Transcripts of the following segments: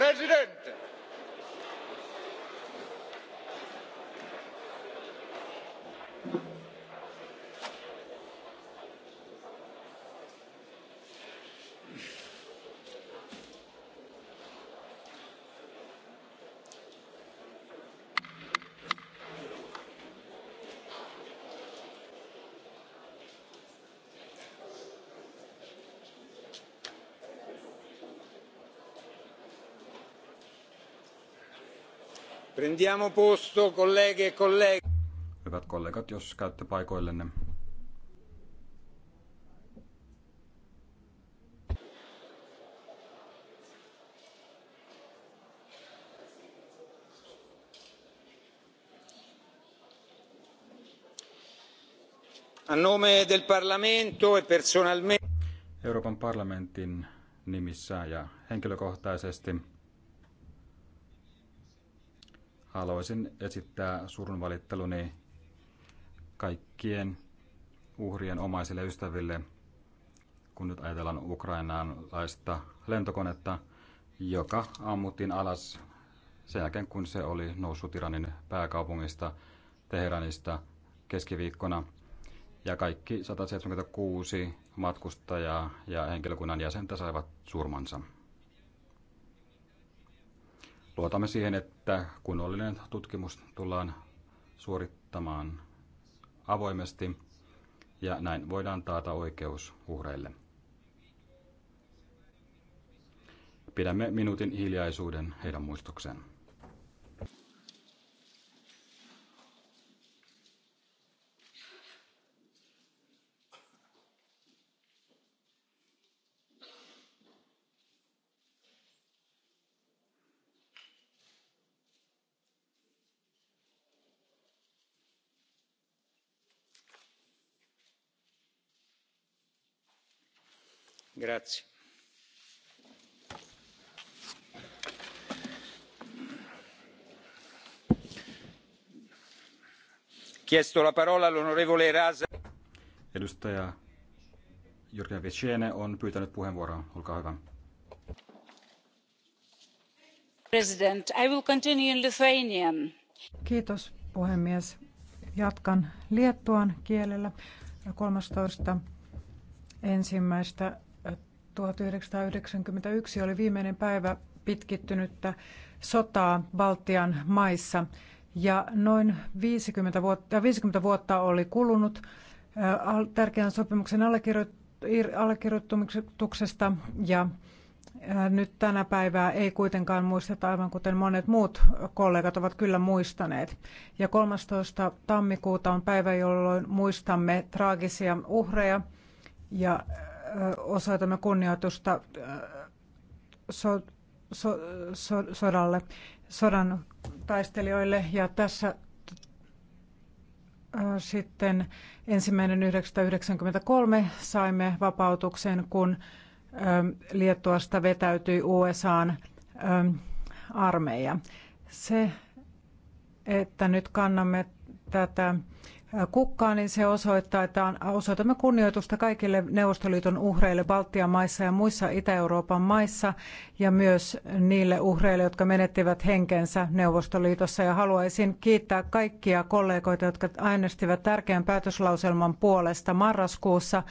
president! Prendiamo posto, colleghe e colleghi. Hyvät kollegat, jos käytte paikoillenne. A nome del Parlamento e personalmente Euroopan parlamentin nimissä ja henkilökohtaisesti haluaisin esittää surunvalitteluni kaikkien uhrien omaisille ystäville, kun nyt ajatellaan ukrainaanlaista lentokonetta, joka ammuttiin alas sen jälkeen, kun se oli noussut Iranin pääkaupungista Teheranista keskiviikkona. Ja kaikki 176 matkustajaa ja henkilökunnan jäsentä saivat surmansa luotamme siihen, että kunnollinen tutkimus tullaan suorittamaan avoimesti ja näin voidaan taata oikeus uhreille. Pidämme minuutin hiljaisuuden heidän muistokseen. grazie. Edustaja Jyrki Viciene on pyytänyt puheenvuoroa. Olkaa hyvä. President, puhemies. Jatkan liettuan kielellä ensimmäistä 1991 oli viimeinen päivä pitkittynyttä sotaa Baltian maissa. Ja noin 50 vuotta, 50 vuotta oli kulunut äh, tärkeän sopimuksen allekirjoituksesta ja äh, nyt tänä päivää ei kuitenkaan muisteta, aivan kuten monet muut kollegat ovat kyllä muistaneet. Ja 13. tammikuuta on päivä, jolloin muistamme traagisia uhreja ja äh, osoitamme kunnioitusta so, so, so, sodalle, sodan taistelijoille. Ja tässä sitten ensimmäinen 1993 saimme vapautuksen, kun Liettuasta vetäytyi USAn armeija. Se, että nyt kannamme tätä kukkaan, niin se osoittaa, että osoitamme kunnioitusta kaikille Neuvostoliiton uhreille Baltian maissa ja muissa Itä-Euroopan maissa ja myös niille uhreille, jotka menettivät henkensä Neuvostoliitossa. Ja haluaisin kiittää kaikkia kollegoita, jotka äänestivät tärkeän päätöslauselman puolesta marraskuussa,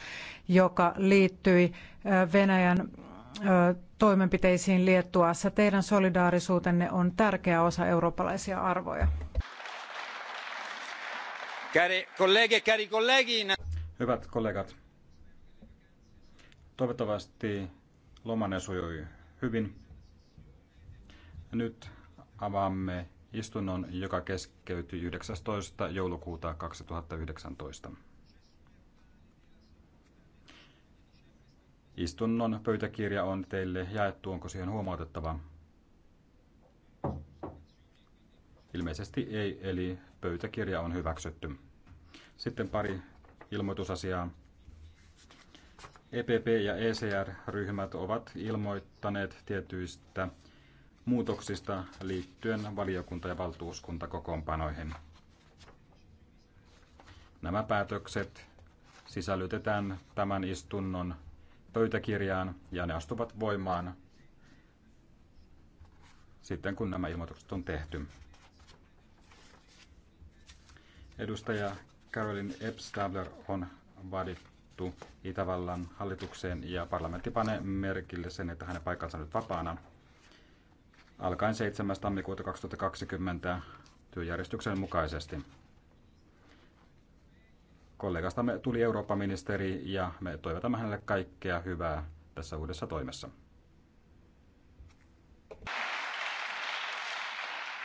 joka liittyi Venäjän toimenpiteisiin Liettuassa. Teidän solidaarisuutenne on tärkeä osa eurooppalaisia arvoja. E Hyvät kollegat, toivottavasti lomanne sujui hyvin. Nyt avaamme istunnon, joka keskeytyi 19. joulukuuta 2019. Istunnon pöytäkirja on teille jaettu, onko siihen huomautettavaa? Ilmeisesti ei, eli Pöytäkirja on hyväksytty. Sitten pari ilmoitusasiaa. EPP ja ECR-ryhmät ovat ilmoittaneet tietyistä muutoksista liittyen valiokunta- ja valtuuskuntakokoonpanoihin. Nämä päätökset sisällytetään tämän istunnon pöytäkirjaan ja ne astuvat voimaan sitten, kun nämä ilmoitukset on tehty. Edustaja Caroline Epstadler on valittu Itävallan hallitukseen ja parlamentti panee merkille sen, että hänen paikkansa on nyt vapaana. Alkaen 7. tammikuuta 2020 työjärjestyksen mukaisesti. Kollegastamme tuli Eurooppa-ministeri ja me toivotamme hänelle kaikkea hyvää tässä uudessa toimessa.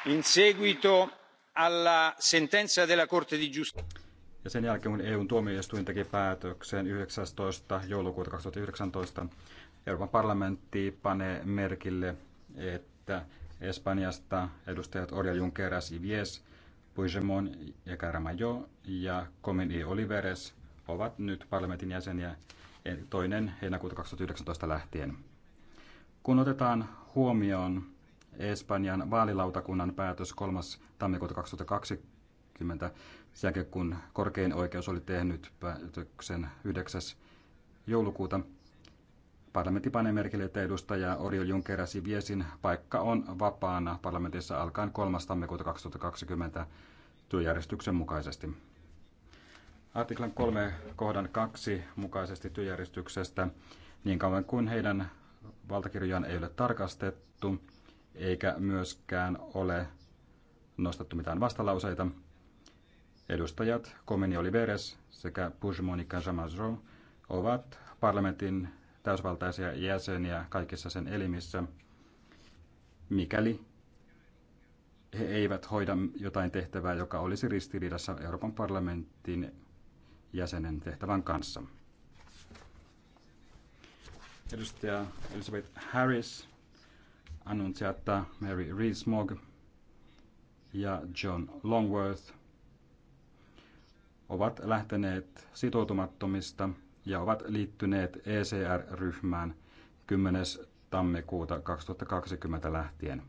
In seguito alla sentenza della Corte di Giustizia. Ja sen jälkeen, kun EUn tuomioistuin teki päätöksen 19. joulukuuta 2019, Euroopan parlamentti panee merkille, että Espanjasta edustajat Orja Junqueras y Vies, Puigdemont ja Caramayo ja Comin y Oliveres ovat nyt parlamentin jäseniä toinen heinäkuuta 2019 lähtien. Kun otetaan huomioon Espanjan vaalilautakunnan päätös 3. tammikuuta 2020, sen jälkeen kun korkein oikeus oli tehnyt päätöksen 9. joulukuuta. Parlamentti panee merkille, että edustaja Oriol Junkerasi Viesin paikka on vapaana parlamentissa alkaen 3. tammikuuta 2020 työjärjestyksen mukaisesti. Artiklan 3 kohdan 2 mukaisesti työjärjestyksestä niin kauan kuin heidän valtakirjojaan ei ole tarkastettu, eikä myöskään ole nostettu mitään vastalauseita. Edustajat Komeni Oliveres sekä Puigdemont Casamazro ovat parlamentin täysvaltaisia jäseniä kaikissa sen elimissä, mikäli he eivät hoida jotain tehtävää, joka olisi ristiriidassa Euroopan parlamentin jäsenen tehtävän kanssa. Edustaja Elizabeth Harris Annunziata Mary Rees-Mogg ja John Longworth ovat lähteneet sitoutumattomista ja ovat liittyneet ECR-ryhmään 10. tammikuuta 2020 lähtien.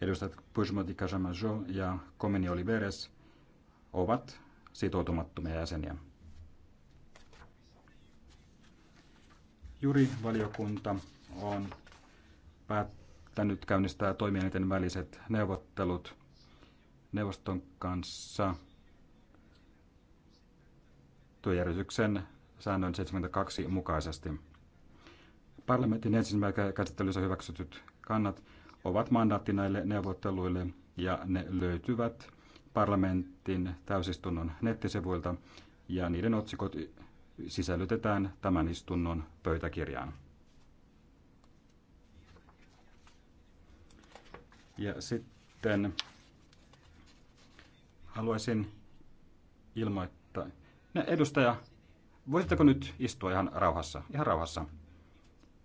Edustajat Puigdemont Casamajo ja Komeni Oliveres ovat sitoutumattomia jäseniä. Juri-valiokunta on päättänyt käynnistää toimielinten väliset neuvottelut neuvoston kanssa työjärjestyksen säännön 72 mukaisesti. Parlamentin ensimmäisessä käsittelyssä hyväksytyt kannat ovat mandaatti näille neuvotteluille ja ne löytyvät parlamentin täysistunnon nettisivuilta ja niiden otsikot sisällytetään tämän istunnon pöytäkirjaan. Ja sitten haluaisin ilmoittaa. No, edustaja, voisitteko nyt istua ihan rauhassa? Ihan rauhassa.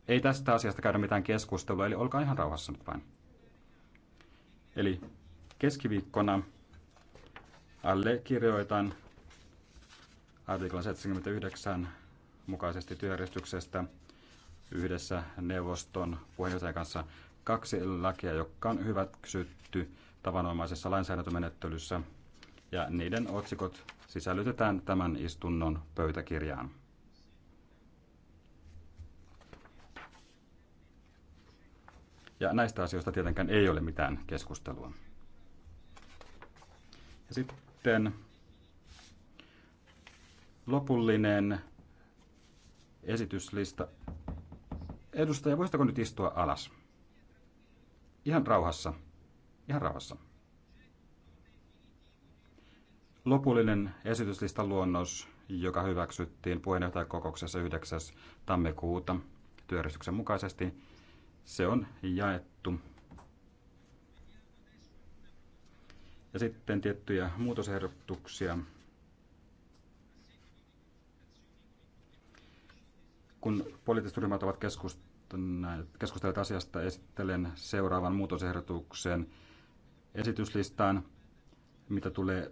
Ei tästä asiasta käydä mitään keskustelua, eli olkaa ihan rauhassa nyt vain. Eli keskiviikkona allekirjoitan artiklan 79 mukaisesti työjärjestyksestä yhdessä neuvoston puheenjohtajan kanssa kaksi lakia, jotka on hyväksytty tavanomaisessa lainsäädäntömenettelyssä, ja niiden otsikot sisällytetään tämän istunnon pöytäkirjaan. Ja näistä asioista tietenkään ei ole mitään keskustelua. Ja sitten lopullinen esityslista. Edustaja, voisitko nyt istua alas? Ihan rauhassa. Ihan rauhassa. Lopullinen esityslistan luonnos, joka hyväksyttiin puheenjohtajakokouksessa 9. tammikuuta työjärjestyksen mukaisesti, se on jaettu. Ja sitten tiettyjä muutosehdotuksia. Kun poliittiset ryhmät ovat keskustelleet keskustelleet asiasta, esittelen seuraavan muutosehdotuksen esityslistaan, mitä tulee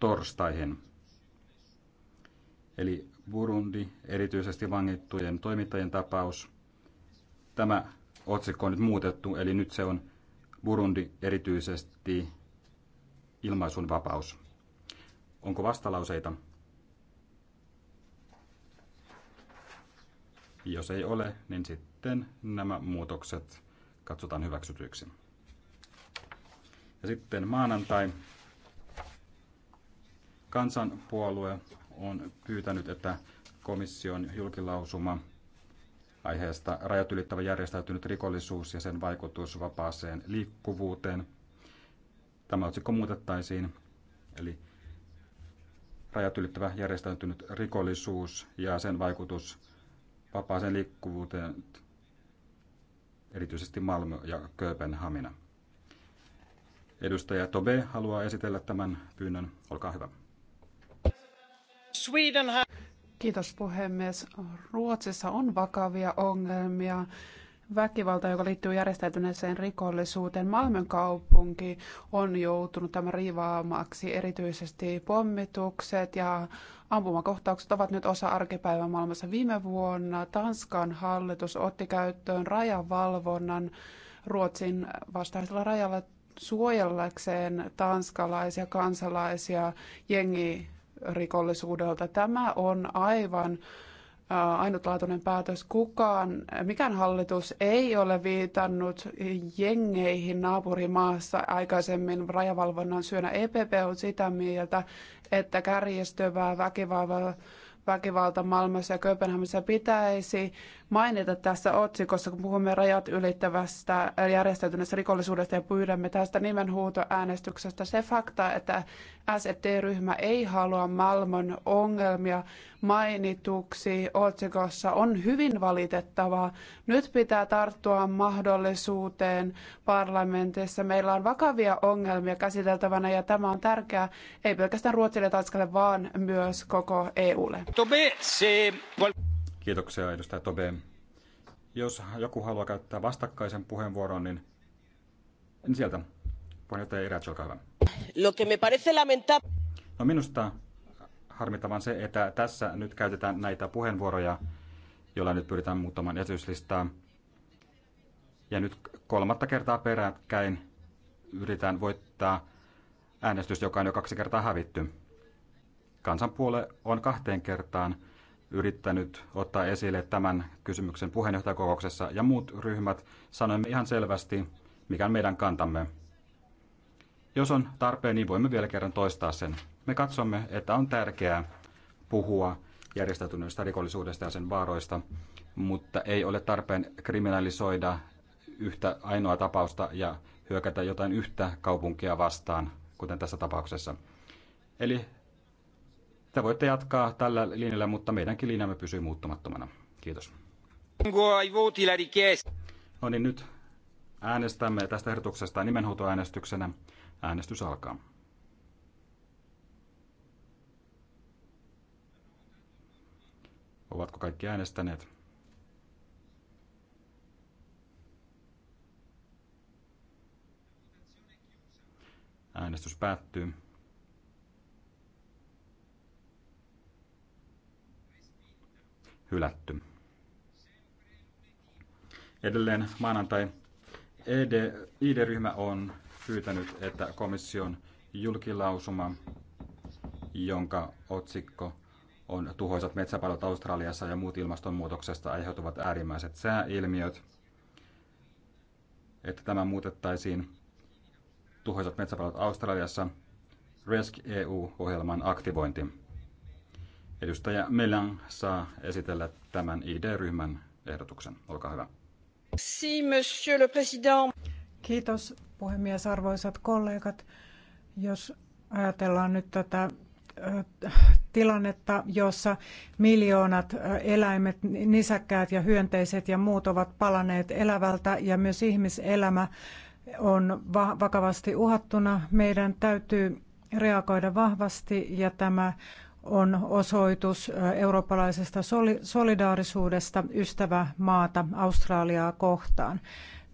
torstaihin. Eli Burundi, erityisesti vangittujen toimittajien tapaus. Tämä otsikko on nyt muutettu, eli nyt se on Burundi, erityisesti ilmaisun vapaus. Onko vastalauseita? Jos ei ole, niin sitten sitten nämä muutokset katsotaan hyväksytyiksi. Ja sitten maanantai kansanpuolue on pyytänyt, että komission julkilausuma aiheesta rajat ylittävä järjestäytynyt rikollisuus ja sen vaikutus vapaaseen liikkuvuuteen. Tämä otsikko muutettaisiin, eli rajat ylittävä järjestäytynyt rikollisuus ja sen vaikutus vapaaseen liikkuvuuteen erityisesti Malmö ja Kööpenhamina. Edustaja Tobe haluaa esitellä tämän pyynnön. Olkaa hyvä. Kiitos puhemies. Ruotsissa on vakavia ongelmia. Väkivalta, joka liittyy järjestäytyneeseen rikollisuuteen. Malmön kaupunki on joutunut tämän riivaamaksi erityisesti pommitukset ja Ampumakohtaukset ovat nyt osa arkipäivää maailmassa. Viime vuonna Tanskan hallitus otti käyttöön rajavalvonnan Ruotsin vastaisella rajalla suojellakseen tanskalaisia kansalaisia jengirikollisuudelta. Tämä on aivan ainutlaatuinen päätös. Kukaan, mikään hallitus ei ole viitannut jengeihin naapurimaassa aikaisemmin rajavalvonnan syönä. EPP on sitä mieltä, että kärjistyvää väkivaltaa väkivalta Malmössä ja Kööpenhaminassa pitäisi mainita tässä otsikossa, kun puhumme rajat ylittävästä järjestäytyneestä rikollisuudesta ja pyydämme tästä nimenhuutoäänestyksestä se fakta, että SET-ryhmä ei halua Malmon ongelmia mainituksi otsikossa, on hyvin valitettavaa. Nyt pitää tarttua mahdollisuuteen parlamentissa. Meillä on vakavia ongelmia käsiteltävänä ja tämä on tärkeää ei pelkästään Ruotsille ja Tanskalle, vaan myös koko EUlle. Kiitoksia edustaja Tobe. Jos joku haluaa käyttää vastakkaisen puheenvuoron, niin en sieltä. Puheenjohtaja Iratsch, olkaa hyvä. Lo que me parece lamenta... No minusta harmittavan se, että tässä nyt käytetään näitä puheenvuoroja, joilla nyt pyritään muuttamaan esityslistaa. Ja nyt kolmatta kertaa peräkkäin yritetään voittaa äänestys, joka on jo kaksi kertaa hävitty. Kansanpuole on kahteen kertaan yrittänyt ottaa esille tämän kysymyksen puheenjohtajakokouksessa ja muut ryhmät sanoimme ihan selvästi, mikä on meidän kantamme. Jos on tarpeen, niin voimme vielä kerran toistaa sen. Me katsomme, että on tärkeää puhua järjestäytyneestä rikollisuudesta ja sen vaaroista, mutta ei ole tarpeen kriminalisoida yhtä ainoa tapausta ja hyökätä jotain yhtä kaupunkia vastaan, kuten tässä tapauksessa. Eli te voitte jatkaa tällä linjalla, mutta meidänkin linjamme pysyy muuttumattomana. Kiitos. No niin, nyt äänestämme tästä ehdotuksesta nimenhuutoäänestyksenä. Äänestys alkaa. Ovatko kaikki äänestäneet? Äänestys päättyy. hylätty. Edelleen maanantai ED, ID-ryhmä on pyytänyt, että komission julkilausuma, jonka otsikko on tuhoisat metsäpalot Australiassa ja muut ilmastonmuutoksesta aiheutuvat äärimmäiset sääilmiöt, että tämä muutettaisiin tuhoisat metsäpalot Australiassa Resk EU-ohjelman aktivointi. Edustaja Melan saa esitellä tämän ID-ryhmän ehdotuksen. Olkaa hyvä. monsieur le président. Kiitos puhemies, arvoisat kollegat. Jos ajatellaan nyt tätä äh, tilannetta, jossa miljoonat äh, eläimet, nisäkkäät ja hyönteiset ja muut ovat palaneet elävältä ja myös ihmiselämä on vakavasti uhattuna. Meidän täytyy reagoida vahvasti ja tämä on osoitus eurooppalaisesta solidaarisuudesta ystävämaata Australiaa kohtaan.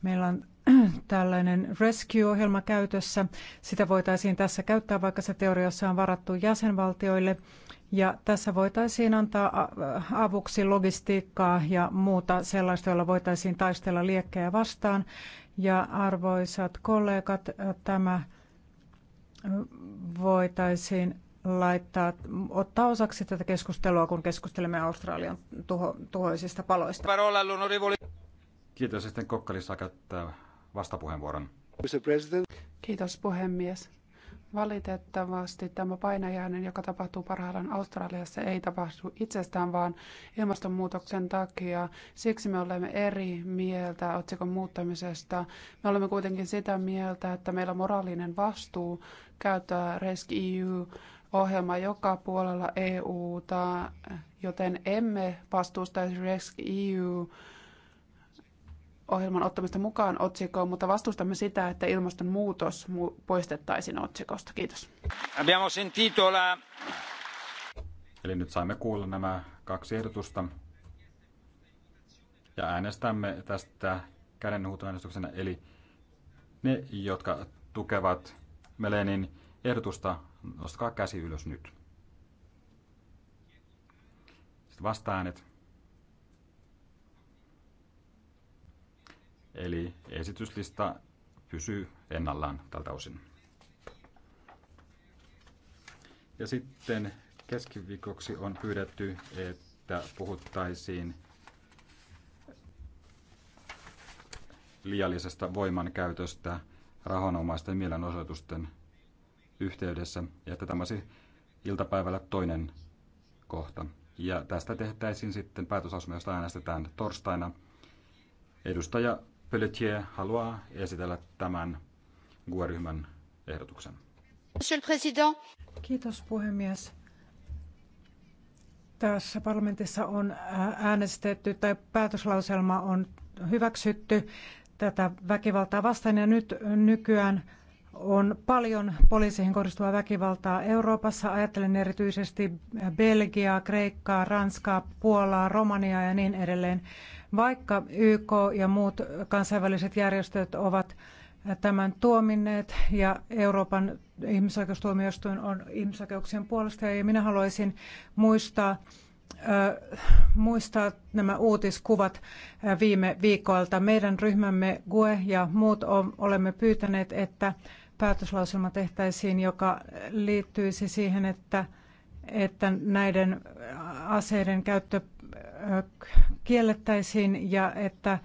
Meillä on tällainen Rescue-ohjelma käytössä. Sitä voitaisiin tässä käyttää, vaikka se teoriassa on varattu jäsenvaltioille. Ja tässä voitaisiin antaa avuksi logistiikkaa ja muuta sellaista, jolla voitaisiin taistella liekkejä vastaan. Ja arvoisat kollegat, tämä voitaisiin laittaa, ottaa osaksi tätä keskustelua, kun keskustelemme Australian tuho, tuhoisista paloista. Kiitos. Sitten Kokkali saa käyttää vastapuheenvuoron. Kiitos puhemies. Valitettavasti tämä painajainen, joka tapahtuu parhaillaan Australiassa, ei tapahdu itsestään, vaan ilmastonmuutoksen takia. Siksi me olemme eri mieltä otsikon muuttamisesta. Me olemme kuitenkin sitä mieltä, että meillä on moraalinen vastuu käyttää Rescue EU ohjelma joka puolella EUta, joten emme vastustaisi EU e ohjelman ottamista mukaan otsikoon, mutta vastustamme sitä, että ilmastonmuutos poistettaisiin otsikosta. Kiitos. Abbiamo sentito la... Eli nyt saimme kuulla nämä kaksi ehdotusta. Ja äänestämme tästä kädenhuutoäänestyksenä, eli ne, jotka tukevat Melenin ehdotusta, Nostakaa käsi ylös nyt. Sitten vasta-äänet. Eli esityslista pysyy ennallaan tältä osin. Ja sitten keskiviikoksi on pyydetty, että puhuttaisiin liiallisesta voimankäytöstä rahanomaisten mielenosoitusten yhteydessä, ja että tämä olisi iltapäivällä toinen kohta. Ja tästä tehtäisiin sitten päätösasuma, josta äänestetään torstaina. Edustaja Pelletier haluaa esitellä tämän GUE-ryhmän ehdotuksen. Monsieur le Président. Kiitos puhemies. Tässä parlamentissa on äänestetty tai päätöslauselma on hyväksytty tätä väkivaltaa vastaan ja nyt nykyään on paljon poliiseihin kohdistuvaa väkivaltaa Euroopassa. Ajattelen erityisesti Belgiaa, Kreikkaa, Ranskaa, Puolaa, Romaniaa ja niin edelleen. Vaikka YK ja muut kansainväliset järjestöt ovat tämän tuominneet ja Euroopan ihmisoikeustuomioistuin on ihmisoikeuksien puolesta ja minä haluaisin muistaa Äh, muistaa nämä uutiskuvat viime viikolta. Meidän ryhmämme GUE ja muut on, olemme pyytäneet, että päätöslauselma tehtäisiin, joka liittyisi siihen, että, että näiden aseiden käyttö äh, kiellettäisiin ja että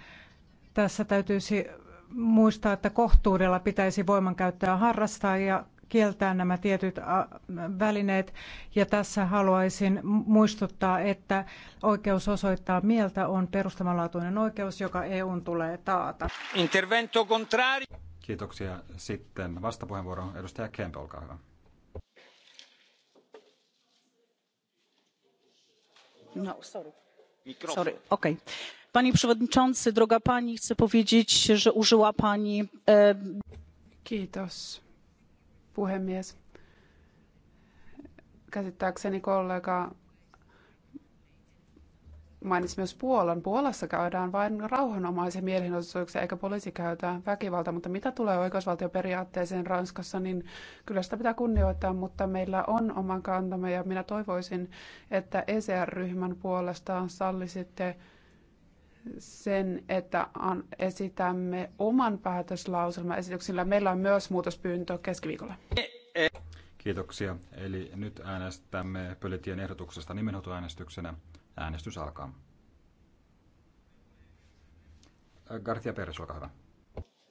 tässä täytyisi muistaa, että kohtuudella pitäisi voimankäyttöä harrastaa ja kieltää nämä tietyt äh, välineet. Ja tässä haluaisin muistuttaa, että oikeus osoittaa mieltä on perustavanlaatuinen oikeus, joka EUn tulee taata. Intervento contrario. Kiitoksia. Sitten vastapuheenvuoro edustaja Kemp, olkaa hyvä. No, sorry. Sorry, Okay. Panie przewodniczący, droga pani, chcę powiedzieć, że użyła pani... E... Kiitos, puhemies. Käsittääkseni kollega mainitsi myös Puolan. Puolassa käydään vain rauhanomaisia mielenosoituksia eikä poliisi käytä väkivaltaa, mutta mitä tulee oikeusvaltioperiaatteeseen Ranskassa, niin kyllä sitä pitää kunnioittaa, mutta meillä on oma kantamme ja minä toivoisin, että ECR-ryhmän puolesta sallisitte sen, että esitämme oman päätöslauselmaesityksillä. Meillä on myös muutospyyntö keskiviikolla. Kiitoksia. Eli nyt äänestämme Pöletien ehdotuksesta nimenhoitoäänestyksenä. Äänestys alkaa. Garcia Perez, olkaa hyvä.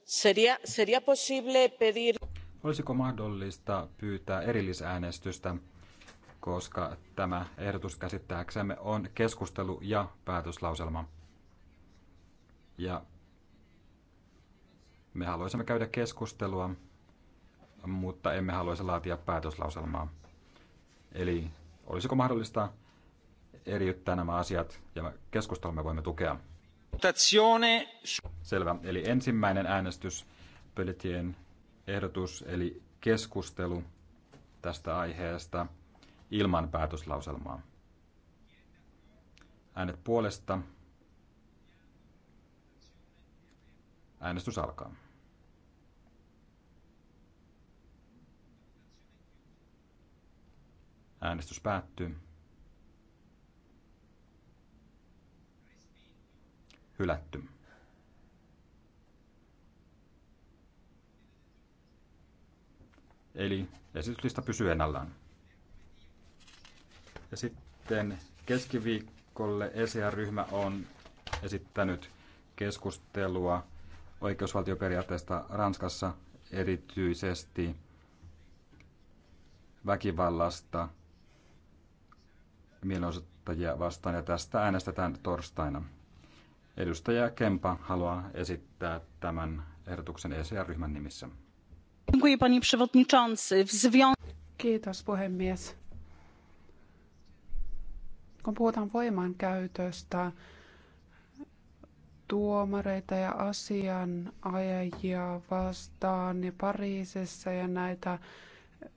Seria, seria posible pedir... Olisiko mahdollista pyytää erillisäänestystä, koska tämä ehdotus käsittääksemme on keskustelu ja päätöslauselma. Ja me haluaisimme käydä keskustelua, mutta emme haluaisi laatia päätöslauselmaa. Eli olisiko mahdollista eriyttää nämä asiat ja keskustelua me voimme tukea. Selvä. Eli ensimmäinen äänestys, Pölytien ehdotus, eli keskustelu tästä aiheesta ilman päätöslauselmaa. Äänet puolesta. Äänestys alkaa. Äänestys päättyy. hylätty. Eli esityslista pysyy ennallaan. Ja sitten keskiviikolle ECR-ryhmä on esittänyt keskustelua oikeusvaltioperiaatteesta Ranskassa erityisesti väkivallasta mielenosoittajia vastaan ja tästä äänestetään torstaina. Edustaja Kempa haluaa esittää tämän ehdotuksen ECR-ryhmän nimissä. Kiitos puhemies. Kun puhutaan voimankäytöstä, tuomareita ja asianajajia vastaan niin Pariisissa ja näitä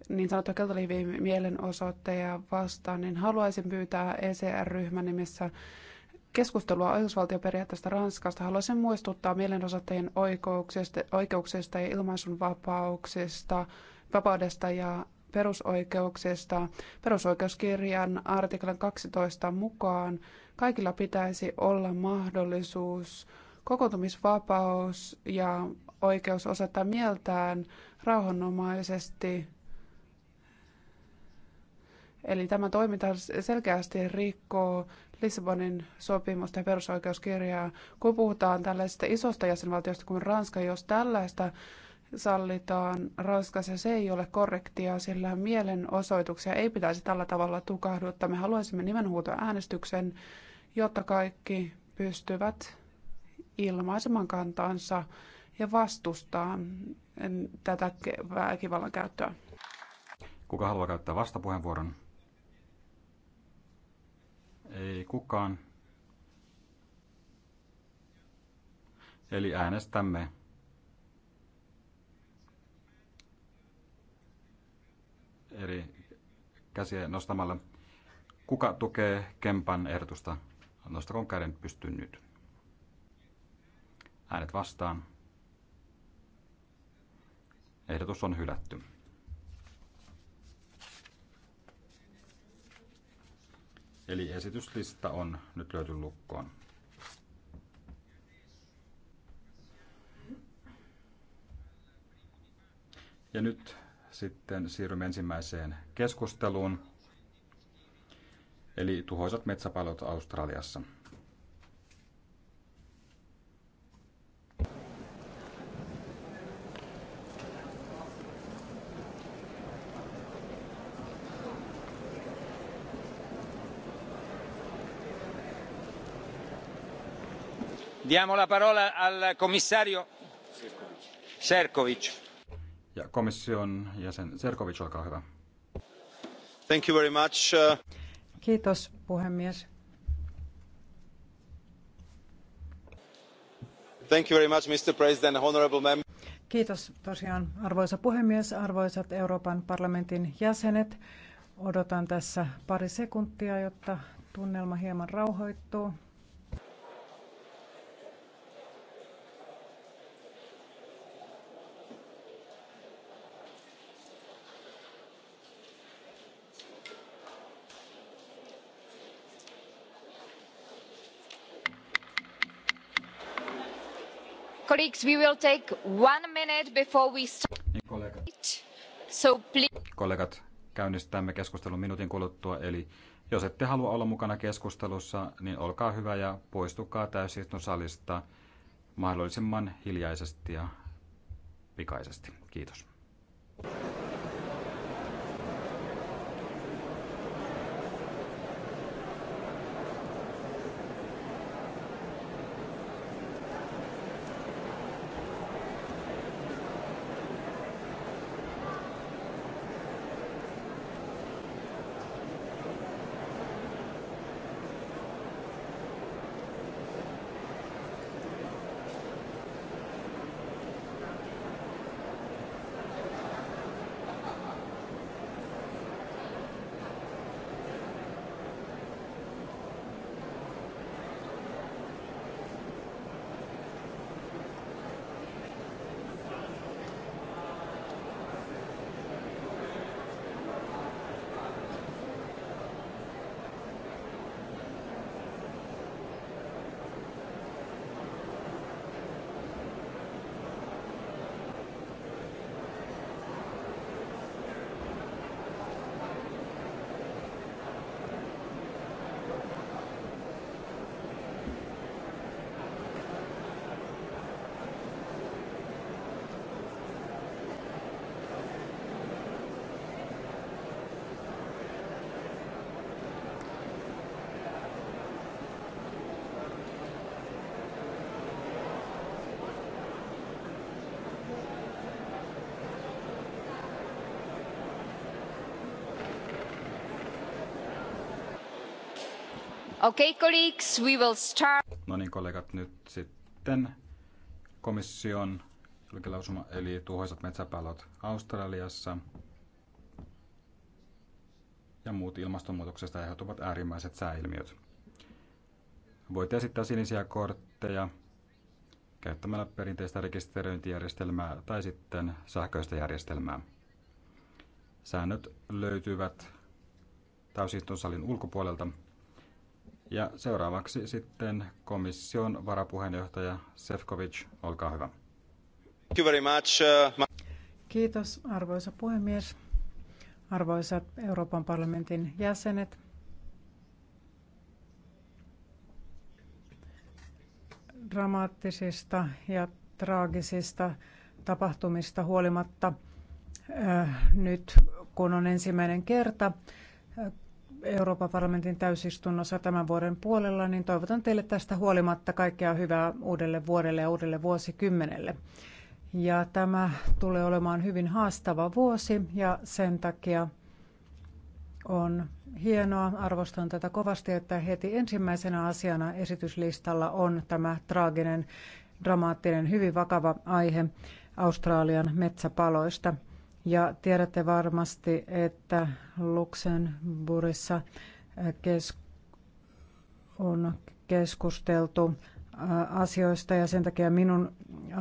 niin sanottuja keltaliivien mielenosoitteja vastaan, niin haluaisin pyytää ECR-ryhmän nimissä keskustelua oikeusvaltioperiaatteesta Ranskasta, haluaisin muistuttaa mielenosoittajien oikeuksista, oikeuksista ja ilmaisun vapauksista, vapaudesta ja perusoikeuksista. Perusoikeuskirjan artiklan 12 mukaan kaikilla pitäisi olla mahdollisuus kokoontumisvapaus ja oikeus osoittaa mieltään rauhanomaisesti. Eli tämä toiminta selkeästi rikkoo Lissabonin sopimusta ja perusoikeuskirjaa, kun puhutaan tällaisesta isosta jäsenvaltiosta kuin Ranska, jos tällaista sallitaan Ranskassa, se ei ole korrektia, sillä mielenosoituksia ei pitäisi tällä tavalla tukahduttaa. Me haluaisimme äänestyksen, jotta kaikki pystyvät ilmaisemaan kantansa ja vastustaa tätä väkivallan käyttöä. Kuka haluaa käyttää vastapuheenvuoron? Ei kukaan. Eli äänestämme eri käsiä nostamalla. Kuka tukee Kempan ehdotusta? Nostakoon käden pystyyn nyt. Äänet vastaan. Ehdotus on hylätty. Eli esityslista on nyt löyty lukkoon. Ja nyt sitten siirrymme ensimmäiseen keskusteluun, eli tuhoisat metsäpalot Australiassa. Diamo la parola al commissario Serkovic. Ja komission jäsen Serkovic, olkaa hyvä. Thank you very much. Uh, Kiitos puhemies. Thank you very much, Mr. President, honorable members. Kiitos tosiaan arvoisa puhemies, arvoisat Euroopan parlamentin jäsenet. Odotan tässä pari sekuntia, jotta tunnelma hieman rauhoittuu. Colleagues, we will take one minute before we start. Niin, kollegat. So please. Kollegat, käynnistämme keskustelun minuutin kuluttua, eli jos ette halua olla mukana keskustelussa, niin olkaa hyvä ja poistukaa täysistun salista mahdollisimman hiljaisesti ja pikaisesti. Kiitos. Okay, colleagues, we will start. No niin, kollegat, nyt sitten komission julkilausuma, eli tuhoisat metsäpalot Australiassa ja muut ilmastonmuutoksesta aiheutuvat äärimmäiset sääilmiöt. Voit esittää sinisiä kortteja käyttämällä perinteistä rekisteröintijärjestelmää tai sitten sähköistä järjestelmää. Säännöt löytyvät täysistunsalin ulkopuolelta ja seuraavaksi sitten komission varapuheenjohtaja Sefcovic, olkaa hyvä. Thank you very much. Uh, Kiitos arvoisa puhemies, arvoisat Euroopan parlamentin jäsenet. Dramaattisista ja traagisista tapahtumista huolimatta äh, nyt kun on ensimmäinen kerta Euroopan parlamentin täysistunnossa tämän vuoden puolella, niin toivotan teille tästä huolimatta kaikkea hyvää uudelle vuodelle ja uudelle vuosikymmenelle. Ja tämä tulee olemaan hyvin haastava vuosi ja sen takia on hienoa, arvostan tätä kovasti, että heti ensimmäisenä asiana esityslistalla on tämä traaginen, dramaattinen, hyvin vakava aihe Australian metsäpaloista – ja tiedätte varmasti, että Luxemburgissa äh, kes- on keskusteltu äh, asioista ja sen takia minun äh,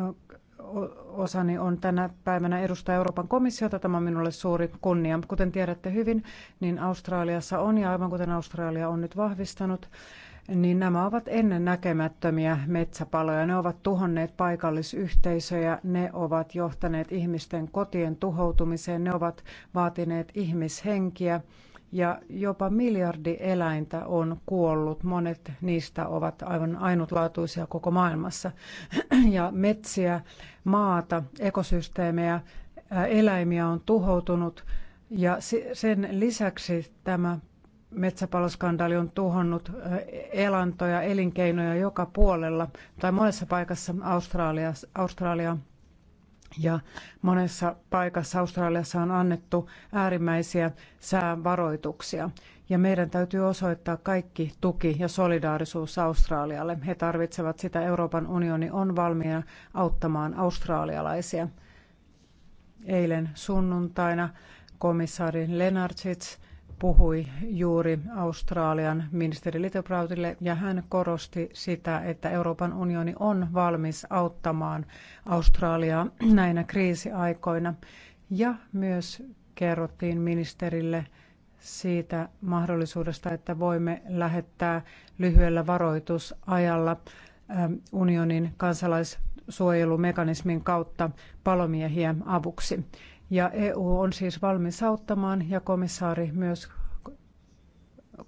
osani on tänä päivänä edustaa Euroopan komissiota. Tämä on minulle suuri kunnia. Kuten tiedätte hyvin, niin Australiassa on ja aivan kuten Australia on nyt vahvistanut, niin nämä ovat ennen näkemättömiä metsäpaloja. Ne ovat tuhonneet paikallisyhteisöjä, ne ovat johtaneet ihmisten kotien tuhoutumiseen, ne ovat vaatineet ihmishenkiä ja jopa miljardi eläintä on kuollut. Monet niistä ovat aivan ainutlaatuisia koko maailmassa. Ja metsiä, maata, ekosysteemejä, eläimiä on tuhoutunut ja sen lisäksi tämä metsäpaloskandaali on tuhonnut elantoja, elinkeinoja joka puolella tai monessa paikassa Australia, Australia ja monessa paikassa Australiassa on annettu äärimmäisiä säävaroituksia. Ja meidän täytyy osoittaa kaikki tuki ja solidaarisuus Australialle. He tarvitsevat sitä. Euroopan unioni on valmiina auttamaan australialaisia. Eilen sunnuntaina komissaari Lenarcic puhui juuri Australian ministeri Litobrautille ja hän korosti sitä, että Euroopan unioni on valmis auttamaan Australiaa näinä kriisiaikoina. Ja myös kerrottiin ministerille siitä mahdollisuudesta, että voimme lähettää lyhyellä varoitusajalla ähm, unionin kansalaissuojelumekanismin kautta palomiehiä avuksi. Ja EU on siis valmis auttamaan ja komissaari myös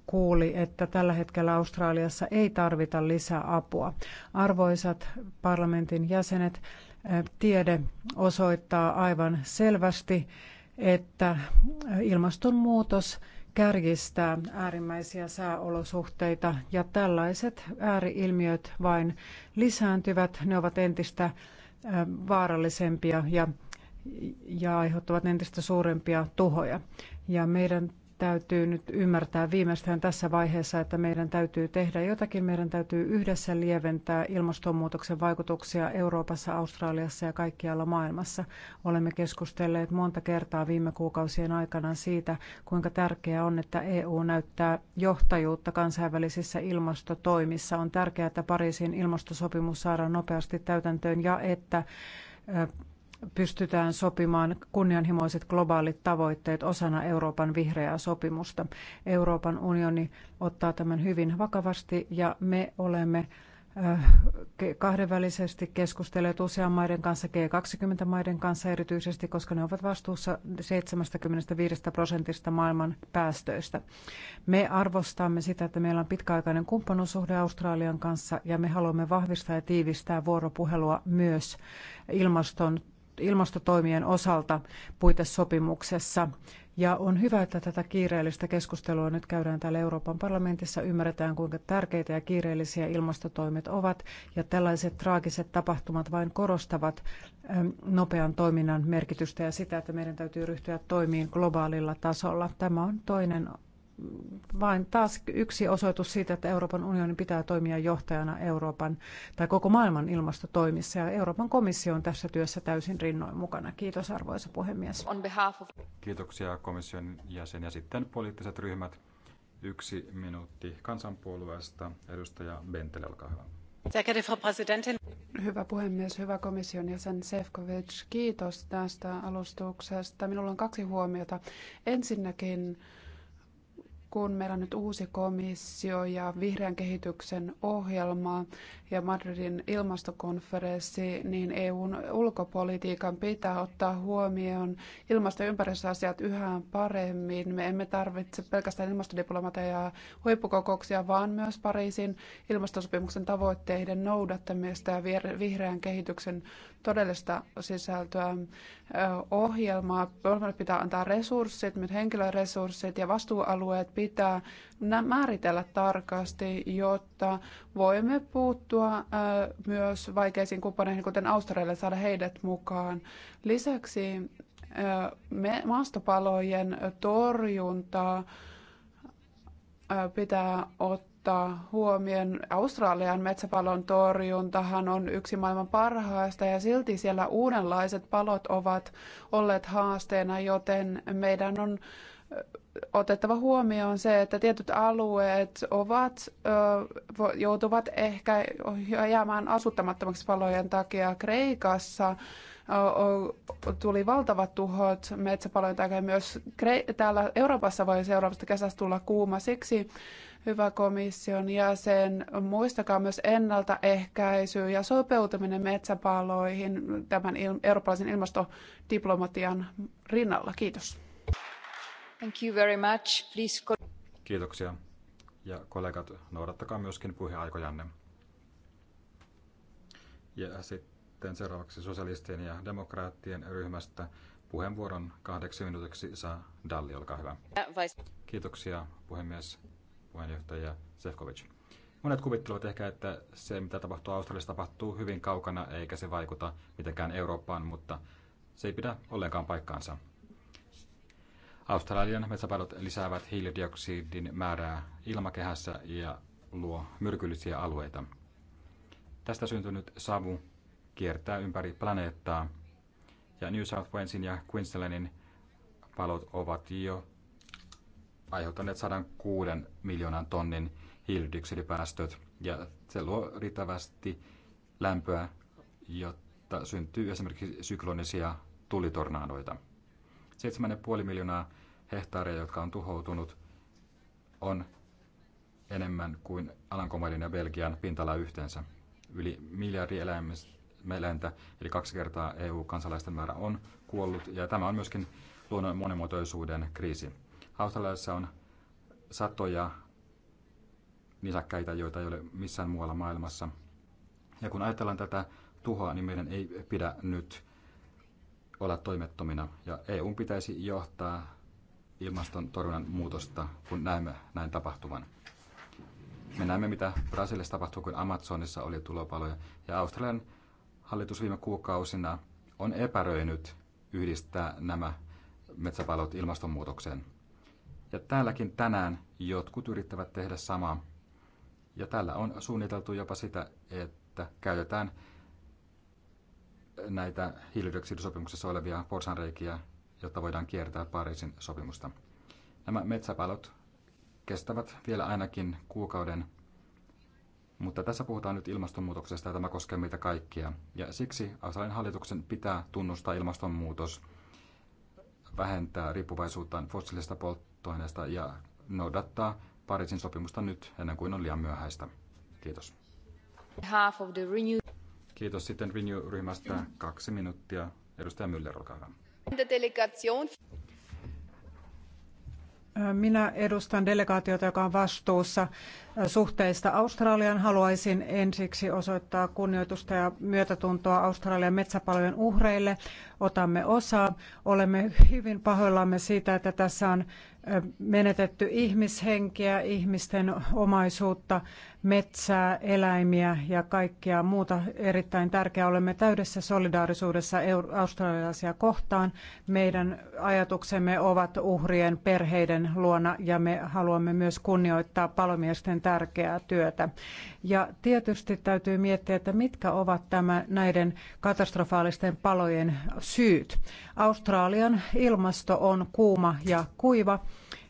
kuuli, että tällä hetkellä Australiassa ei tarvita lisää apua. Arvoisat parlamentin jäsenet, eh, tiede osoittaa aivan selvästi, että ilmastonmuutos kärjistää äärimmäisiä sääolosuhteita ja tällaiset ääriilmiöt vain lisääntyvät. Ne ovat entistä eh, vaarallisempia ja ja aiheuttavat entistä suurempia tuhoja. Ja meidän täytyy nyt ymmärtää viimeistään tässä vaiheessa, että meidän täytyy tehdä jotakin. Meidän täytyy yhdessä lieventää ilmastonmuutoksen vaikutuksia Euroopassa, Australiassa ja kaikkialla maailmassa. Olemme keskustelleet monta kertaa viime kuukausien aikana siitä, kuinka tärkeää on, että EU näyttää johtajuutta kansainvälisissä ilmastotoimissa. On tärkeää, että Pariisin ilmastosopimus saadaan nopeasti täytäntöön ja että pystytään sopimaan kunnianhimoiset globaalit tavoitteet osana Euroopan vihreää sopimusta. Euroopan unioni ottaa tämän hyvin vakavasti ja me olemme äh, kahdenvälisesti keskustelleet usean maiden kanssa, G20-maiden kanssa erityisesti, koska ne ovat vastuussa 75 prosentista maailman päästöistä. Me arvostamme sitä, että meillä on pitkäaikainen kumppanuussuhde Australian kanssa ja me haluamme vahvistaa ja tiivistää vuoropuhelua myös ilmaston ilmastotoimien osalta puitesopimuksessa. Ja on hyvä, että tätä kiireellistä keskustelua nyt käydään täällä Euroopan parlamentissa. Ymmärretään, kuinka tärkeitä ja kiireellisiä ilmastotoimet ovat. Ja tällaiset traagiset tapahtumat vain korostavat nopean toiminnan merkitystä ja sitä, että meidän täytyy ryhtyä toimiin globaalilla tasolla. Tämä on toinen vain taas yksi osoitus siitä, että Euroopan unionin pitää toimia johtajana Euroopan tai koko maailman ilmastotoimissa ja Euroopan komissio on tässä työssä täysin rinnoin mukana. Kiitos arvoisa puhemies. Kiitoksia komission jäsen ja sitten poliittiset ryhmät. Yksi minuutti kansanpuolueesta. Edustaja Bentele, olkaa hyvä. Hyvä puhemies, hyvä komission jäsen Sefkovic, kiitos tästä alustuksesta. Minulla on kaksi huomiota. Ensinnäkin kun meillä on nyt uusi komissio ja vihreän kehityksen ohjelma ja Madridin ilmastokonferenssi, niin EUn ulkopolitiikan pitää ottaa huomioon ilmasto- ja ympäristöasiat yhä paremmin. Me emme tarvitse pelkästään ilmastodiplomateja ja huippukokouksia, vaan myös Pariisin ilmastosopimuksen tavoitteiden noudattamista ja vihreän kehityksen todellista sisältöä. Ohjelmaa, ohjelmalle pitää antaa resurssit, myös henkilöresurssit ja vastuualueet pitää määritellä tarkasti, jotta voimme puuttua myös vaikeisiin kumppaneihin, kuten Australialle, saada heidät mukaan. Lisäksi me, maastopalojen torjuntaa pitää ottaa ottaa huomioon. Australian metsäpalon torjuntahan on yksi maailman parhaista ja silti siellä uudenlaiset palot ovat olleet haasteena, joten meidän on otettava huomioon se, että tietyt alueet ovat, joutuvat ehkä jäämään asuttamattomaksi palojen takia. Kreikassa tuli valtavat tuhot metsäpalojen takia. Myös täällä Euroopassa voi seuraavasta kesästä tulla kuuma. Siksi hyvä komission jäsen, muistakaa myös ennaltaehkäisy ja sopeutuminen metsäpaloihin tämän eurooppalaisen ilmastodiplomatian rinnalla. Kiitos. Thank you very much. Please... Kiitoksia. Ja kollegat, noudattakaa myöskin puheaikojanne. Ja sitten seuraavaksi sosialistien ja demokraattien ryhmästä puheenvuoron kahdeksi minuutiksi saa Dalli, olkaa hyvä. Kiitoksia puhemies, puheenjohtaja Sefcovic. Monet kuvittelevat ehkä, että se mitä tapahtuu Australiassa tapahtuu hyvin kaukana eikä se vaikuta mitenkään Eurooppaan, mutta se ei pidä ollenkaan paikkaansa. Australian metsäpadot lisäävät hiilidioksidin määrää ilmakehässä ja luo myrkyllisiä alueita. Tästä syntynyt savu kiertää ympäri planeettaa, ja New South Walesin ja Queenslandin palot ovat jo aiheuttaneet 106 miljoonan tonnin hiilidioksidipäästöt, ja se luo riittävästi lämpöä, jotta syntyy esimerkiksi syklonisia tulitornaadoita. 7,5 miljoonaa hehtaaria, jotka on tuhoutunut, on enemmän kuin Alankomaiden ja Belgian pintala yhteensä. Yli miljardi eläintä, eli kaksi kertaa EU-kansalaisten määrä on kuollut, ja tämä on myöskin luonnon monimuotoisuuden kriisi. Australiassa on satoja nisäkkäitä, joita ei ole missään muualla maailmassa. Ja kun ajatellaan tätä tuhoa, niin meidän ei pidä nyt olla toimettomina ja EUn pitäisi johtaa ilmaston torjunnan muutosta, kun näemme näin tapahtuvan. Me näemme, mitä Brasiliassa tapahtuu, kun Amazonissa oli tulopaloja. Ja Australian hallitus viime kuukausina on epäröinyt yhdistää nämä metsäpalot ilmastonmuutokseen. Ja täälläkin tänään jotkut yrittävät tehdä samaa. Ja täällä on suunniteltu jopa sitä, että käytetään näitä hiilidioksidisopimuksessa olevia porsanreikiä, jotta voidaan kiertää Pariisin sopimusta. Nämä metsäpalot kestävät vielä ainakin kuukauden, mutta tässä puhutaan nyt ilmastonmuutoksesta ja tämä koskee meitä kaikkia. Ja siksi Australian hallituksen pitää tunnustaa ilmastonmuutos, vähentää riippuvaisuutta fossiilisista polttoaineista ja noudattaa Pariisin sopimusta nyt ennen kuin on liian myöhäistä. Kiitos. Kiitos sitten Renew-ryhmästä. Kaksi minuuttia. Edustaja Müller, olkaa hyvä. Minä edustan delegaatiota, joka on vastuussa suhteista Australian. Haluaisin ensiksi osoittaa kunnioitusta ja myötätuntoa Australian metsäpalojen uhreille. Otamme osaa. Olemme hyvin pahoillamme siitä, että tässä on menetetty ihmishenkiä, ihmisten omaisuutta, metsää, eläimiä ja kaikkea muuta erittäin tärkeää. Olemme täydessä solidaarisuudessa australialaisia kohtaan. Meidän ajatuksemme ovat uhrien perheiden luona ja me haluamme myös kunnioittaa palomiesten tärkeää työtä. Ja tietysti täytyy miettiä, että mitkä ovat tämä, näiden katastrofaalisten palojen syyt. Australian ilmasto on kuuma ja kuiva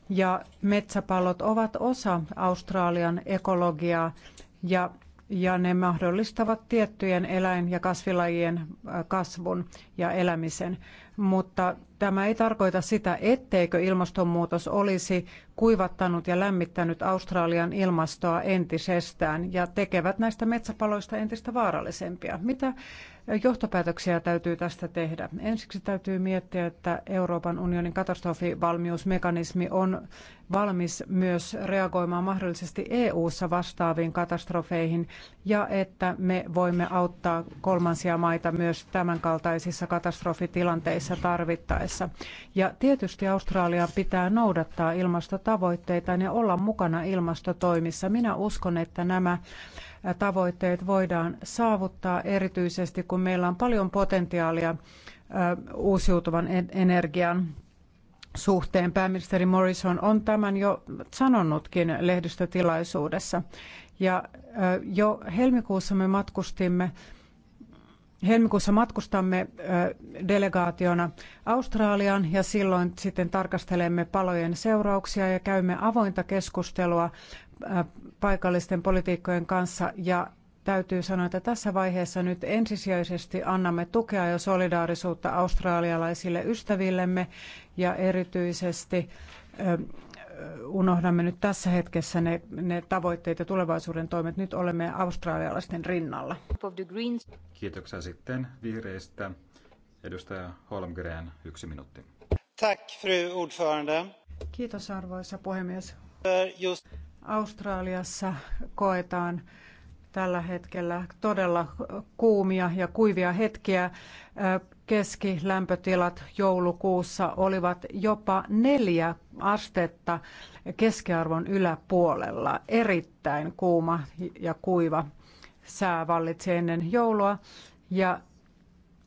ja metsäpalot ovat osa Australian ekologiaa ja, ja ne mahdollistavat tiettyjen eläin- ja kasvilajien kasvun ja elämisen. Mutta tämä ei tarkoita sitä, etteikö ilmastonmuutos olisi kuivattanut ja lämmittänyt Australian ilmastoa entisestään ja tekevät näistä metsäpaloista entistä vaarallisempia. Mitä Johtopäätöksiä täytyy tästä tehdä. Ensiksi täytyy miettiä, että Euroopan unionin katastrofivalmiusmekanismi on valmis myös reagoimaan mahdollisesti EU-ssa vastaaviin katastrofeihin ja että me voimme auttaa kolmansia maita myös tämänkaltaisissa katastrofitilanteissa tarvittaessa. Ja tietysti Australian pitää noudattaa ilmastotavoitteita ja olla mukana ilmastotoimissa. Minä uskon, että nämä tavoitteet voidaan saavuttaa, erityisesti kun meillä on paljon potentiaalia uusiutuvan energian suhteen. Pääministeri Morrison on tämän jo sanonutkin lehdistötilaisuudessa. Ja jo helmikuussa me matkustimme Helmikuussa matkustamme delegaationa Australiaan ja silloin sitten tarkastelemme palojen seurauksia ja käymme avointa keskustelua paikallisten politiikkojen kanssa ja täytyy sanoa, että tässä vaiheessa nyt ensisijaisesti annamme tukea ja solidaarisuutta australialaisille ystävillemme ja erityisesti unohdamme nyt tässä hetkessä ne, ne tavoitteet ja tulevaisuuden toimet. Nyt olemme australialaisten rinnalla. Kiitoksia sitten vihreistä. Edustaja Holmgren, yksi minuutti. Tack, fru ordförande. Kiitos arvoisa puhemies. Eh, just... Australiassa koetaan tällä hetkellä todella kuumia ja kuivia hetkiä. Eh, keskilämpötilat joulukuussa olivat jopa neljä astetta keskiarvon yläpuolella. Erittäin kuuma ja kuiva sää vallitsi ennen joulua ja,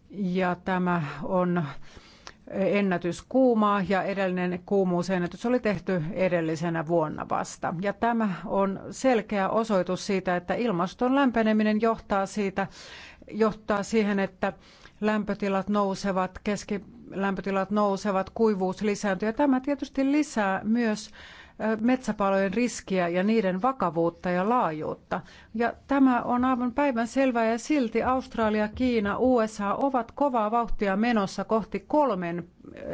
ja tämä on ennätys kuumaa ja edellinen kuumuusennätys oli tehty edellisenä vuonna vasta. Ja tämä on selkeä osoitus siitä, että ilmaston lämpeneminen johtaa, siitä, johtaa siihen, että lämpötilat nousevat, keskilämpötilat nousevat, kuivuus lisääntyy. Ja tämä tietysti lisää myös metsäpalojen riskiä ja niiden vakavuutta ja laajuutta. Ja tämä on aivan päivän selvää ja silti Australia, Kiina, USA ovat kovaa vauhtia menossa kohti kolmen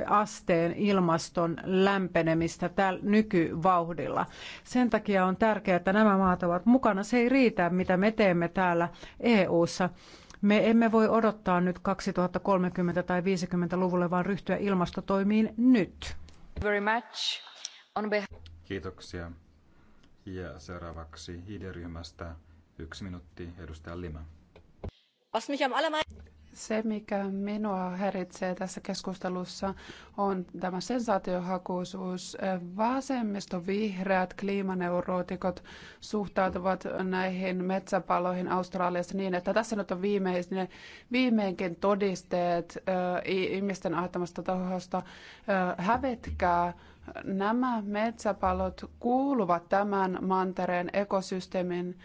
asteen ilmaston lämpenemistä täl- nykyvauhdilla. Sen takia on tärkeää, että nämä maat ovat mukana. Se ei riitä, mitä me teemme täällä EU:ssa. ssa me emme voi odottaa nyt 2030 tai 50-luvulle, vaan ryhtyä ilmastotoimiin nyt. Very much. On Kiitoksia. Ja seuraavaksi ID-ryhmästä yksi minuutti edustaja Lima. Se, mikä minua häiritsee tässä keskustelussa, on tämä sensaatiohakuisuus. Vasemmisto-vihreät kliimaneurotikot suhtautuvat näihin metsäpaloihin Australiassa niin, että tässä nyt on viimeinen, viimeinkin todisteet ihmisten ahtamasta tahosta. Hävetkää nämä metsäpalot kuuluvat tämän mantereen ekosysteemin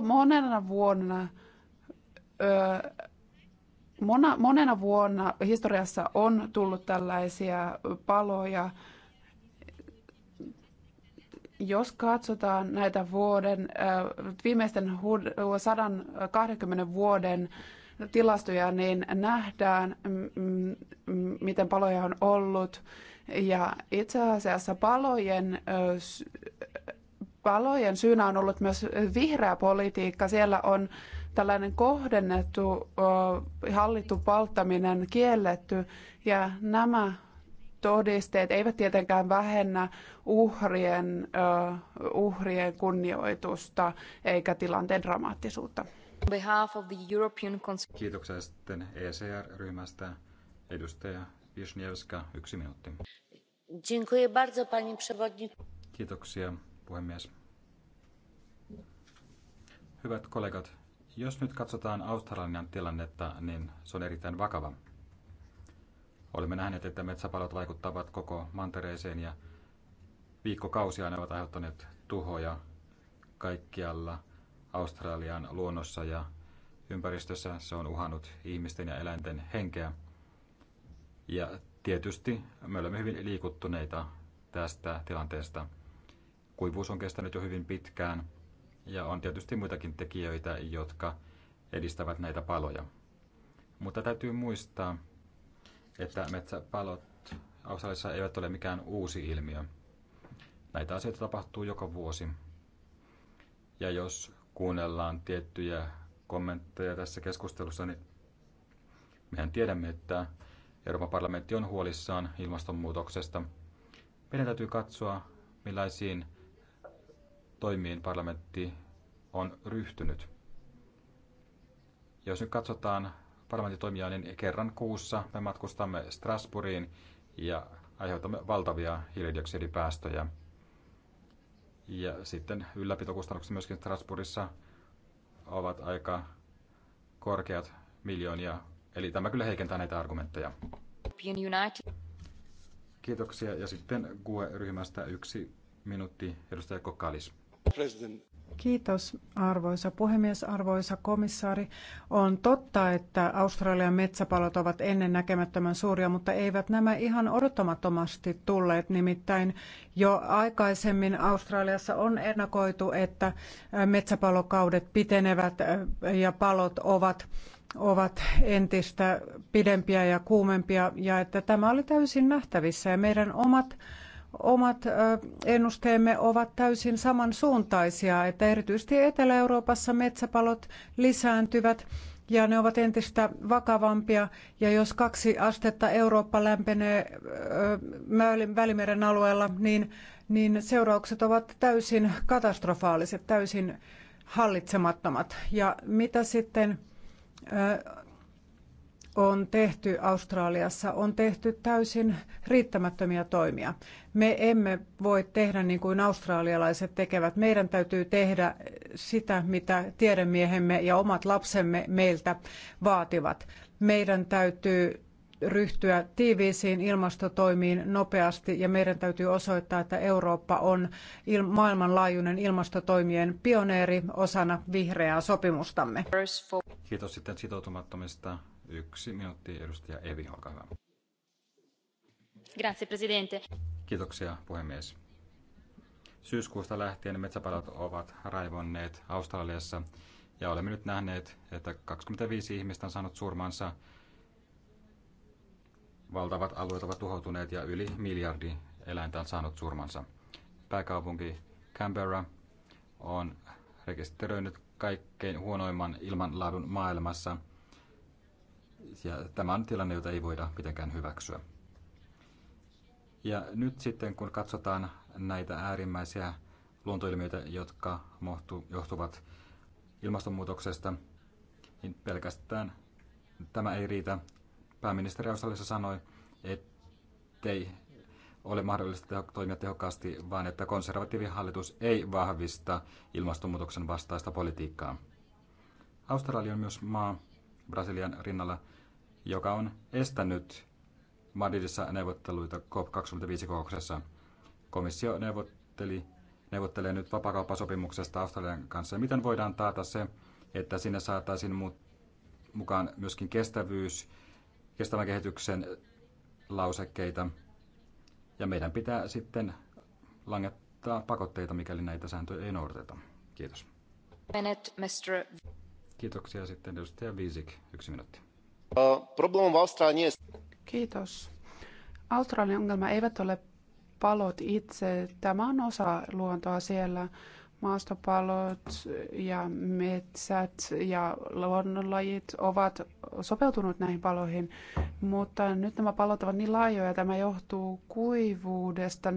monena vuonna – mona, monena vuonna historiassa on tullut tällaisia paloja. Jos katsotaan näitä vuoden, viimeisten 120 vuoden tilastoja, niin nähdään, miten paloja on ollut. Ja itse asiassa palojen, palojen syynä on ollut myös vihreä politiikka. Siellä on tällainen kohdennettu hallittu polttaminen kielletty ja nämä todisteet eivät tietenkään vähennä uhrien, uhrien kunnioitusta eikä tilanteen dramaattisuutta. Kiitoksia sitten ECR-ryhmästä. Edustaja Wisniewska, yksi minuutti. Kiitoksia, puhemies. Hyvät kollegat, jos nyt katsotaan Australian tilannetta, niin se on erittäin vakava. Olemme nähneet, että metsäpalot vaikuttavat koko mantereeseen ja viikkokausia ne ovat aiheuttaneet tuhoja kaikkialla Australian luonnossa ja ympäristössä. Se on uhannut ihmisten ja eläinten henkeä. Ja tietysti me olemme hyvin liikuttuneita tästä tilanteesta. Kuivuus on kestänyt jo hyvin pitkään – ja on tietysti muitakin tekijöitä, jotka edistävät näitä paloja. Mutta täytyy muistaa, että metsäpalot Australiassa eivät ole mikään uusi ilmiö. Näitä asioita tapahtuu joka vuosi. Ja jos kuunnellaan tiettyjä kommentteja tässä keskustelussa, niin mehän tiedämme, että Euroopan parlamentti on huolissaan ilmastonmuutoksesta. Meidän täytyy katsoa, millaisiin toimiin parlamentti on ryhtynyt. Jos nyt katsotaan parlamentin toimia, niin kerran kuussa me matkustamme Strasbourgiin ja aiheutamme valtavia hiilidioksidipäästöjä. Ja sitten ylläpitokustannukset myöskin Strasbourgissa ovat aika korkeat miljoonia. Eli tämä kyllä heikentää näitä argumentteja. Kiitoksia. Ja sitten GUE-ryhmästä yksi minuutti, edustaja Kokkalis. Kiitos arvoisa puhemies, arvoisa komissaari. On totta, että Australian metsäpalot ovat ennen näkemättömän suuria, mutta eivät nämä ihan odottamattomasti tulleet. Nimittäin jo aikaisemmin Australiassa on ennakoitu, että metsäpalokaudet pitenevät ja palot ovat ovat entistä pidempiä ja kuumempia ja että tämä oli täysin nähtävissä ja meidän omat omat ennusteemme ovat täysin samansuuntaisia, että erityisesti Etelä-Euroopassa metsäpalot lisääntyvät ja ne ovat entistä vakavampia. Ja jos kaksi astetta Eurooppa lämpenee Välimeren alueella, niin, niin seuraukset ovat täysin katastrofaaliset, täysin hallitsemattomat. Ja mitä sitten on tehty Australiassa, on tehty täysin riittämättömiä toimia. Me emme voi tehdä niin kuin australialaiset tekevät. Meidän täytyy tehdä sitä, mitä tiedemiehemme ja omat lapsemme meiltä vaativat. Meidän täytyy ryhtyä tiiviisiin ilmastotoimiin nopeasti ja meidän täytyy osoittaa, että Eurooppa on il- maailmanlaajuinen ilmastotoimien pioneeri osana vihreää sopimustamme. Kiitos sitten sitoutumattomista Yksi minuutti, edustaja Evi, olkaa hyvä. Grazie, presidente. Kiitoksia, puhemies. Syyskuusta lähtien metsäpalot ovat raivonneet Australiassa ja olemme nyt nähneet, että 25 ihmistä on saanut surmansa. Valtavat alueet ovat tuhoutuneet ja yli miljardi eläintä on saanut surmansa. Pääkaupunki Canberra on rekisteröinyt kaikkein huonoimman ilmanlaadun maailmassa – ja tämä on tilanne, jota ei voida mitenkään hyväksyä. Ja nyt sitten, kun katsotaan näitä äärimmäisiä luontoilmiöitä, jotka johtuvat ilmastonmuutoksesta, niin pelkästään tämä ei riitä. Pääministeri Australiassa sanoi, ettei ole mahdollista toimia tehokkaasti, vaan että konservatiivihallitus ei vahvista ilmastonmuutoksen vastaista politiikkaa. Australia on myös maa Brasilian rinnalla, joka on estänyt Madridissa neuvotteluita COP25-kokouksessa. Komissio neuvotteli, neuvottelee nyt vapakauppasopimuksesta Australian kanssa. Miten voidaan taata se, että sinne saataisiin mukaan myöskin kestävyys, kestävän kehityksen lausekkeita. Ja meidän pitää sitten langettaa pakotteita, mikäli näitä sääntöjä ei noudateta. Kiitos. Mr. Kiitoksia sitten edustaja Viisik. Yksi minuutti. Kiitos. Australian ongelma eivät ole palot itse. Tämä on osa luontoa siellä. Maastopalot ja metsät ja luonnonlajit ovat sopeutuneet näihin paloihin, mutta nyt nämä palot ovat niin laajoja, tämä johtuu kuivuudesta.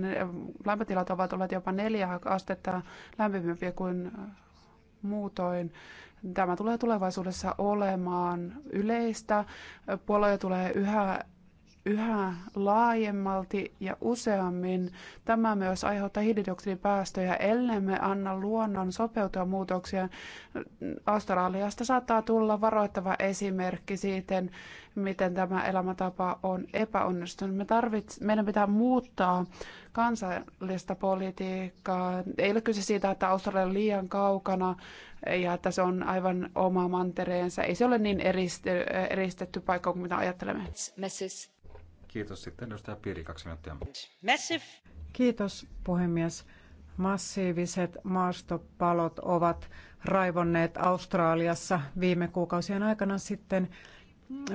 Lämpötilat ovat olleet jopa neljä astetta lämpimämpiä kuin muutoin. Tämä tulee tulevaisuudessa olemaan yleistä. Puolueja tulee yhä yhä laajemmalti ja useammin. Tämä myös aiheuttaa hiilidioksidipäästöjä, ellemme anna luonnon sopeutua muutoksia. Australiasta saattaa tulla varoittava esimerkki siitä, miten tämä elämäntapa on epäonnistunut. Me tarvits, meidän pitää muuttaa kansallista politiikkaa. Ei ole kyse siitä, että Australia on liian kaukana ja että se on aivan oma mantereensa. Ei se ole niin eristetty paikka kuin mitä ajattelemme. Mrs. Kiitos sitten edustaja Piiri, kaksi minuuttia. Kiitos puhemies. Massiiviset maastopalot ovat raivonneet Australiassa viime kuukausien aikana sitten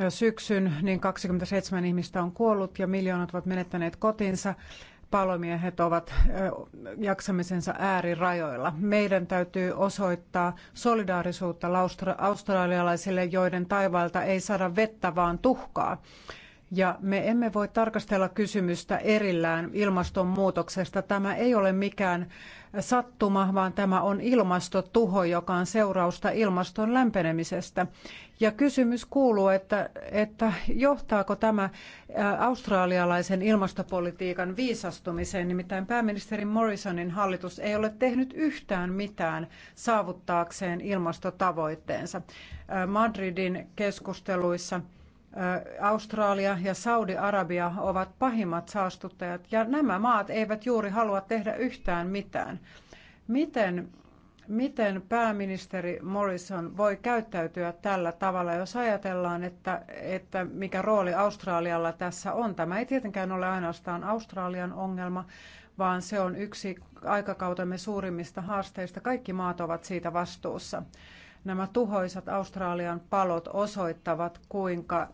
syksyn, niin 27 ihmistä on kuollut ja miljoonat ovat menettäneet kotinsa. Palomiehet ovat jaksamisensa äärirajoilla. Meidän täytyy osoittaa solidaarisuutta australialaisille, joiden taivaalta ei saada vettä, vaan tuhkaa. Ja me emme voi tarkastella kysymystä erillään ilmastonmuutoksesta. Tämä ei ole mikään sattuma, vaan tämä on ilmastotuho, joka on seurausta ilmaston lämpenemisestä. Ja kysymys kuuluu, että, että johtaako tämä australialaisen ilmastopolitiikan viisastumiseen, nimittäin pääministeri Morrisonin hallitus ei ole tehnyt yhtään mitään saavuttaakseen ilmastotavoitteensa. Madridin keskusteluissa – Australia ja Saudi-Arabia ovat pahimmat saastuttajat ja nämä maat eivät juuri halua tehdä yhtään mitään. Miten, miten pääministeri Morrison voi käyttäytyä tällä tavalla, jos ajatellaan, että, että mikä rooli Australialla tässä on? Tämä ei tietenkään ole ainoastaan Australian ongelma, vaan se on yksi aikakautemme suurimmista haasteista. Kaikki maat ovat siitä vastuussa. Nämä tuhoisat Australian palot osoittavat, kuinka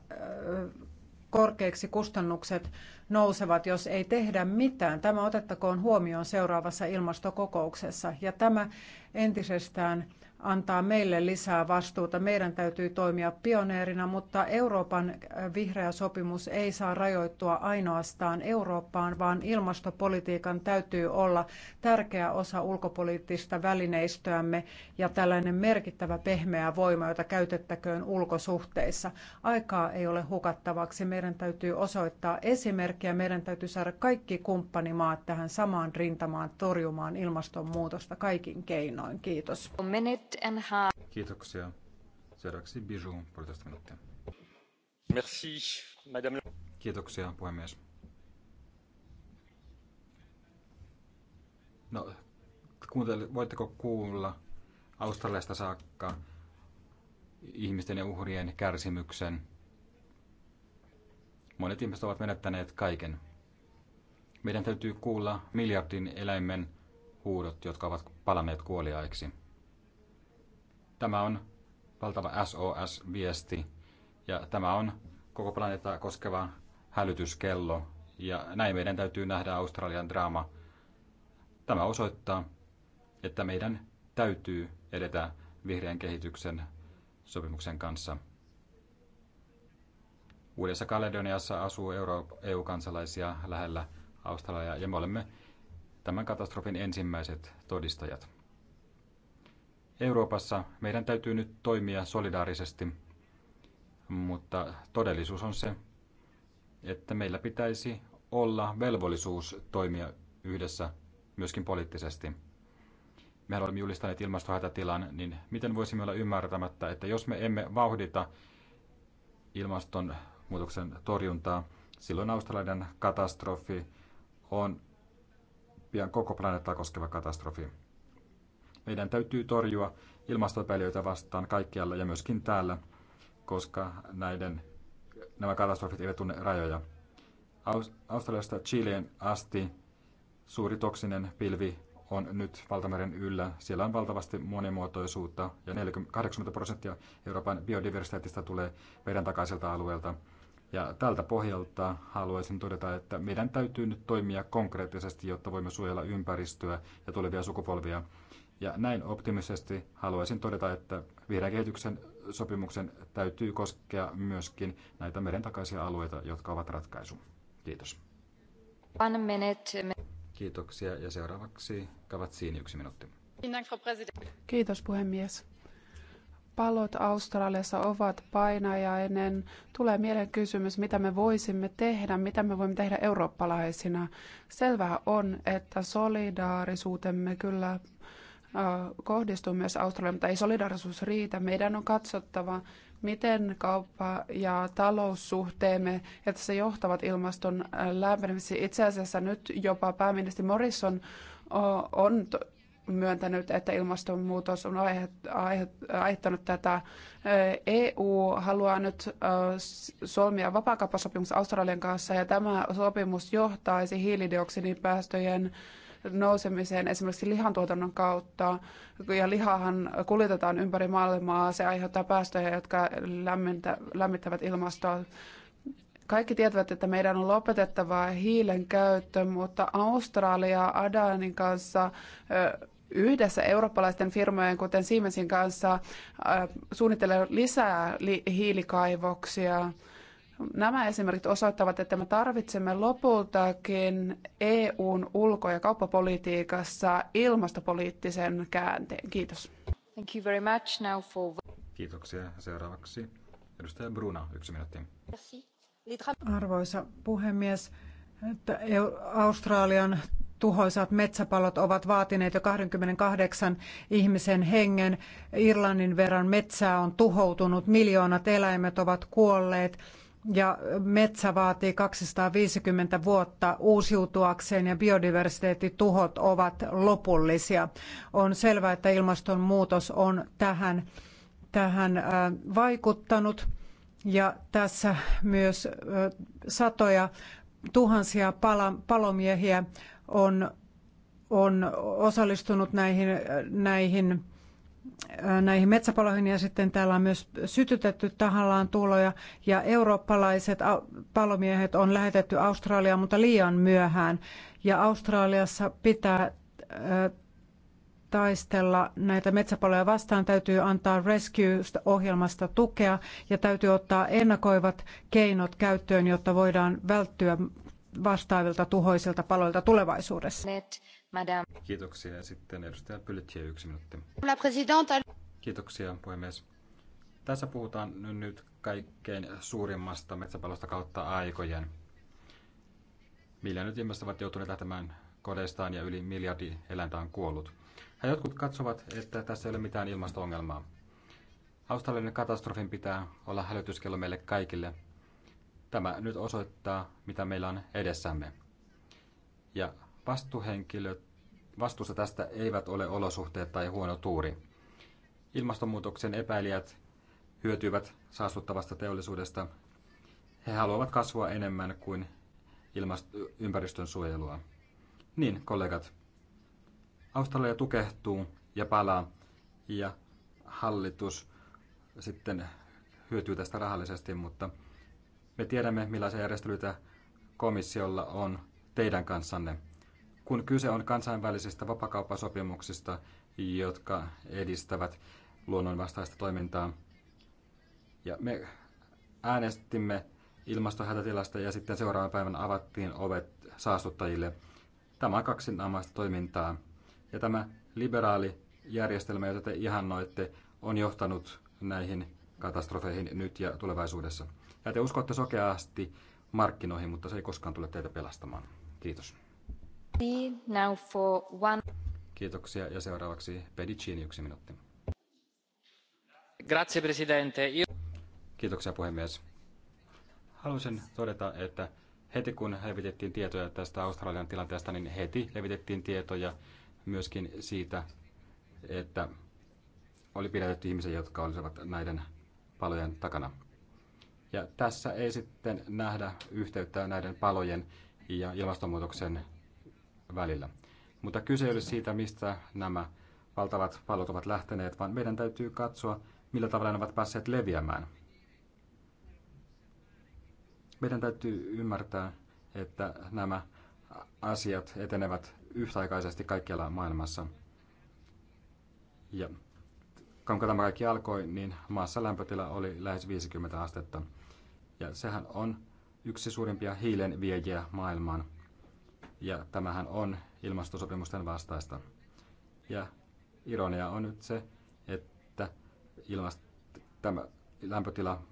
korkeiksi kustannukset nousevat, jos ei tehdä mitään. Tämä otettakoon huomioon seuraavassa ilmastokokouksessa. Ja tämä entisestään antaa meille lisää vastuuta. Meidän täytyy toimia pioneerina, mutta Euroopan äh, vihreä sopimus ei saa rajoittua ainoastaan Eurooppaan, vaan ilmastopolitiikan täytyy olla tärkeä osa ulkopoliittista välineistöämme ja tällainen merkittävä pehmeä voima, jota käytettäköön ulkosuhteissa. Aikaa ei ole hukattavaksi. Meidän täytyy osoittaa esimerkkiä. Meidän täytyy saada kaikki kumppanimaat tähän samaan rintamaan torjumaan ilmastonmuutosta kaikin keinoin. Kiitos. Menet and half. Kiitoksia. Seuraavaksi Bijou, puolitoista minuuttia. Merci, madame. Kiitoksia, puhemies. No, voitteko kuulla Australiasta saakka ihmisten ja uhrien kärsimyksen? Monet ihmiset ovat menettäneet kaiken. Meidän täytyy kuulla miljardin eläimen huudot, jotka ovat palanneet kuoliaiksi. Tämä on valtava SOS-viesti ja tämä on koko planeetta koskeva hälytyskello. Ja näin meidän täytyy nähdä Australian draama. Tämä osoittaa, että meidän täytyy edetä vihreän kehityksen sopimuksen kanssa. Uudessa Kaledoniassa asuu EU-kansalaisia lähellä Australiaa ja me olemme tämän katastrofin ensimmäiset todistajat. Euroopassa meidän täytyy nyt toimia solidaarisesti, mutta todellisuus on se, että meillä pitäisi olla velvollisuus toimia yhdessä myöskin poliittisesti. Me olemme julistaneet ilmastohätätilan, niin miten voisimme olla ymmärtämättä, että jos me emme vauhdita ilmastonmuutoksen torjuntaa, silloin Australian katastrofi on pian koko planeettaa koskeva katastrofi. Meidän täytyy torjua ilmastopäilijöitä vastaan kaikkialla ja myöskin täällä, koska näiden, nämä katastrofit eivät tunne rajoja. Australiasta Chileen asti suuri toksinen pilvi on nyt Valtameren yllä. Siellä on valtavasti monimuotoisuutta ja 40, 80 prosenttia Euroopan biodiversiteetistä tulee meidän takaiselta alueelta. Ja tältä pohjalta haluaisin todeta, että meidän täytyy nyt toimia konkreettisesti, jotta voimme suojella ympäristöä ja tulevia sukupolvia. Ja näin optimisesti haluaisin todeta, että vihreän kehityksen sopimuksen täytyy koskea myöskin näitä meren takaisia alueita, jotka ovat ratkaisu. Kiitos. One minute. Kiitoksia ja seuraavaksi kavat siinä yksi minuutti. Kiitos puhemies. Palot Australiassa ovat painajainen. Tulee mieleen kysymys, mitä me voisimme tehdä, mitä me voimme tehdä eurooppalaisina. Selvää on, että solidaarisuutemme kyllä kohdistuu myös Australiaan, mutta ei solidarisuus riitä. Meidän on katsottava, miten kauppa- ja taloussuhteemme ja tässä johtavat ilmaston lämpenemisiin. Itse asiassa nyt jopa pääministeri Morrison on myöntänyt, että ilmastonmuutos on aiheuttanut tätä. EU haluaa nyt solmia vapaakauppasopimus Australian kanssa ja tämä sopimus johtaisi hiilidioksidipäästöjen päästöjen nousemiseen esimerkiksi lihantuotannon kautta. Ja lihahan kuljetetaan ympäri maailmaa, se aiheuttaa päästöjä, jotka lämmintä, lämmittävät ilmastoa. Kaikki tietävät, että meidän on lopetettava hiilen käyttö, mutta Australia Adanin kanssa yhdessä eurooppalaisten firmojen, kuten Siemensin kanssa, suunnittelee lisää hiilikaivoksia Nämä esimerkit osoittavat, että me tarvitsemme lopultakin EUn ulko- ja kauppapolitiikassa ilmastopoliittisen käänteen. Kiitos. Thank you very much now for... Kiitoksia. Seuraavaksi edustaja Bruna, yksi minuutti. Arvoisa puhemies, että Australian tuhoisat metsäpalot ovat vaatineet jo 28 ihmisen hengen. Irlannin verran metsää on tuhoutunut, miljoonat eläimet ovat kuolleet ja metsä vaatii 250 vuotta uusiutuakseen ja biodiversiteettituhot ovat lopullisia. On selvää, että ilmastonmuutos on tähän, tähän äh, vaikuttanut ja tässä myös äh, satoja tuhansia palomiehiä on, on osallistunut näihin, äh, näihin näihin metsäpaloihin ja sitten täällä on myös sytytetty tahallaan tuloja ja eurooppalaiset palomiehet on lähetetty Australiaan, mutta liian myöhään. Ja Australiassa pitää taistella näitä metsäpaloja vastaan, täytyy antaa Rescue-ohjelmasta tukea ja täytyy ottaa ennakoivat keinot käyttöön, jotta voidaan välttyä vastaavilta tuhoisilta paloilta tulevaisuudessa. Net Madame. Kiitoksia. Ja sitten edustaja Pylittiä yksi minuutti. La presidente. Kiitoksia, puhemies. Tässä puhutaan nyt kaikkein suurimmasta metsäpalosta kautta aikojen. Miljoonat ihmiset ovat joutuneet lähtemään kodeistaan ja yli miljardi eläintä on kuollut. Ja jotkut katsovat, että tässä ei ole mitään ilmasto-ongelmaa. Australian katastrofin pitää olla hälytyskello meille kaikille. Tämä nyt osoittaa, mitä meillä on edessämme. Ja Vastuhenkilöt vastuussa tästä eivät ole olosuhteet tai huono tuuri. Ilmastonmuutoksen epäilijät hyötyvät saastuttavasta teollisuudesta. He haluavat kasvua enemmän kuin ilmast- ympäristön suojelua. Niin, kollegat. Australia tukehtuu ja palaa ja hallitus sitten hyötyy tästä rahallisesti, mutta me tiedämme millaisia järjestelyitä komissiolla on teidän kanssanne kun kyse on kansainvälisistä vapakauppasopimuksista, jotka edistävät luonnonvastaista toimintaa. Ja me äänestimme ilmastohätätilasta ja sitten seuraavan päivän avattiin ovet saastuttajille. Tämä on kaksinaamaista toimintaa. Ja tämä liberaali järjestelmä, jota te ihannoitte, on johtanut näihin katastrofeihin nyt ja tulevaisuudessa. Ja te uskotte sokeasti markkinoihin, mutta se ei koskaan tule teitä pelastamaan. Kiitos. Kiitoksia ja seuraavaksi Pedicini yksi minuutti. Grazie, presidente. Kiitoksia puhemies. Haluaisin todeta, että heti kun levitettiin tietoja tästä Australian tilanteesta, niin heti levitettiin tietoja myöskin siitä, että oli pidätetty ihmisiä, jotka olisivat näiden palojen takana. Ja tässä ei sitten nähdä yhteyttä näiden palojen ja ilmastonmuutoksen välillä. Mutta kyse ei ole siitä, mistä nämä valtavat pallot ovat lähteneet, vaan meidän täytyy katsoa, millä tavalla ne ovat päässeet leviämään. Meidän täytyy ymmärtää, että nämä asiat etenevät yhtäaikaisesti kaikkialla maailmassa. Ja kun tämä kaikki alkoi, niin maassa lämpötila oli lähes 50 astetta. Ja sehän on yksi suurimpia hiilen viejiä maailmaan ja tämähän on ilmastosopimusten vastaista. Ja ironia on nyt se, että ilmast- tämä lämpötila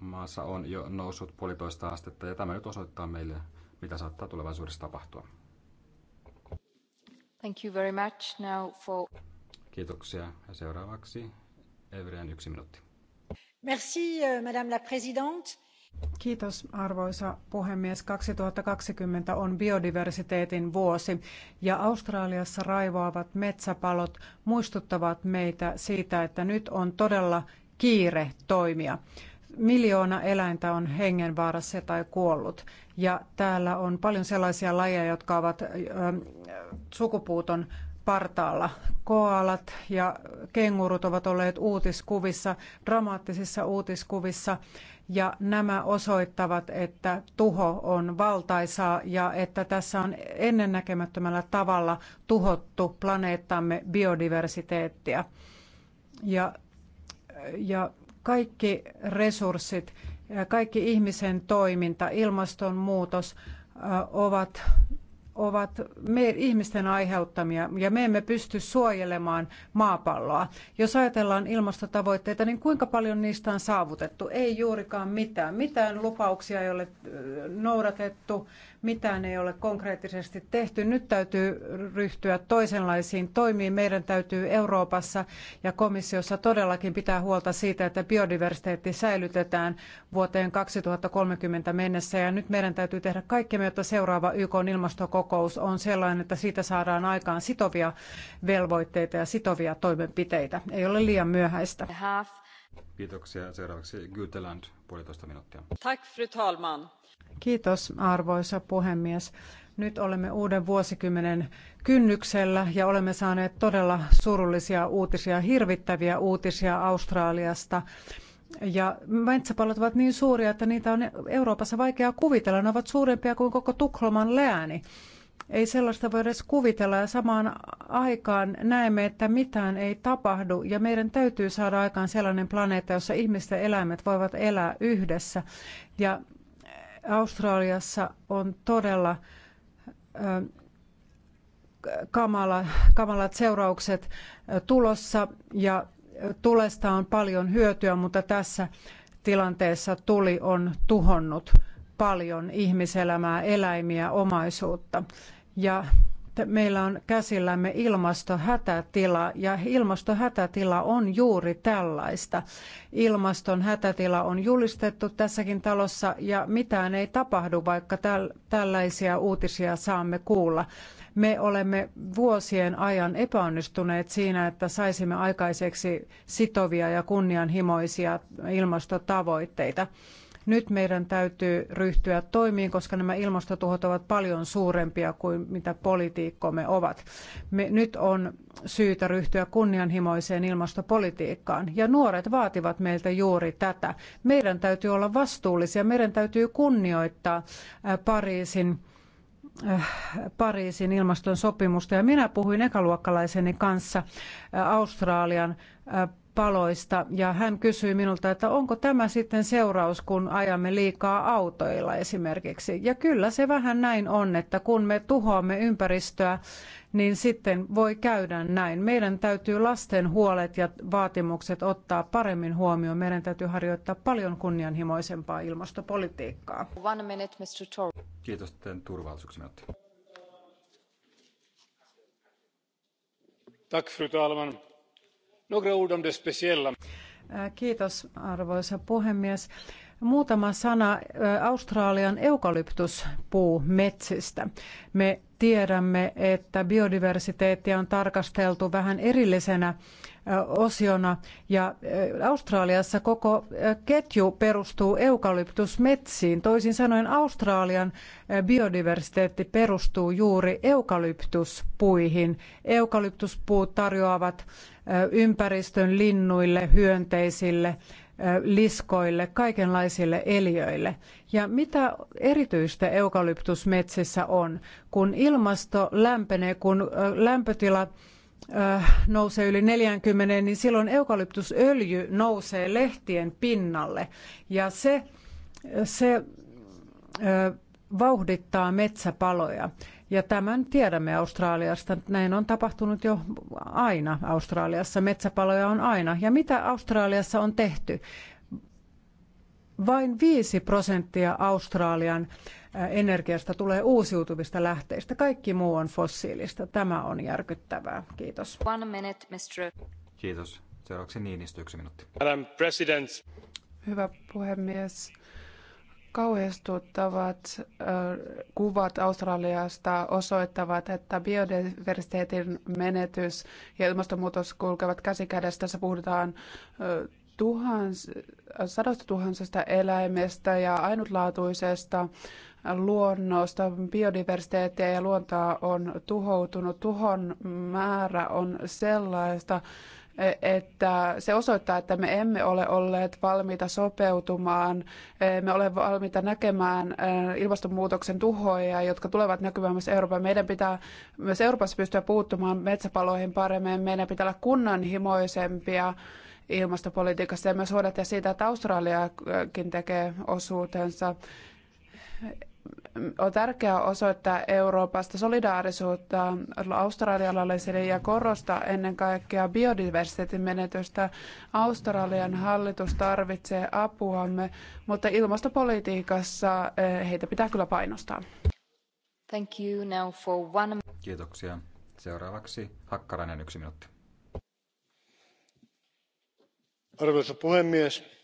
maassa on jo noussut puolitoista astetta ja tämä nyt osoittaa meille, mitä saattaa tulevaisuudessa tapahtua. Thank you very much now for... Kiitoksia. Ja seuraavaksi Evrian yksi minuutti. Merci, euh, Madame la Présidente. Kiitos arvoisa puhemies. 2020 on biodiversiteetin vuosi ja Australiassa raivoavat metsäpalot muistuttavat meitä siitä, että nyt on todella kiire toimia. Miljoona eläintä on hengenvaarassa tai kuollut. Ja täällä on paljon sellaisia lajeja, jotka ovat sukupuuton partaalla. Koalat ja kengurut ovat olleet uutiskuvissa, dramaattisissa uutiskuvissa, ja nämä osoittavat, että tuho on valtaisaa ja että tässä on ennennäkemättömällä tavalla tuhottu planeettamme biodiversiteettiä. Ja, ja kaikki resurssit, kaikki ihmisen toiminta, ilmastonmuutos ovat ovat me, ihmisten aiheuttamia ja me emme pysty suojelemaan maapalloa. Jos ajatellaan ilmastotavoitteita, niin kuinka paljon niistä on saavutettu? Ei juurikaan mitään. Mitään lupauksia ei ole noudatettu mitään ei ole konkreettisesti tehty. Nyt täytyy ryhtyä toisenlaisiin toimiin. Meidän täytyy Euroopassa ja komissiossa todellakin pitää huolta siitä, että biodiversiteetti säilytetään vuoteen 2030 mennessä. Ja nyt meidän täytyy tehdä kaikkemme, jotta seuraava YK ilmastokokous on sellainen, että siitä saadaan aikaan sitovia velvoitteita ja sitovia toimenpiteitä. Ei ole liian myöhäistä. Kiitoksia. Seuraavaksi Gyteland, puolitoista minuuttia. Tack, fru talman. Kiitos arvoisa puhemies. Nyt olemme uuden vuosikymmenen kynnyksellä ja olemme saaneet todella surullisia uutisia, hirvittäviä uutisia Australiasta. Ja metsäpalot ovat niin suuria, että niitä on Euroopassa vaikea kuvitella. Ne ovat suurempia kuin koko Tukholman lääni. Ei sellaista voi edes kuvitella ja samaan aikaan näemme, että mitään ei tapahdu ja meidän täytyy saada aikaan sellainen planeetta, jossa ihmiset ja eläimet voivat elää yhdessä. Ja Australiassa on todella kamala, kamalat seuraukset tulossa ja tulesta on paljon hyötyä, mutta tässä tilanteessa tuli on tuhonnut paljon ihmiselämää, eläimiä, omaisuutta. Ja meillä on käsillämme ilmastohätätila ja ilmastohätätila on juuri tällaista. Ilmaston hätätila on julistettu tässäkin talossa ja mitään ei tapahdu, vaikka tällaisia uutisia saamme kuulla. Me olemme vuosien ajan epäonnistuneet siinä, että saisimme aikaiseksi sitovia ja kunnianhimoisia ilmastotavoitteita. Nyt meidän täytyy ryhtyä toimiin, koska nämä ilmastotuhot ovat paljon suurempia kuin mitä politiikkomme ovat. Me, nyt on syytä ryhtyä kunnianhimoiseen ilmastopolitiikkaan. Ja nuoret vaativat meiltä juuri tätä. Meidän täytyy olla vastuullisia, meidän täytyy kunnioittaa äh, Pariisin äh, Pariisin ilmaston sopimusta ja minä puhuin ekaluokkalaiseni kanssa äh, Australian paloista ja hän kysyi minulta, että onko tämä sitten seuraus, kun ajamme liikaa autoilla esimerkiksi. Ja kyllä se vähän näin on, että kun me tuhoamme ympäristöä, niin sitten voi käydä näin. Meidän täytyy lasten huolet ja vaatimukset ottaa paremmin huomioon. Meidän täytyy harjoittaa paljon kunnianhimoisempaa ilmastopolitiikkaa. One minute, Mr. Tor. Kiitos, teen turvallisuuksi Tack, fru talman No kiitos arvoisa puhemies. Muutama sana Australian eukalyptuspuumetsistä. Me tiedämme, että biodiversiteettiä on tarkasteltu vähän erillisenä osiona. Ja Australiassa koko ketju perustuu eukalyptusmetsiin. Toisin sanoen Australian biodiversiteetti perustuu juuri eukalyptuspuihin. Eukalyptuspuut tarjoavat ympäristön linnuille, hyönteisille, liskoille, kaikenlaisille eliöille. Ja mitä erityistä eukalyptusmetsissä on? Kun ilmasto lämpenee, kun lämpötila Äh, nousee yli 40, niin silloin eukalyptusöljy nousee lehtien pinnalle. Ja se, se äh, vauhdittaa metsäpaloja. Ja tämän tiedämme Australiasta. Näin on tapahtunut jo aina Australiassa. Metsäpaloja on aina. Ja mitä Australiassa on tehty? Vain viisi prosenttia Australian energiasta tulee uusiutuvista lähteistä. Kaikki muu on fossiilista. Tämä on järkyttävää. Kiitos. One minute, Mr. Kiitos. Seuraavaksi Niinistö yksi minuutti. Madam President. Hyvä puhemies. Kauhistuttavat kuvat Australiasta osoittavat, että biodiversiteetin menetys ja ilmastonmuutos kulkevat käsikädessä. Tässä puhutaan tuhans, sadasta tuhansesta eläimestä ja ainutlaatuisesta luonnosta, biodiversiteettiä ja luontoa on tuhoutunut. Tuhon määrä on sellaista, e- että se osoittaa, että me emme ole olleet valmiita sopeutumaan, e- me olemme valmiita näkemään e- ilmastonmuutoksen tuhoja, jotka tulevat näkymään myös Euroopan. Meidän pitää myös Euroopassa pystyä puuttumaan metsäpaloihin paremmin, meidän pitää olla kunnanhimoisempia ilmastopolitiikassa ja myös huolehtia siitä, että Australiakin tekee osuutensa on tärkeää osoittaa Euroopasta solidaarisuutta australialaisille ja korostaa ennen kaikkea biodiversiteetin menetystä. Australian hallitus tarvitsee apuamme, mutta ilmastopolitiikassa eh, heitä pitää kyllä painostaa. Thank you now for one... Kiitoksia. Seuraavaksi Hakkarainen yksi minuutti. Arvoisa puhemies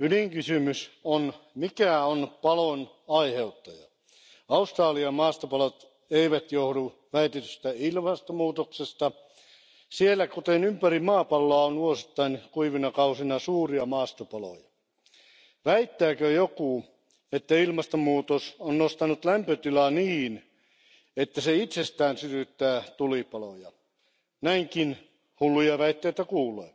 ydinkysymys on mikä on palon aiheuttaja? australian maastopalot eivät johdu väitetystä ilmastonmuutoksesta siellä kuten ympäri maapalloa on vuosittain kuivina kausina suuria maastopaloja. väittääkö joku että ilmastonmuutos on nostanut lämpötilaa niin että se itsestään sytyttää tulipaloja? näinkin hulluja väitteitä kuulee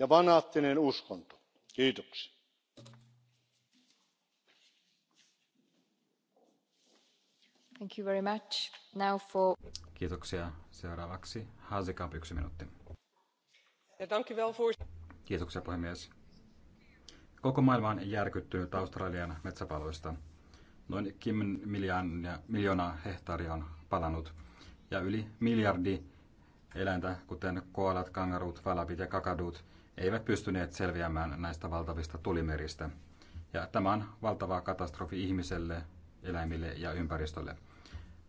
ja fanaattinen uskonto. kiitoksia. Thank you very much. Now for... Kiitoksia. Seuraavaksi Haasikaup yksi minuutti. Kiitoksia puhemies. Koko maailma on järkyttynyt Australian metsäpaloista. Noin 10 miljoonaa hehtaaria on palanut ja yli miljardi eläintä, kuten koalat, kangarut, valapit ja kakadut, eivät pystyneet selviämään näistä valtavista tulimeristä. Ja tämä on valtava katastrofi ihmiselle, eläimille ja ympäristölle.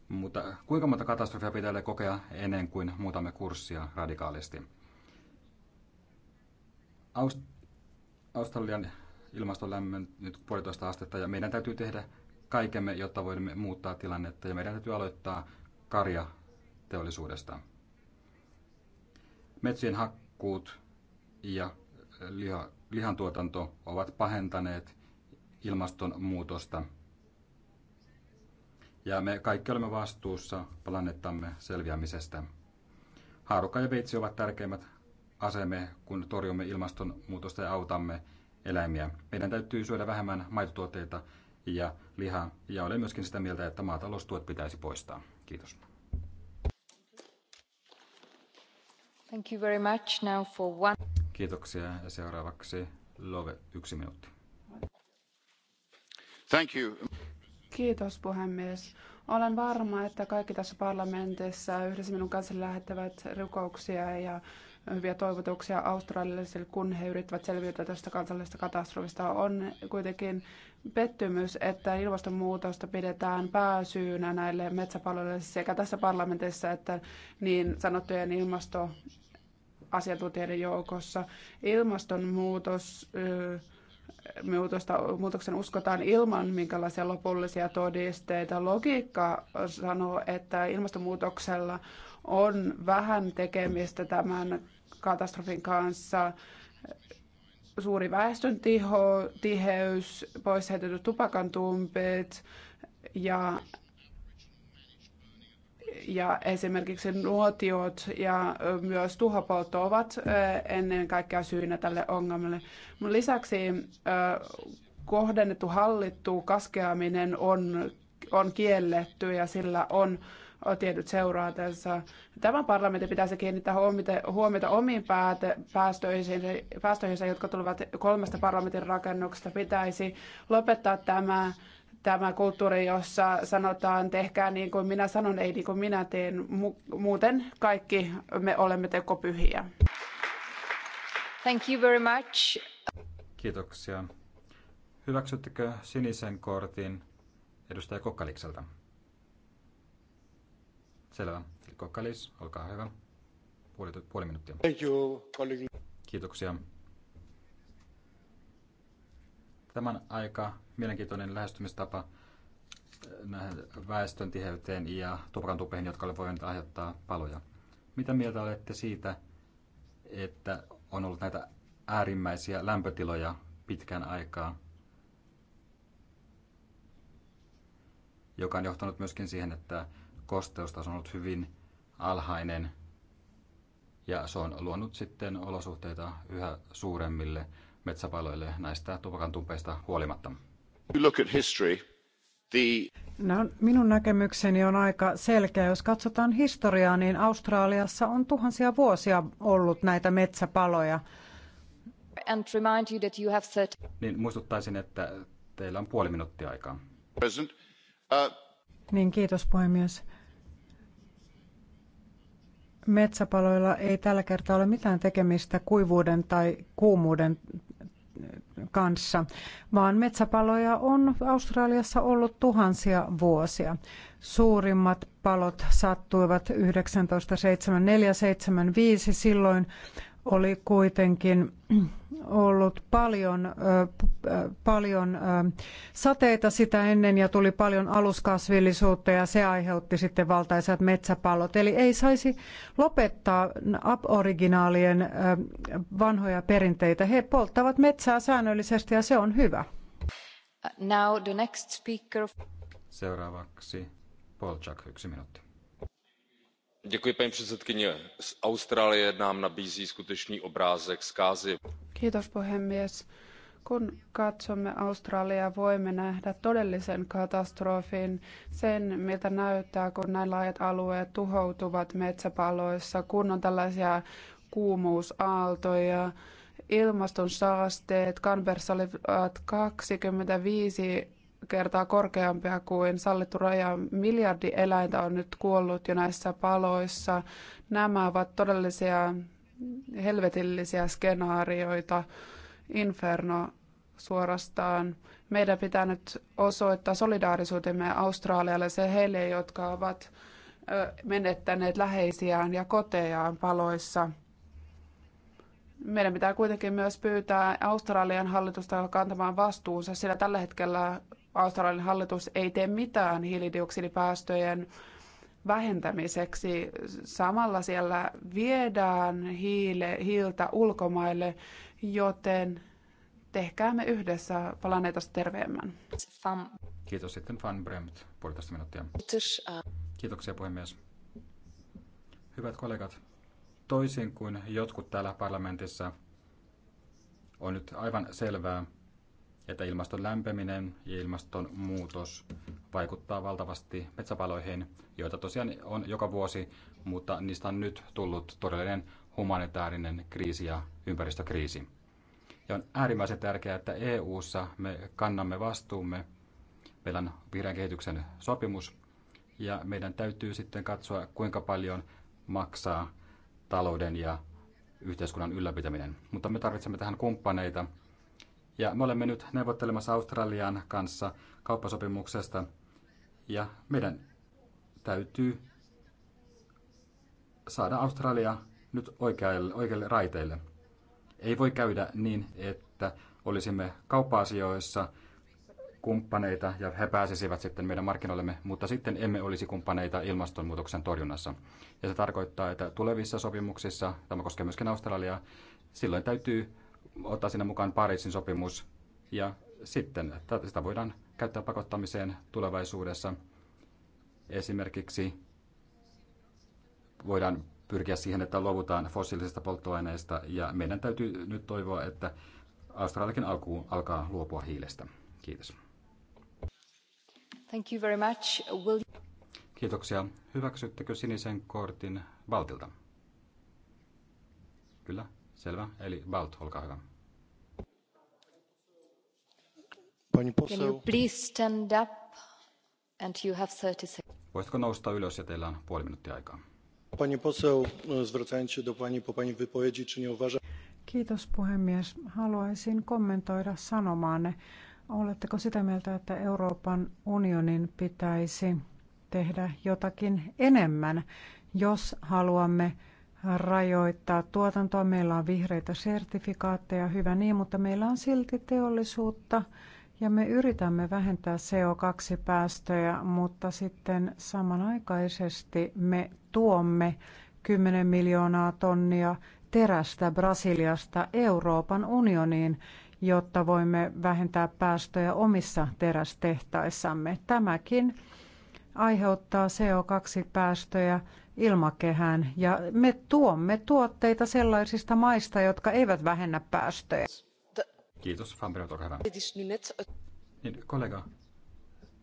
Mutta kuinka monta katastrofia pitää kokea ennen kuin muutamme kurssia radikaalisti? Aust- Australian lämmön nyt puolitoista astetta ja meidän täytyy tehdä kaikemme, jotta voimme muuttaa tilannetta ja meidän täytyy aloittaa karja teollisuudesta. Metsien hakkuut ja liha, lihantuotanto ovat pahentaneet ilmastonmuutosta. Ja me kaikki olemme vastuussa planeettamme selviämisestä. Haarukka ja veitsi ovat tärkeimmät aseemme, kun torjumme ilmastonmuutosta ja autamme eläimiä. Meidän täytyy syödä vähemmän maitotuotteita ja lihaa, ja olen myöskin sitä mieltä, että maataloustuot pitäisi poistaa. Kiitos. Thank you very much now for one... Kiitoksia ja seuraavaksi Love, yksi minuutti. Thank you. Kiitos puhemies. Olen varma, että kaikki tässä parlamentissa yhdessä minun kanssa lähettävät rukouksia ja hyviä toivotuksia australialaisille, kun he yrittävät selviytyä tästä kansallisesta katastrofista. On kuitenkin pettymys, että ilmastonmuutosta pidetään pääsyynä näille metsäpaloille sekä tässä parlamentissa että niin sanottujen ilmasto asiantuntijoiden joukossa. Ilmastonmuutos muutosta, muutoksen uskotaan ilman minkälaisia lopullisia todisteita. Logiikka sanoo, että ilmastonmuutoksella on vähän tekemistä tämän katastrofin kanssa. Suuri väestön tiheys, poisheitetty tupakantumpit ja ja esimerkiksi nuotiot ja myös tuhopoltto ovat ennen kaikkea syynä tälle ongelmalle. Lisäksi kohdennettu hallittu kaskeaminen on, on kielletty ja sillä on tietyt seuraatensa. Tämän parlamentin pitäisi kiinnittää huomiota omiin päästöihin, jotka tulevat kolmesta parlamentin rakennuksesta. Pitäisi lopettaa tämä tämä kulttuuri, jossa sanotaan tehkää niin kuin minä sanon, ei niin kuin minä teen. Muuten kaikki me olemme tekopyhiä. Thank you very much. Kiitoksia. Hyväksyttekö sinisen kortin edustaja Kokkalikselta? Selvä. Kokkalis, olkaa hyvä. Puoli, puoli minuuttia. Thank you, Kiitoksia. Tämän aika mielenkiintoinen lähestymistapa eh, väestön tiheyteen ja tupakantupeihin, jotka voivat aiheuttaa paloja. Mitä mieltä olette siitä, että on ollut näitä äärimmäisiä lämpötiloja pitkän aikaa, joka on johtanut myöskin siihen, että kosteustaso on ollut hyvin alhainen ja se on luonut sitten olosuhteita yhä suuremmille metsäpaloille näistä tupakantumpeista huolimatta? No, minun näkemykseni on aika selkeä. Jos katsotaan historiaa, niin Australiassa on tuhansia vuosia ollut näitä metsäpaloja. And remind you that you have Niin muistuttaisin, että teillä on puoli minuuttia aikaa. President, uh... Niin, kiitos puhemies. Metsäpaloilla ei tällä kertaa ole mitään tekemistä kuivuuden tai kuumuuden kanssa, vaan metsäpaloja on Australiassa ollut tuhansia vuosia. Suurimmat palot sattuivat 1974-75. Silloin oli kuitenkin ollut paljon, paljon sateita sitä ennen ja tuli paljon aluskasvillisuutta ja se aiheutti sitten valtaisat metsäpallot. Eli ei saisi lopettaa aboriginaalien vanhoja perinteitä. He polttavat metsää säännöllisesti ja se on hyvä. Now the next speaker. Seuraavaksi Polchak, yksi minuutti paní předsedající austrálie nám nabízí skutečný obrázek zkázy. puhemies kun katsomme australiaa voimme nähdä todellisen katastrofin sen miltä näyttää kun näin laajat alueet tuhoutuvat metsäpaloissa kun on tällaisia kuumuusaaltoja ilmaston saasteet kanberssa olivat kaksikymmentäviisi kertaa korkeampia kuin sallittu raja. Miljardi eläintä on nyt kuollut jo näissä paloissa. Nämä ovat todellisia helvetillisiä skenaarioita, inferno suorastaan. Meidän pitää nyt osoittaa solidaarisuutemme se heille, jotka ovat menettäneet läheisiään ja kotejaan paloissa. Meidän pitää kuitenkin myös pyytää Australian hallitusta kantamaan vastuunsa, sillä tällä hetkellä Australian hallitus ei tee mitään hiilidioksidipäästöjen vähentämiseksi. Samalla siellä viedään hiile, hiiltä ulkomaille, joten tehkäämme yhdessä planeetasta terveemmän. Kiitos sitten Van Bremt, puolitoista minuuttia. Kiitoksia puhemies. Hyvät kollegat, toisin kuin jotkut täällä parlamentissa, on nyt aivan selvää, että ilmaston lämpeneminen ja ilmastonmuutos vaikuttaa valtavasti metsäpaloihin, joita tosiaan on joka vuosi, mutta niistä on nyt tullut todellinen humanitaarinen kriisi ja ympäristökriisi. Ja on äärimmäisen tärkeää, että EU:ssa me kannamme vastuumme. Meillä on vihreän kehityksen sopimus ja meidän täytyy sitten katsoa, kuinka paljon maksaa talouden ja yhteiskunnan ylläpitäminen. Mutta me tarvitsemme tähän kumppaneita – ja me olemme nyt neuvottelemassa Australian kanssa kauppasopimuksesta ja meidän täytyy saada Australia nyt oikeille, oikeille raiteille. Ei voi käydä niin, että olisimme kauppa-asioissa kumppaneita ja he pääsisivät sitten meidän markkinoillemme, mutta sitten emme olisi kumppaneita ilmastonmuutoksen torjunnassa. Ja se tarkoittaa, että tulevissa sopimuksissa, tämä koskee myöskin Australiaa, silloin täytyy ottaa sinne mukaan Pariisin sopimus ja sitten sitä voidaan käyttää pakottamiseen tulevaisuudessa. Esimerkiksi voidaan pyrkiä siihen, että luovutaan fossiilisista polttoaineista ja meidän täytyy nyt toivoa, että Australiakin alkuun alkaa luopua hiilestä. Kiitos. Thank you very much. Will... Kiitoksia. Hyväksyttekö sinisen kortin Valtilta? Kyllä. Selvä. Eli Balt, olkaa hyvä. Can you please stand up and you have 30 seconds. Voisitko nousta ylös ja teillä on puoli minuuttia aikaa. Pani poseu, no, zwracając się do pani po pani wypowiedzi, czy nie uważa... Kiitos puhemies. Haluaisin kommentoida sanomaanne. Oletteko sitä mieltä, että Euroopan unionin pitäisi tehdä jotakin enemmän, jos haluamme rajoittaa tuotantoa. Meillä on vihreitä sertifikaatteja, hyvä niin, mutta meillä on silti teollisuutta ja me yritämme vähentää CO2-päästöjä, mutta sitten samanaikaisesti me tuomme 10 miljoonaa tonnia terästä Brasiliasta Euroopan unioniin, jotta voimme vähentää päästöjä omissa terästehtaissamme. Tämäkin aiheuttaa CO2-päästöjä ilmakehään ja me tuomme tuotteita sellaisista maista, jotka eivät vähennä päästöjä. Kiitos, Van Brot, hyvä. Niin, kollega,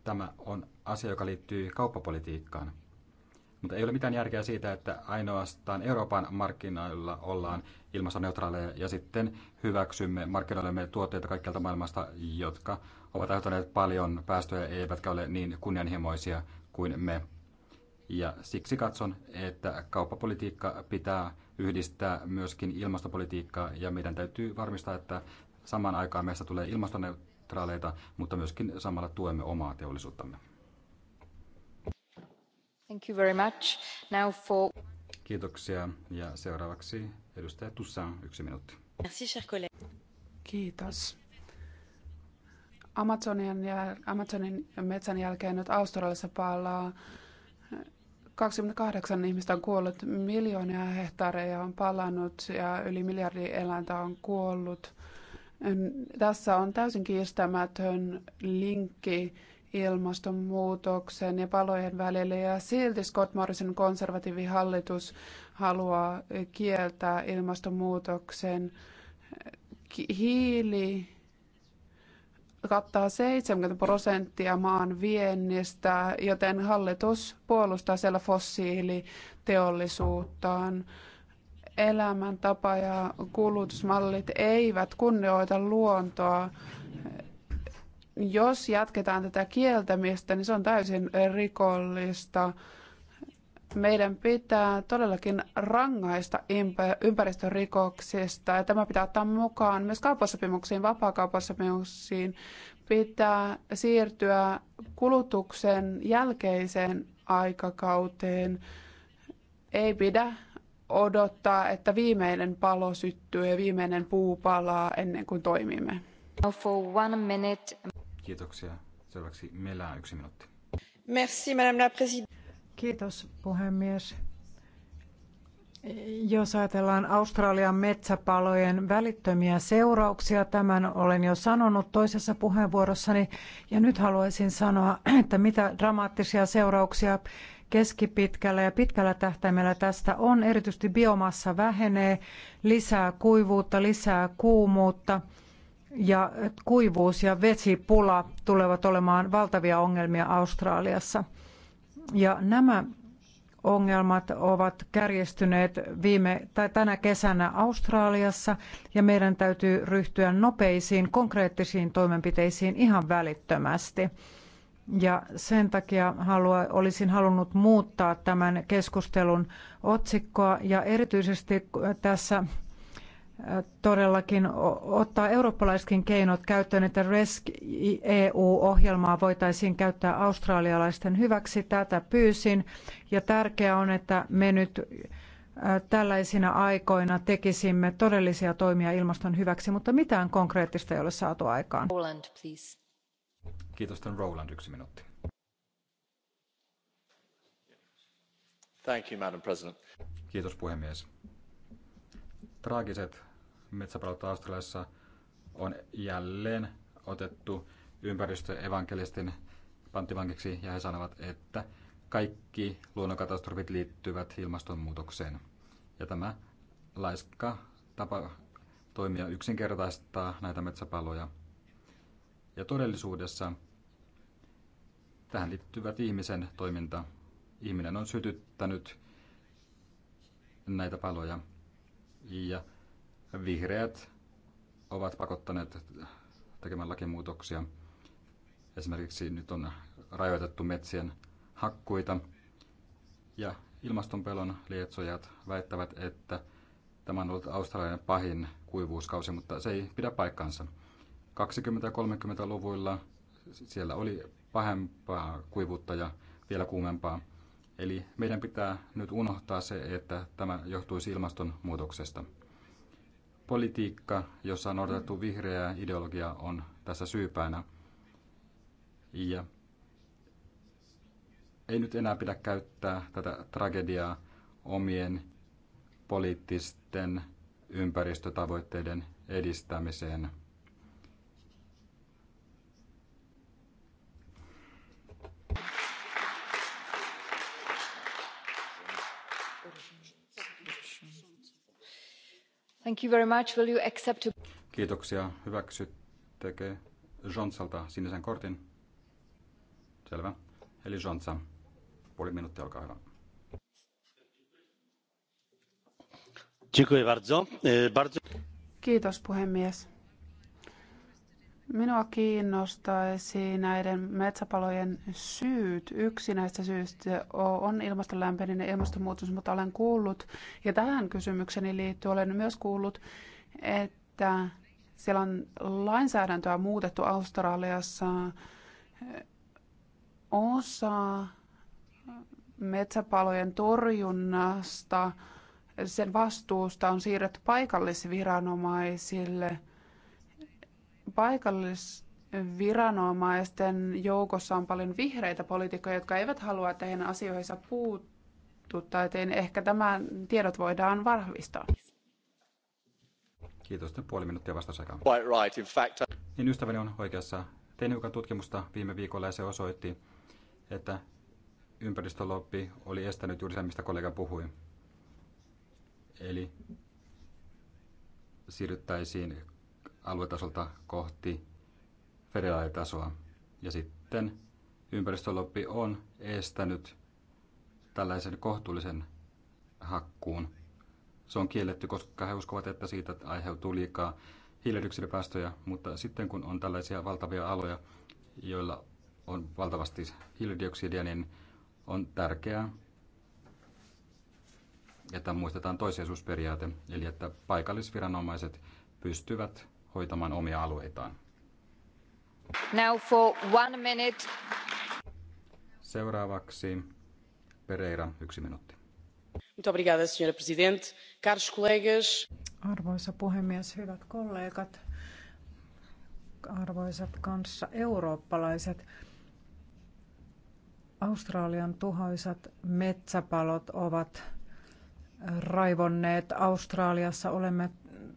tämä on asia, joka liittyy kauppapolitiikkaan. Mutta ei ole mitään järkeä siitä, että ainoastaan Euroopan markkinoilla ollaan ilmastoneutraaleja ja sitten hyväksymme markkinoillemme tuotteita kaikkialta maailmasta, jotka ovat aiheuttaneet paljon päästöjä eivätkä ole niin kunnianhimoisia kuin me ja siksi katson, että kauppapolitiikka pitää yhdistää myöskin ilmastopolitiikkaa ja meidän täytyy varmistaa, että samaan aikaan meistä tulee ilmastoneutraaleita, mutta myöskin samalla tuemme omaa teollisuuttamme. Thank you very much. Now for... Kiitoksia. Ja seuraavaksi edustaja Tussan, yksi minuutti. Merci, cher Kiitos. Amazonian ja Amazonin metsän jälkeen nyt Australiassa palaa 28 ihmistä on kuollut, miljoonia hehtaareja on palannut ja yli miljardi eläintä on kuollut. Tässä on täysin kiistämätön linkki ilmastonmuutoksen ja palojen välillä ja silti Scott Morrison konservatiivihallitus haluaa kieltää ilmastonmuutoksen. Hiili kattaa 70 prosenttia maan viennistä, joten hallitus puolustaa siellä fossiiliteollisuuttaan. Elämäntapa ja kulutusmallit eivät kunnioita luontoa. Jos jatketaan tätä kieltämistä, niin se on täysin rikollista meidän pitää todellakin rangaista ympäristörikoksista ja tämä pitää ottaa mukaan myös kauppasopimuksiin, vapaakauppasopimuksiin. Pitää siirtyä kulutuksen jälkeiseen aikakauteen. Ei pidä odottaa, että viimeinen palo syttyy ja viimeinen puu palaa ennen kuin toimimme. For one minute. Kiitoksia. Seuraavaksi Melää yksi minuutti. Merci, madame la présidente. Kiitos puhemies. Jos ajatellaan Australian metsäpalojen välittömiä seurauksia, tämän olen jo sanonut toisessa puheenvuorossani, ja nyt haluaisin sanoa, että mitä dramaattisia seurauksia keskipitkällä ja pitkällä tähtäimellä tästä on. Erityisesti biomassa vähenee, lisää kuivuutta, lisää kuumuutta ja kuivuus ja vesipula tulevat olemaan valtavia ongelmia Australiassa. Ja nämä ongelmat ovat kärjestyneet viime tai tänä kesänä Australiassa ja meidän täytyy ryhtyä nopeisiin konkreettisiin toimenpiteisiin ihan välittömästi. Ja sen takia halua, olisin halunnut muuttaa tämän keskustelun otsikkoa ja erityisesti tässä todellakin ottaa eurooppalaisetkin keinot käyttöön, että resk eu ohjelmaa voitaisiin käyttää australialaisten hyväksi. Tätä pyysin ja tärkeää on, että me nyt tällaisina aikoina tekisimme todellisia toimia ilmaston hyväksi, mutta mitään konkreettista ei ole saatu aikaan. Roland, please. Kiitos, Roland, yksi minuutti. Thank you, Madam President. Kiitos puhemies. Traagiset metsäpalot Australiassa on jälleen otettu ympäristöevankelistin panttivankiksi ja he sanovat, että kaikki luonnonkatastrofit liittyvät ilmastonmuutokseen. Ja tämä laiska tapa toimia yksinkertaistaa näitä metsäpaloja. Ja todellisuudessa tähän liittyvät ihmisen toiminta. Ihminen on sytyttänyt näitä paloja ja Vihreät ovat pakottaneet tekemään lakimuutoksia. Esimerkiksi nyt on rajoitettu metsien hakkuita. Ja ilmastonpelon lietsojat väittävät, että tämä on ollut Australian pahin kuivuuskausi, mutta se ei pidä paikkansa. 20- 30-luvuilla siellä oli pahempaa kuivuutta ja vielä kuumempaa. Eli meidän pitää nyt unohtaa se, että tämä johtuisi ilmastonmuutoksesta politiikka, jossa on noudatettu vihreää ideologiaa, on tässä syypäänä. Ja ei nyt enää pidä käyttää tätä tragediaa omien poliittisten ympäristötavoitteiden edistämiseen Thank you very much. Will you accept... to... Kiitoksia. Hyväksyttekö Jonsalta sinisen kortin? Selvä. Eli Jonsa, puoli minuuttia, olkaa hyvä. E, Kiitos puhemies. Minua kiinnostaisi näiden metsäpalojen syyt. Yksi näistä syistä on ilmaston lämpeneminen ja ilmastonmuutos, mutta olen kuullut, ja tähän kysymykseni liittyen olen myös kuullut, että siellä on lainsäädäntöä muutettu Australiassa. Osa metsäpalojen torjunnasta, sen vastuusta on siirretty paikallisviranomaisille – paikallisviranomaisten joukossa on paljon vihreitä poliitikkoja, jotka eivät halua, että heidän asioihinsa puututtaa, joten ehkä tämä tiedot voidaan vahvistaa. Kiitos. Nyt puoli minuuttia vastausaika. Quite right, in fact. Niin ystäväni on oikeassa. Tein hiukan tutkimusta viime viikolla ja se osoitti, että ympäristöloppi oli estänyt juuri sen, mistä kollega puhui. Eli siirryttäisiin aluetasolta kohti federaalitasoa. Ja sitten ympäristölobby on estänyt tällaisen kohtuullisen hakkuun. Se on kielletty, koska he uskovat, että siitä aiheutuu liikaa hiilidioksidipäästöjä, mutta sitten kun on tällaisia valtavia aloja, joilla on valtavasti hiilidioksidia, niin on tärkeää, että muistetaan toisiosuusperiaate, eli että paikallisviranomaiset pystyvät hoitamaan omia alueitaan. Now for one minute. Seuraavaksi Pereira, yksi minuutti. Arvoisa puhemies, hyvät kollegat, arvoisat kanssa eurooppalaiset. Australian tuhoisat metsäpalot ovat raivonneet Australiassa. Olemme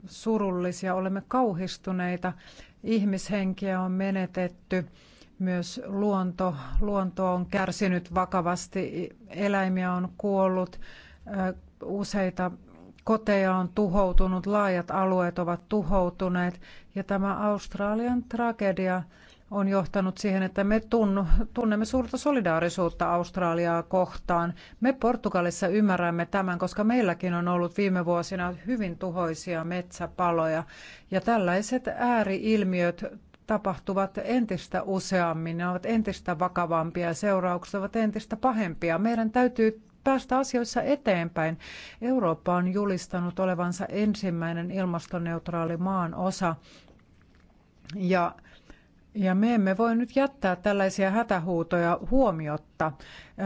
surullisia, olemme kauhistuneita. Ihmishenkiä on menetetty, myös luonto, luonto on kärsinyt vakavasti, eläimiä on kuollut, useita koteja on tuhoutunut, laajat alueet ovat tuhoutuneet ja tämä Australian tragedia on johtanut siihen, että me tunnemme suurta solidaarisuutta Australiaa kohtaan. Me Portugalissa ymmärrämme tämän, koska meilläkin on ollut viime vuosina hyvin tuhoisia metsäpaloja. Ja tällaiset ääriilmiöt tapahtuvat entistä useammin, ne ovat entistä vakavampia ja seuraukset ovat entistä pahempia. Meidän täytyy päästä asioissa eteenpäin. Eurooppa on julistanut olevansa ensimmäinen ilmastoneutraali maan osa. Ja ja me emme voi nyt jättää tällaisia hätähuutoja huomiotta.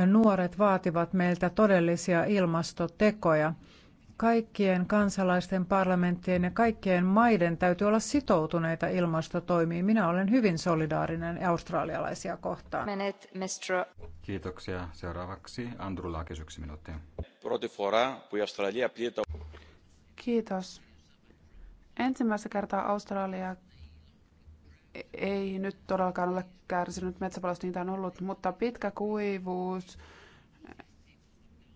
Nuoret vaativat meiltä todellisia ilmastotekoja. Kaikkien kansalaisten, parlamenttien ja kaikkien maiden täytyy olla sitoutuneita ilmastotoimiin. Minä olen hyvin solidaarinen australialaisia kohtaan. Menet, Kiitoksia. Seuraavaksi Andrew Laakis, yksi minuutti. Kiitos. Ensimmäistä kertaa Australia ei nyt todellakaan ole kärsinyt metsäpalosta, niitä on ollut, mutta pitkä kuivuus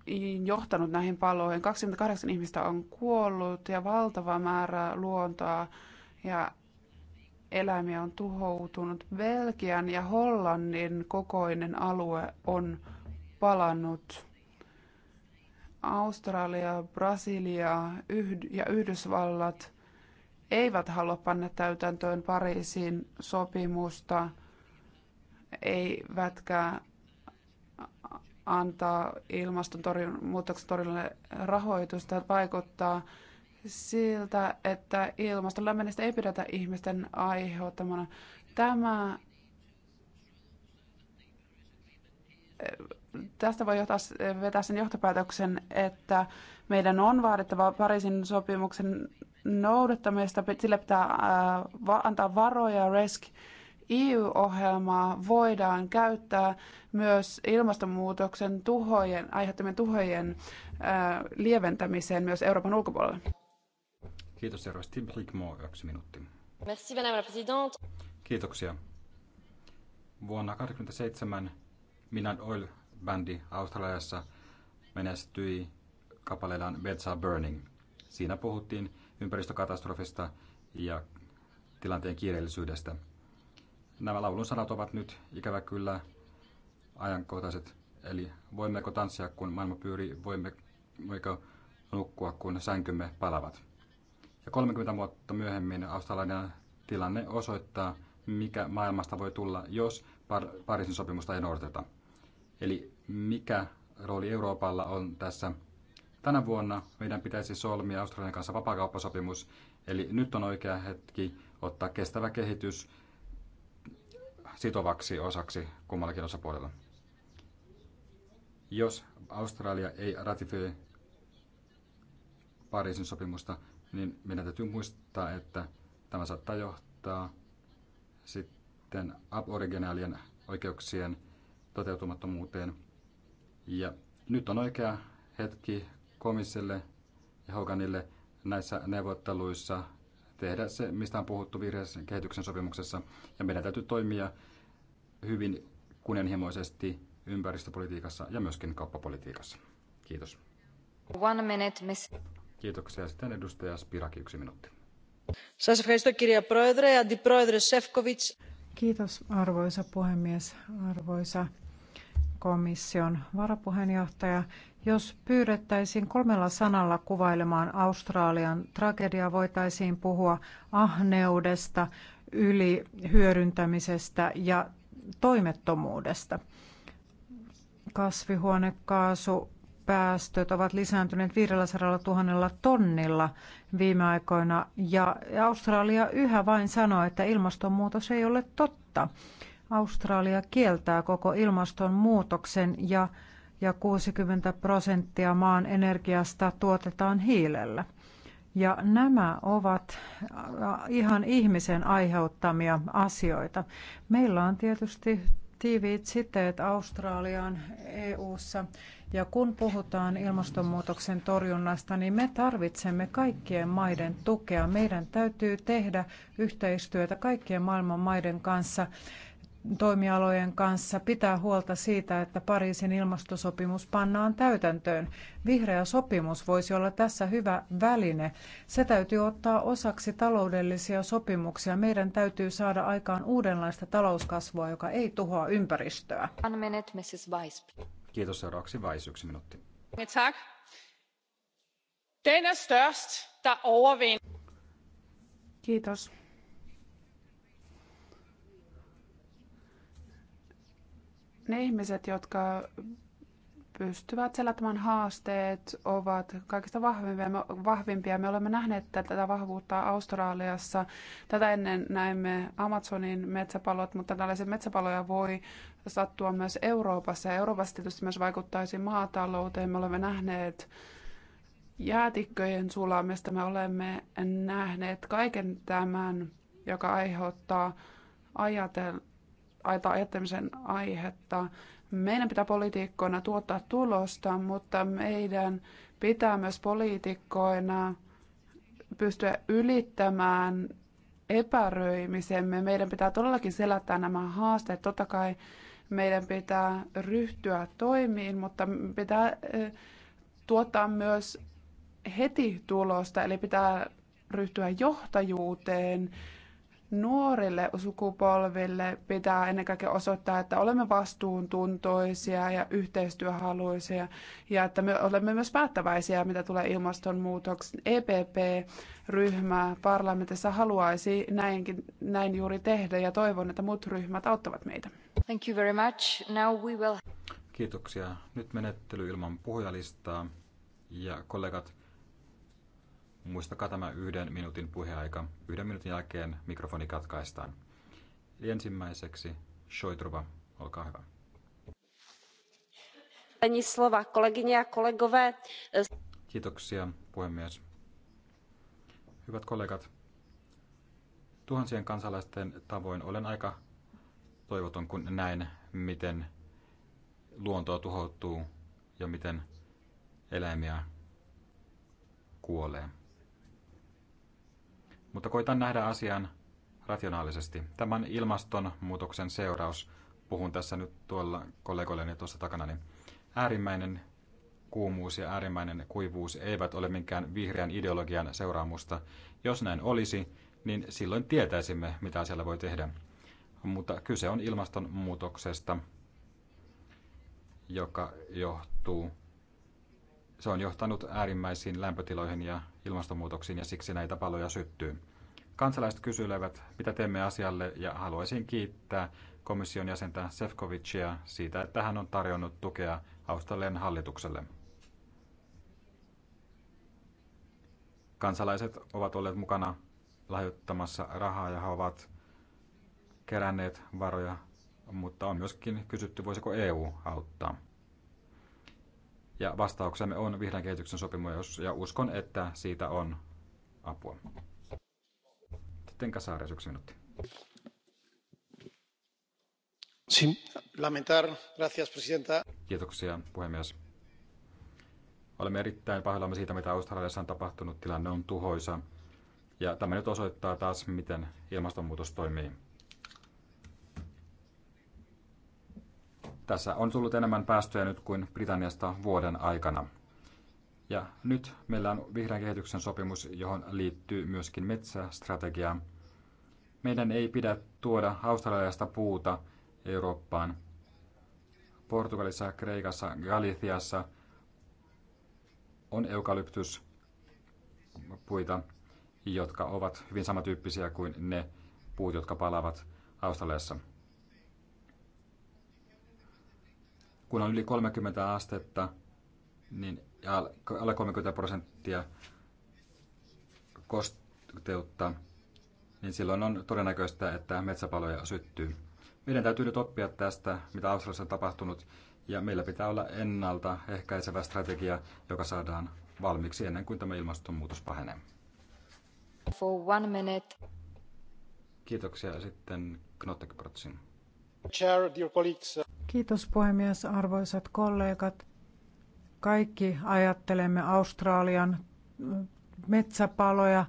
mm, johtanut näihin paloihin. 28 ihmistä on kuollut ja valtava määrä luontoa ja eläimiä on tuhoutunut. Belgian ja Hollannin kokoinen alue on palannut. Australia, Brasilia ja Yhdysvallat – eivät halua panna täytäntöön Pariisin sopimusta, eivätkä antaa ilmastonmuutoksen torjunnalle rahoitusta, vaikuttaa siltä, että ilmaston lämmenestä ei pidetä ihmisten aiheuttamana. Tämä tästä voi johtaa, vetää sen johtopäätöksen, että meidän on vaadittava Pariisin sopimuksen noudattamista, sillä pitää antaa varoja, risk, EU-ohjelmaa voidaan käyttää myös ilmastonmuutoksen tuhojen, aiheuttamien tuhojen ää, lieventämiseen myös Euroopan ulkopuolella. Kiitos, seuraavaksi Brigmo, yksi minuutti. Merci, madame la présidente. Kiitoksia. Vuonna 1987 Minan Oil-bändi Australiassa menestyi kapaleellaan Beds Are Burning. Siinä puhuttiin ympäristökatastrofista ja tilanteen kiireellisyydestä. Nämä laulun sanat ovat nyt ikävä kyllä ajankohtaiset. Eli voimmeko tanssia, kun maailma pyörii, voimmeko nukkua, kun sänkymme palavat. Ja 30 vuotta myöhemmin australainen tilanne osoittaa, mikä maailmasta voi tulla, jos Pariisin sopimusta ei noudateta. Eli mikä rooli Euroopalla on tässä tänä vuonna meidän pitäisi solmia Australian kanssa vapaakauppasopimus, eli nyt on oikea hetki ottaa kestävä kehitys sitovaksi osaksi kummallakin osapuolella. Jos Australia ei ratifioi Pariisin sopimusta, niin meidän täytyy muistaa, että tämä saattaa johtaa sitten aboriginaalien oikeuksien toteutumattomuuteen. Ja nyt on oikea hetki komissille ja Hoganille näissä neuvotteluissa tehdä se, mistä on puhuttu vihreän kehityksen sopimuksessa, ja meidän täytyy toimia hyvin kunnianhimoisesti ympäristöpolitiikassa ja myöskin kauppapolitiikassa. Kiitos. One minute, miss. Kiitoksia. Sitten edustaja Spiraki, yksi minuutti. Kiitos arvoisa puhemies, arvoisa komission varapuheenjohtaja. Jos pyydettäisiin kolmella sanalla kuvailemaan Australian tragediaa, voitaisiin puhua ahneudesta, ylihyödyntämisestä ja toimettomuudesta. Kasvihuonekaasu päästöt ovat lisääntyneet 500 000 tonnilla viime aikoina ja Australia yhä vain sanoo, että ilmastonmuutos ei ole totta. Australia kieltää koko ilmastonmuutoksen ja ja 60 prosenttia maan energiasta tuotetaan hiilellä. Ja nämä ovat ihan ihmisen aiheuttamia asioita. Meillä on tietysti tiiviit siteet Australiaan EU:ssa ja kun puhutaan ilmastonmuutoksen torjunnasta, niin me tarvitsemme kaikkien maiden tukea. Meidän täytyy tehdä yhteistyötä kaikkien maailman maiden kanssa toimialojen kanssa pitää huolta siitä, että Pariisin ilmastosopimus pannaan täytäntöön. Vihreä sopimus voisi olla tässä hyvä väline. Se täytyy ottaa osaksi taloudellisia sopimuksia. Meidän täytyy saada aikaan uudenlaista talouskasvua, joka ei tuhoa ympäristöä. Kiitos seuraavaksi Vais, yksi minuutti. Er Kiitos. Ne ihmiset, jotka pystyvät selättämään haasteet, ovat kaikista vahvimpia. Me, vahvimpia. me olemme nähneet tätä vahvuutta Australiassa. Tätä ennen näimme Amazonin metsäpalot, mutta tällaisia metsäpaloja voi sattua myös Euroopassa. Ja Euroopassa tietysti myös vaikuttaisi maatalouteen. Me olemme nähneet jäätikköjen sulamista. Me olemme nähneet kaiken tämän, joka aiheuttaa ajatella aita ajattelemisen aihetta. Meidän pitää poliitikkoina tuottaa tulosta, mutta meidän pitää myös poliitikkoina pystyä ylittämään epäröimisemme. Meidän pitää todellakin selättää nämä haasteet. Totta kai meidän pitää ryhtyä toimiin, mutta pitää eh, tuottaa myös heti tulosta, eli pitää ryhtyä johtajuuteen nuorille sukupolville pitää ennen kaikkea osoittaa, että olemme vastuuntuntoisia ja yhteistyöhaluisia ja että me olemme myös päättäväisiä, mitä tulee ilmastonmuutoksen. EPP-ryhmä parlamentissa haluaisi näinkin, näin juuri tehdä ja toivon, että muut ryhmät auttavat meitä. Thank you very much. Now we will... Kiitoksia. Nyt menettely ilman puhujalistaa. Ja kollegat, Muistakaa tämä yhden minuutin puheaika. Yhden minuutin jälkeen mikrofoni katkaistaan. Eli ensimmäiseksi Shoitruva, olkaa hyvä. Slova, ja kollegove. Kiitoksia, puhemies. Hyvät kollegat, tuhansien kansalaisten tavoin olen aika toivoton, kun näin, miten luontoa tuhoutuu ja miten eläimiä kuolee. Mutta koitan nähdä asian rationaalisesti. Tämän ilmastonmuutoksen seuraus, puhun tässä nyt tuolla kollegoilleni tuossa takana, niin äärimmäinen kuumuus ja äärimmäinen kuivuus eivät ole minkään vihreän ideologian seuraamusta. Jos näin olisi, niin silloin tietäisimme, mitä siellä voi tehdä. Mutta kyse on ilmastonmuutoksesta, joka johtuu se on johtanut äärimmäisiin lämpötiloihin ja ilmastonmuutoksiin ja siksi näitä paloja syttyy. Kansalaiset kysyvät, mitä teemme asialle ja haluaisin kiittää komission jäsentä Sefcovicia siitä, että hän on tarjonnut tukea Australian hallitukselle. Kansalaiset ovat olleet mukana lahjoittamassa rahaa ja he ovat keränneet varoja, mutta on myöskin kysytty, voisiko EU auttaa. Ja vastauksemme on vihreän kehityksen sopimus, ja uskon, että siitä on apua. Sitten Casares, yksi minuutti. Lamentar, gracias, presidenta. Kiitoksia, puhemies. Olemme erittäin pahoillamme siitä, mitä Australiassa on tapahtunut. Tilanne on tuhoisa. Ja tämä nyt osoittaa taas, miten ilmastonmuutos toimii. Tässä on tullut enemmän päästöjä nyt kuin Britanniasta vuoden aikana. Ja nyt meillä on vihreän kehityksen sopimus, johon liittyy myöskin metsästrategia. Meidän ei pidä tuoda australialaista puuta Eurooppaan. Portugalissa, Kreikassa, Galiciassa on eukalyptuspuita, jotka ovat hyvin samantyyppisiä kuin ne puut, jotka palavat Australiassa. kun on yli 30 astetta, niin alle 30 prosenttia kosteutta, niin silloin on todennäköistä, että metsäpaloja syttyy. Meidän täytyy nyt oppia tästä, mitä Australiassa on tapahtunut, ja meillä pitää olla ennalta ehkäisevä strategia, joka saadaan valmiiksi ennen kuin tämä ilmastonmuutos pahenee. For one minute. Kiitoksia sitten Knottekprotsin. Chair, dear colleagues. Kiitos puhemies, arvoisat kollegat. Kaikki ajattelemme Australian mm, metsäpaloja,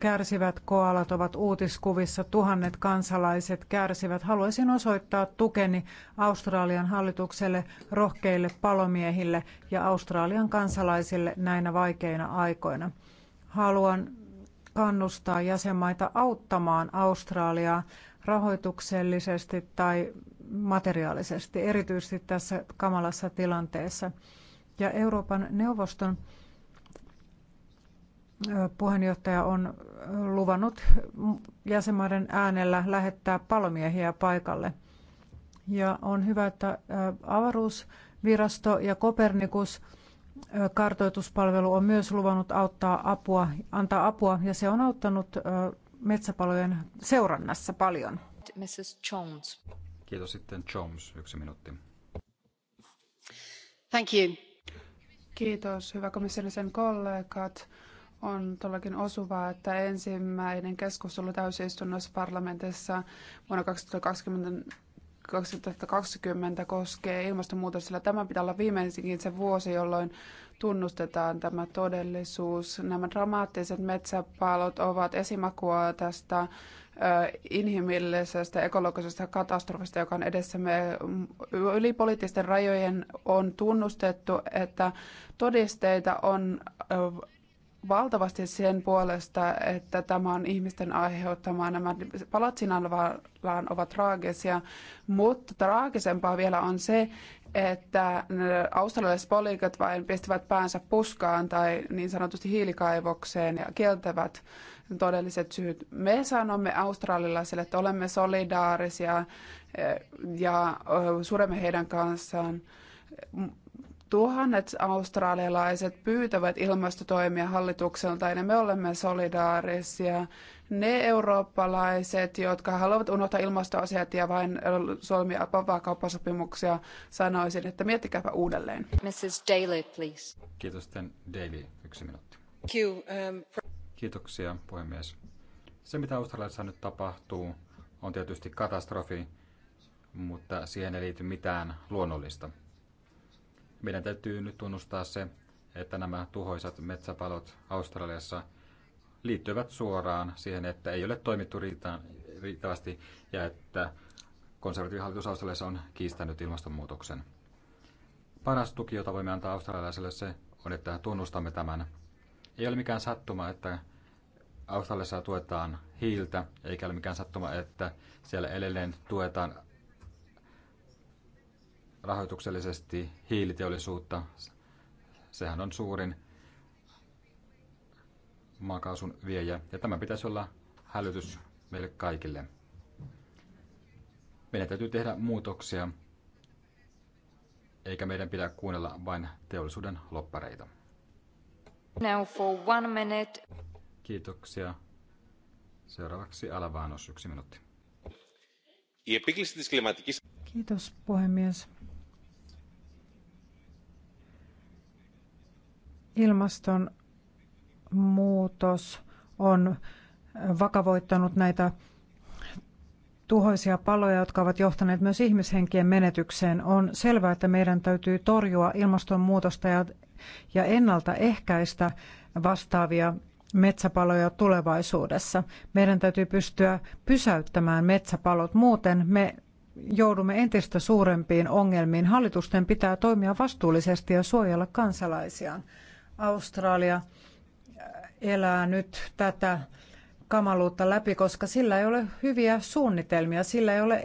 kärsivät koalat ovat uutiskuvissa, tuhannet kansalaiset kärsivät. Haluaisin osoittaa tukeni Australian hallitukselle, rohkeille palomiehille ja Australian kansalaisille näinä vaikeina aikoina. Haluan kannustaa jäsenmaita auttamaan Australiaa rahoituksellisesti tai materiaalisesti, erityisesti tässä kamalassa tilanteessa. Ja Euroopan neuvoston puheenjohtaja on luvannut jäsenmaiden äänellä lähettää palomiehiä paikalle. Ja on hyvä, että avaruusvirasto ja Kopernikus kartoituspalvelu on myös luvannut auttaa apua, antaa apua ja se on auttanut metsäpalojen seurannassa paljon. Mrs. Jones. Kiitos sitten Choms, yksi minuutti. Thank you. Kiitos, hyvä komissaarisen kollegat. On todellakin osuvaa, että ensimmäinen keskustelu täysistunnossa parlamentissa vuonna 2020 2020 koskee ilmastonmuutosta, sillä tämä pitää olla viimeisinkin se vuosi, jolloin tunnustetaan tämä todellisuus. Nämä dramaattiset metsäpalot ovat esimakua tästä inhimillisestä ekologisesta katastrofista, joka on edessämme yli poliittisten rajojen, on tunnustettu, että todisteita on valtavasti sen puolesta, että tämä on ihmisten aiheuttama. Nämä palatsin ovat traagisia, mutta traagisempaa vielä on se, että australialaiset poliikat vain pistävät päänsä puskaan tai niin sanotusti hiilikaivokseen ja kieltävät todelliset syyt. Me sanomme australialaisille, että olemme solidaarisia eh, ja eh, suremme heidän kanssaan. Tuhannet australialaiset pyytävät ilmastotoimia hallitukselta ja me olemme solidaarisia. Ne eurooppalaiset, jotka haluavat unohtaa ilmastoasiat ja vain eh, solmia kauppasopimuksia, sanoisin, että miettikääpä uudelleen. Mrs. Daly, please. Kiitos, Daly. Yksi minuutti. um... Kiitoksia, puhemies. Se, mitä Australiassa nyt tapahtuu, on tietysti katastrofi, mutta siihen ei liity mitään luonnollista. Meidän täytyy nyt tunnustaa se, että nämä tuhoisat metsäpalot Australiassa liittyvät suoraan siihen, että ei ole toimittu riittävästi ja että konservatiivihallitus Australiassa on kiistänyt ilmastonmuutoksen. Paras tuki, jota voimme antaa australialaiselle, se on, että tunnustamme tämän ei ole mikään sattuma, että Australiassa tuetaan hiiltä, eikä ole mikään sattuma, että siellä edelleen tuetaan rahoituksellisesti hiiliteollisuutta. Sehän on suurin maakaasun viejä, ja tämä pitäisi olla hälytys meille kaikille. Meidän täytyy tehdä muutoksia, eikä meidän pidä kuunnella vain teollisuuden loppareita. Kiitoksia seuraavaksi one minute. Kiitoksia. Seuraavaksi Alavanos, yksi minuutti. Kiitos puhemies. Ilmastonmuutos on vakavoittanut näitä tuhoisia paloja, jotka ovat johtaneet myös ihmishenkien menetykseen. On selvää, että meidän täytyy torjua ilmastonmuutosta ja ja ennaltaehkäistä vastaavia metsäpaloja tulevaisuudessa. Meidän täytyy pystyä pysäyttämään metsäpalot, muuten me joudumme entistä suurempiin ongelmiin. Hallitusten pitää toimia vastuullisesti ja suojella kansalaisiaan. Australia elää nyt tätä kamaluutta läpi, koska sillä ei ole hyviä suunnitelmia, sillä ei ole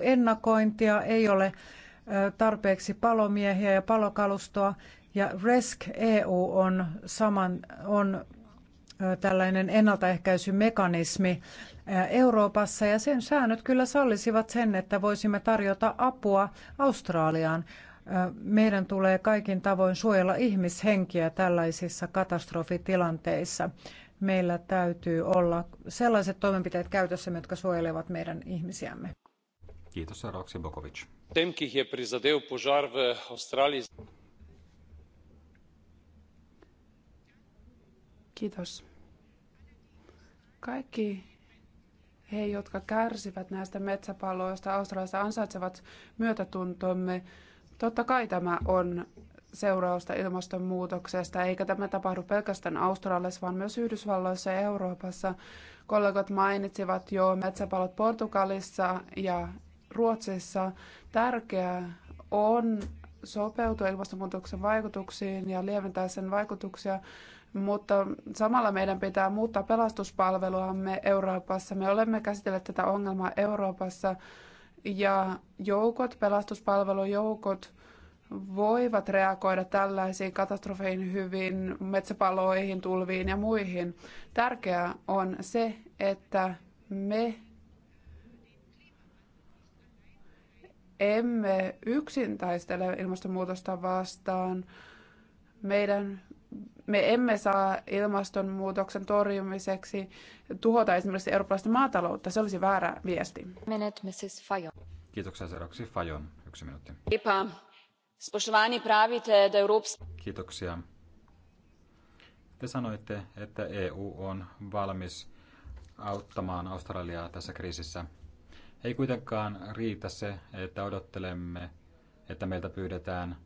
ennakointia, ei ole tarpeeksi palomiehiä ja palokalustoa ja RESC EU on, saman, on tällainen ennaltaehkäisymekanismi Euroopassa ja sen säännöt kyllä sallisivat sen, että voisimme tarjota apua Australiaan. Meidän tulee kaikin tavoin suojella ihmishenkiä tällaisissa katastrofitilanteissa. Meillä täytyy olla sellaiset toimenpiteet käytössä, jotka suojelevat meidän ihmisiämme. Kiitos, Raksi Bokovic. Tem, ki požar v Kiitos. Kaikki he, jotka kärsivät näistä metsäpaloista Australiassa, ansaitsevat myötätuntomme. Totta kai tämä on seurausta ilmastonmuutoksesta, eikä tämä tapahdu pelkästään Australiassa, vaan myös Yhdysvalloissa ja Euroopassa. Kollegat mainitsivat jo metsäpalot Portugalissa ja Ruotsissa. Tärkeää on sopeutua ilmastonmuutoksen vaikutuksiin ja lieventää sen vaikutuksia, mutta samalla meidän pitää muuttaa pelastuspalveluamme Euroopassa. Me olemme käsitelleet tätä ongelmaa Euroopassa ja joukot, pelastuspalvelujoukot voivat reagoida tällaisiin katastrofeihin hyvin, metsäpaloihin, tulviin ja muihin. Tärkeää on se, että me emme yksin taistele ilmastonmuutosta vastaan. Meidän me emme saa ilmastonmuutoksen torjumiseksi tuhota esimerkiksi eurooppalaista maataloutta. Se olisi väärä viesti. Mrs. Fajon. Kiitoksia seuraavaksi Fajon. Yksi minuutti. Kiitoksia. Te sanoitte, että EU on valmis auttamaan Australiaa tässä kriisissä. Ei kuitenkaan riitä se, että odottelemme, että meiltä pyydetään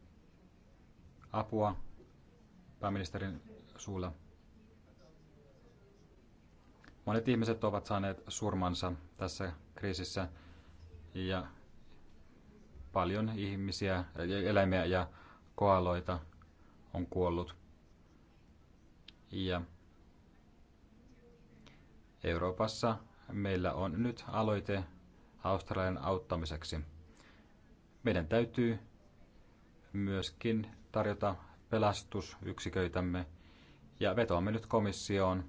apua pääministerin suulla. Monet ihmiset ovat saaneet surmansa tässä kriisissä ja paljon ihmisiä, eläimiä ja koaloita on kuollut. Ja Euroopassa meillä on nyt aloite Australian auttamiseksi. Meidän täytyy myöskin tarjota pelastusyksiköitämme ja vetoamme nyt komissioon,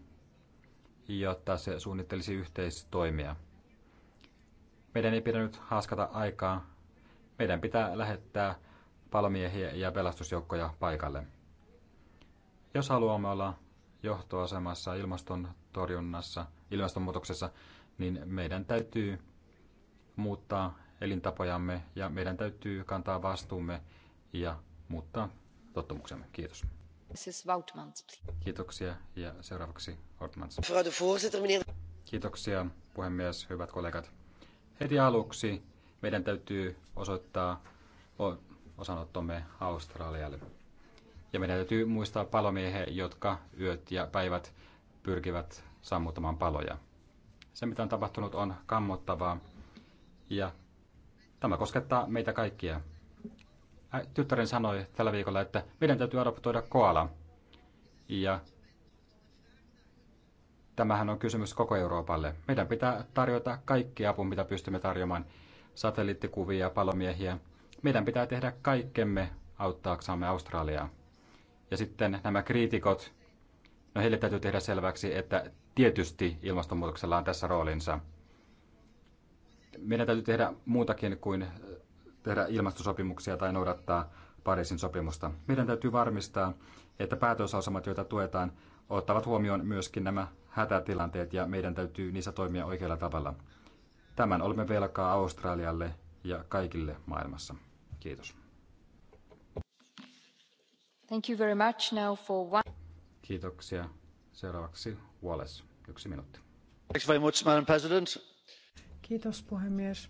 jotta se suunnittelisi yhteistoimia. Meidän ei pidä nyt haaskata aikaa. Meidän pitää lähettää palomiehiä ja pelastusjoukkoja paikalle. Jos haluamme olla johtoasemassa ilmaston torjunnassa, ilmastonmuutoksessa, niin meidän täytyy muuttaa elintapojamme ja meidän täytyy kantaa vastuumme ja muuttaa tottumuksemme. Kiitos. Mrs. Woutmans. Kiitoksia ja seuraavaksi Wortmans. Kiitoksia puhemies, hyvät kollegat. Heti aluksi meidän täytyy osoittaa osanottomme Australialle. Ja meidän täytyy muistaa palomiehe, jotka yöt ja päivät pyrkivät sammuttamaan paloja. Se, mitä on tapahtunut, on kammottavaa ja tämä koskettaa meitä kaikkia tyttären sanoi tällä viikolla, että meidän täytyy adoptoida koala. Ja tämähän on kysymys koko Euroopalle. Meidän pitää tarjota kaikki apu, mitä pystymme tarjoamaan, satelliittikuvia, palomiehiä. Meidän pitää tehdä kaikkemme auttaaksamme Australiaa. Ja sitten nämä kriitikot, no heille täytyy tehdä selväksi, että tietysti ilmastonmuutoksella on tässä roolinsa. Meidän täytyy tehdä muutakin kuin tehdä ilmastosopimuksia tai noudattaa Pariisin sopimusta. Meidän täytyy varmistaa, että päätösasemat, joita tuetaan, ottavat huomioon myöskin nämä hätätilanteet ja meidän täytyy niissä toimia oikealla tavalla. Tämän olemme velkaa Australialle ja kaikille maailmassa. Kiitos. Thank you very much now for one... Kiitoksia. Seuraavaksi Wallace, yksi minuutti. Thanks very much, Madam President. Kiitos puhemies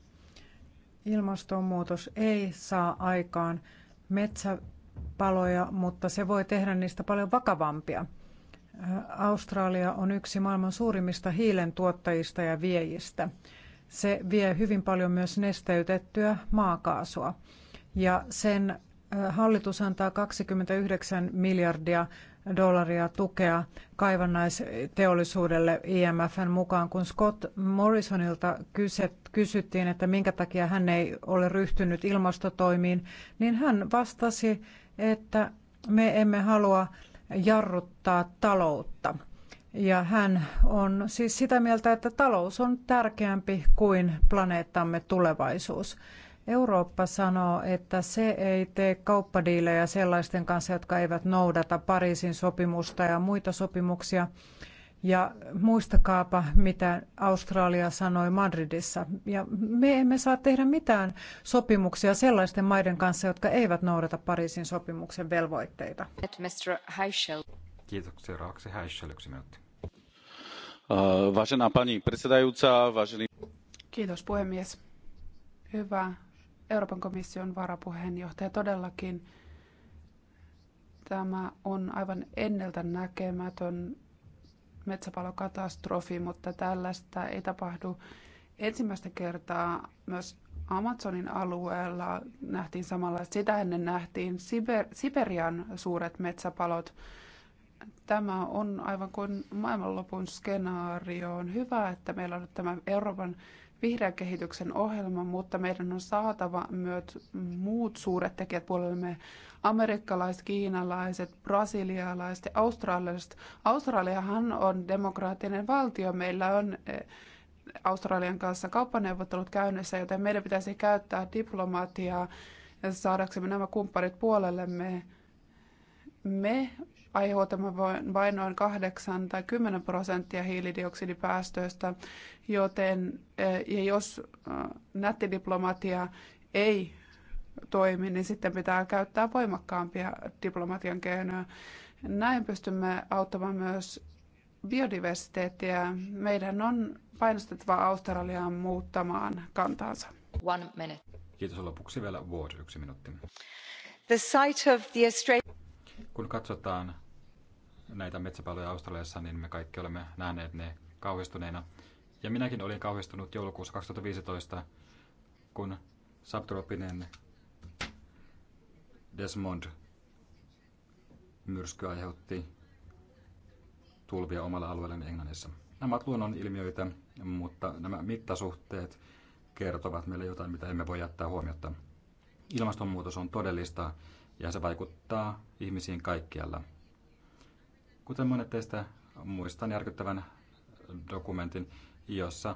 Ilmastonmuutos ei saa aikaan metsäpaloja, mutta se voi tehdä niistä paljon vakavampia. Äh, Australia on yksi maailman suurimmista hiilen tuottajista ja viejistä. Se vie hyvin paljon myös nesteytettyä maakaasua. Ja sen äh, hallitus antaa 29 miljardia dollaria tukea kaivannaisteollisuudelle IMFn mukaan. Kun Scott Morrisonilta kysyttiin, että minkä takia hän ei ole ryhtynyt ilmastotoimiin, niin hän vastasi, että me emme halua jarruttaa taloutta. Ja hän on siis sitä mieltä, että talous on tärkeämpi kuin planeettamme tulevaisuus. Eurooppa sanoo, että se ei tee kauppadiilejä sellaisten kanssa, jotka eivät noudata Pariisin sopimusta ja muita sopimuksia. Ja muistakaapa, mitä Australia sanoi Madridissa. Ja me emme saa tehdä mitään sopimuksia sellaisten maiden kanssa, jotka eivät noudata Pariisin sopimuksen velvoitteita. Kiitoksia. Raaksi Häischel, yksi minuutti. Vážená pani predsedajúca, Kiitos puhemies. Hyvä Euroopan komission varapuheenjohtaja. Todellakin tämä on aivan enneltä näkemätön metsäpalokatastrofi, mutta tällaista ei tapahdu ensimmäistä kertaa myös Amazonin alueella nähtiin samalla Sitä ennen nähtiin Siber, Siberian suuret metsäpalot. Tämä on aivan kuin maailmanlopun skenaario. On hyvä, että meillä on tämä Euroopan vihreän kehityksen ohjelma, mutta meidän on saatava myös muut suuret tekijät puolellemme, amerikkalaiset, kiinalaiset, brasilialaiset ja australialaiset. Australiahan on demokraattinen valtio, meillä on eh, Australian kanssa kauppaneuvottelut käynnissä, joten meidän pitäisi käyttää diplomatiaa saadaksemme nämä kumppanit puolellemme. Me aiheutamme vain noin 8 tai 10 prosenttia hiilidioksidipäästöistä, joten e, ja jos e, nättidiplomatia ei toimi, niin sitten pitää käyttää voimakkaampia diplomatian keinoja. Näin pystymme auttamaan myös biodiversiteettiä. Meidän on painostettava Australiaa muuttamaan kantaansa. One minute. Kiitos lopuksi vielä Ward, yksi minuutti. The site of the Australian... Kun katsotaan näitä metsäpaloja Australiassa, niin me kaikki olemme nähneet ne kauhistuneina. Ja minäkin olin kauhistunut joulukuussa 2015, kun subtrooppinen Desmond myrsky aiheutti tulvia omalla alueellani Englannissa. Nämä ovat luonnonilmiöitä, mutta nämä mittasuhteet kertovat meille jotain, mitä emme voi jättää huomiota. Ilmastonmuutos on todellista ja se vaikuttaa ihmisiin kaikkialla. Kuten monet teistä muistan järkyttävän dokumentin, jossa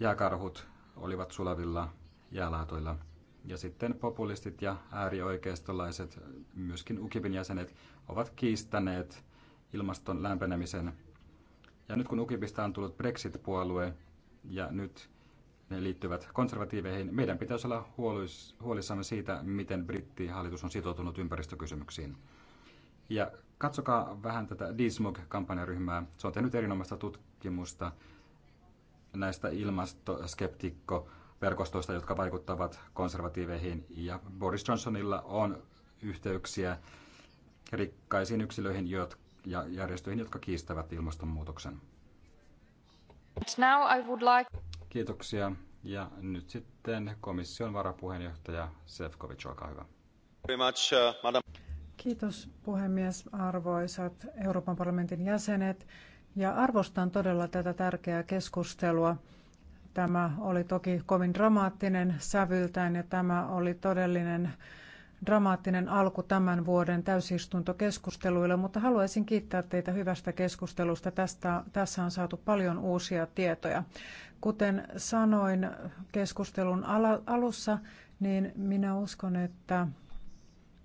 jääkarhut olivat sulavilla jäälaatoilla. Ja sitten populistit ja äärioikeistolaiset, myöskin UKIPin jäsenet, ovat kiistäneet ilmaston lämpenemisen. Ja nyt kun UKIPista on tullut Brexit-puolue ja nyt ne liittyvät konservatiiveihin, meidän pitäisi olla huolissamme siitä, miten brittihallitus on sitoutunut ympäristökysymyksiin. Ja Katsokaa vähän tätä DSMUG-kampanjaryhmää. Se on tehnyt erinomaista tutkimusta näistä ilmastoskeptikko-verkostoista, jotka vaikuttavat konservatiiveihin. Ja Boris Johnsonilla on yhteyksiä rikkaisiin yksilöihin ja järjestöihin, jotka kiistävät ilmastonmuutoksen. Now I would like... Kiitoksia. Ja nyt sitten komission varapuheenjohtaja Sefcovic, olkaa hyvä. Very much, uh, madam. Kiitos puhemies, arvoisat Euroopan parlamentin jäsenet. Ja arvostan todella tätä tärkeää keskustelua. Tämä oli toki kovin dramaattinen sävyltään ja tämä oli todellinen dramaattinen alku tämän vuoden täysistuntokeskusteluille, mutta haluaisin kiittää teitä hyvästä keskustelusta. Tästä, tässä on saatu paljon uusia tietoja. Kuten sanoin keskustelun alussa, niin minä uskon, että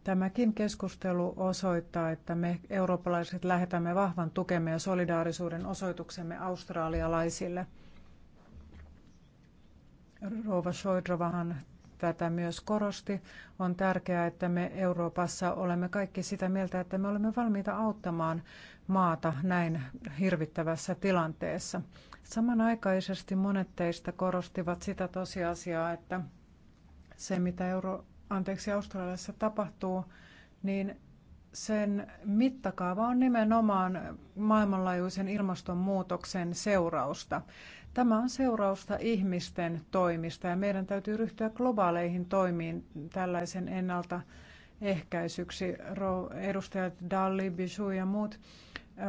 Tämäkin keskustelu osoittaa, että me eurooppalaiset lähetämme vahvan tukemme ja solidaarisuuden osoituksemme australialaisille. Rouva Shoidrovahan tätä myös korosti. On tärkeää, että me Euroopassa olemme kaikki sitä mieltä, että me olemme valmiita auttamaan maata näin hirvittävässä tilanteessa. Samanaikaisesti monet teistä korostivat sitä tosiasiaa, että se mitä Euro- anteeksi, Australiassa tapahtuu, niin sen mittakaava on nimenomaan maailmanlaajuisen ilmastonmuutoksen seurausta. Tämä on seurausta ihmisten toimista ja meidän täytyy ryhtyä globaaleihin toimiin tällaisen ennalta ehkäisyksi. Edustajat Dalli, Bijou ja muut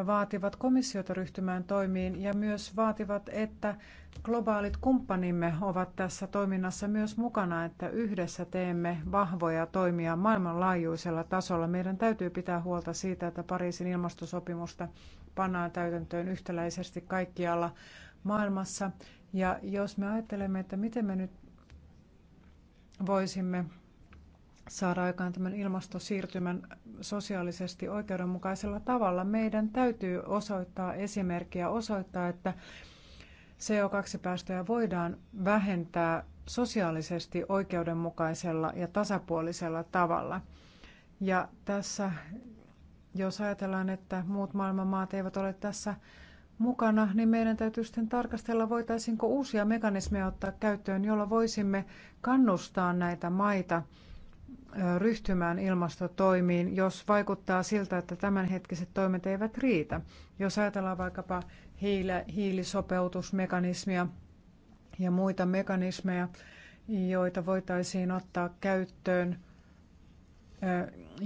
vaativat komissiota ryhtymään toimiin ja myös vaativat, että globaalit kumppanimme ovat tässä toiminnassa myös mukana, että yhdessä teemme vahvoja toimia maailmanlaajuisella tasolla. Meidän täytyy pitää huolta siitä, että Pariisin ilmastosopimusta pannaan täytäntöön yhtäläisesti kaikkialla maailmassa. Ja jos me ajattelemme, että miten me nyt voisimme saada aikaan tämän ilmastosiirtymän sosiaalisesti oikeudenmukaisella tavalla, meidän täytyy osoittaa esimerkkiä, osoittaa, että CO2-päästöjä voidaan vähentää sosiaalisesti oikeudenmukaisella ja tasapuolisella tavalla. Ja tässä, jos ajatellaan, että muut maailman maat eivät ole tässä mukana, niin meidän täytyy sitten tarkastella, voitaisiinko uusia mekanismeja ottaa käyttöön, jolla voisimme kannustaa näitä maita ryhtymään ilmastotoimiin, jos vaikuttaa siltä, että tämänhetkiset toimet eivät riitä. Jos ajatellaan vaikkapa hiile, hiilisopeutusmekanismia ja muita mekanismeja, joita voitaisiin ottaa käyttöön,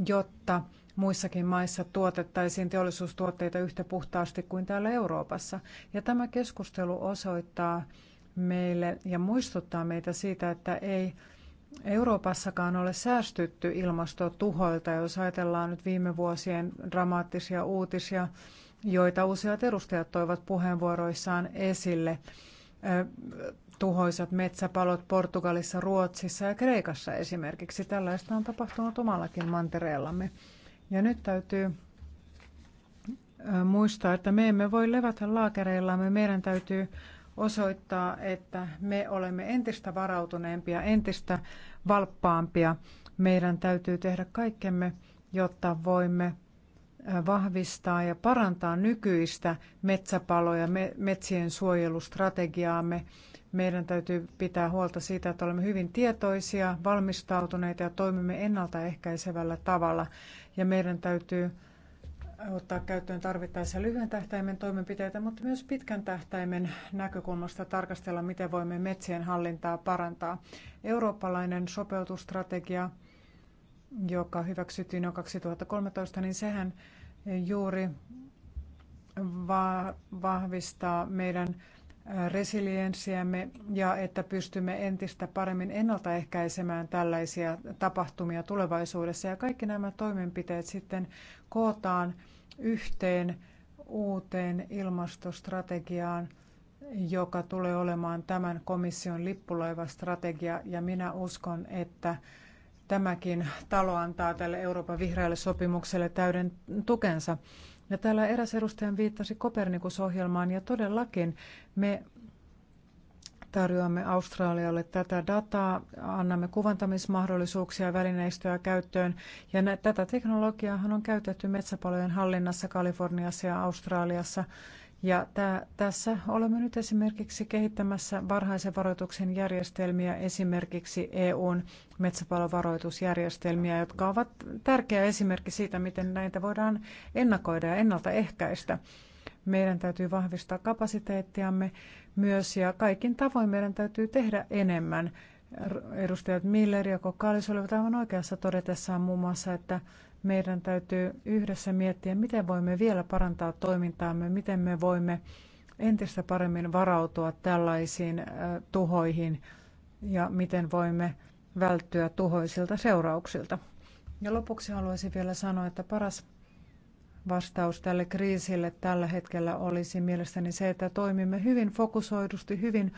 jotta muissakin maissa tuotettaisiin teollisuustuotteita yhtä puhtaasti kuin täällä Euroopassa. Ja tämä keskustelu osoittaa meille ja muistuttaa meitä siitä, että ei Euroopassakaan ole säästytty ilmastotuhoilta. Jos ajatellaan nyt viime vuosien dramaattisia uutisia, joita useat edustajat toivat puheenvuoroissaan esille, tuhoisat metsäpalot Portugalissa, Ruotsissa ja Kreikassa esimerkiksi. Tällaista on tapahtunut omallakin mantereellamme. Ja nyt täytyy muistaa, että me emme voi levätä laakereillamme. Meidän täytyy osoittaa, että me olemme entistä varautuneempia, entistä valppaampia. Meidän täytyy tehdä kaikkemme, jotta voimme vahvistaa ja parantaa nykyistä metsäpaloja, ja metsien suojelustrategiaamme. Meidän täytyy pitää huolta siitä, että olemme hyvin tietoisia, valmistautuneita ja toimimme ennaltaehkäisevällä tavalla. Ja meidän täytyy ottaa käyttöön tarvittaessa lyhyen tähtäimen toimenpiteitä, mutta myös pitkän tähtäimen näkökulmasta tarkastella, miten voimme metsien hallintaa parantaa. Eurooppalainen sopeutusstrategia, joka hyväksyttiin jo 2013, niin sehän juuri va- vahvistaa meidän resilienssiämme ja että pystymme entistä paremmin ennaltaehkäisemään tällaisia tapahtumia tulevaisuudessa. Ja kaikki nämä toimenpiteet sitten kootaan yhteen uuteen ilmastostrategiaan, joka tulee olemaan tämän komission lippulaivastrategia. Ja minä uskon, että tämäkin talo antaa tälle Euroopan vihreälle sopimukselle täyden tukensa. Ja täällä eräs edustaja viittasi Kopernikusohjelmaan ja todellakin me tarjoamme Australialle tätä dataa, annamme kuvantamismahdollisuuksia ja välineistöä käyttöön. Ja nä- tätä teknologiaahan on käytetty metsäpalojen hallinnassa Kaliforniassa ja Australiassa. Ja tässä olemme nyt esimerkiksi kehittämässä varhaisen varoituksen järjestelmiä, esimerkiksi EUn metsäpalovaroitusjärjestelmiä, jotka ovat tärkeä esimerkki siitä, miten näitä voidaan ennakoida ja ennaltaehkäistä. Meidän täytyy vahvistaa kapasiteettiamme myös ja kaikin tavoin meidän täytyy tehdä enemmän. Edustajat Miller ja Kokkaalis olivat aivan oikeassa todetessaan muun muassa, että meidän täytyy yhdessä miettiä, miten voimme vielä parantaa toimintaamme, miten me voimme entistä paremmin varautua tällaisiin tuhoihin ja miten voimme välttyä tuhoisilta seurauksilta. Ja lopuksi haluaisin vielä sanoa, että paras vastaus tälle kriisille tällä hetkellä olisi mielestäni se, että toimimme hyvin fokusoidusti, hyvin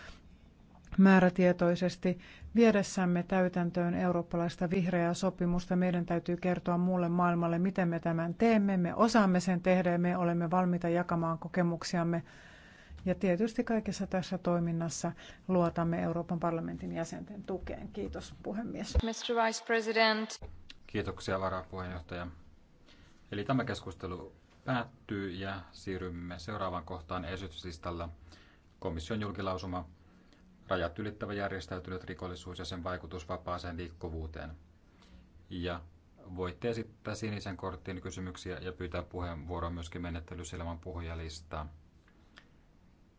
määrätietoisesti viedessämme täytäntöön eurooppalaista vihreää sopimusta. Meidän täytyy kertoa muulle maailmalle, miten me tämän teemme. Me osaamme sen tehdä ja me olemme valmiita jakamaan kokemuksiamme. Ja tietysti kaikessa tässä toiminnassa luotamme Euroopan parlamentin jäsenten tukeen. Kiitos puhemies. Mr. Vice President. Kiitoksia varapuheenjohtaja. Eli tämä keskustelu päättyy ja siirrymme seuraavaan kohtaan esityslistalla. Komission julkilausuma rajat ylittävä järjestäytynyt rikollisuus ja sen vaikutus vapaaseen liikkuvuuteen. Ja voitte esittää sinisen korttiin kysymyksiä ja pyytää puheenvuoroa myöskin menettelysilman puhujalistaa.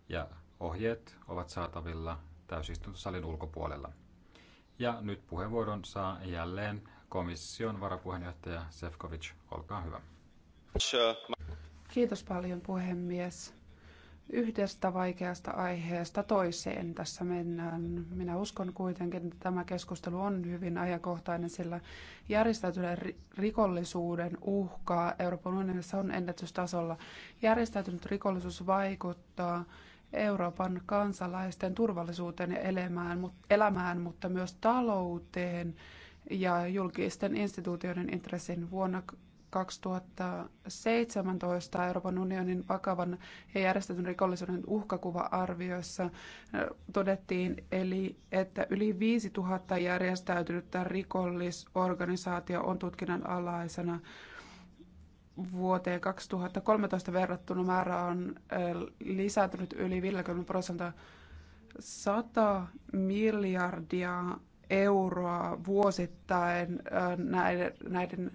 Ja ohjeet ovat saatavilla täysistuntosalin ulkopuolella. Ja nyt puheenvuoron saa jälleen komission varapuheenjohtaja Sefcovic, olkaa hyvä. Kiitos paljon puhemies. Yhdestä vaikeasta aiheesta toiseen tässä mennään. Minä uskon kuitenkin, että tämä keskustelu on hyvin ajankohtainen, sillä järjestäytyneen rikollisuuden uhkaa Euroopan unionissa on ennätystasolla. Järjestäytynyt rikollisuus vaikuttaa Euroopan kansalaisten turvallisuuteen ja elämään, mutta myös talouteen ja julkisten instituutioiden intressin vuonna 2017 Euroopan unionin vakavan ja järjestetyn rikollisuuden uhkakuva-arvioissa todettiin, eli että yli 5000 järjestäytynyttä rikollisorganisaatio on tutkinnan alaisena vuoteen 2013 verrattuna määrä on lisääntynyt yli 50 prosenttia 100 miljardia euroa vuosittain näiden, näiden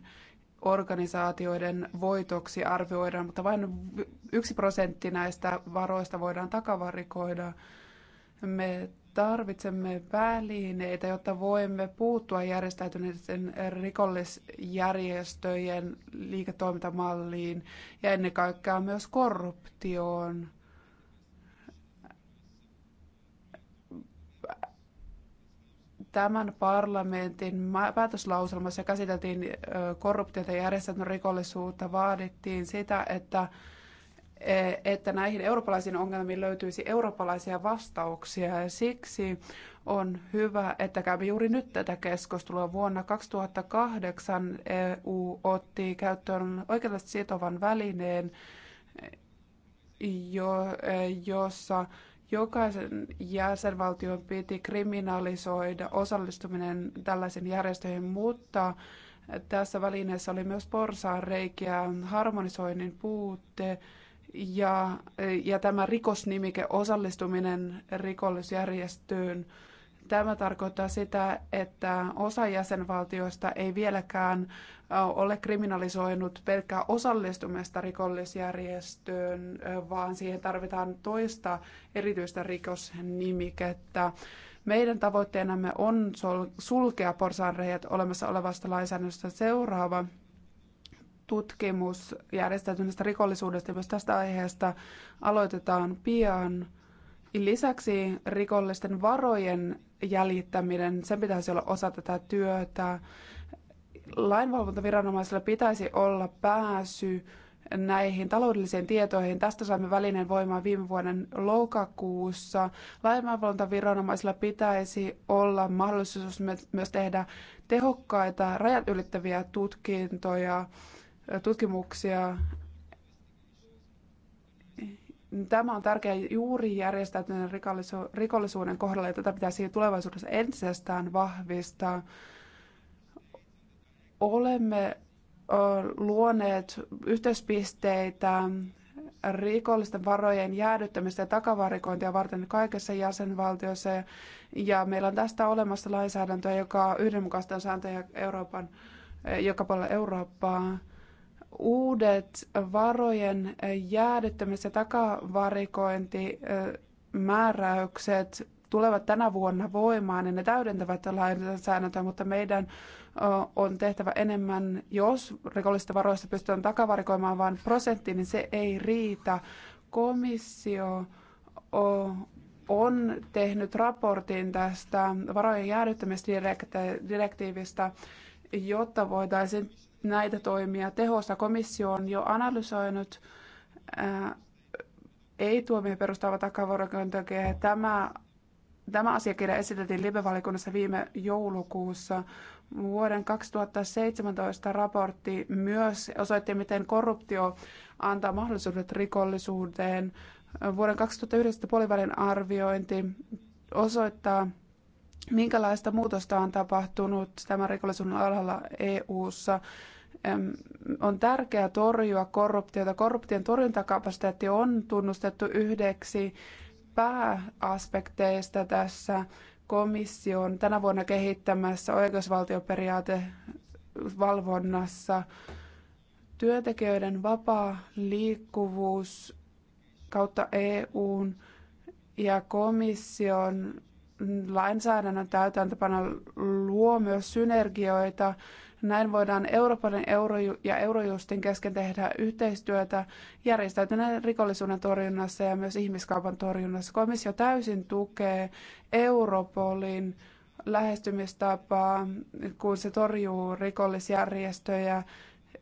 organisaatioiden voitoksi arvioidaan, mutta vain yksi prosentti näistä varoista voidaan takavarikoida. Me tarvitsemme välineitä, jotta voimme puuttua järjestäytyneiden rikollisjärjestöjen liiketoimintamalliin ja ennen kaikkea myös korruptioon. tämän parlamentin päätöslauselmassa käsiteltiin korruptiota ja järjestetyn rikollisuutta, vaadittiin sitä, että, e, että näihin eurooppalaisiin ongelmiin löytyisi eurooppalaisia vastauksia. Ja siksi on hyvä, että käymme juuri nyt tätä keskustelua. Vuonna 2008 EU otti käyttöön oikeudellisesti sitovan välineen, jo, e, jossa Jokaisen jäsenvaltion piti kriminalisoida osallistuminen tällaisiin järjestöihin, mutta tässä välineessä oli myös porsaanreikiä, harmonisoinnin puutte ja, ja tämä rikosnimike osallistuminen rikollisjärjestöön – Tämä tarkoittaa sitä, että osa jäsenvaltioista ei vieläkään ole kriminalisoinut pelkkää osallistumista rikollisjärjestöön, vaan siihen tarvitaan toista erityistä rikosnimikettä. Meidän tavoitteenamme on sulkea porsaanreijät olemassa olevasta lainsäädännöstä seuraava tutkimus järjestäytyneestä rikollisuudesta myös tästä aiheesta aloitetaan pian. Lisäksi rikollisten varojen jäljittäminen, sen pitäisi olla osa tätä työtä. Lainvalvontaviranomaisilla pitäisi olla pääsy näihin taloudellisiin tietoihin. Tästä saimme välineen voimaan viime vuoden lokakuussa. Lainvalvontaviranomaisilla pitäisi olla mahdollisuus myös tehdä tehokkaita rajat ylittäviä tutkintoja, tutkimuksia Tämä on tärkeää juuri järjestäytyneen rikollisuuden kohdalla, ja tätä pitäisi tulevaisuudessa entisestään vahvistaa. Olemme luoneet yhteispisteitä, rikollisten varojen jäädyttämistä ja takavarikointia varten kaikessa jäsenvaltiossa. Ja meillä on tästä olemassa lainsäädäntöä, joka yhdenmukaistaa sääntöjä Euroopan, joka puolella Eurooppaa uudet varojen jäädyttämis- ja takavarikointimääräykset tulevat tänä vuonna voimaan, niin ne täydentävät lainsäädäntöä, mutta meidän on tehtävä enemmän, jos rikollisista varoista pystytään takavarikoimaan vain prosentti, niin se ei riitä. Komissio on tehnyt raportin tästä varojen jäädyttämisdirektiivistä, jotta voitaisiin näitä toimia tehosta. Komissio on jo analysoinut ei tuomioon perustaava takavuorokointokehe. Tämä, tämä asiakirja esitettiin libe valikunnassa viime joulukuussa. Vuoden 2017 raportti myös osoitti, miten korruptio antaa mahdollisuudet rikollisuuteen. Vuoden 2019 puolivälin arviointi osoittaa, minkälaista muutosta on tapahtunut tämän rikollisuuden alalla EU:ssa. On tärkeää torjua korruptiota. Korruption torjuntakapasiteetti on tunnustettu yhdeksi pääaspekteista tässä komission tänä vuonna kehittämässä oikeusvaltioperiaatevalvonnassa. Työntekijöiden vapaa liikkuvuus kautta EUn ja komission lainsäädännön täytäntöpano luo myös synergioita. Näin voidaan Euroopan euro ja eurojustin kesken tehdä yhteistyötä järjestäytyneen rikollisuuden torjunnassa ja myös ihmiskaupan torjunnassa. Komissio täysin tukee Europolin lähestymistapaa, kun se torjuu rikollisjärjestöjä.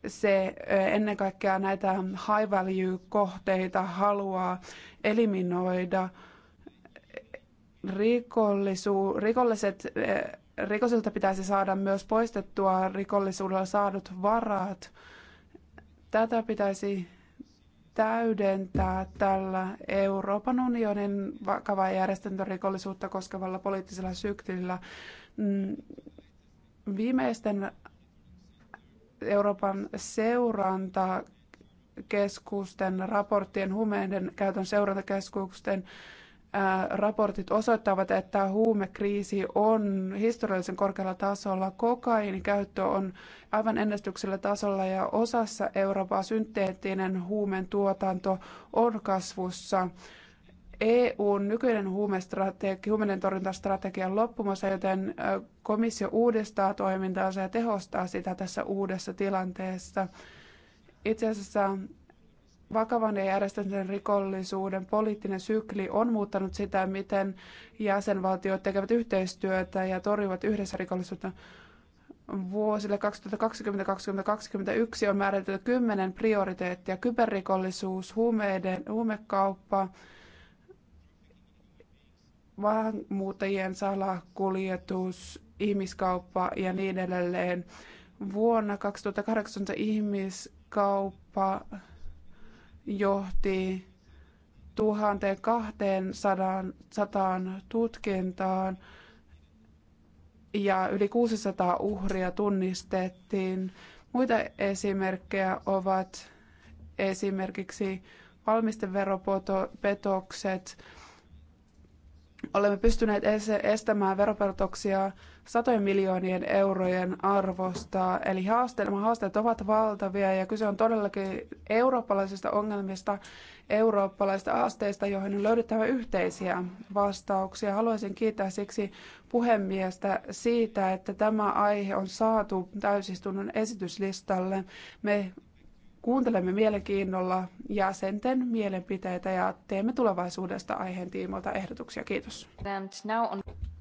Se ennen kaikkea näitä high value kohteita haluaa eliminoida – rikollisu, rikolliset, eh, rikosilta pitäisi saada myös poistettua rikollisuudella saadut varat. Tätä pitäisi täydentää tällä Euroopan unionin vakavaa järjestäntörikollisuutta koskevalla poliittisella syktillä. Mm, viimeisten Euroopan keskusten raporttien, humeiden käytön seurantakeskusten raportit osoittavat, että huumekriisi on historiallisen korkealla tasolla. Kokainin käyttö on aivan ennätyksellä tasolla ja osassa Eurooppaa synteettinen huumeen tuotanto on kasvussa. EUn nykyinen huumeiden torjuntastrategia on loppumassa, joten komissio uudistaa toimintaansa ja tehostaa sitä tässä uudessa tilanteessa. Itse asiassa vakavan ja järjestäytyneen rikollisuuden poliittinen sykli on muuttanut sitä, miten jäsenvaltiot tekevät yhteistyötä ja torjuvat yhdessä rikollisuutta. Vuosille 2020-2021 on määritelty kymmenen prioriteettia. Kyberrikollisuus, huumeiden, huumekauppa, maahanmuuttajien salakuljetus, ihmiskauppa ja niin edelleen. Vuonna 2018 ihmiskauppa johti 1200 tutkintaan ja yli 600 uhria tunnistettiin. Muita esimerkkejä ovat esimerkiksi valmisteveropetokset. Olemme pystyneet estämään veropetoksia satojen miljoonien eurojen arvosta. Eli haasteet, nämä haasteet ovat valtavia ja kyse on todellakin eurooppalaisista ongelmista, eurooppalaisista haasteista, joihin on löydettävä yhteisiä vastauksia. Haluaisin kiittää siksi puhemiestä siitä, että tämä aihe on saatu täysistunnon esityslistalle. Me kuuntelemme mielenkiinnolla jäsenten mielipiteitä ja teemme tulevaisuudesta aiheen tiimoilta ehdotuksia. Kiitos.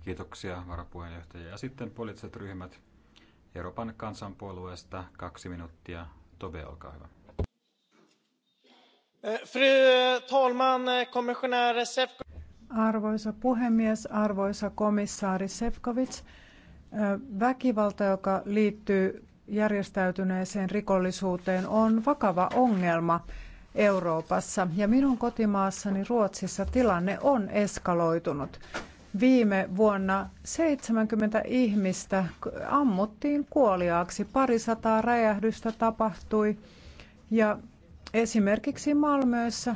Kiitoksia varapuheenjohtaja. Ja sitten poliittiset ryhmät. Euroopan kansanpuolueesta kaksi minuuttia. Tobe, olkaa hyvä. Eh, fru talman, eh, kommissionär Sefcovic. Arvoisa puhemies, arvoisa komissaari Sefcovic. Eh, väkivalta, joka liittyy järjestäytyneeseen rikollisuuteen, on vakava ongelma Euroopassa. Ja minun kotimaassani Ruotsissa tilanne on eskaloitunut. Viime vuonna 70 ihmistä ammuttiin kuoliaaksi, parisataa räjähdystä tapahtui ja esimerkiksi Malmössä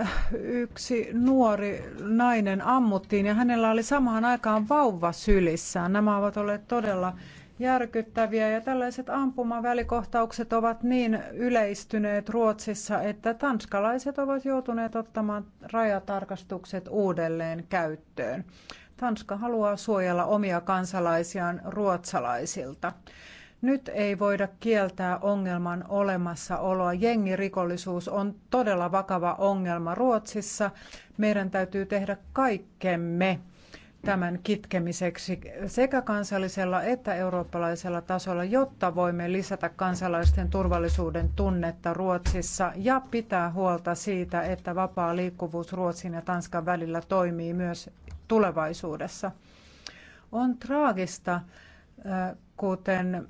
äh, yksi nuori nainen ammuttiin ja hänellä oli samaan aikaan vauva sylissään. Nämä ovat olleet todella järkyttäviä ja tällaiset ampumavälikohtaukset ovat niin yleistyneet Ruotsissa, että tanskalaiset ovat joutuneet ottamaan rajatarkastukset uudelleen käyttöön. Tanska haluaa suojella omia kansalaisiaan ruotsalaisilta. Nyt ei voida kieltää ongelman olemassaoloa. Jengirikollisuus on todella vakava ongelma Ruotsissa. Meidän täytyy tehdä kaikkemme tämän kitkemiseksi sekä kansallisella että eurooppalaisella tasolla, jotta voimme lisätä kansalaisten turvallisuuden tunnetta Ruotsissa ja pitää huolta siitä, että vapaa liikkuvuus Ruotsin ja Tanskan välillä toimii myös tulevaisuudessa. On traagista, kuten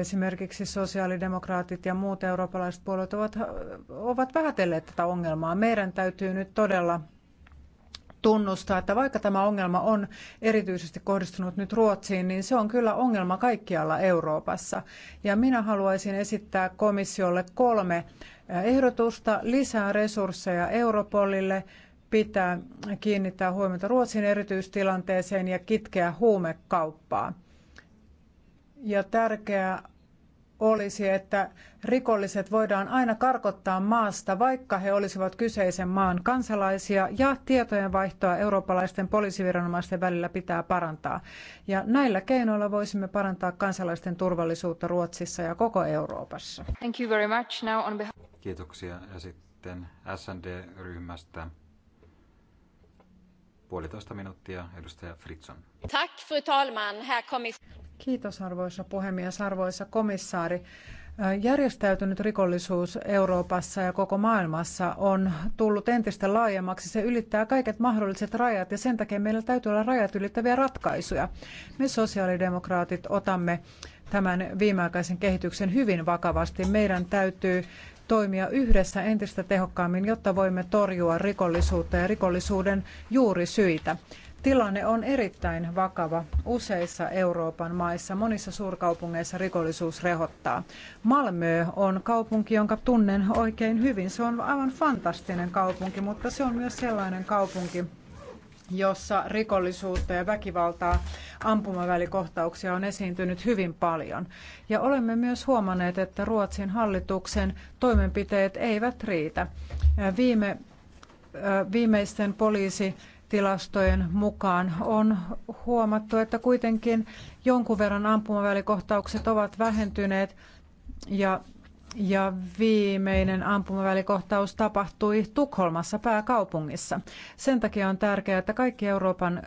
esimerkiksi sosiaalidemokraatit ja muut eurooppalaiset puolueet ovat, ovat vähätelleet tätä ongelmaa. Meidän täytyy nyt todella tunnustaa, että vaikka tämä ongelma on erityisesti kohdistunut nyt Ruotsiin, niin se on kyllä ongelma kaikkialla Euroopassa. Ja minä haluaisin esittää komissiolle kolme ehdotusta lisää resursseja Europolille, pitää kiinnittää huomiota Ruotsin erityistilanteeseen ja kitkeä huumekauppaa. Ja tärkeää olisi, että rikolliset voidaan aina karkottaa maasta, vaikka he olisivat kyseisen maan kansalaisia, ja tietojenvaihtoa eurooppalaisten poliisiviranomaisten välillä pitää parantaa. Ja näillä keinoilla voisimme parantaa kansalaisten turvallisuutta Ruotsissa ja koko Euroopassa. Thank you very much. Now on behalf- Kiitoksia. Ja sitten SND-ryhmästä Puolitoista minuuttia, edustaja Fritson. Tack, fru talman, herr Kiitos arvoisa puhemies, arvoisa komissaari. Äh, järjestäytynyt rikollisuus Euroopassa ja koko maailmassa on tullut entistä laajemmaksi. Se ylittää kaiket mahdolliset rajat ja sen takia meillä täytyy olla rajat ylittäviä ratkaisuja. Me sosiaalidemokraatit otamme tämän viimeaikaisen kehityksen hyvin vakavasti. Meidän täytyy toimia yhdessä entistä tehokkaammin, jotta voimme torjua rikollisuutta ja rikollisuuden juurisyitä. Tilanne on erittäin vakava useissa Euroopan maissa. Monissa suurkaupungeissa rikollisuus rehottaa. Malmö on kaupunki, jonka tunnen oikein hyvin. Se on aivan fantastinen kaupunki, mutta se on myös sellainen kaupunki, jossa rikollisuutta ja väkivaltaa ampumavälikohtauksia on esiintynyt hyvin paljon. Ja olemme myös huomanneet, että Ruotsin hallituksen toimenpiteet eivät riitä. Viime, viimeisten poliisi tilastojen mukaan on huomattu, että kuitenkin jonkun verran ampumavälikohtaukset ovat vähentyneet ja ja viimeinen ampumavälikohtaus tapahtui Tukholmassa pääkaupungissa. Sen takia on tärkeää, että kaikki Euroopan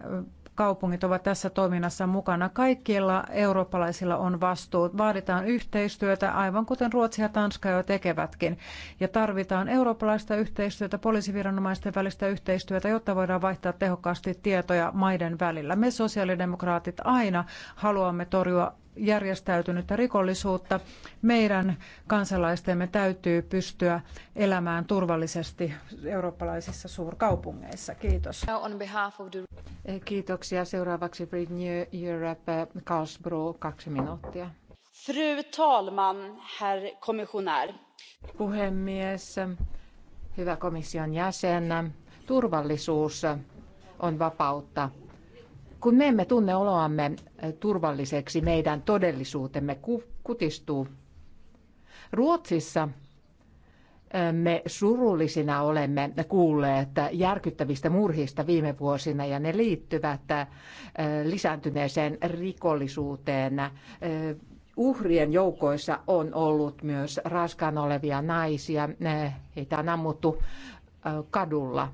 kaupungit ovat tässä toiminnassa mukana. Kaikilla eurooppalaisilla on vastuu. Vaaditaan yhteistyötä, aivan kuten Ruotsi ja Tanska jo tekevätkin. Ja tarvitaan eurooppalaista yhteistyötä, poliisiviranomaisten välistä yhteistyötä, jotta voidaan vaihtaa tehokkaasti tietoja maiden välillä. Me sosiaalidemokraatit aina haluamme torjua järjestäytynyttä rikollisuutta. Meidän kansalaistemme täytyy pystyä elämään turvallisesti eurooppalaisissa suurkaupungeissa. Kiitos. Kiitoksia. Seuraavaksi Renew Europe, Karlsbro, kaksi minuuttia. Fru talman, herr kommissionär. Puhemies, hyvä komission jäsen, turvallisuus on vapautta kun me emme tunne oloamme eh, turvalliseksi, meidän todellisuutemme kutistuu. Ruotsissa eh, me surullisina olemme kuulleet järkyttävistä murhista viime vuosina ja ne liittyvät eh, lisääntyneeseen rikollisuuteen. Uhrien joukoissa on ollut myös raskaan olevia naisia. Heitä on ammuttu kadulla.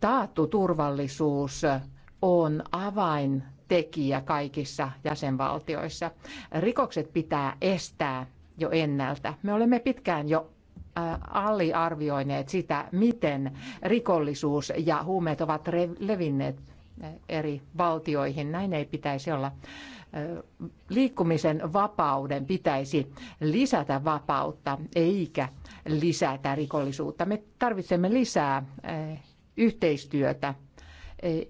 Taattu turvallisuus on avain tekijä kaikissa jäsenvaltioissa. Rikokset pitää estää jo ennältä. Me olemme pitkään jo äh, aliarvioineet sitä, miten rikollisuus ja huumeet ovat levinneet äh, eri valtioihin. Näin ei pitäisi olla. Äh, liikkumisen vapauden pitäisi lisätä vapautta eikä lisätä rikollisuutta. Me tarvitsemme lisää yhteistyötä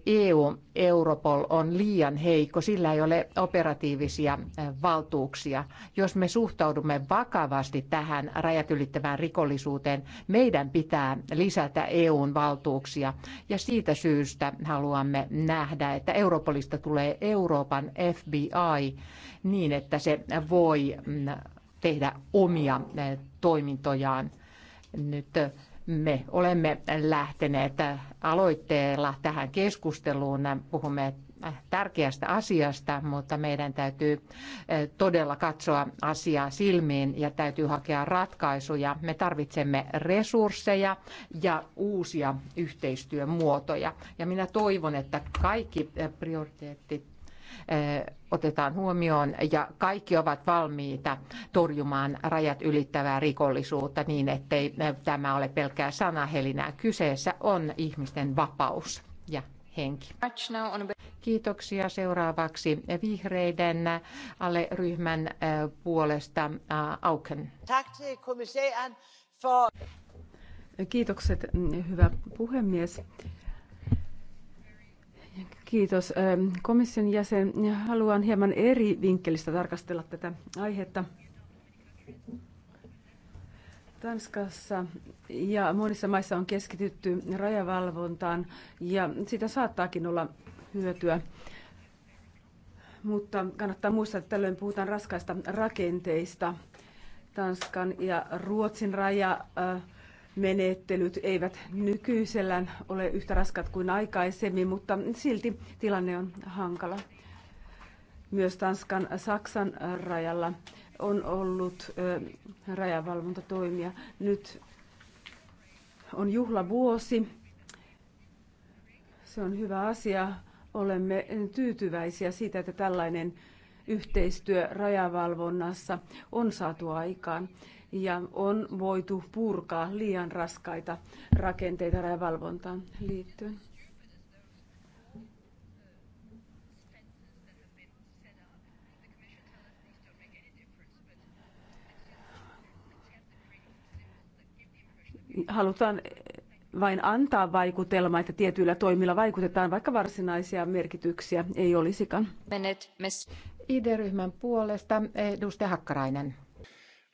EU-Europol on liian heikko, sillä ei ole operatiivisia valtuuksia. Jos me suhtaudumme vakavasti tähän rajat ylittävään rikollisuuteen, meidän pitää lisätä EUn valtuuksia. Ja siitä syystä haluamme nähdä, että Europolista tulee Euroopan FBI niin, että se voi tehdä omia toimintojaan. Nyt me olemme lähteneet aloitteella tähän keskusteluun. Puhumme tärkeästä asiasta, mutta meidän täytyy eh, todella katsoa asiaa silmiin ja täytyy hakea ratkaisuja. Me tarvitsemme resursseja ja uusia yhteistyömuotoja. Ja minä toivon, että kaikki eh, prioriteetit Eh, otetaan huomioon ja kaikki ovat valmiita torjumaan rajat ylittävää rikollisuutta niin, ettei eh, tämä ole pelkkää sanahelinää. Kyseessä on ihmisten vapaus ja henki. Kiitoksia seuraavaksi vihreiden alle-ryhmän eh, puolesta Auken. Kiitokset, hyvä puhemies. Kiitos ähm, komission jäsen. Haluan hieman eri vinkkelistä tarkastella tätä aihetta. Tanskassa ja monissa maissa on keskitytty rajavalvontaan ja sitä saattaakin olla hyötyä. Mutta kannattaa muistaa, että tällöin puhutaan raskaista rakenteista. Tanskan ja Ruotsin raja äh, menettelyt eivät nykyisellään ole yhtä raskat kuin aikaisemmin, mutta silti tilanne on hankala. Myös Tanskan Saksan rajalla on ollut rajavalvontatoimia. Nyt on juhlavuosi. Se on hyvä asia. Olemme tyytyväisiä siitä, että tällainen yhteistyö rajavalvonnassa on saatu aikaan ja on voitu purkaa liian raskaita rakenteita rajavalvontaan liittyen. Halutaan vain antaa vaikutelma, että tietyillä toimilla vaikutetaan, vaikka varsinaisia merkityksiä ei olisikaan. ID-ryhmän puolesta edustaja Hakkarainen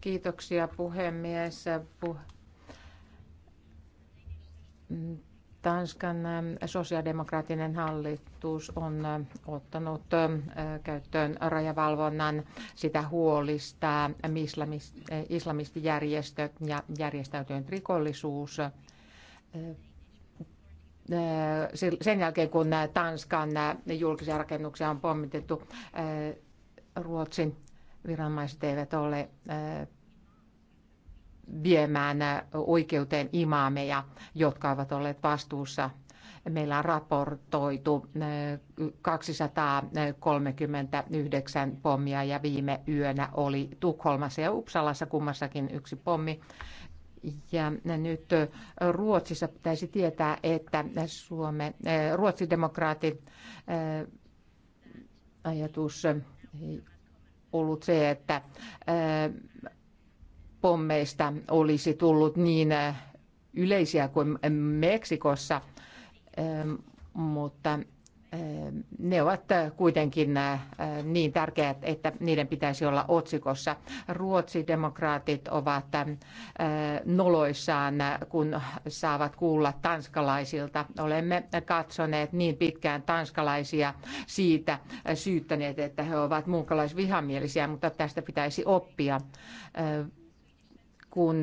Kiitoksia puhemies. Tanskan ähm, sosiaalidemokraattinen hallitus on äh, ottanut ähm, äh, käyttöön rajavalvonnan. Sitä huolista, ähm, äh, islamistijärjestöt ja järjestäytynyt rikollisuus. Sen jälkeen, kun Tanskan julkisia rakennuksia on pommitettu Ruotsin viranomaiset eivät ole äh, viemään äh, oikeuteen imaameja, jotka ovat olleet vastuussa. Meillä on raportoitu 239 äh, pommia ja viime yönä oli Tukholmassa ja Uppsalassa kummassakin yksi pommi. Ja nyt Ruotsissa pitäisi tietää, että Suomen, ruotsidemokraatin ajatus ollut se, että pommeista olisi tullut niin yleisiä kuin Meksikossa, mutta Ehm, ne ovat kuitenkin ehm, niin tärkeät, että niiden pitäisi olla otsikossa. Ruotsidemokraatit ovat ehm, noloissaan, kun saavat kuulla tanskalaisilta. Olemme katsoneet niin pitkään tanskalaisia siitä syyttäneet, että he ovat muukalaisvihamielisiä, mutta tästä pitäisi oppia, kun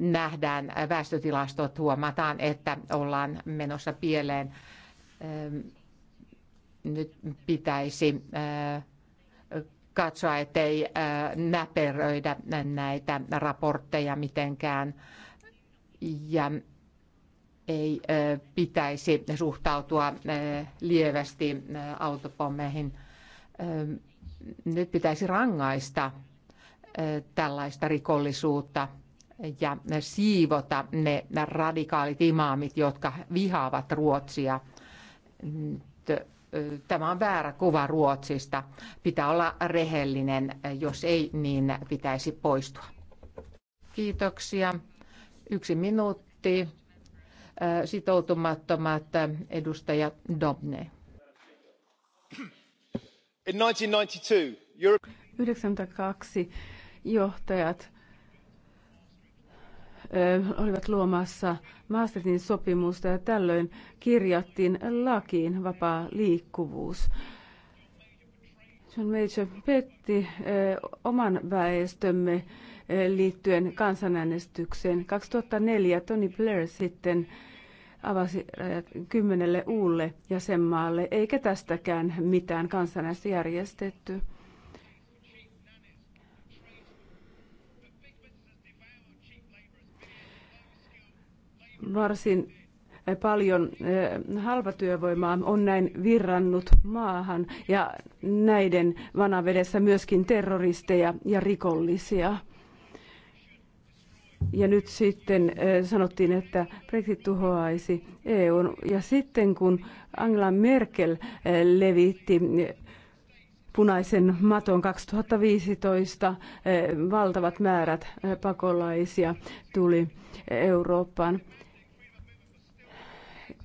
nähdään väestötilastot, huomataan, että ollaan menossa pieleen. Nyt pitäisi eh, katsoa, ettei eh, näperöidä näitä raportteja mitenkään ja ei eh, pitäisi suhtautua lievästi autopommeihin. Nyt pitäisi rangaista tällaista rikollisuutta – ja siivota ne radikaalit imaamit, jotka vihaavat Ruotsia. Tämä on väärä kuva Ruotsista. Pitää olla rehellinen, jos ei, niin pitäisi poistua. Kiitoksia. Yksi minuutti. Sitoutumattomat edustaja Dobne. 1992 johtajat olivat luomassa Maastrichtin sopimusta ja tällöin kirjattiin lakiin vapaa liikkuvuus. John Major petti oman väestömme liittyen kansanäänestykseen. 2004 Tony Blair sitten avasi rajat kymmenelle uulle jäsenmaalle, eikä tästäkään mitään kansanäänestä järjestetty. varsin eh, paljon eh, halpatyövoimaa on näin virrannut maahan ja näiden vanavedessä myöskin terroristeja ja rikollisia. Ja nyt sitten eh, sanottiin, että Brexit tuhoaisi EU. Ja sitten kun Angela Merkel levitti punaisen maton 2015 valtavat määrät pakolaisia tuli Eurooppaan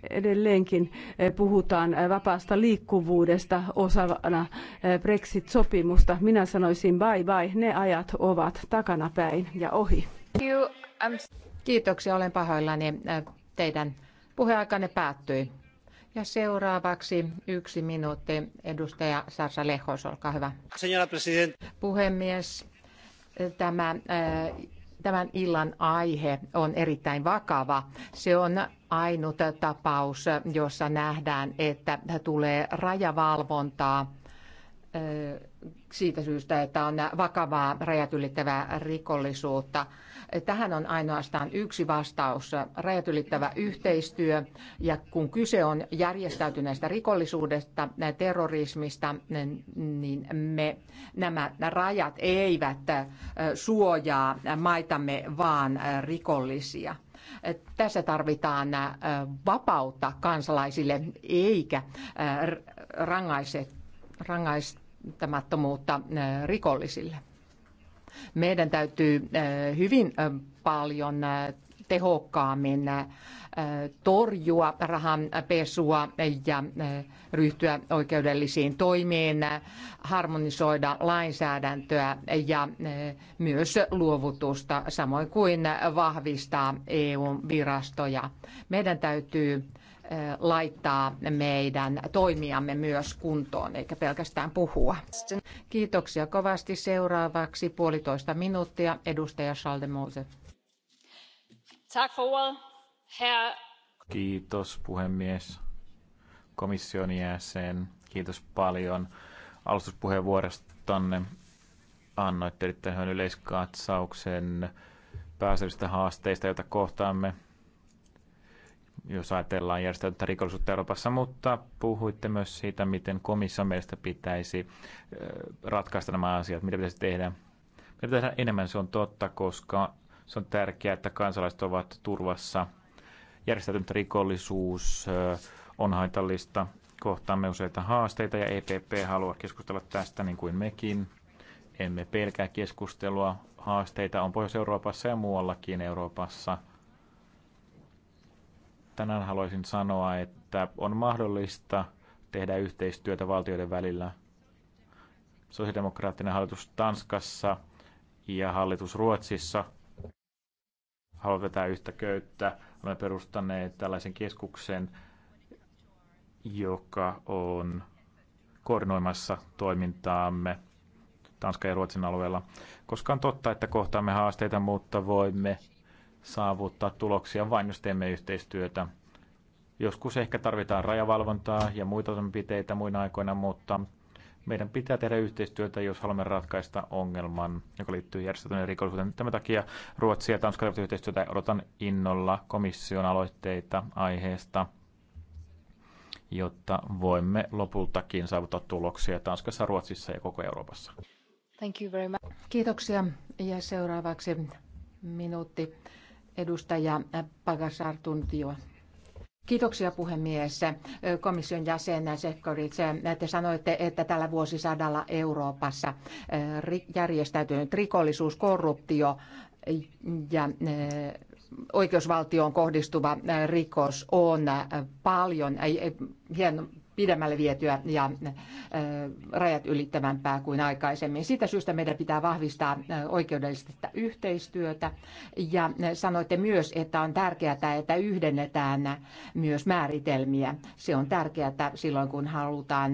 edelleenkin eh, puhutaan eh, vapaasta liikkuvuudesta osana eh, Brexit-sopimusta. Minä sanoisin bye bye, ne ajat ovat takanapäin ja ohi. Kiitoksia, olen pahoillani. Teidän puheaikanne päättyi. Ja seuraavaksi yksi minuutti, edustaja Sarsa Lehos, olkaa hyvä. Puhemies, tämä, tämän illan aihe on erittäin vakava. Se on ainut tapaus, jossa nähdään, että tulee rajavalvontaa siitä syystä, että on vakavaa rajat ylittävää rikollisuutta. Tähän on ainoastaan yksi vastaus, rajat ylittävä yhteistyö. Ja kun kyse on järjestäytyneestä rikollisuudesta, terrorismista, niin me, nämä rajat eivät suojaa maitamme, vaan rikollisia. Tässä tarvitaan äh, vapautta kansalaisille eikä äh, rangaistamattomuutta äh, rikollisille. Meidän täytyy hyvin paljon tehokkaammin torjua rahanpesua ja ryhtyä oikeudellisiin toimiin, harmonisoida lainsäädäntöä ja myös luovutusta, samoin kuin vahvistaa EU-virastoja. Meidän täytyy laittaa meidän toimiamme myös kuntoon, eikä pelkästään puhua. Kiitoksia kovasti. Seuraavaksi puolitoista minuuttia edustaja Schaldemose. Tack för Kiitos puhemies, komission jäsen. Kiitos paljon alustuspuheenvuorostanne. Annoitte erittäin hyvän yleiskatsauksen pääsevistä haasteista, joita kohtaamme, jos ajatellaan järjestäytyntä rikollisuutta Euroopassa, mutta puhuitte myös siitä, miten komissio mielestä pitäisi ratkaista nämä asiat, mitä pitäisi tehdä. Mitä tehdä enemmän, se on totta, koska se on tärkeää, että kansalaiset ovat turvassa – järjestäytynyt rikollisuus on haitallista. Kohtaamme useita haasteita ja EPP haluaa keskustella tästä niin kuin mekin. Emme pelkää keskustelua. Haasteita on Pohjois-Euroopassa ja muuallakin Euroopassa. Tänään haluaisin sanoa, että on mahdollista tehdä yhteistyötä valtioiden välillä. Sosiaalidemokraattinen hallitus Tanskassa ja hallitus Ruotsissa haluaa vetää yhtä köyttä Olemme perustaneet tällaisen keskuksen, joka on koordinoimassa toimintaamme Tanskan ja Ruotsin alueella. Koska on totta, että kohtaamme haasteita, mutta voimme saavuttaa tuloksia vain, jos teemme yhteistyötä. Joskus ehkä tarvitaan rajavalvontaa ja muita toimenpiteitä muina aikoina, mutta meidän pitää tehdä yhteistyötä, jos haluamme ratkaista ongelman, joka liittyy järjestäytyneen rikollisuuteen. Tämän takia Ruotsi ja Tanska tekevät yhteistyötä. Odotan innolla komission aloitteita aiheesta, jotta voimme lopultakin saavuttaa tuloksia Tanskassa, Ruotsissa ja koko Euroopassa. Thank you very much. Kiitoksia. Ja seuraavaksi minuutti edustaja Pagasartuntio. Kiitoksia puhemies. Komission jäsen Sefcovic, te sanoitte, että tällä vuosisadalla Euroopassa järjestäytynyt rikollisuus, korruptio ja eh, oikeusvaltioon kohdistuva eh, rikos on eh, paljon, hieno, pidemmälle vietyä ja rajat ylittävämpää kuin aikaisemmin. Siitä syystä meidän pitää vahvistaa oikeudellista yhteistyötä. Ja sanoitte myös, että on tärkeää, että yhdennetään myös määritelmiä. Se on tärkeää silloin, kun halutaan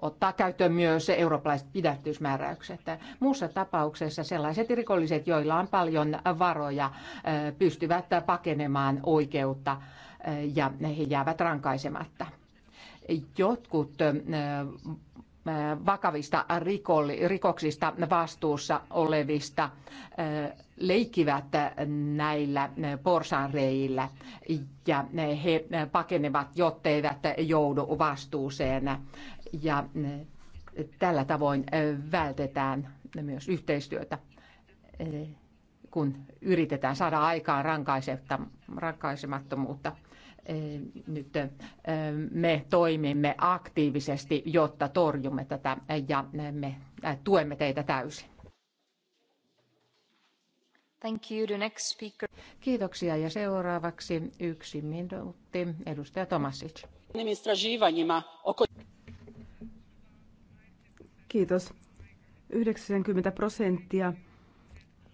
ottaa käyttöön myös eurooppalaiset pidätysmääräykset. Muussa tapauksessa sellaiset rikolliset, joilla on paljon varoja, pystyvät pakenemaan oikeutta ja he jäävät rankaisematta. Jotkut vakavista rikoksista vastuussa olevista leikkivät näillä porsanreillä ja he pakenevat, jotteivät joudu vastuuseen. Ja tällä tavoin vältetään myös yhteistyötä, kun yritetään saada aikaan rankaisemattomuutta nyt me toimimme aktiivisesti, jotta torjumme tätä ja me tuemme teitä täysin. Thank you. The next speaker. Kiitoksia ja seuraavaksi yksi minuutti. Edustaja Tomasic. Kiitos. 90 prosenttia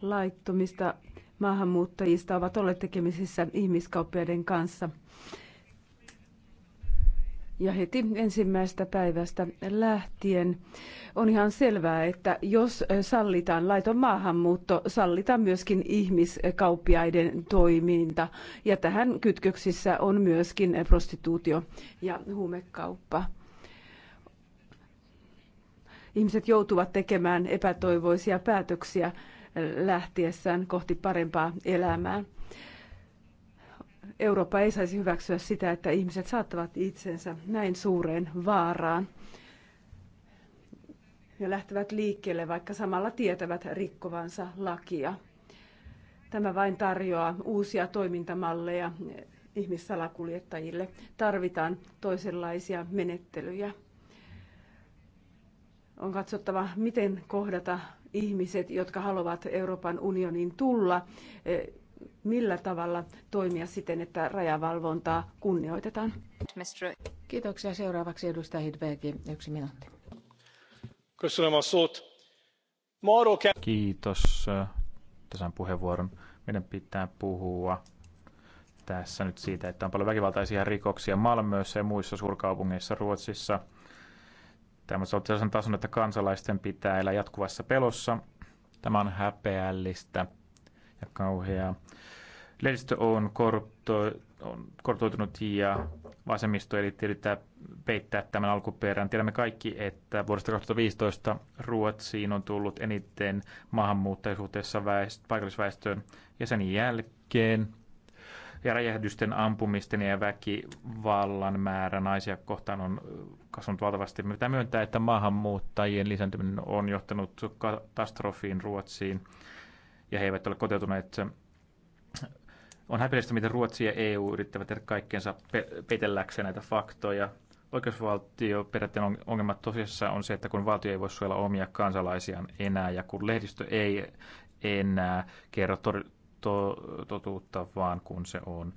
laittomista maahanmuuttajista ovat olleet tekemisissä ihmiskauppiaiden kanssa. Ja heti ensimmäisestä päivästä lähtien on ihan selvää, että jos sallitaan laiton maahanmuutto, sallitaan myöskin ihmiskauppiaiden toiminta. Ja tähän kytköksissä on myöskin prostituutio ja huumekauppa ihmiset joutuvat tekemään epätoivoisia päätöksiä lähtiessään kohti parempaa elämää. Eurooppa ei saisi hyväksyä sitä, että ihmiset saattavat itsensä näin suureen vaaraan ja lähtevät liikkeelle, vaikka samalla tietävät rikkovansa lakia. Tämä vain tarjoaa uusia toimintamalleja ihmissalakuljettajille. Tarvitaan toisenlaisia menettelyjä. On katsottava, miten kohdata ihmiset, jotka haluavat Euroopan unionin tulla, e, millä tavalla toimia siten, että rajavalvontaa kunnioitetaan. Kiitoksia. Seuraavaksi edustaja Hidvegi, yksi minuutti. Kiitos tämän puheenvuoron. Meidän pitää puhua tässä nyt siitä, että on paljon väkivaltaisia rikoksia Malmössä ja muissa suurkaupungeissa Ruotsissa – Tämä on sellaisen tason, että kansalaisten pitää elää jatkuvassa pelossa. Tämä on häpeällistä ja kauheaa. Lehdistö on, korrupto, on korruptoitunut ja vasemmisto eli yrittää peittää tämän alkuperän. Tiedämme kaikki, että vuodesta 2015 Ruotsiin on tullut eniten maahanmuuttajia väest- paikallisväestöön ja sen jälkeen ja räjähdysten ampumisten ja väkivallan määrä naisia kohtaan on kasvanut valtavasti. Mitä myöntää, että maahanmuuttajien lisääntyminen on johtanut katastrofiin Ruotsiin ja he eivät ole koteutuneet, On häpeällistä, miten Ruotsi ja EU yrittävät tehdä kaikkeensa pe- peitelläkseen näitä faktoja. Oikeusvaltio Oikeusvaltioperiaatteen ongelmat tosiasiassa on se, että kun valtio ei voi suojella omia kansalaisiaan enää ja kun lehdistö ei enää kerro to, totuutta, vaan kun se on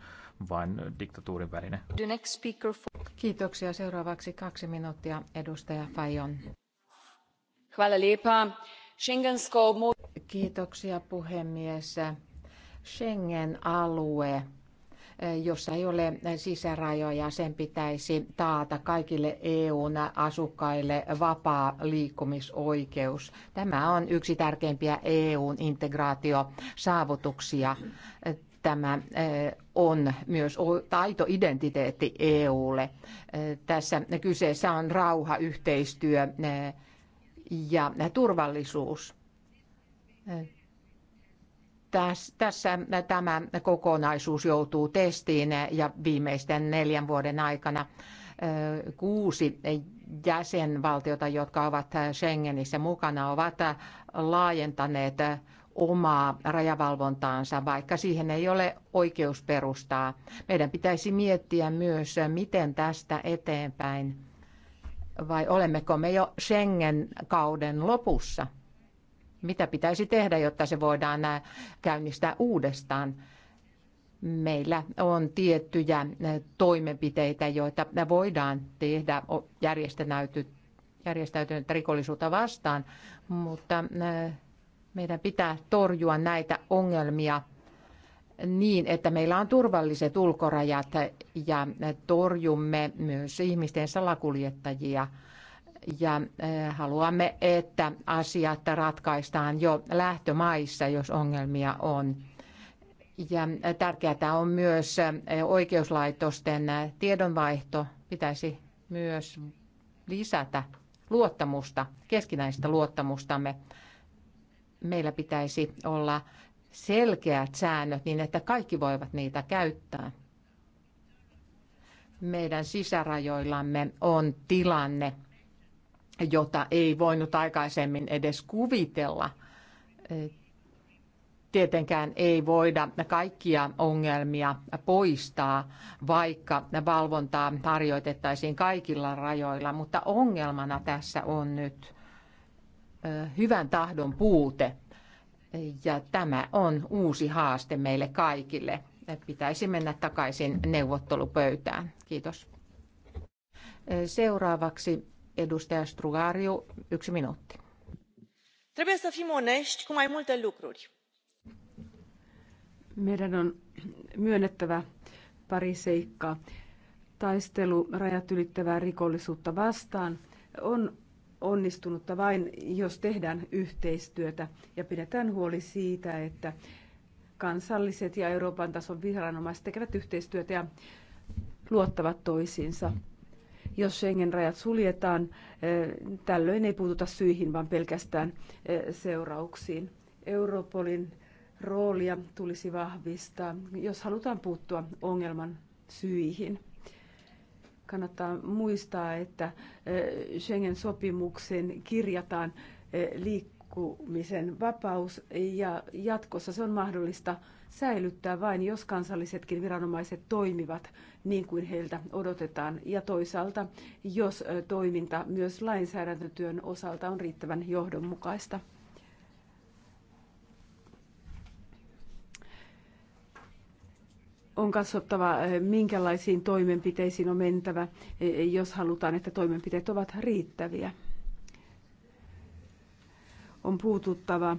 vain diktatuurin väline. The next speaker for... Kiitoksia. Seuraavaksi kaksi minuuttia edustaja Fajon. Kiitoksia puhemies. Schengen-alue Eh, jossa ei ole sisärajoja. Sen pitäisi taata kaikille EUn asukkaille vapaa liikkumisoikeus. Tämä on yksi tärkeimpiä EUn integraatiosaavutuksia. Tämä eh, on myös identiteetti EUlle. Eh, tässä kyseessä on rauha, yhteistyö ja turvallisuus. Tässä tämä kokonaisuus joutuu testiin ja viimeisten neljän vuoden aikana kuusi jäsenvaltiota, jotka ovat Schengenissä mukana, ovat laajentaneet omaa rajavalvontaansa, vaikka siihen ei ole oikeusperustaa. Meidän pitäisi miettiä myös, miten tästä eteenpäin, vai olemmeko me jo Schengen-kauden lopussa – mitä pitäisi tehdä, jotta se voidaan käynnistää uudestaan? Meillä on tiettyjä toimenpiteitä, joita voidaan tehdä järjestäytynyt rikollisuutta vastaan, mutta meidän pitää torjua näitä ongelmia niin, että meillä on turvalliset ulkorajat ja torjumme myös ihmisten salakuljettajia – ja eh, haluamme, että asiat ratkaistaan jo lähtömaissa, jos ongelmia on. Ja eh, tärkeää on myös eh, oikeuslaitosten tiedonvaihto. Pitäisi myös lisätä luottamusta, keskinäistä luottamustamme. Meillä pitäisi olla selkeät säännöt niin, että kaikki voivat niitä käyttää. Meidän sisärajoillamme on tilanne, jota ei voinut aikaisemmin edes kuvitella. Eh, tietenkään ei voida kaikkia ongelmia poistaa, vaikka valvontaa harjoitettaisiin kaikilla rajoilla, mutta ongelmana tässä on nyt eh, hyvän tahdon puute. Eh, ja tämä on uusi haaste meille kaikille. Pitäisi mennä takaisin neuvottelupöytään. Kiitos. Seuraavaksi Edustaja Strugariu, yksi minuutti. Trebuie să fim onești cu mai multe lucruri. Meidän on myönnettävä pari seikkaa. Taistelu rajat ylittävää rikollisuutta vastaan on onnistunutta vain, jos tehdään yhteistyötä ja pidetään huoli siitä, että kansalliset ja Euroopan tason viranomaiset tekevät yhteistyötä ja luottavat toisiinsa. Jos Schengen-rajat suljetaan, eh, tällöin ei puututa syihin, vaan pelkästään eh, seurauksiin. Europolin roolia tulisi vahvistaa, jos halutaan puuttua ongelman syihin. Kannattaa muistaa, että eh, Schengen-sopimuksen kirjataan liikkumisen vapaus ja jatkossa se on mahdollista säilyttää vain, jos kansallisetkin viranomaiset toimivat niin kuin heiltä odotetaan. Ja toisaalta, jos toiminta myös lainsäädäntötyön osalta on riittävän johdonmukaista. on katsottava, minkälaisiin toimenpiteisiin on mentävä, e, e, jos halutaan, että toimenpiteet ovat riittäviä. On puututtava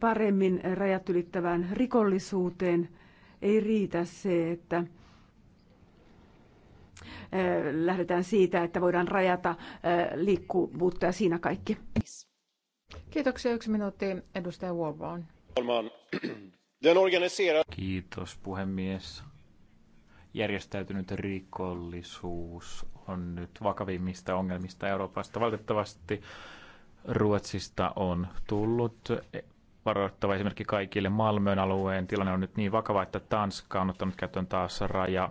paremmin rajat ylittävään rikollisuuteen. Ei riitä se, että lähdetään siitä, että voidaan rajata liikkuvuutta ja siinä kaikki. Kiitoksia. Yksi minuutti. Edustaja Wallborn. Kiitos puhemies. Järjestäytynyt rikollisuus on nyt vakavimmista ongelmista Euroopasta. Valitettavasti Ruotsista on tullut varoittava esimerkki kaikille Malmöön alueen. Tilanne on nyt niin vakava, että Tanska on ottanut käyttöön taas raja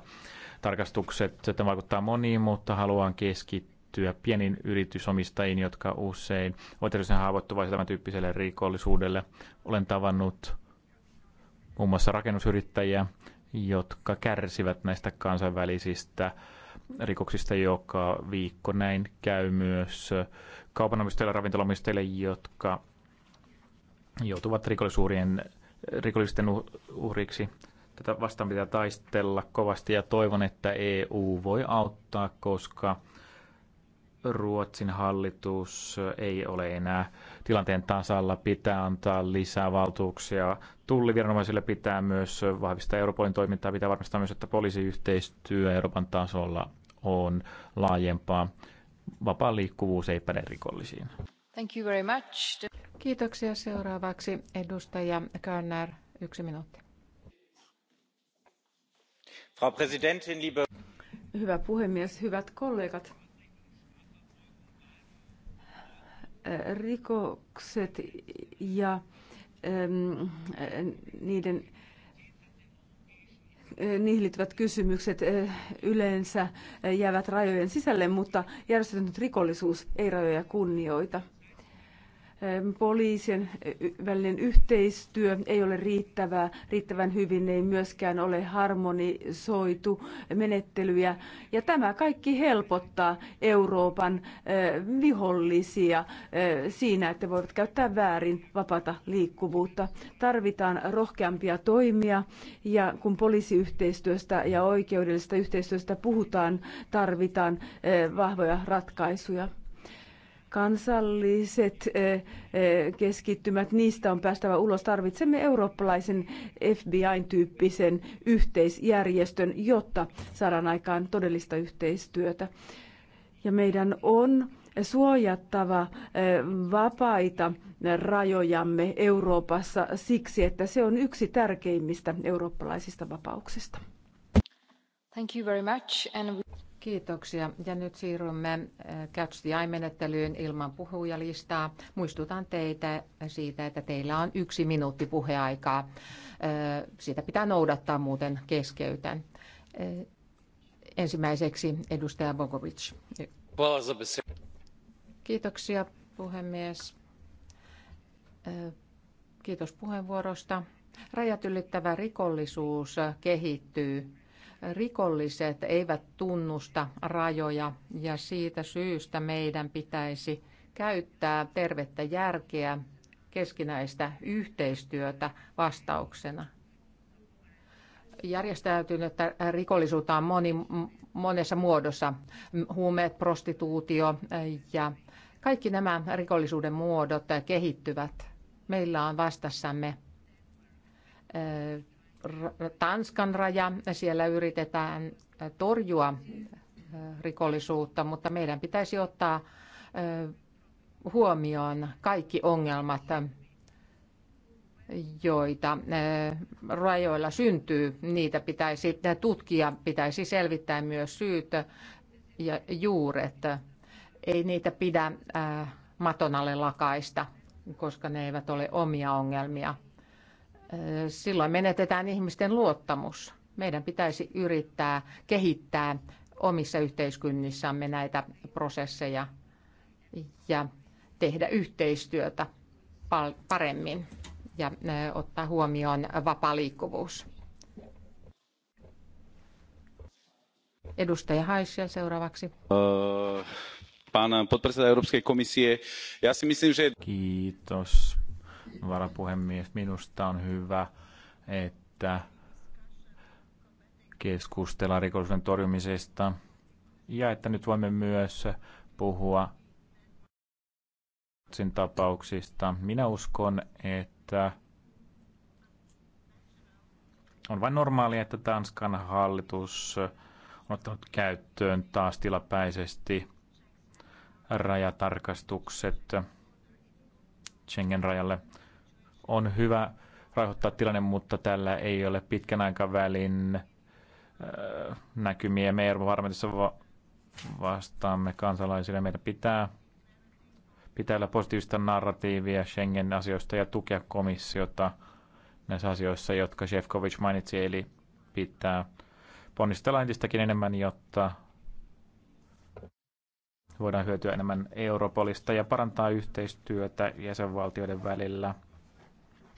tarkastukset. Tämä vaikuttaa moniin, mutta haluan keskittyä pieniin yritysomistajiin, jotka usein ovat erityisen haavoittuvaisia tämän tyyppiselle rikollisuudelle. Olen tavannut muun muassa rakennusyrittäjiä, jotka kärsivät näistä kansainvälisistä rikoksista joka viikko. Näin käy myös kaupanomistajille ja ravintolomistajille, jotka joutuvat rikollisuurien, rikollisten uhriksi. Tätä vastaan pitää taistella kovasti ja toivon, että EU voi auttaa, koska Ruotsin hallitus ei ole enää tilanteen tasalla. Pitää antaa lisää valtuuksia. Tulliviranomaisille pitää myös vahvistaa Euroopan toimintaa. Pitää varmistaa myös, että poliisiyhteistyö Euroopan tasolla on laajempaa vapaa liikkuvuus ei päde rikollisiin. Thank you very much. Kiitoksia. Seuraavaksi edustaja Körner, yksi minuutti. Frau Präsidentin, liebe... Hyvä puhemies, hyvät kollegat. Äh, rikokset ja ähm, niiden Äh, niihin liittyvät kysymykset äh, yleensä äh, jäävät rajojen sisälle, mutta järjestäytynyt rikollisuus ei rajoja kunnioita poliisien e, välinen yhteistyö ei ole riittävää, riittävän hyvin ei myöskään ole harmonisoitu menettelyjä. Ja tämä kaikki helpottaa Euroopan e, vihollisia e, siinä, että voivat käyttää väärin vapaata liikkuvuutta. Tarvitaan rohkeampia toimia ja kun poliisiyhteistyöstä ja oikeudellisesta yhteistyöstä puhutaan, tarvitaan vahvoja ratkaisuja kansalliset eh, eh, keskittymät, niistä on päästävä ulos. Tarvitsemme eurooppalaisen FBI-tyyppisen yhteisjärjestön, jotta saadaan aikaan todellista yhteistyötä. Ja meidän on suojattava eh, vapaita rajojamme Euroopassa siksi, että se on yksi tärkeimmistä eurooppalaisista vapauksista. Thank you very much. And... Kiitoksia. Ja nyt siirrymme äh, Catch the Eye-menettelyyn ilman puhujalistaa. Muistutan teitä siitä, että teillä on yksi minuutti puheaikaa. Äh, sitä pitää noudattaa, muuten keskeytän. Äh, ensimmäiseksi edustaja Bogovic. Kiitoksia puhemies. Kiitos puheenvuorosta. Rajat ylittävä rikollisuus kehittyy rikolliset eivät tunnusta rajoja ja siitä syystä meidän pitäisi käyttää tervettä järkeä keskinäistä yhteistyötä vastauksena. Järjestäytynyttä rikollisuutta on moni, monessa muodossa. Huumeet, prostituutio ja kaikki nämä rikollisuuden muodot kehittyvät. Meillä on vastassamme Tanskan raja. Siellä yritetään torjua äh, rikollisuutta, mutta meidän pitäisi ottaa äh, huomioon kaikki ongelmat, joita äh, rajoilla syntyy. Niitä pitäisi tutkia, pitäisi selvittää myös syyt ja juuret. Ei niitä pidä maton alle lakaista, koska ne eivät ole omia ongelmia silloin menetetään ihmisten luottamus. Meidän pitäisi yrittää kehittää omissa yhteiskunnissamme näitä prosesseja ja tehdä yhteistyötä paremmin ja ottaa huomioon vapaa liikkuvuus. Edustaja Haisia seuraavaksi. Pana podpredseda Európskej komisie. Ja si myslím, že... Kiitos varapuhemies. Minusta on hyvä, että keskustellaan rikollisuuden torjumisesta ja että nyt voimme myös puhua sen tapauksista. Minä uskon, että on vain normaalia, että Tanskan hallitus on ottanut käyttöön taas tilapäisesti rajatarkastukset Schengen-rajalle. On hyvä rauhoittaa tilanne, mutta tällä ei ole pitkän aikavälin äh, näkymiä. Me Euroopan parlamentissa vastaamme kansalaisille. Meidän pitää pitää olla positiivista narratiivia Schengen-asioista ja tukea komissiota näissä asioissa, jotka Shevkovic mainitsi, eli pitää ponnistella entistäkin enemmän, jotta voidaan hyötyä enemmän Europolista ja parantaa yhteistyötä jäsenvaltioiden välillä.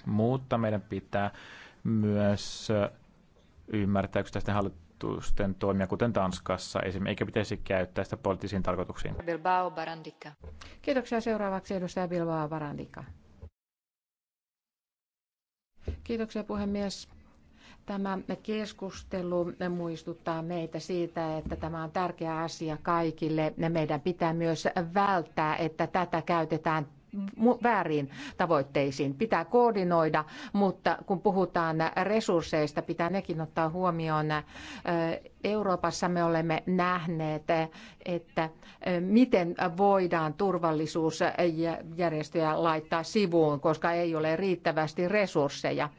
Mutta meidän pitää myös ymmärtää yksittäisten hallitusten toimia, kuten Tanskassa esimerkiksi, eikä pitäisi käyttää sitä poliittisiin tarkoituksiin. Bilbao Barandika. Kiitoksia seuraavaksi edustaja Bilbao Barandika. Kiitoksia puhemies. Tämä keskustelu muistuttaa meitä siitä, että tämä on tärkeä asia kaikille. Meidän pitää myös välttää, että tätä käytetään väärin tavoitteisiin. Pitää koordinoida, mutta kun puhutaan resursseista, pitää nekin ottaa huomioon Euroopassa me olemme nähneet, että miten voidaan turvallisuusjärjestöjä laittaa sivuun, koska ei ole riittävästi resursseja.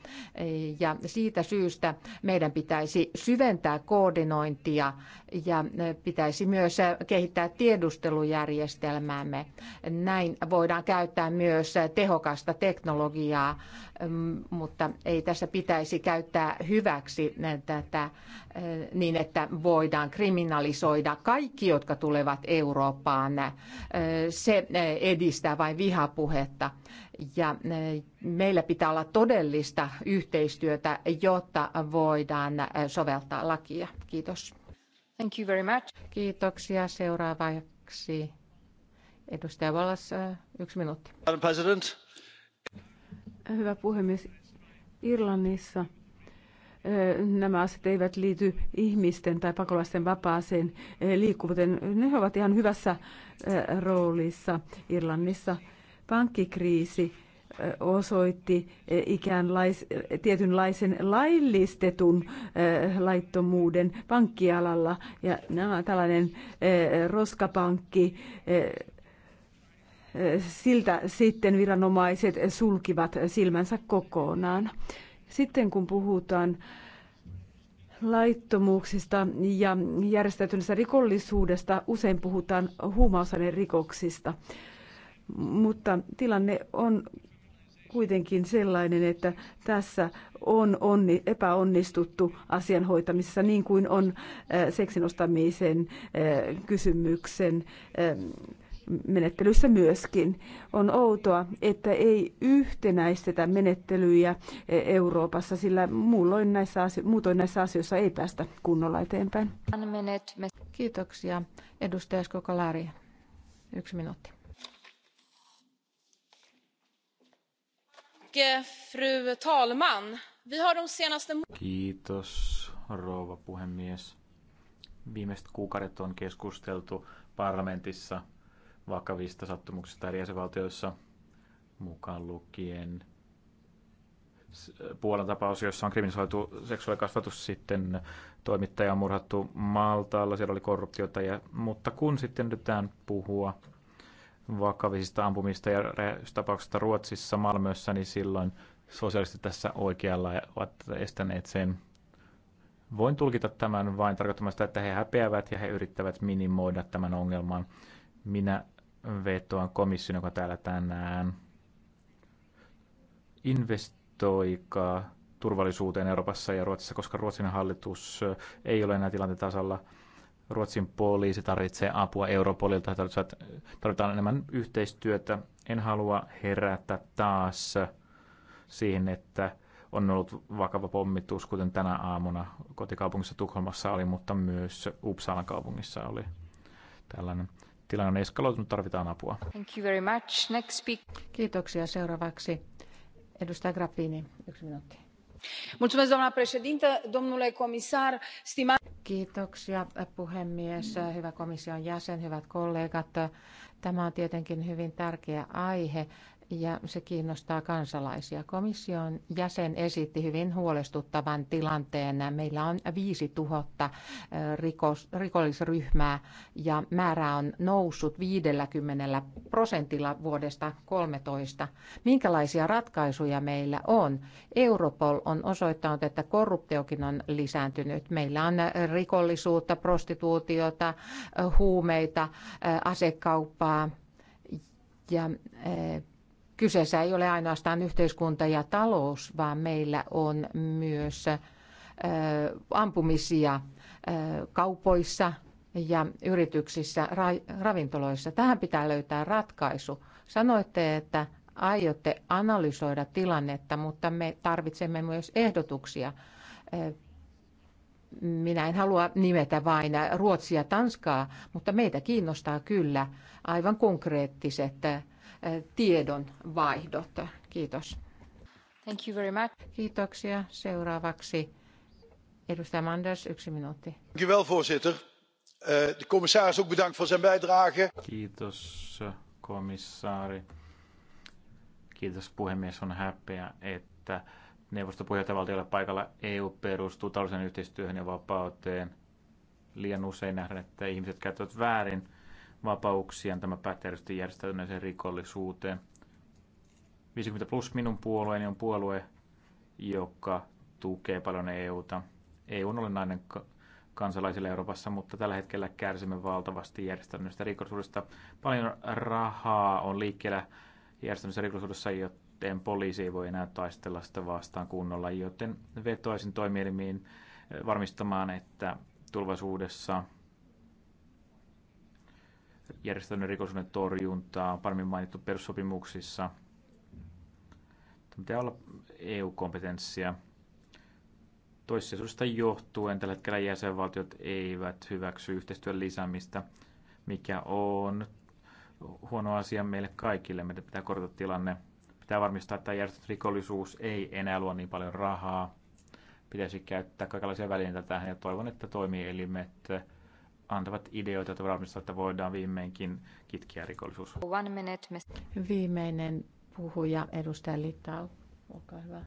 Ja siitä syystä meidän pitäisi syventää koordinointia ja pitäisi myös kehittää tiedustelujärjestelmäämme. Näin voidaan käyttää myös tehokasta teknologiaa, mutta ei tässä pitäisi käyttää hyväksi tätä niin, että että voidaan kriminalisoida kaikki, jotka tulevat Eurooppaan. Se edistää vain vihapuhetta. Ja meillä pitää olla todellista yhteistyötä, jotta voidaan soveltaa lakia. Kiitos. Thank you very much. Kiitoksia. Seuraavaksi edustaja Vallas, yksi minuutti. President. Hyvä puhemies. Irlannissa nämä asiat eivät liity ihmisten tai pakolaisten vapaaseen liikkuvuuteen. Ne ovat ihan hyvässä roolissa Irlannissa. Pankkikriisi osoitti ikäänlais, tietynlaisen laillistetun laittomuuden pankkialalla. Ja nämä tällainen roskapankki siltä sitten viranomaiset sulkivat silmänsä kokonaan. Sitten kun puhutaan laittomuuksista ja järjestäytyneestä rikollisuudesta, usein puhutaan rikoksista. Mutta tilanne on kuitenkin sellainen, että tässä on onni, epäonnistuttu asian hoitamisessa, niin kuin on äh, seksin ostamisen äh, kysymyksen äh, menettelyssä myöskin. On outoa, että ei yhtenäistetä menettelyjä Euroopassa, sillä muutoin näissä asio- muutoin näissä asioissa ei päästä kunnolla eteenpäin. Kiitoksia. Edustaja Skokalari, yksi minuutti. Fru talman, vi har de senaste... Kiitos, rouva puhemies. Viimeiset kuukaudet on keskusteltu parlamentissa vakavista sattumuksista eri jäsenvaltioissa mukaan lukien Puolan tapaus, jossa on kriminalisoitu seksuaalikasvatus, sitten toimittaja on murhattu Maltaalla, siellä oli korruptiota, ja, mutta kun sitten yritetään puhua vakavisista ampumista ja tapauksista Ruotsissa, Malmössä, niin silloin sosiaalisesti tässä oikealla ovat estäneet sen. Voin tulkita tämän vain tarkoittamasta, että he häpeävät ja he yrittävät minimoida tämän ongelman. Minä vetoan komission, joka täällä tänään investoikaa turvallisuuteen Euroopassa ja Ruotsissa, koska Ruotsin hallitus ei ole enää tilanteen tasalla. Ruotsin poliisi tarvitsee apua Europolilta, tarvitaan enemmän yhteistyötä. En halua herätä taas siihen, että on ollut vakava pommitus, kuten tänä aamuna kotikaupungissa Tukholmassa oli, mutta myös Uppsalan kaupungissa oli tällainen tilanne on eskaloitunut, tarvitaan apua. Thank you very much. Next speak. Kiitoksia. Seuraavaksi edustaja Grappini, yksi minuutti. Mulțumesc, doamna președintă, domnule comisar, stima... Kiitoksia puhemies, hyvä komission jäsen, hyvät kollegat. Tämä on tietenkin hyvin tärkeä aihe ja se kiinnostaa kansalaisia. Komission jäsen esitti hyvin huolestuttavan tilanteen. Meillä on 5000 rikos, rikollisryhmää ja määrä on noussut 50 prosentilla vuodesta 2013. Minkälaisia ratkaisuja meillä on? Europol on osoittanut, että korruptiokin on lisääntynyt. Meillä on rikollisuutta, prostituutiota, huumeita, asekauppaa ja Kyseessä ei ole ainoastaan yhteiskunta ja talous, vaan meillä on myös ampumisia kaupoissa ja yrityksissä, ravintoloissa. Tähän pitää löytää ratkaisu. Sanoitte, että aiotte analysoida tilannetta, mutta me tarvitsemme myös ehdotuksia. Minä en halua nimetä vain Ruotsia ja Tanskaa, mutta meitä kiinnostaa kyllä aivan konkreettiset tiedon vaihdot. Kiitos. Thank you very much. Kiitoksia. Seuraavaksi edustaja Manders, yksi minuutti. Dankjewel, voorzitter. Eh, de commissaris ook bedankt voor zijn bijdrage. Kiitos, komissaari. Kiitos, puhemies. On häpeä, että neuvoston puheenjohtajavaltiolle paikalla EU perustuu taloudellisen yhteistyöhön ja vapauteen. Liian usein nähdään, että ihmiset käyttävät väärin – vapauksia, Tämä päättää järjestäytyneeseen rikollisuuteen. 50 plus minun puolueeni on puolue, joka tukee paljon EUta. EU on olennainen kansalaisille Euroopassa, mutta tällä hetkellä kärsimme valtavasti järjestäytyneestä rikollisuudesta. Paljon rahaa on liikkeellä järjestäytyneessä rikollisuudessa, joten poliisi ei voi enää taistella sitä vastaan kunnolla, joten vetoisin toimielimiin eh, varmistamaan, että tulevaisuudessa järjestäytyneen rikollisuuden torjuntaa on paremmin mainittu perussopimuksissa. Tämä pitää olla EU-kompetenssia. Toissijaisuudesta johtuen tällä hetkellä jäsenvaltiot eivät hyväksy yhteistyön lisäämistä, mikä on huono asia meille kaikille. Meidän pitää korjata tilanne. Pitää varmistaa, että järjestetty rikollisuus ei enää luo niin paljon rahaa. Pitäisi käyttää kaikenlaisia välineitä tähän ja toivon, että toimielimet antavat ideoita, joita että voidaan viimeinkin kitkiä rikollisuus. One minute, Viimeinen puhuja, edustaja Littau, olkaa hyvä.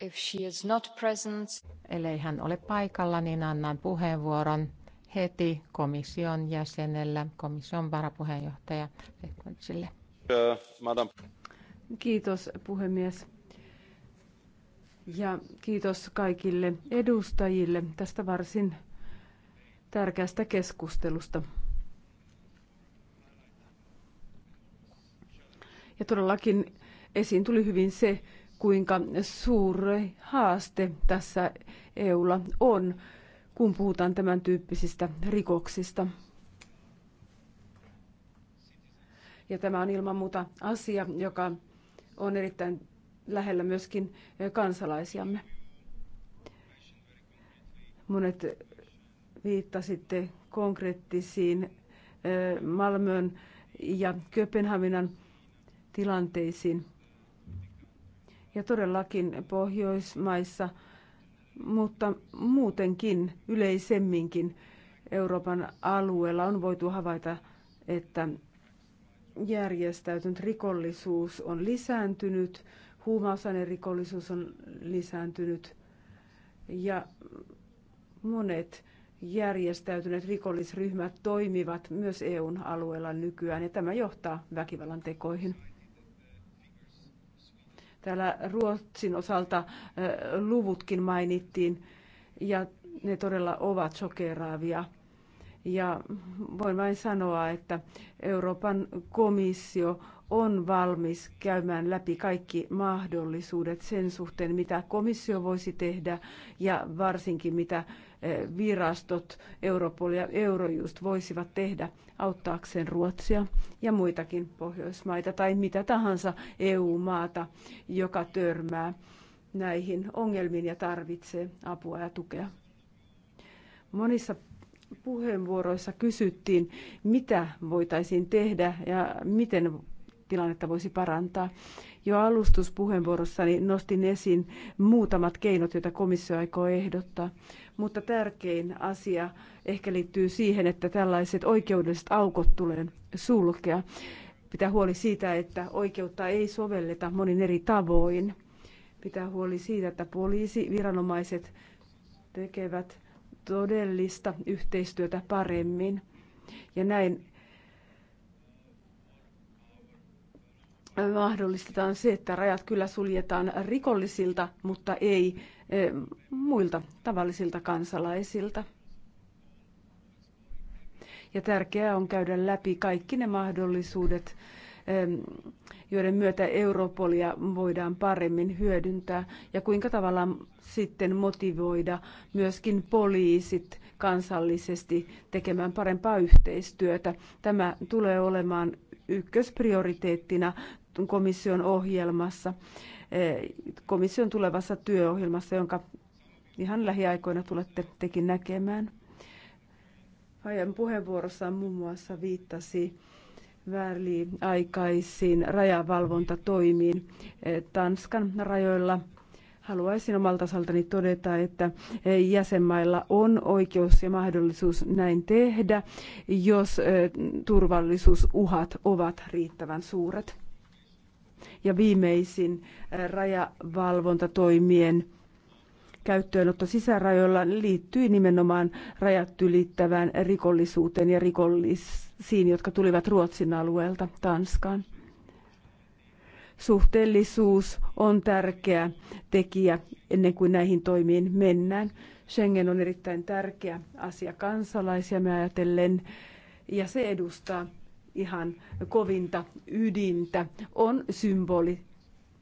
If she is not present... Ellei hän ole paikalla, niin annan puheenvuoron heti komission jäsenellä, komission varapuheenjohtaja Lehkovisille. Kiitos puhemies. Ja kiitos kaikille edustajille tästä varsin tärkeästä keskustelusta. Ja todellakin esiin tuli hyvin se, kuinka suuri haaste tässä EUlla on, kun puhutaan tämän tyyppisistä rikoksista. Ja tämä on ilman muuta asia, joka on erittäin lähellä myöskin kansalaisiamme. Monet viittasitte konkreettisiin Malmön ja Köpenhaminan tilanteisiin. Ja todellakin Pohjoismaissa, mutta muutenkin yleisemminkin Euroopan alueella on voitu havaita, että järjestäytynyt rikollisuus on lisääntynyt rikollisuus on lisääntynyt ja monet järjestäytyneet rikollisryhmät toimivat myös EUn alueella nykyään ja tämä johtaa väkivallan tekoihin. Täällä Ruotsin osalta luvutkin mainittiin ja ne todella ovat sokeraavia. Ja voin vain sanoa, että Euroopan komissio on valmis käymään läpi kaikki mahdollisuudet sen suhteen, mitä komissio voisi tehdä ja varsinkin mitä eh, virastot Europol ja Eurojust voisivat tehdä auttaakseen Ruotsia ja muitakin Pohjoismaita tai mitä tahansa EU-maata, joka törmää näihin ongelmiin ja tarvitsee apua ja tukea. Monissa puheenvuoroissa kysyttiin, mitä voitaisiin tehdä ja miten tilannetta voisi parantaa. Jo alustuspuheenvuorossani nostin esiin muutamat keinot, joita komissio aikoo ehdottaa, mutta tärkein asia ehkä liittyy siihen, että tällaiset oikeudelliset aukot tulee sulkea. Pitää huoli siitä, että oikeutta ei sovelleta monin eri tavoin. Pitää huoli siitä, että poliisiviranomaiset tekevät todellista yhteistyötä paremmin. Ja näin mahdollistetaan se, että rajat kyllä suljetaan rikollisilta, mutta ei eh, muilta tavallisilta kansalaisilta. Ja tärkeää on käydä läpi kaikki ne mahdollisuudet, joiden myötä Europolia voidaan paremmin hyödyntää ja kuinka tavallaan sitten motivoida myöskin poliisit kansallisesti tekemään parempaa yhteistyötä. Tämä tulee olemaan ykkösprioriteettina komission ohjelmassa, eh, komission tulevassa työohjelmassa, jonka ihan lähiaikoina tulette tekin näkemään. Aiemmin puheenvuorossaan muun muassa viittasi väliaikaisiin rajavalvontatoimiin eh, Tanskan rajoilla. Haluaisin omalta osaltani todeta, että eh, jäsenmailla on oikeus ja mahdollisuus näin tehdä, jos turvallisuusuhat ovat riittävän suuret ja viimeisin äh, rajavalvontatoimien käyttöönotto sisärajoilla liittyi nimenomaan rajat ylittävään rikollisuuteen ja rikollisiin, jotka tulivat Ruotsin alueelta Tanskaan. Suhteellisuus on tärkeä tekijä ennen kuin näihin toimiin mennään. Schengen on erittäin tärkeä asia kansalaisia me ajatellen ja se edustaa ihan kovinta ydintä on symboli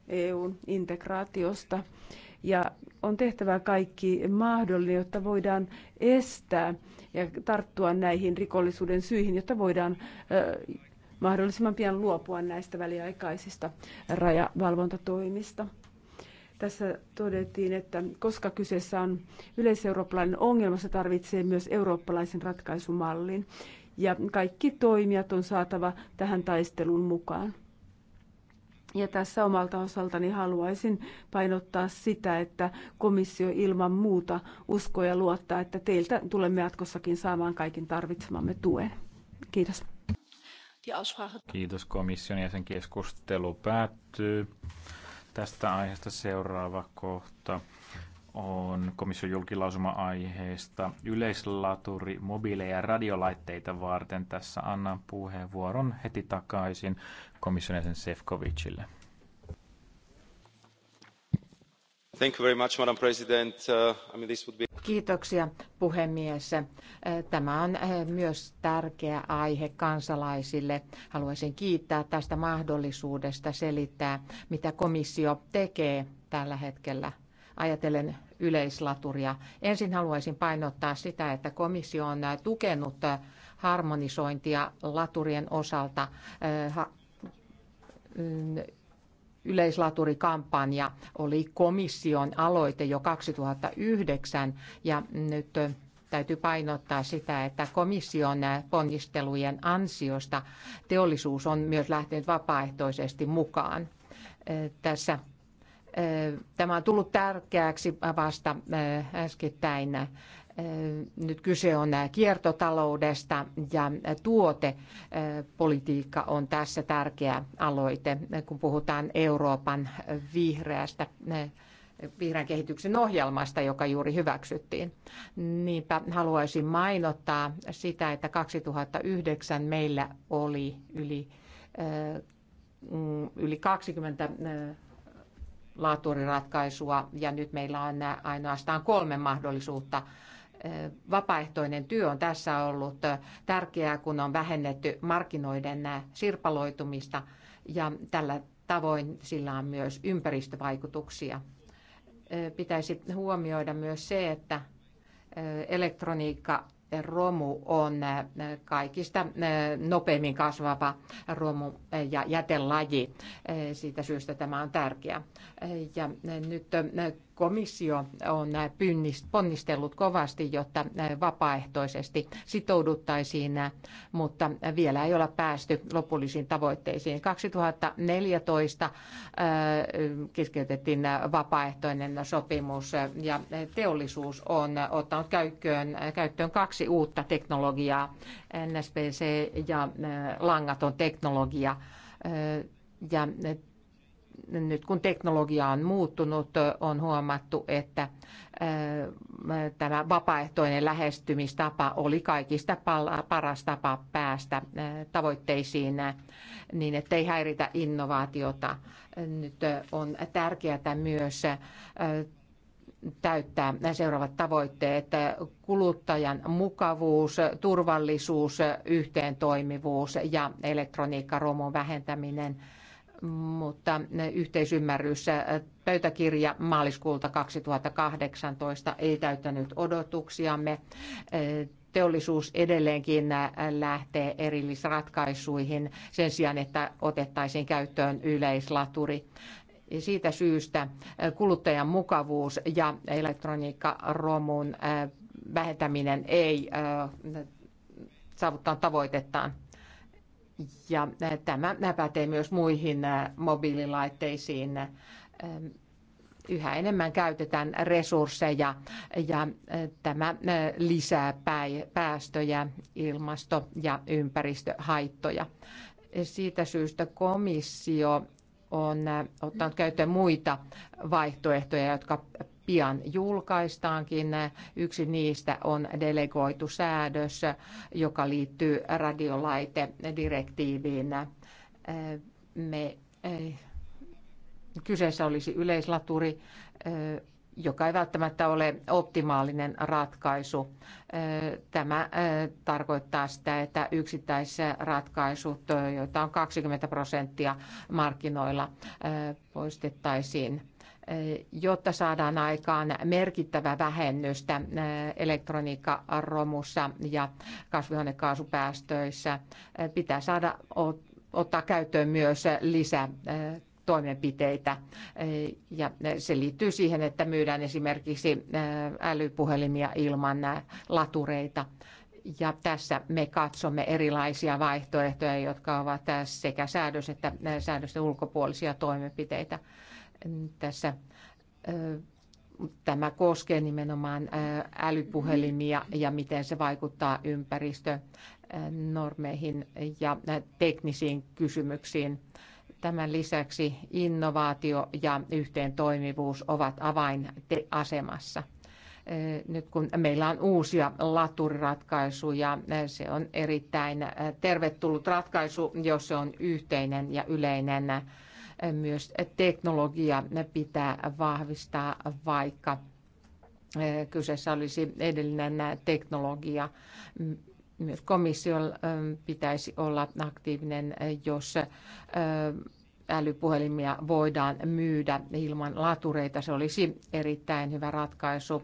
EUn integraatiosta. Ja on tehtävä kaikki mahdollinen, jotta voidaan estää ja tarttua näihin rikollisuuden syihin, jotta voidaan mahdollisimman pian luopua näistä väliaikaisista rajavalvontatoimista. Tässä todettiin, että koska kyseessä on yleiseurooppalainen ongelma, se tarvitsee myös eurooppalaisen ratkaisumallin ja kaikki toimijat on saatava tähän taisteluun mukaan. Ja tässä omalta osaltani haluaisin painottaa sitä, että komissio ilman muuta uskoo ja luottaa, että teiltä tulemme jatkossakin saamaan kaikin tarvitsemamme tuen. Kiitos. Kiitos komission jäsen. Keskustelu päättyy. Tästä aiheesta seuraava kohta on komission julkilausuma aiheesta yleislaturi mobiileja ja radiolaitteita varten. Tässä annan puheenvuoron heti takaisin komission jäsen Sefcovicille. Thank you very much, Madam President. Uh, I mean, this would be... Kiitoksia puhemies. Äh, tämä on äh, myös tärkeä aihe kansalaisille. Haluaisin kiittää tästä mahdollisuudesta selittää, mitä komissio tekee tällä hetkellä ajatellen yleislaturia. Ensin haluaisin painottaa sitä, että komissio on äh, tukenut äh, harmonisointia laturien osalta äh, mm, yleislaturikampanja oli komission aloite jo 2009 ja nyt täytyy painottaa sitä, että komission ponnistelujen ansiosta teollisuus on myös lähtenyt vapaaehtoisesti mukaan. Tässä Tämä on tullut tärkeäksi vasta äskettäin. Nyt kyse on kiertotaloudesta ja tuotepolitiikka on tässä tärkeä aloite, kun puhutaan Euroopan vihreästä vihreän kehityksen ohjelmasta, joka juuri hyväksyttiin. Niinpä haluaisin mainottaa sitä, että 2009 meillä oli yli, mm, yli 20 laaturiratkaisua ja nyt meillä on ainoastaan kolme mahdollisuutta. Vapaaehtoinen työ on tässä ollut tärkeää, kun on vähennetty markkinoiden sirpaloitumista ja tällä tavoin sillä on myös ympäristövaikutuksia. Pitäisi huomioida myös se, että elektroniikka romu on kaikista nopeimmin kasvava romu- ja jätelaji. Siitä syystä tämä on tärkeä. Ja nyt Komissio on äh, ponnistellut kovasti, jotta äh, vapaaehtoisesti sitouduttaisiin, äh, mutta vielä ei ole päästy lopullisiin tavoitteisiin. 2014 keskeytettiin vapaaehtoinen sopimus ja teollisuus on ottanut käyttöön, käyttöön kaksi uutta teknologiaa, NSPC ja langaton teknologia. Ja nyt kun teknologia on muuttunut, on huomattu, että äh, tämä vapaaehtoinen lähestymistapa oli kaikista paras tapa päästä äh, tavoitteisiin äh, niin, ei häiritä innovaatiota. Nyt on tärkeää myös täyttää seuraavat tavoitteet. Kuluttajan mukavuus, turvallisuus, yhteentoimivuus ja elektroniikkaromun vähentäminen – mutta yhteisymmärrys pöytäkirja maaliskuulta 2018 ei täyttänyt odotuksiamme. Teollisuus edelleenkin lähtee erillisratkaisuihin sen sijaan, että otettaisiin käyttöön yleislaturi. Siitä syystä kuluttajan mukavuus ja elektroniikkaromun vähentäminen ei äh, saavuttaa tavoitettaan. Ja tämä pätee myös muihin mobiililaitteisiin. Yhä enemmän käytetään resursseja ja tämä lisää päästöjä, ilmasto- ja ympäristöhaittoja. Siitä syystä komissio on ottanut käyttöön muita vaihtoehtoja, jotka pian julkaistaankin. Yksi niistä on delegoitu säädös, joka liittyy radiolaitedirektiiviin. Me, eh, kyseessä olisi yleislaturi, eh, joka ei välttämättä ole optimaalinen ratkaisu. Eh, tämä tarkoittaa sitä, että yksittäiset ratkaisut, joita on 20 prosenttia markkinoilla, poistettaisiin jotta saadaan aikaan merkittävä vähennystä elektroniikkaromussa ja kasvihuonekaasupäästöissä. Pitää saada ottaa käyttöön myös lisää toimenpiteitä. Ja se liittyy siihen, että myydään esimerkiksi älypuhelimia ilman latureita. Ja tässä me katsomme erilaisia vaihtoehtoja, jotka ovat sekä säädös- että säädösten ulkopuolisia toimenpiteitä tässä tämä koskee nimenomaan älypuhelimia ja miten se vaikuttaa ympäristönormeihin ja teknisiin kysymyksiin. Tämän lisäksi innovaatio ja yhteentoimivuus ovat avainasemassa. Nyt kun meillä on uusia laturiratkaisuja, se on erittäin tervetullut ratkaisu, jos se on yhteinen ja yleinen myös teknologia pitää vahvistaa, vaikka eh, kyseessä olisi edellinen teknologia. Myös komissio eh, pitäisi olla aktiivinen, jos eh, älypuhelimia voidaan myydä ilman latureita. Se olisi erittäin hyvä ratkaisu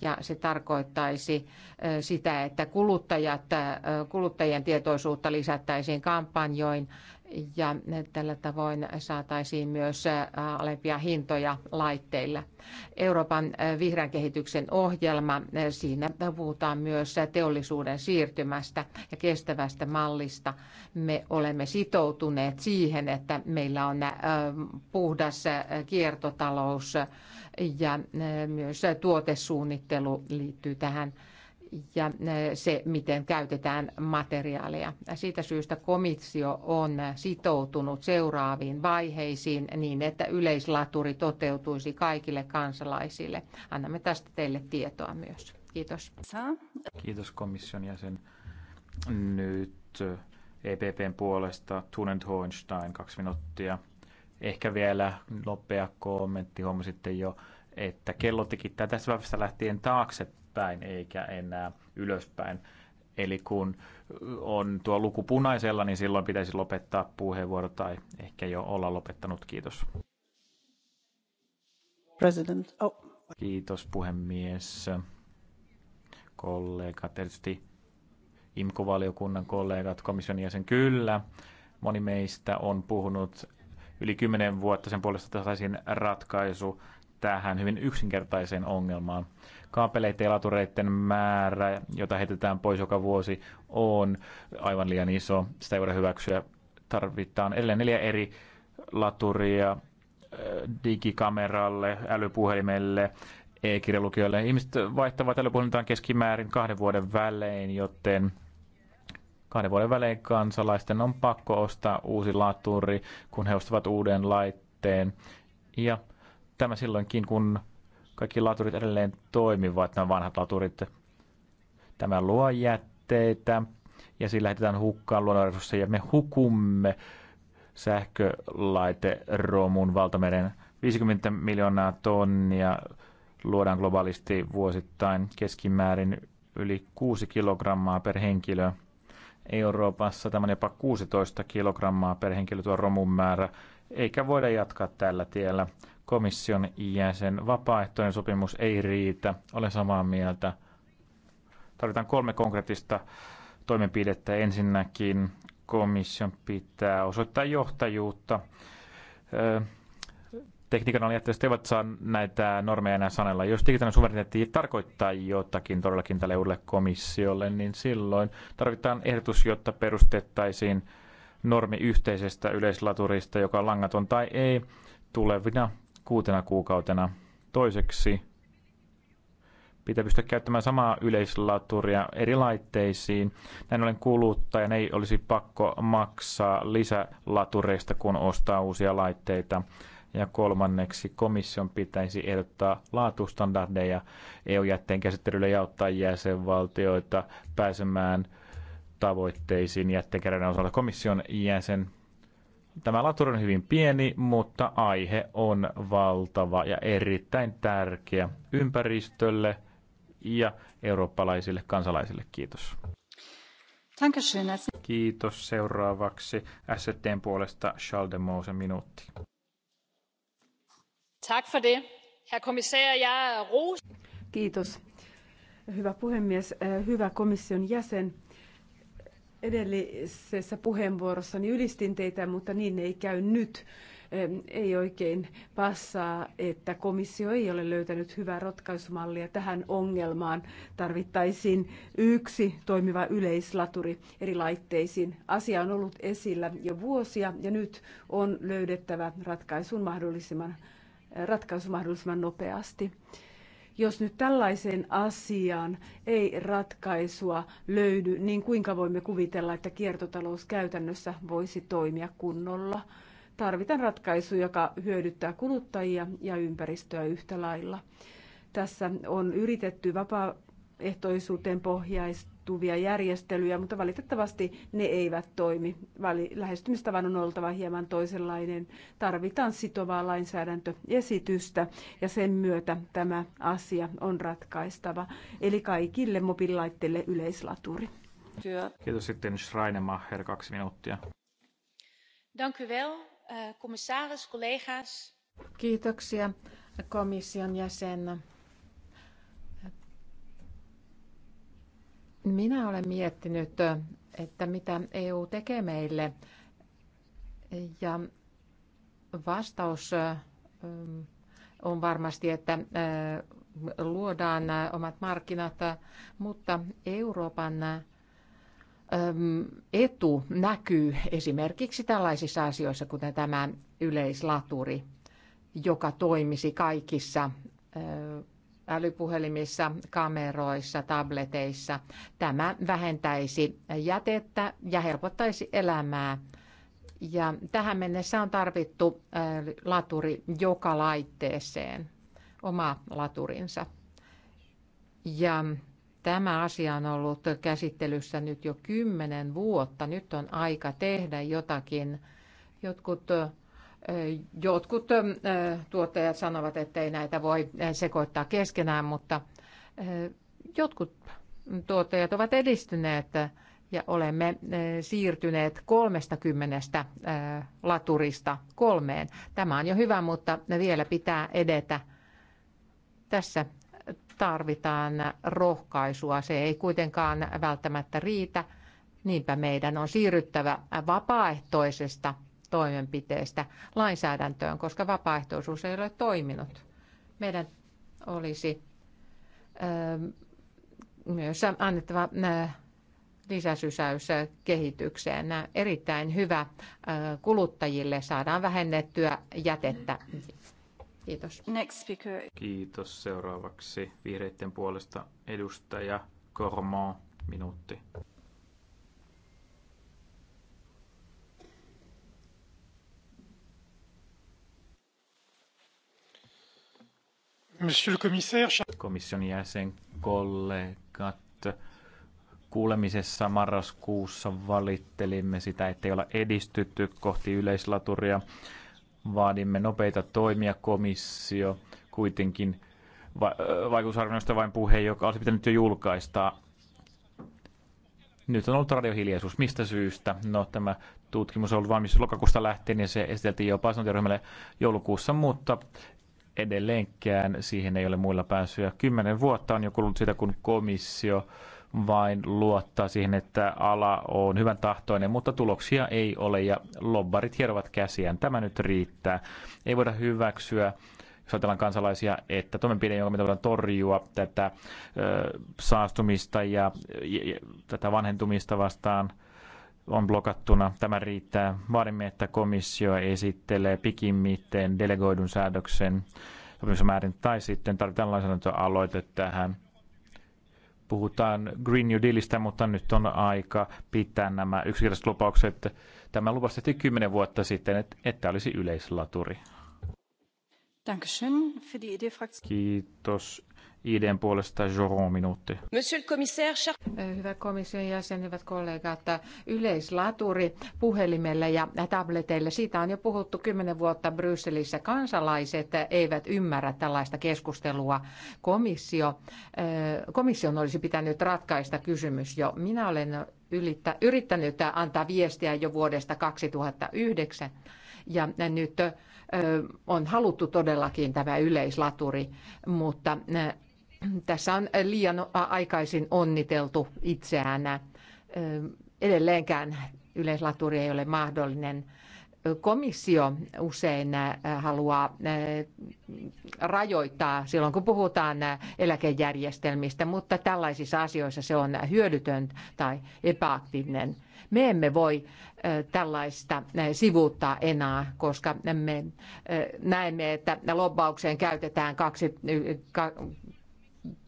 ja se tarkoittaisi sitä, että kuluttajat, kuluttajien tietoisuutta lisättäisiin kampanjoin ja tällä tavoin saataisiin myös alempia hintoja laitteilla. Euroopan vihreän kehityksen ohjelma, siinä puhutaan myös teollisuuden siirtymästä ja kestävästä mallista. Me olemme sitoutuneet siihen, että meillä on puhdas kiertotalous ja myös tuotesuunnittelu liittyy tähän ja eh, se, miten käytetään materiaalia. Siitä syystä komissio on sitoutunut seuraaviin vaiheisiin niin, että yleislaturi toteutuisi kaikille kansalaisille. Annamme tästä teille tietoa myös. Kiitos. Kiitos komission jäsen. Nyt EPPn eh, e puolesta Tunent Hohenstein kaksi minuuttia. Ehkä vielä nopea kommentti. Huomasitte jo, että kello tikittää tässä vaiheessa lähtien taaksepäin alaspäin eikä enää ylöspäin. Eli kun on tuo luku punaisella, niin silloin pitäisi lopettaa puheenvuoro tai ehkä jo olla lopettanut. Kiitos. President. Oh. Kiitos puhemies. Kollegat, tietysti IMKO-valiokunnan kollegat, komission jäsen, kyllä. Moni meistä on puhunut yli kymmenen vuotta sen puolesta, että saisin ratkaisu tähän hyvin yksinkertaiseen ongelmaan kaapeleiden ja latureiden määrä, jota heitetään pois joka vuosi, on aivan liian iso. Sitä ei voida hyväksyä. Tarvitaan edelleen neljä eri laturia eh, digikameralle, älypuhelimelle, e-kirjalukijoille. Ihmiset vaihtavat älypuhelintaan keskimäärin kahden vuoden välein, joten kahden vuoden välein kansalaisten on pakko ostaa uusi laturi, kun he ostavat uuden laitteen. Ja tämä silloinkin, kun kaikki laturit edelleen toimivat, nämä vanhat laturit. Tämä luo jätteitä ja sillä lähetetään hukkaan luonnonresursseja ja me hukumme sähkölaiteromun valtameren 50 miljoonaa tonnia luodaan globaalisti vuosittain keskimäärin yli 6 kilogrammaa per henkilö. Euroopassa tämä on jopa 16 kilogrammaa per henkilö tuo romun määrä, eikä voida jatkaa tällä tiellä komission jäsen. Vapaaehtoinen sopimus ei riitä. Olen samaa mieltä. Tarvitaan kolme konkreettista toimenpidettä. Ensinnäkin komission pitää osoittaa johtajuutta. Tekniikan alijättäjät eivät saa näitä normeja enää sanella. Jos digitaalinen suvereniteetti tarkoittaa jotakin todellakin tälle uudelle komissiolle, niin silloin tarvitaan ehdotus, jotta perustettaisiin normi yhteisestä yleislaturista, joka on langaton tai ei tulevina kuutena kuukautena. Toiseksi pitää pystyä käyttämään samaa yleislaturia eri laitteisiin. Näin ollen kuluttajan ei olisi pakko maksaa lisälatureista, kun ostaa uusia laitteita. Ja kolmanneksi komission pitäisi ehdottaa laatustandardeja EU-jätteen käsittelylle ja auttaa jäsenvaltioita pääsemään tavoitteisiin jätteen osalta. Komission jäsen Tämä laturi on hyvin pieni, mutta aihe on valtava ja erittäin tärkeä ympäristölle ja eurooppalaisille kansalaisille. Kiitos. Kiitos. Seuraavaksi SDn puolesta Charles de Mose minuutti. Tack för det. Herr Kommissär, jag er Kiitos. Hyvä puhemies, hyvä komission jäsen edellisessä puheenvuorossani ylistin teitä, mutta niin ei käy nyt. Ei oikein passaa, että komissio ei ole löytänyt hyvää ratkaisumallia tähän ongelmaan. Tarvittaisiin yksi toimiva yleislaturi eri laitteisiin. Asia on ollut esillä jo vuosia ja nyt on löydettävä ratkaisun mahdollisimman, ratkaisu mahdollisimman nopeasti. Jos nyt tällaiseen asiaan ei ratkaisua löydy, niin kuinka voimme kuvitella, että kiertotalous käytännössä voisi toimia kunnolla? Tarvitaan ratkaisu, joka hyödyttää kuluttajia ja ympäristöä yhtä lailla. Tässä on yritetty vapaaehtoisuuteen pohjaista tapahtuvia järjestelyjä, mutta valitettavasti ne eivät toimi. Lähestymistavan on oltava hieman toisenlainen. Tarvitaan sitovaa lainsäädäntöesitystä ja sen myötä tämä asia on ratkaistava. Eli kaikille mobiililaitteille yleislaturi. Työ. Kiitos sitten Schreinemacher, kaksi minuuttia. Dank u wel, eh, commissaris, collega's. Kiitoksia komission jäsen Minä olen miettinyt, että mitä EU tekee meille. Ja vastaus ähm, on varmasti, että äh, luodaan omat markkinat, mutta Euroopan ähm, etu näkyy esimerkiksi tällaisissa asioissa, kuten tämä yleislaturi, joka toimisi kaikissa äh, älypuhelimissa, kameroissa, tableteissa. Tämä vähentäisi jätettä ja helpottaisi elämää. Ja tähän mennessä on tarvittu laturi joka laitteeseen, oma laturinsa. Ja tämä asia on ollut käsittelyssä nyt jo kymmenen vuotta. Nyt on aika tehdä jotakin. Jotkut Jotkut eh, tuottajat sanovat, että ei näitä voi eh, sekoittaa keskenään, mutta eh, jotkut tuottajat ovat edistyneet ja olemme siirtyneet 30 laturista kolmeen. Tämä on jo hyvä, mutta vielä pitää edetä. Tässä tarvitaan rohkaisua. Se ei kuitenkaan välttämättä riitä. Niinpä meidän on siirryttävä vapaaehtoisesta toimenpiteistä lainsäädäntöön, koska vapaaehtoisuus ei ole toiminut. Meidän olisi ähm, myös annettava äh, lisäsysäys kehitykseen. Erittäin hyvä äh, kuluttajille saadaan vähennettyä jätettä. Kiitos. Next speaker. Kiitos. Seuraavaksi vihreiden puolesta edustaja Kormo, minuutti. Monsieur le commissaire, komission jäsen, kollegat, kuulemisessa marraskuussa valittelimme sitä, ettei olla edistytty kohti yleislaturia. Vaadimme nopeita toimia komissio, kuitenkin va- vaikutusarvioista vain puhe, joka olisi pitänyt jo julkaista. Nyt on ollut radiohiljaisuus. Mistä syystä? No tämä tutkimus on ollut valmis lokakuusta lähtien ja se esiteltiin jopa asuntoryhmälle joulukuussa, mutta edelleenkään siihen ei ole muilla pääsyä. Kymmenen vuotta on jo kulunut sitä kun komissio vain luottaa siihen, että ala on hyvän tahtoinen, mutta tuloksia ei ole ja lobbarit hierovat käsiään. Tämä nyt riittää. Ei voida hyväksyä jos ajatellaan kansalaisia, että toimenpide, jonka me voidaan torjua tätä ö, saastumista ja, ja, ja tätä vanhentumista vastaan – on blokattuna. Tämä riittää. Vaadimme, että komissio esittelee pikimmiten delegoidun säädöksen sopimusmäärin tai sitten tarvitaan lainsäädäntöaloite tähän. Puhutaan Green New Dealista, mutta nyt on aika pitää nämä yksinkertaiset lupaukset. Tämä lupas tehtiin kymmenen vuotta sitten, että olisi yleislaturi. Kiitos IDn puolesta Joron minuutti. Monsieur le commissaire, Hyvä komission jäsen, hyvät kollegat, yleislaturi puhelimelle ja tableteille. Siitä on jo puhuttu kymmenen vuotta Brysselissä. Kansalaiset eivät ymmärrä tällaista keskustelua. Komissio, komission olisi pitänyt ratkaista kysymys jo. Minä olen ylittä, yrittänyt antaa viestiä jo vuodesta 2009 ja nyt on haluttu todellakin tämä yleislaturi, mutta tässä on liian aikaisin onniteltu itseään. Edelleenkään yleislaturi ei ole mahdollinen. Komissio usein haluaa rajoittaa silloin, kun puhutaan eläkejärjestelmistä, mutta tällaisissa asioissa se on hyödytön tai epäaktiivinen. Me emme voi tällaista sivuuttaa enää, koska me näemme, että lobbaukseen käytetään kaksi,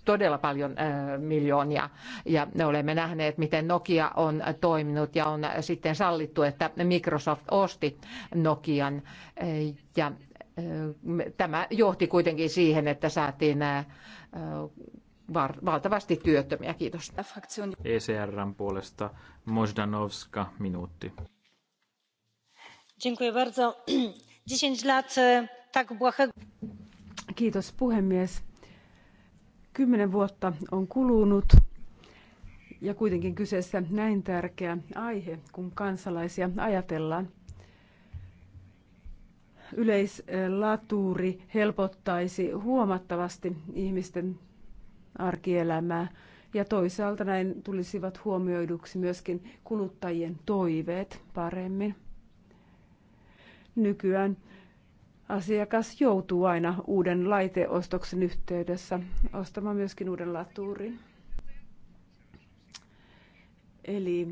todella paljon äh, miljoonia. Ja me olemme nähneet, miten Nokia on toiminut ja on sitten sallittu, että Microsoft osti Nokian. Ja äh, tämä johti kuitenkin siihen, että saatiin äh, valtavasti työttömiä. Kiitos. ECRn puolesta Mojdanovska, minuutti. Dziękuję bardzo. 10 lat e, tak błahego... Kiitos puhemies. Kymmenen vuotta on kulunut ja kuitenkin kyseessä näin tärkeä aihe, kun kansalaisia ajatellaan. Yleislaturi helpottaisi huomattavasti ihmisten arkielämää ja toisaalta näin tulisivat huomioiduksi myöskin kuluttajien toiveet paremmin. Nykyään asiakas joutuu aina uuden laiteostoksen yhteydessä ostamaan myöskin uuden laturin. Eli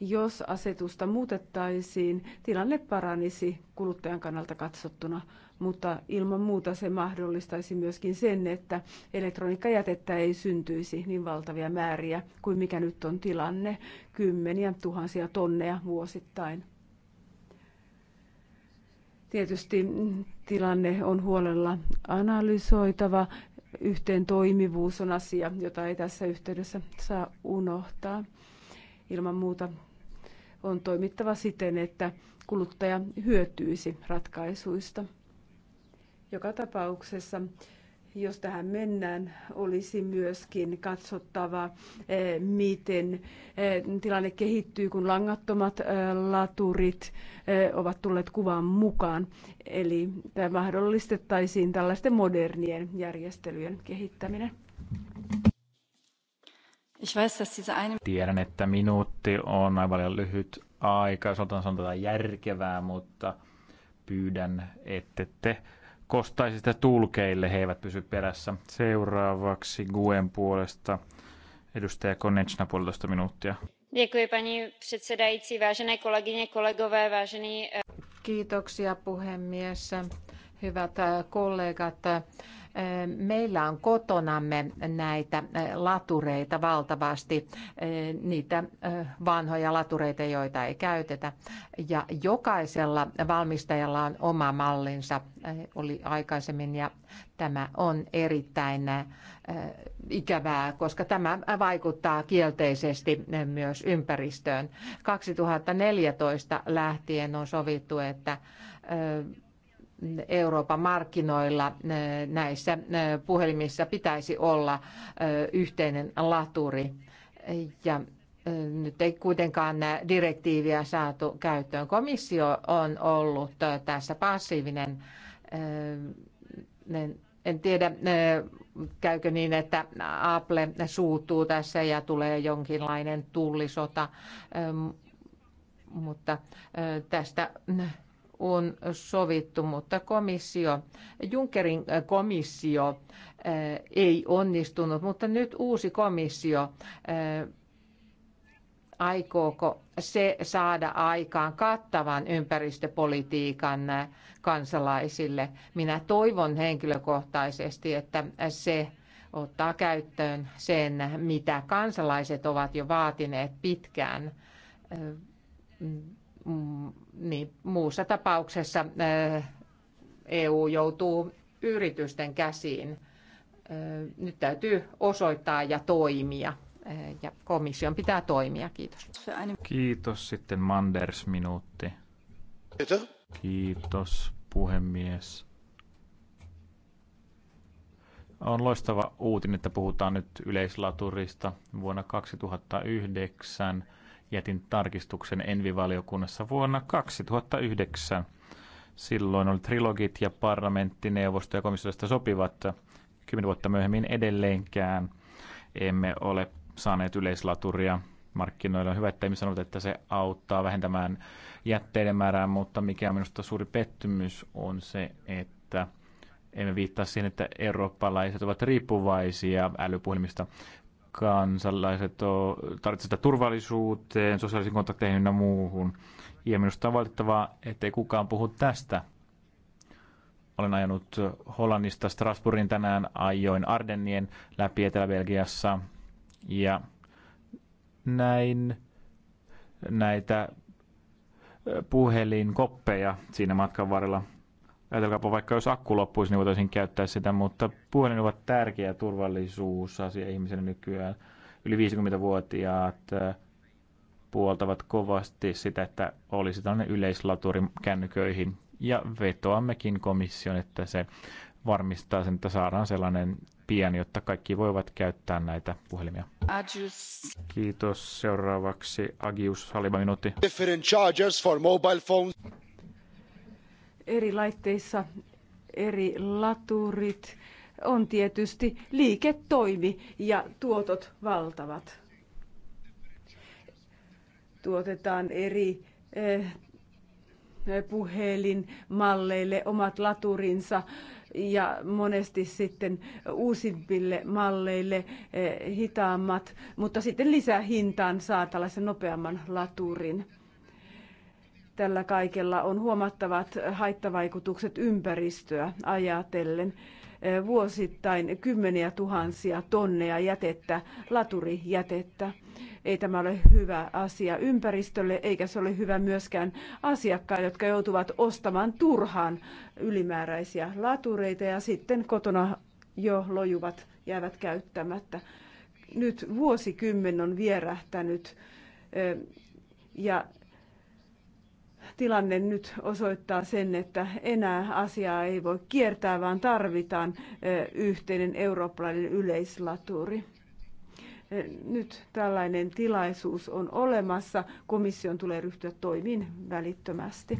jos asetusta muutettaisiin, tilanne paranisi kuluttajan kannalta katsottuna, mutta ilman muuta se mahdollistaisi myöskin sen, että elektroniikkajätettä ei syntyisi niin valtavia määriä kuin mikä nyt on tilanne, kymmeniä tuhansia tonneja vuosittain. Tietysti tilanne on huolella analysoitava. Yhteen toimivuus on asia, jota ei tässä yhteydessä saa unohtaa. Ilman muuta on toimittava siten, että kuluttaja hyötyisi ratkaisuista. Joka tapauksessa jos tähän mennään, olisi myöskin katsottava, eh, miten eh, tilanne kehittyy, kun langattomat eh, laturit ovat tulleet kuvan mukaan. Eli tämä mahdollistettaisiin tällaisten modernien järjestelyjen kehittäminen. Tiedän, että minuutti on aivan lyhyt aika, sanotaan, otan sanotaan järkevää, mutta pyydän, ette te kostaisi sitä tulkeille, he eivät pysy perässä. Seuraavaksi Guen puolesta edustaja Konechna puolitoista minuuttia. Eh- Kiitoksia puhemies, hyvät kollegat. Meillä on kotonamme näitä latureita valtavasti, niitä vanhoja latureita, joita ei käytetä. Ja jokaisella valmistajalla on oma mallinsa, oli aikaisemmin, ja tämä on erittäin ikävää, koska tämä vaikuttaa kielteisesti myös ympäristöön. 2014 lähtien on sovittu, että Euroopan markkinoilla näissä puhelimissa pitäisi olla yhteinen laturi. Ja nyt ei kuitenkaan direktiiviä saatu käyttöön. Komissio on ollut tässä passiivinen. En tiedä, käykö niin, että Apple suuttuu tässä ja tulee jonkinlainen tullisota, mutta tästä on sovittu, mutta komissio, Junckerin äh, komissio äh, ei onnistunut, mutta nyt uusi komissio, äh, aikooko se saada aikaan kattavan ympäristöpolitiikan kansalaisille. Minä toivon henkilökohtaisesti, että se ottaa käyttöön sen, mitä kansalaiset ovat jo vaatineet pitkään Mm, niin muussa tapauksessa EU eh, e joutuu yritysten käsiin. Eh, nyt täytyy osoittaa ja toimia. Eh, ja komission pitää toimia. Kiitos. Kiitos. Sitten Manders minuutti. Kiitos, puhemies. On loistava uutinen, että puhutaan nyt yleislaturista. Vuonna 2009 jätin tarkistuksen Envivaliokunnassa vuonna 2009. Silloin oli trilogit ja parlamenttineuvosto ja komissiosta sopivat. Kymmenen vuotta myöhemmin edelleenkään emme ole saaneet yleislaturia markkinoilla. On hyvä, että ihmiset sanovat, että se auttaa vähentämään jätteiden määrää, mutta mikä on minusta suuri pettymys on se, että emme viittaa siihen, että eurooppalaiset ovat riippuvaisia älypuhelimista kansalaiset tarvitsevat sitä turvallisuuteen, sosiaalisiin kontakteihin ja muuhun. Ja minusta on valitettavaa, ettei kukaan puhu tästä. Olen ajanut Hollannista Strasbourgin tänään, ajoin Ardennien läpi Etelä-Belgiassa ja näin näitä puhelinkoppeja siinä matkan varrella. Ajatelkaapa vaikka, jos akku loppuisi, niin voitaisiin käyttää sitä, mutta puhelin ovat tärkeä turvallisuusasia ihmisen nykyään. Yli 50-vuotiaat puoltavat kovasti sitä, että olisi tällainen yleislaturi kännyköihin. Ja vetoammekin komission, että se varmistaa sen, että saadaan sellainen pian, jotta kaikki voivat käyttää näitä puhelimia. Adios. Kiitos. Seuraavaksi Agius Saliba minuutti. Different chargers for mobile phones eri laitteissa eri laturit on tietysti liiketoimi ja tuotot valtavat. Tuotetaan eri eh, puhelinmalleille omat laturinsa ja monesti sitten uusimpille malleille eh, hitaammat, mutta sitten lisähintaan saa tällaisen nopeamman laturin tällä kaikella on huomattavat haittavaikutukset ympäristöä ajatellen. Eh, vuosittain kymmeniä tuhansia tonneja jätettä, laturijätettä. Ei tämä ole hyvä asia ympäristölle, eikä se ole hyvä myöskään asiakkaille, jotka joutuvat ostamaan turhaan ylimääräisiä latureita ja sitten kotona jo lojuvat jäävät käyttämättä. Nyt vuosikymmen on vierähtänyt eh, ja tilanne nyt osoittaa sen, että enää asiaa ei voi kiertää, vaan tarvitaan yhteinen eurooppalainen yleislaturi. Nyt tällainen tilaisuus on olemassa. Komission tulee ryhtyä toimiin välittömästi.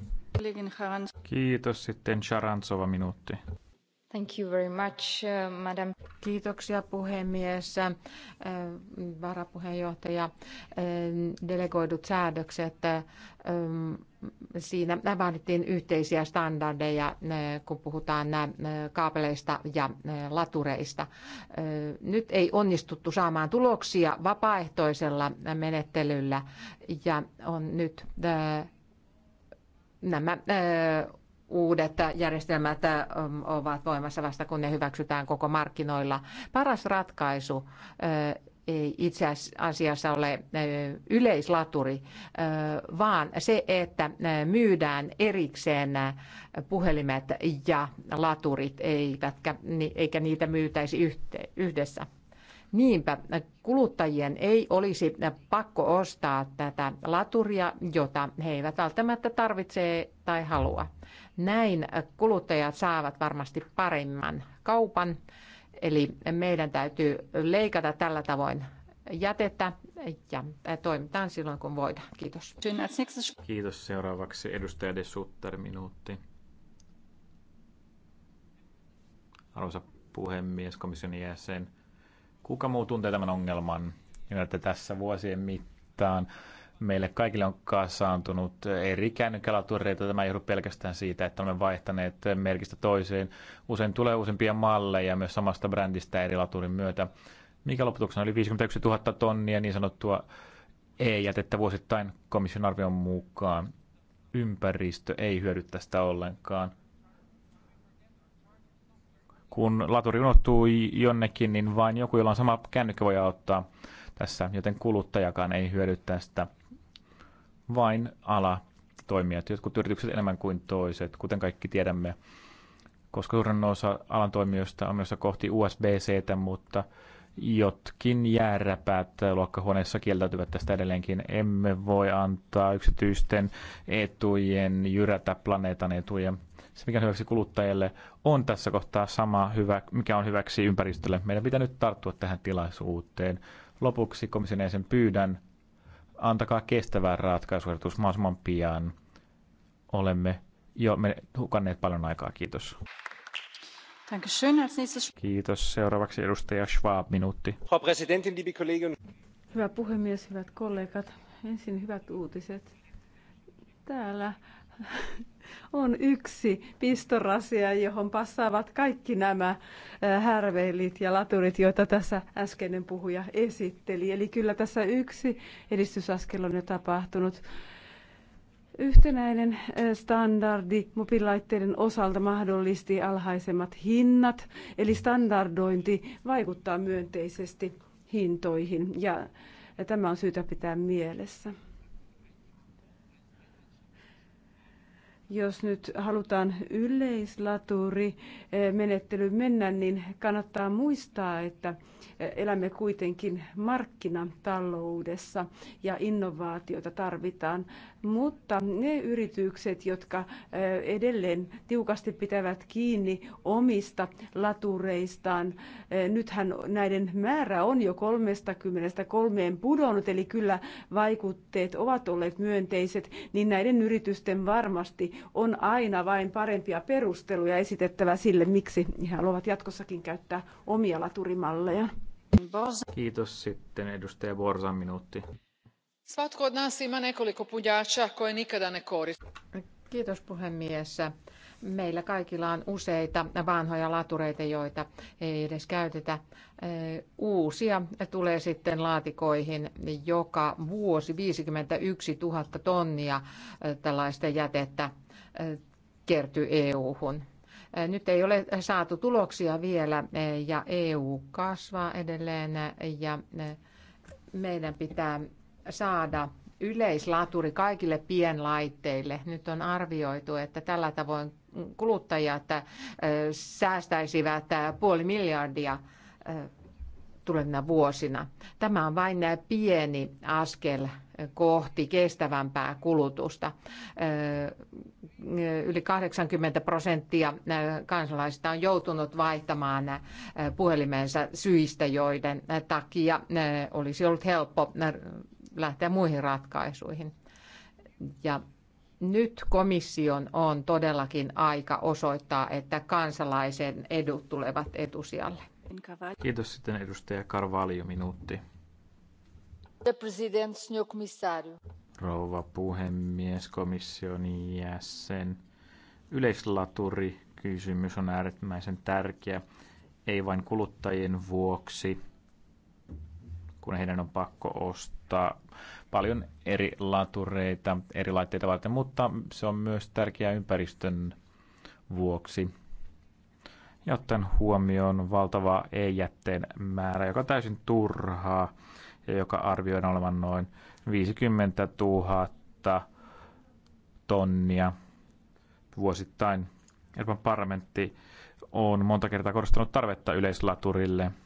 Kiitos. Sitten Sharantsova minuutti. Thank uh, Kiitoksia puhemies, äh, varapuheenjohtaja, äh, delegoidut säädökset. Äh, siinä vaadittiin yhteisiä standardeja, kun puhutaan kaapeleista ja latureista. Nyt ei onnistuttu saamaan tuloksia vapaaehtoisella menettelyllä ja on nyt nämä uudet järjestelmät ovat voimassa vasta kun ne hyväksytään koko markkinoilla. Paras ratkaisu ei itse asiassa ole yleislaturi, vaan se, että myydään erikseen puhelimet ja laturit, eikä niitä myytäisi yhdessä. Niinpä kuluttajien ei olisi pakko ostaa tätä laturia, jota he eivät välttämättä tarvitse tai halua. Näin kuluttajat saavat varmasti paremman kaupan, eli meidän täytyy leikata tällä tavoin jätettä ja toimitaan silloin, kun voidaan. Kiitos. Kiitos. Seuraavaksi edustaja De Sutter, minuutti. Arvoisa puhemies, komission jäsen Kuka muu tuntee tämän ongelman? Ja niin että tässä vuosien mittaan meille kaikille on kasaantunut eri kännykälatureita. Tämä ei johdu pelkästään siitä, että olemme vaihtaneet merkistä toiseen. Usein tulee useampia malleja myös samasta brändistä eri laturin myötä. Mikä lopputuksena oli 51 000 tonnia niin sanottua e-jätettä vuosittain komission arvion mukaan. Ympäristö ei hyödy tästä ollenkaan kun laturi unohtuu jonnekin, niin vain joku, jolla on sama kännykkä, voi auttaa tässä, joten kuluttajakaan ei hyödy tästä. Vain ala toimijat, jotkut yritykset enemmän kuin toiset, kuten kaikki tiedämme, koska suurin osa alan toimijoista on myös kohti usb tä, mutta jotkin jääräpäät luokkahuoneessa kieltäytyvät tästä edelleenkin. Emme voi antaa yksityisten etujen jyrätä planeetan etuja se, mikä on hyväksi kuluttajille, on tässä kohtaa sama, hyvä, mikä on hyväksi ympäristölle. Meidän pitää nyt tarttua tähän tilaisuuteen. Lopuksi komission jäsen pyydän, antakaa kestävää ratkaisuehdotus mahdollisimman pian. Olemme jo me hukanneet paljon aikaa. Kiitos. Kiitos. Seuraavaksi edustaja Schwab, minuutti. Hyvä puhemies, hyvät kollegat. Ensin hyvät uutiset. Täällä on yksi pistorasia, johon passaavat kaikki nämä härveilit ja laturit, joita tässä äskeinen puhuja esitteli. Eli kyllä tässä yksi edistysaskel on jo tapahtunut. Yhtenäinen standardi mobiililaitteiden osalta mahdollisti alhaisemmat hinnat, eli standardointi vaikuttaa myönteisesti hintoihin ja tämä on syytä pitää mielessä. jos nyt halutaan yleislaturi menettely mennä, niin kannattaa muistaa, että elämme kuitenkin markkinataloudessa ja innovaatiota tarvitaan. Mutta ne yritykset, jotka edelleen tiukasti pitävät kiinni omista latureistaan, nythän näiden määrä on jo 33 pudonnut, eli kyllä vaikutteet ovat olleet myönteiset, niin näiden yritysten varmasti on aina vain parempia perusteluja esitettävä sille, miksi he haluavat jatkossakin käyttää omia laturimalleja. Kiitos sitten edustaja Borsan minuutti. Svatko od nas ima nekoliko punjača koje nikada ne Kiitos puhemies. Meillä kaikilla on useita vanhoja latureita, joita ei edes käytetä. Uusia tulee sitten laatikoihin joka vuosi 51 000 tonnia tällaista jätettä kertyy EU-hun. Nyt ei ole saatu tuloksia vielä ja EU kasvaa edelleen ja meidän pitää saada yleislaturi kaikille pienlaitteille. Nyt on arvioitu, että tällä tavoin kuluttajat säästäisivät puoli miljardia tulevina vuosina. Tämä on vain pieni askel kohti kestävämpää kulutusta. Yli 80 prosenttia kansalaisista on joutunut vaihtamaan puhelimensa syistä, joiden takia olisi ollut helppo lähteä muihin ratkaisuihin. Ja nyt komission on todellakin aika osoittaa, että kansalaisen edut tulevat etusijalle. Kiitos sitten edustaja Carvalho, minuutti. Rouva puhemies, komission jäsen. Yleislaturi kysymys on äärimmäisen tärkeä, ei vain kuluttajien vuoksi, kun heidän on pakko ostaa paljon eri latureita, eri laitteita varten, mutta se on myös tärkeää ympäristön vuoksi. Ja ottaen huomioon valtava e jätteen määrä, joka on täysin turhaa ja joka arvioidaan olevan noin 50 000 tonnia vuosittain. Euroopan parlamentti on monta kertaa korostanut tarvetta yleislaturille –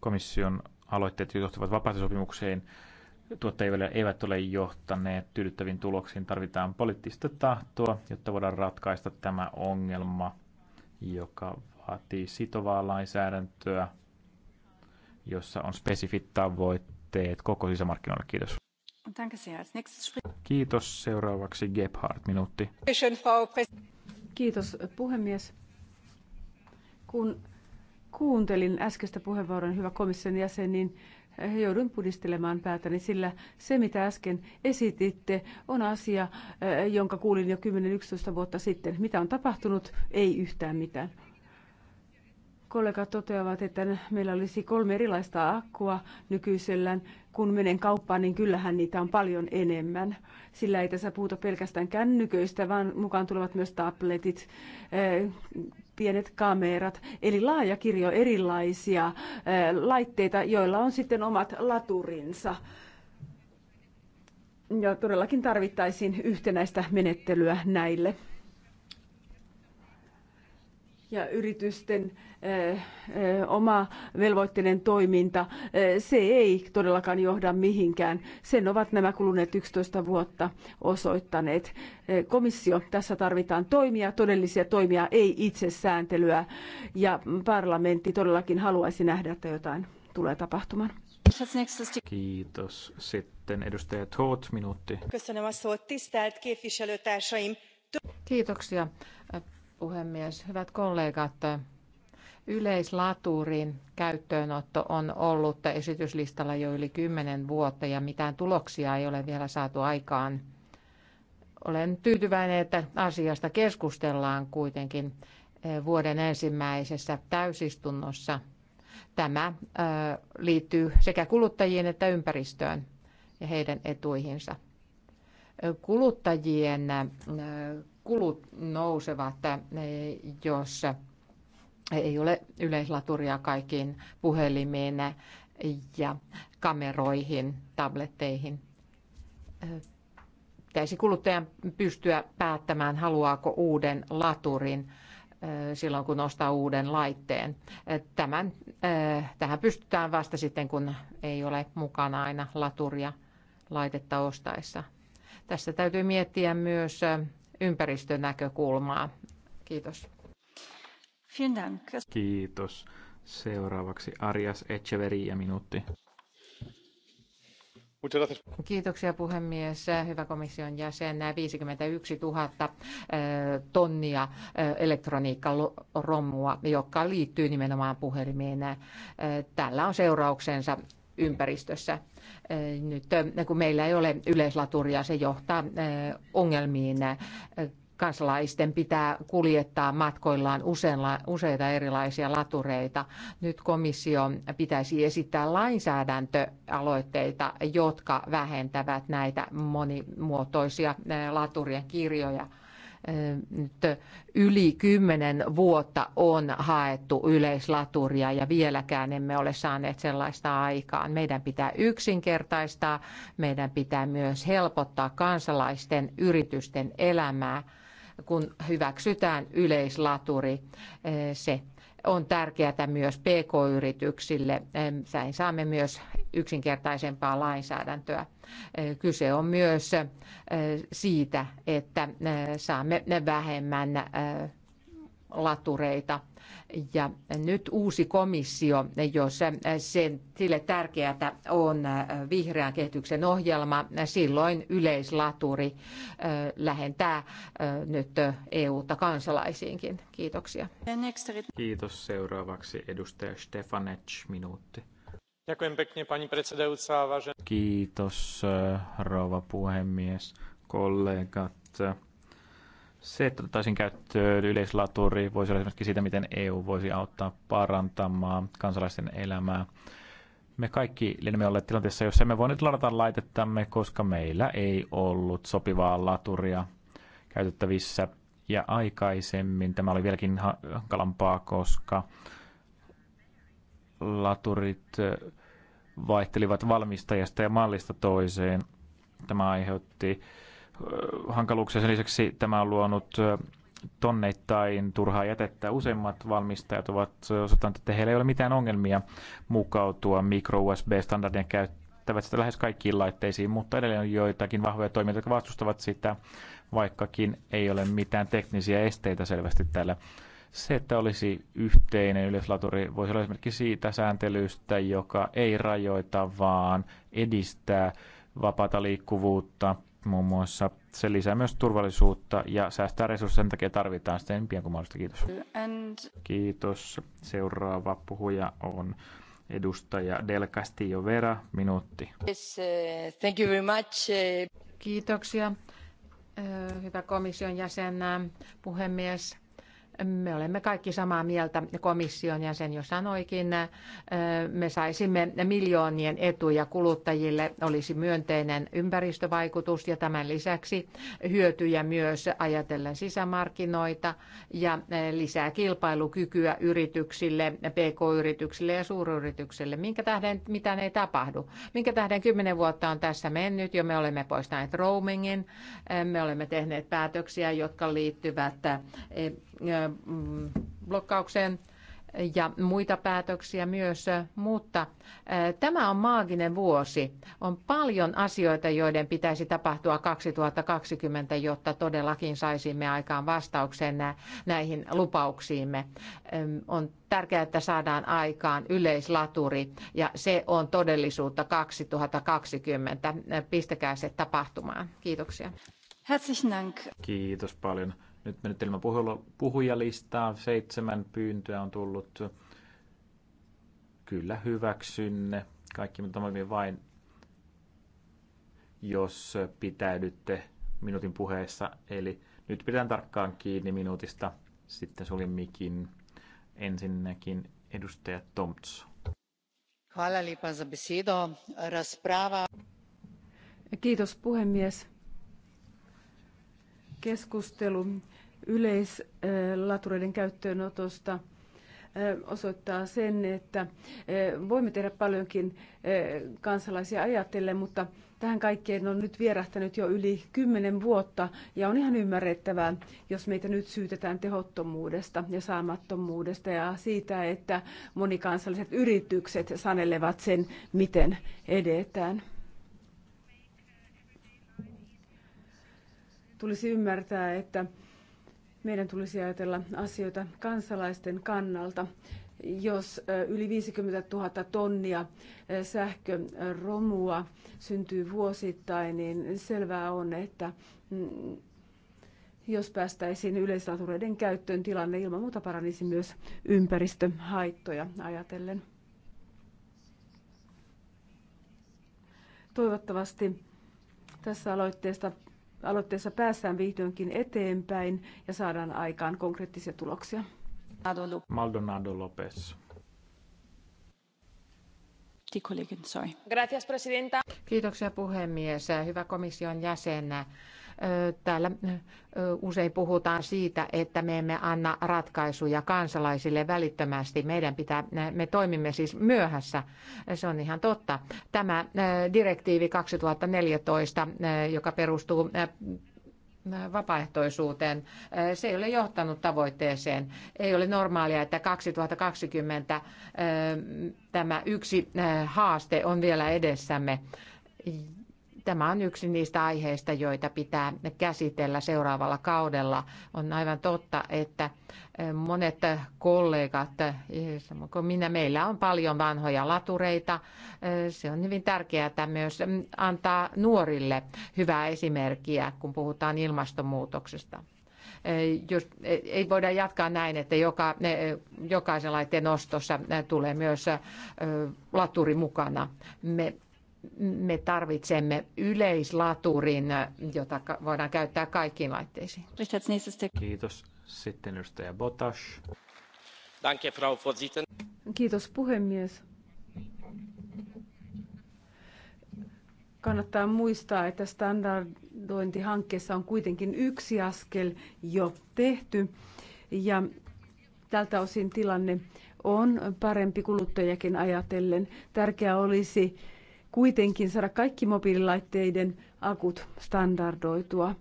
komission aloitteet, johtavat vapaaehtoisopimukseen tuottajille eivät ole johtaneet tyydyttäviin tuloksiin. Tarvitaan poliittista tahtoa, jotta voidaan ratkaista tämä ongelma, joka vaatii sitovaa lainsäädäntöä, jossa on spesifit tavoitteet koko sisämarkkinoille. Kiitos. Kiitos. Seuraavaksi Gebhardt, minuutti. Kiitos puhemies. Kun kuuntelin äskeistä puheenvuoron hyvä komission jäsen, niin joudun pudistelemaan päätäni, sillä se mitä äsken esititte on asia, eh, jonka kuulin jo 10-11 vuotta sitten. Mitä on tapahtunut? Ei yhtään mitään. Kollegat toteavat, että meillä olisi kolme erilaista akkua nykyisellään. Kun menen kauppaan, niin kyllähän niitä on paljon enemmän. Sillä ei tässä puhuta pelkästään kännyköistä, vaan mukaan tulevat myös tabletit, eh, pienet kamerat, eli laaja kirjo erilaisia äh, laitteita, joilla on sitten omat laturinsa. Ja todellakin tarvittaisiin yhtenäistä menettelyä näille ja yritysten eh, eh, oma velvoitteinen toiminta, eh, se ei todellakaan johda mihinkään. Sen ovat nämä kuluneet 11 vuotta osoittaneet. Komissio, tässä tarvitaan toimia, todellisia toimia, ei itsesääntelyä. Ja parlamentti todellakin haluaisi nähdä, että jotain tulee tapahtumaan. Kiitos. Sitten edustaja Thoth, minuutti. Kiitoksia puhemies. Hyvät kollegat, yleislaturin käyttöönotto on ollut esityslistalla jo yli kymmenen vuotta ja mitään tuloksia ei ole vielä saatu aikaan. Olen tyytyväinen, että asiasta keskustellaan kuitenkin eh, vuoden ensimmäisessä täysistunnossa. Tämä eh, liittyy sekä kuluttajiin että ympäristöön ja heidän etuihinsa. Kuluttajien eh, kulut nousevat, eh, jos ei ole yleislaturia kaikkiin puhelimiin ja kameroihin, tabletteihin. Eh, pitäisi kuluttajan pystyä päättämään, haluaako uuden laturin eh, silloin, kun ostaa uuden laitteen. Tämän, tähän pystytään vasta sitten, kun ei ole mukana aina laturia laitetta ostaessa. Tässä täytyy miettiä myös ympäristönäkökulmaa. Kiitos. Kiitos. Seuraavaksi Arias Echeveri ja minuutti. Kiitoksia puhemies. Hyvä komission jäsen. 51 000 äh, tonnia äh, elektroniikkaromua, joka liittyy nimenomaan puhelimiin. Äh, tällä on seurauksensa ympäristössä. Nyt kun meillä ei ole yleislaturia, se johtaa ongelmiin. Kansalaisten pitää kuljettaa matkoillaan useita erilaisia latureita. Nyt komissio pitäisi esittää lainsäädäntöaloitteita, jotka vähentävät näitä monimuotoisia laturien kirjoja nyt yli kymmenen vuotta on haettu yleislaturia ja vieläkään emme ole saaneet sellaista aikaan. Meidän pitää yksinkertaistaa, meidän pitää myös helpottaa kansalaisten yritysten elämää, kun hyväksytään yleislaturi. Se on tärkeää myös PK-yrityksille. Näin saamme myös yksinkertaisempaa lainsäädäntöä. Kyse on myös siitä, että saamme vähemmän latureita. Ja nyt uusi komissio, jossa sen, sille tärkeää on äh, vihreän kehityksen ohjelma, silloin yleislaturi äh, lähentää äh, nyt EU-ta kansalaisiinkin. Kiitoksia. Kiitos. Seuraavaksi edustaja Stefanec, minuutti. Kiitos, rouva puhemies, kollegat se, että otettaisiin käyttöön yleislaturi, voisi olla esimerkiksi sitä, miten EU voisi auttaa parantamaan kansalaisten elämää. Me kaikki olemme olleet tilanteessa, jossa emme voineet ladata laitettamme, koska meillä ei ollut sopivaa laturia käytettävissä. Ja aikaisemmin tämä oli vieläkin hankalampaa, koska laturit vaihtelivat valmistajasta ja mallista toiseen. Tämä aiheutti hankaluuksia. Sen lisäksi tämä on luonut tonneittain turhaa jätettä. Useimmat valmistajat ovat osoittaneet, että heillä ei ole mitään ongelmia mukautua micro USB-standardien käyttävät sitä lähes kaikkiin laitteisiin, mutta edelleen on joitakin vahvoja toimijoita, jotka vastustavat sitä, vaikkakin ei ole mitään teknisiä esteitä selvästi tällä. Se, että olisi yhteinen yleislaturi, voisi olla esimerkiksi siitä sääntelystä, joka ei rajoita, vaan edistää vapaata liikkuvuutta – muun muassa. Se lisää myös turvallisuutta ja säästää resursseja, sen takia tarvitaan sitten pian kuin mahdollista. Kiitos. And... Kiitos. Seuraava puhuja on edustaja Del Castillo Vera, minuutti. Yes, uh, thank you very much. Uh, Kiitoksia, uh, hyvä komission jäsen, uh, puhemies. Me olemme kaikki samaa mieltä, komission jäsen jo sanoikin, me saisimme miljoonien etuja kuluttajille, olisi myönteinen ympäristövaikutus ja tämän lisäksi hyötyjä myös ajatellen sisämarkkinoita ja lisää kilpailukykyä yrityksille, pk-yrityksille ja suuryrityksille. Minkä tähden mitään ei tapahdu? Minkä tähden kymmenen vuotta on tässä mennyt jo, me olemme poistaneet roamingin, me olemme tehneet päätöksiä, jotka liittyvät Mm, blokkaukseen ja muita päätöksiä myös, mutta tämä on maaginen vuosi. On paljon asioita, joiden pitäisi tapahtua 2020, jotta todellakin saisimme aikaan vastauksen näihin lupauksiimme. On tärkeää, että saadaan aikaan yleislaturi ja se on todellisuutta 2020. Pistäkää se tapahtumaan. Kiitoksia. Herzlichen Dank. Kiitos paljon. Nyt mennyt ilman puhujalistaa. Seitsemän pyyntöä on tullut. Kyllä hyväksynne. Kaikki, mutta toimii vain, jos pitäydytte minuutin puheessa. Eli nyt pidän tarkkaan kiinni minuutista. Sitten sulin mikin ensinnäkin edustaja Tomts. Kiitos puhemies. Keskustelu yleislatureiden käyttöönotosta osoittaa sen, että voimme tehdä paljonkin kansalaisia ajatellen, mutta tähän kaikkeen on nyt vierähtänyt jo yli kymmenen vuotta ja on ihan ymmärrettävää, jos meitä nyt syytetään tehottomuudesta ja saamattomuudesta ja siitä, että monikansalliset yritykset sanelevat sen, miten edetään. Tulisi ymmärtää, että meidän tulisi ajatella asioita kansalaisten kannalta. Jos yli 50 000 tonnia sähköromua syntyy vuosittain, niin selvää on, että mm, jos päästäisiin yleislatureiden käyttöön, tilanne ilman muuta paranisi myös ympäristöhaittoja ajatellen. Toivottavasti tässä aloitteesta aloitteessa päästään vihdoinkin eteenpäin ja saadaan aikaan konkreettisia tuloksia. Maldonado Lopez. Kiitoksia puhemies. Hyvä komission jäsen. Täällä usein puhutaan siitä, että me emme anna ratkaisuja kansalaisille välittömästi. Meidän pitää, me toimimme siis myöhässä. Se on ihan totta. Tämä direktiivi 2014, joka perustuu vapaaehtoisuuteen. Se ei ole johtanut tavoitteeseen. Ei ole normaalia, että 2020 tämä yksi haaste on vielä edessämme Tämä on yksi niistä aiheista, joita pitää käsitellä seuraavalla kaudella. On aivan totta, että eh, monet kollegat, eh, kun minä, meillä on paljon vanhoja latureita. Eh, se on hyvin tärkeää myös mm, antaa nuorille hyvää esimerkkiä, kun puhutaan ilmastonmuutoksesta Just, ei voida jatkaa näin, että joka, ne, jokaisen laitteen ostossa tulee myös laturi mukana. Me me tarvitsemme yleislaturin, jota voidaan käyttää kaikkiin laitteisiin. Niin siis Kiitos. Sitten edustaja Botas. Kiitos puhemies. Kannattaa muistaa, että standardointihankkeessa on kuitenkin yksi askel jo tehty ja tältä osin tilanne on parempi kuluttajakin ajatellen. Tärkeää olisi kuitenkin saada kaikki mobiililaitteiden akut standardoitua.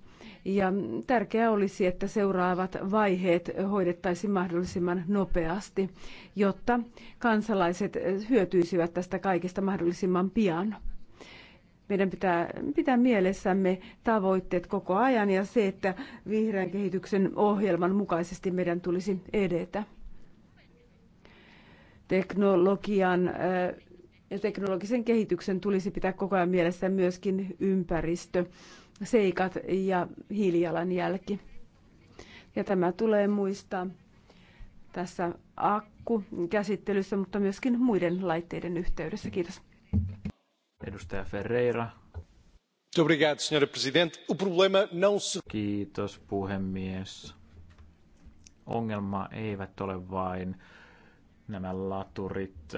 Ja tärkeää olisi, että seuraavat vaiheet hoidettaisiin mahdollisimman nopeasti, jotta kansalaiset hyötyisivät tästä kaikesta mahdollisimman pian. Meidän pitää pitää mielessämme tavoitteet koko ajan ja se, että vihreän kehityksen ohjelman mukaisesti meidän tulisi edetä. Teknologian äh, ja teknologisen kehityksen tulisi pitää koko ajan mielessä myöskin ympäristö, seikat ja hiilijalanjälki. Ja tämä tulee muistaa tässä akkukäsittelyssä, mutta myöskin muiden laitteiden yhteydessä. Kiitos. Edustaja Ferreira. Kiitos puhemies. Ongelma eivät ole vain nämä laturit,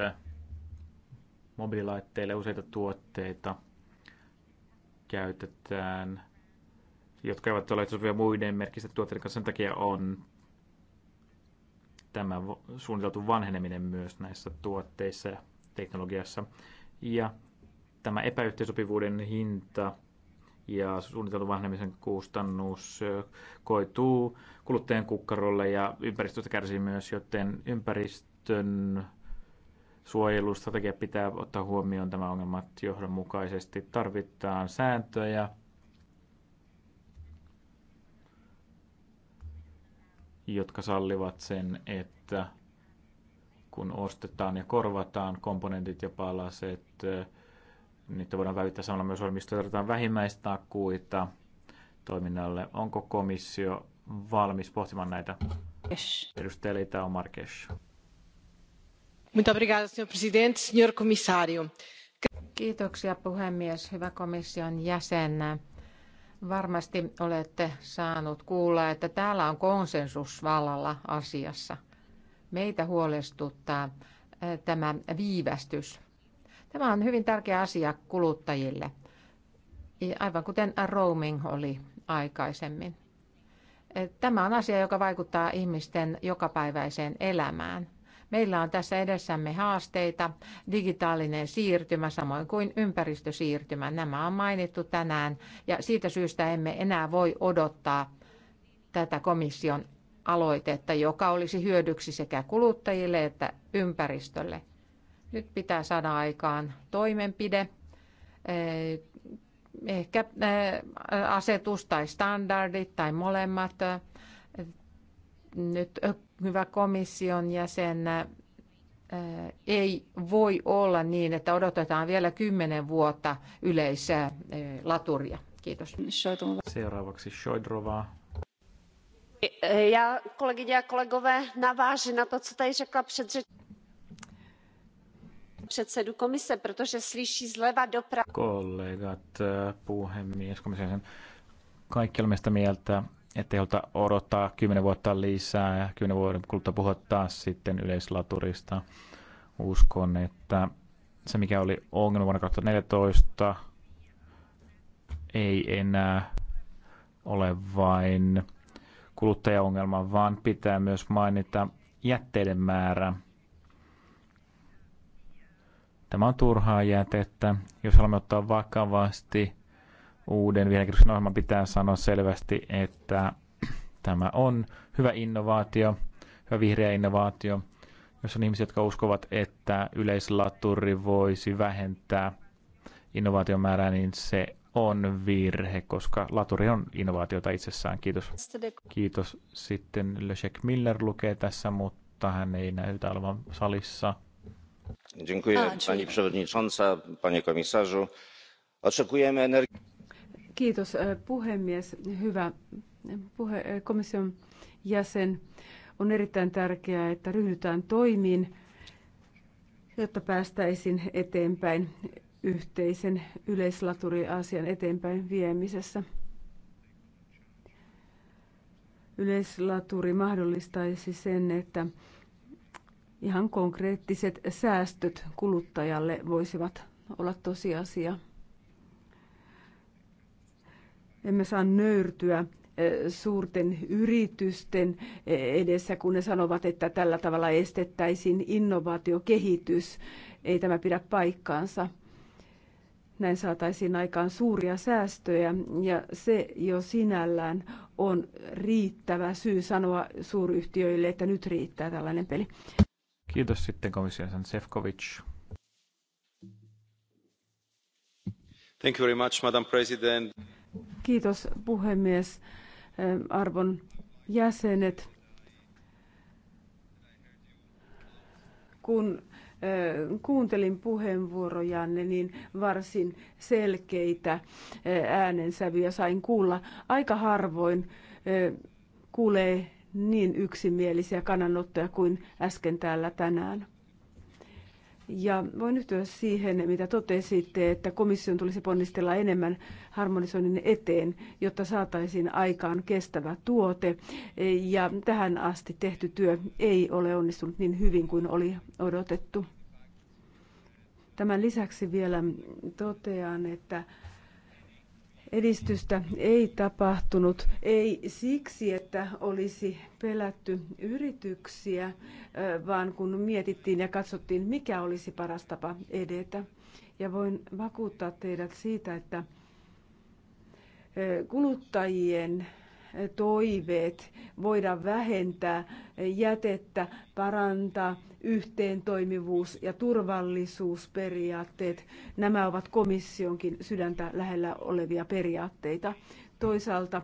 mobiililaitteille useita tuotteita käytetään, jotka eivät ole sopivia muiden merkistä tuotteiden kanssa. Sen takia on tämä suunniteltu vanheneminen myös näissä tuotteissa ja teknologiassa. Ja tämä epäyhteensopivuuden hinta ja suunniteltu vanhenemisen kustannus koituu kuluttajan kukkarolle ja ympäristöstä kärsii myös, joten ympäristön suojelustrategia pitää ottaa huomioon tämä ongelmat johdonmukaisesti. Tarvitaan sääntöjä, jotka sallivat sen, että kun ostetaan ja korvataan komponentit ja palaset, niitä voidaan välittää samalla myös ohjelmistoja, tarvitaan vähimmäistakuita toiminnalle. Onko komissio valmis pohtimaan näitä? Yes. Edustaja Leita Omarkesh senhor presidente, Kiitoksia puhemies, hyvä komission jäsen. Varmasti olette saanut kuulla, että täällä on konsensus vallalla asiassa. Meitä huolestuttaa eh, tämä viivästys. Tämä on hyvin tärkeä asia kuluttajille, aivan kuten roaming oli aikaisemmin. Eh, tämä on asia, joka vaikuttaa ihmisten jokapäiväiseen elämään. Meillä on tässä edessämme haasteita, digitaalinen siirtymä samoin kuin ympäristösiirtymä. Nämä on mainittu tänään ja siitä syystä emme enää voi odottaa tätä komission aloitetta, joka olisi hyödyksi sekä kuluttajille että ympäristölle. Nyt pitää saada aikaan toimenpide, eh, ehkä eh, asetus tai standardit tai molemmat. Eh, nyt hyvä komission jäsen, ei voi olla niin, että odotetaan vielä kymmenen vuotta yleisää laturia. Kiitos. Seuraavaksi Shoidrova. Ja kolegyně ja kolegové, navážu na to, co tady řekla předsedu komise, protože slyší zleva doprava. Kollegat, puhemies, komission kaikki olemme sitä mieltä, että olta odottaa kymmenen vuotta lisää ja kymmenen vuoden kuluttua puhua taas sitten yleislaturista. Uskon, että se mikä oli ongelma vuonna 2014 ei enää ole vain kuluttajaongelma, vaan pitää myös mainita jätteiden määrä. Tämä on turhaa jätettä. Jos haluamme ottaa vakavasti uuden vihreän ohjelman pitää sanoa selvästi, että tämä on hyvä innovaatio, hyvä vihreä innovaatio, jos on ihmisiä, jotka uskovat, että yleislaturi voisi vähentää innovaation määrää, niin se on virhe, koska laturi on innovaatiota itsessään. Kiitos. Kiitos. Sitten Leszek Miller lukee tässä, mutta hän ei näytä olevan salissa. Dziękuję, pani przewodnicząca, panie komisarzu. Oczekujemy energii. Kiitos puhemies. Hyvä puhe, komission jäsen. On erittäin tärkeää, että ryhdytään toimiin, jotta päästäisiin eteenpäin yhteisen yleislaturiasian eteenpäin viemisessä. Yleislaturi mahdollistaisi sen, että ihan konkreettiset säästöt kuluttajalle voisivat olla tosiasia. Emme saa nöyrtyä eh, suurten yritysten eh, edessä, kun ne sanovat, että tällä tavalla estettäisiin innovaatiokehitys. Ei tämä pidä paikkaansa. Näin saataisiin aikaan suuria säästöjä ja se jo sinällään on riittävä syy sanoa suuryhtiöille, että nyt riittää tällainen peli. Kiitos sitten komission Sefcovic. Thank you very much, Madam President. Kiitos puhemies, eh, arvon jäsenet. Kun eh, kuuntelin puheenvuorojanne, niin varsin selkeitä eh, äänensävyjä sain kuulla. Aika harvoin kuulee niin yksimielisiä kannanottoja kuin äsken täällä tänään. Ja voin yhtyä siihen, mitä totesitte, että komission tulisi ponnistella enemmän harmonisoinnin eteen, jotta saataisiin aikaan kestävä tuote. Ja tähän asti tehty työ ei ole onnistunut niin hyvin kuin oli odotettu. Tämän lisäksi vielä totean, että edistystä ei tapahtunut, ei siksi, että olisi pelätty yrityksiä, vaan kun mietittiin ja katsottiin, mikä olisi paras tapa edetä. Ja voin vakuuttaa teidät siitä, että kuluttajien toiveet, voida vähentää jätettä, parantaa yhteentoimivuus ja turvallisuusperiaatteet. Nämä ovat komissionkin sydäntä lähellä olevia periaatteita. Toisaalta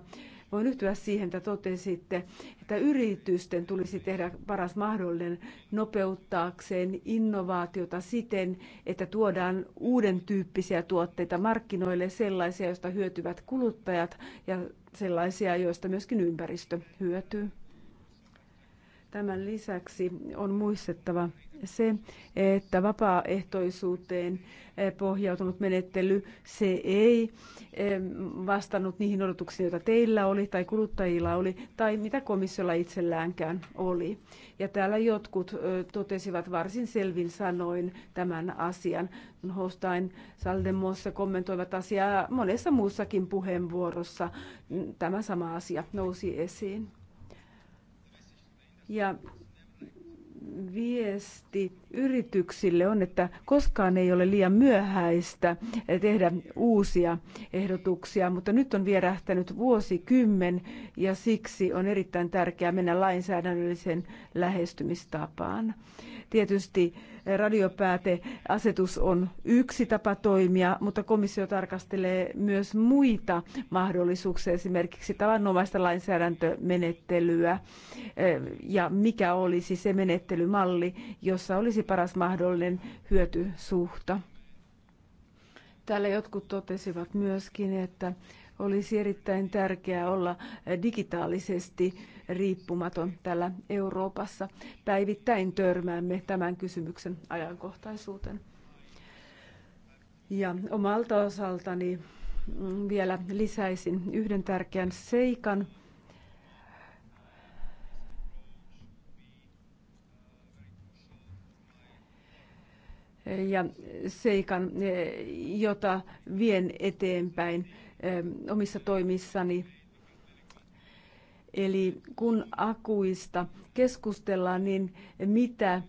voin yhtyä siihen, että totesitte, että yritysten tulisi tehdä paras mahdollinen nopeuttaakseen innovaatiota siten, että tuodaan uuden tyyppisiä tuotteita markkinoille sellaisia, joista hyötyvät kuluttajat ja sellaisia, joista myöskin ympäristö hyötyy. Tämän lisäksi on muistettava se, että vapaaehtoisuuteen eh, pohjautunut menettely, se ei vastannut niihin odotuksiin, joita teillä oli tai kuluttajilla oli tai mitä komissiolla itselläänkään oli. Ja täällä jotkut totesivat varsin selvin sanoin tämän asian. Hostain Saldemossa kommentoivat asiaa monessa muussakin puheenvuorossa. Tämä sama asia nousi esiin. Ja viesti yrityksille on, että koskaan ei ole liian myöhäistä tehdä uusia ehdotuksia, mutta nyt on vierähtänyt vuosikymmen ja siksi on erittäin tärkeää mennä lainsäädännölliseen lähestymistapaan. Tietysti radiopääteasetus on yksi tapa toimia, mutta komissio tarkastelee myös muita mahdollisuuksia, esimerkiksi tavanomaista lainsäädäntömenettelyä eh, ja mikä olisi se menettelymalli, jossa olisi paras mahdollinen hyötysuhta. Täällä jotkut totesivat myöskin, että olisi erittäin tärkeää olla digitaalisesti riippumaton täällä Euroopassa. Päivittäin törmäämme tämän kysymyksen ajankohtaisuuteen. Ja omalta osaltani mm, vielä lisäisin yhden tärkeän seikan. ja seikan, eh, jota vien eteenpäin omissa toimissani. Eli kun akuista keskustellaan, niin mitä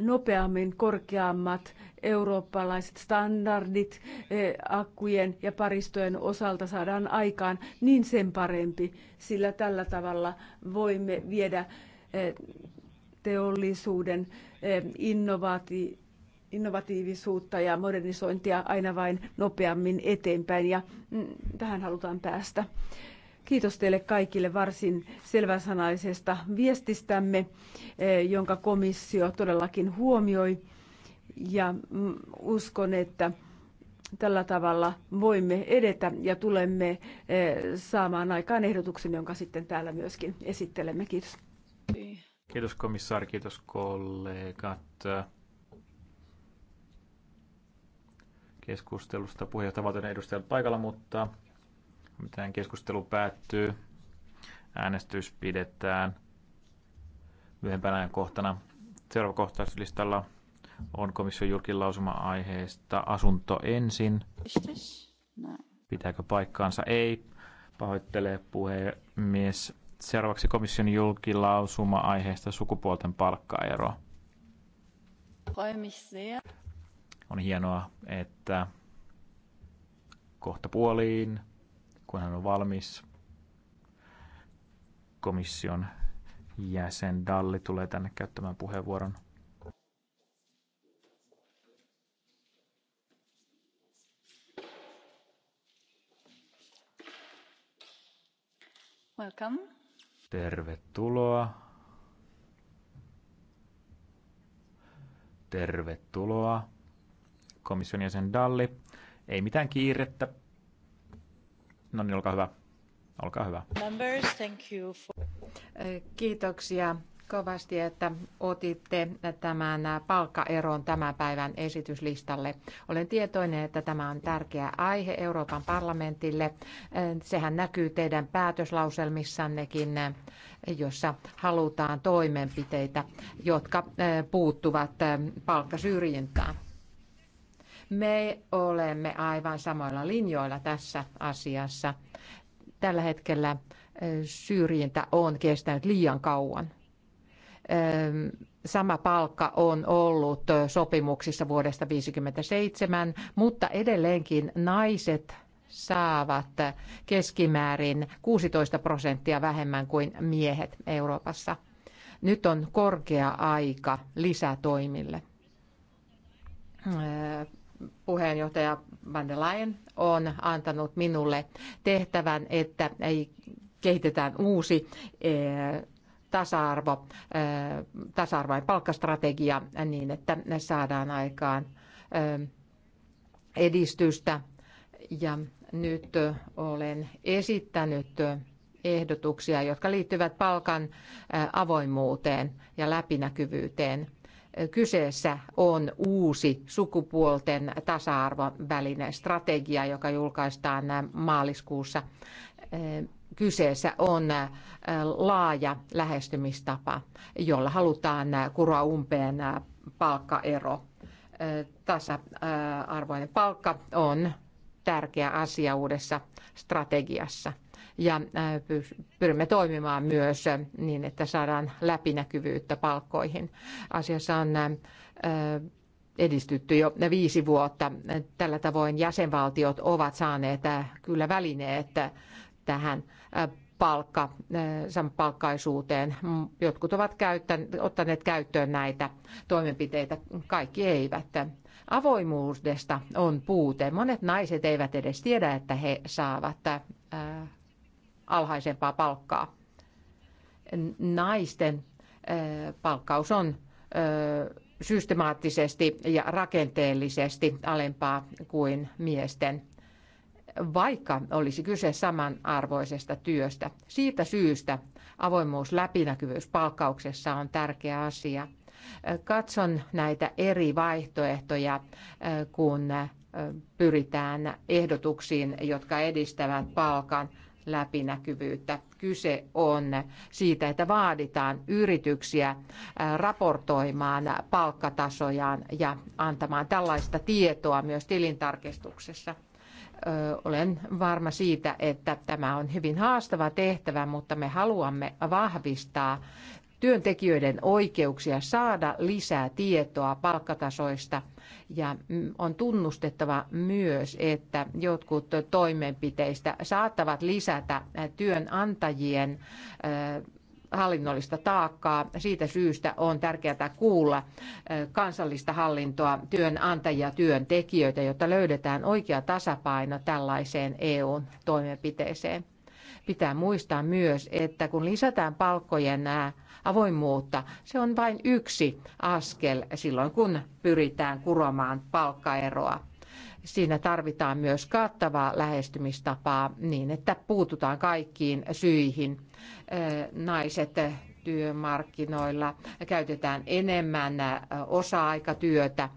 nopeammin korkeammat eurooppalaiset standardit e, akkujen ja paristojen osalta saadaan aikaan, niin sen parempi, sillä tällä tavalla voimme viedä e, teollisuuden e, innovaatioita innovatiivisuutta ja modernisointia aina vain nopeammin eteenpäin ja mm, tähän halutaan päästä. Kiitos teille kaikille varsin selväsanaisesta viestistämme, eh, jonka komissio todellakin huomioi. Ja mm, uskon, että tällä tavalla voimme edetä ja tulemme eh, saamaan aikaan ehdotuksen, jonka sitten täällä myöskin esittelemme. Kiitos. Kiitos komissaari, kiitos kollegat. keskustelusta. Puheenjohtajavaltion edustajat paikalla, mutta mitään keskustelu päättyy. Äänestys pidetään myöhempänä ajan kohtana. Seuraava kohtauslistalla on komission julkilausuma aiheesta asunto ensin. Pitääkö paikkaansa? Ei. Pahoittelee puhemies. Seuraavaksi komission julkilausuma aiheesta sukupuolten palkkaero. On hienoa, että kohta puoliin, kun hän on valmis, komission jäsen Dalli tulee tänne käyttämään puheenvuoron. Welcome. Tervetuloa. Tervetuloa komission jäsen Dalli. Ei mitään kiirettä. No niin, olkaa hyvä. Olkaa hyvä. Members, thank you for... Kiitoksia kovasti, että otitte tämän palkkaeron tämän päivän esityslistalle. Olen tietoinen, että tämä on tärkeä aihe Euroopan parlamentille. Sehän näkyy teidän päätöslauselmissannekin, jossa halutaan toimenpiteitä, jotka puuttuvat palkkasyrjintään. Me olemme aivan samoilla linjoilla tässä asiassa. Tällä hetkellä syrjintä on kestänyt liian kauan. Sama palkka on ollut sopimuksissa vuodesta 1957, mutta edelleenkin naiset saavat keskimäärin 16 prosenttia vähemmän kuin miehet Euroopassa. Nyt on korkea aika lisätoimille puheenjohtaja Van der Leyen on antanut minulle tehtävän, että ei kehitetään uusi eh, tasa-arvo, eh, tasa-arvo ja palkkastrategia niin, että ne saadaan aikaan eh, edistystä. Ja nyt olen esittänyt ehdotuksia, jotka liittyvät palkan avoimuuteen ja läpinäkyvyyteen – Kyseessä on uusi sukupuolten tasa-arvon välinen strategia, joka julkaistaan maaliskuussa. Kyseessä on laaja lähestymistapa, jolla halutaan kuroa umpeen palkkaero. Tasa-arvoinen palkka on tärkeä asia uudessa strategiassa ja pyrimme toimimaan myös niin, että saadaan läpinäkyvyyttä palkkoihin. Asiassa on edistytty jo viisi vuotta. Tällä tavoin jäsenvaltiot ovat saaneet kyllä välineet tähän palkka, palkkaisuuteen. Jotkut ovat ottaneet käyttöön näitä toimenpiteitä, kaikki eivät. Avoimuudesta on puute. Monet naiset eivät edes tiedä, että he saavat alhaisempaa palkkaa. Naisten palkkaus on systemaattisesti ja rakenteellisesti alempaa kuin miesten, vaikka olisi kyse samanarvoisesta työstä. Siitä syystä avoimuus läpinäkyvyys palkkauksessa on tärkeä asia. Katson näitä eri vaihtoehtoja, kun pyritään ehdotuksiin, jotka edistävät palkan läpinäkyvyyttä. Kyse on siitä, että vaaditaan yrityksiä äh, raportoimaan palkkatasojaan ja antamaan tällaista tietoa myös tilintarkistuksessa. Olen varma siitä, että tämä on hyvin haastava tehtävä, mutta me haluamme vahvistaa työntekijöiden oikeuksia saada lisää tietoa palkkatasoista ja on tunnustettava myös, että jotkut toimenpiteistä saattavat lisätä työnantajien äh, hallinnollista taakkaa. Siitä syystä on tärkeää kuulla äh, kansallista hallintoa, työnantajia, työntekijöitä, jotta löydetään oikea tasapaino tällaiseen EU-toimenpiteeseen. Pitää muistaa myös, että kun lisätään palkkojen nämä äh, avoimuutta. Se on vain yksi askel silloin, kun pyritään kuromaan palkkaeroa. Siinä tarvitaan myös kattavaa lähestymistapaa niin, että puututaan kaikkiin syihin. Naiset työmarkkinoilla käytetään enemmän osa-aikatyötä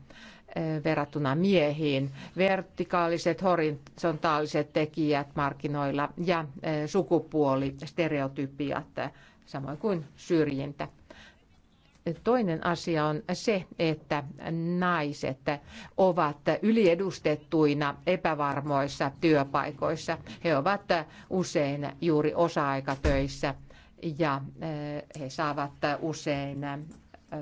verrattuna miehiin, vertikaaliset, horisontaaliset tekijät markkinoilla ja sukupuoli, samoin kuin syrjintä. Toinen asia on se, että naiset ovat yliedustettuina epävarmoissa työpaikoissa. He ovat usein juuri osa-aikatöissä ja eh, he saavat usein eh,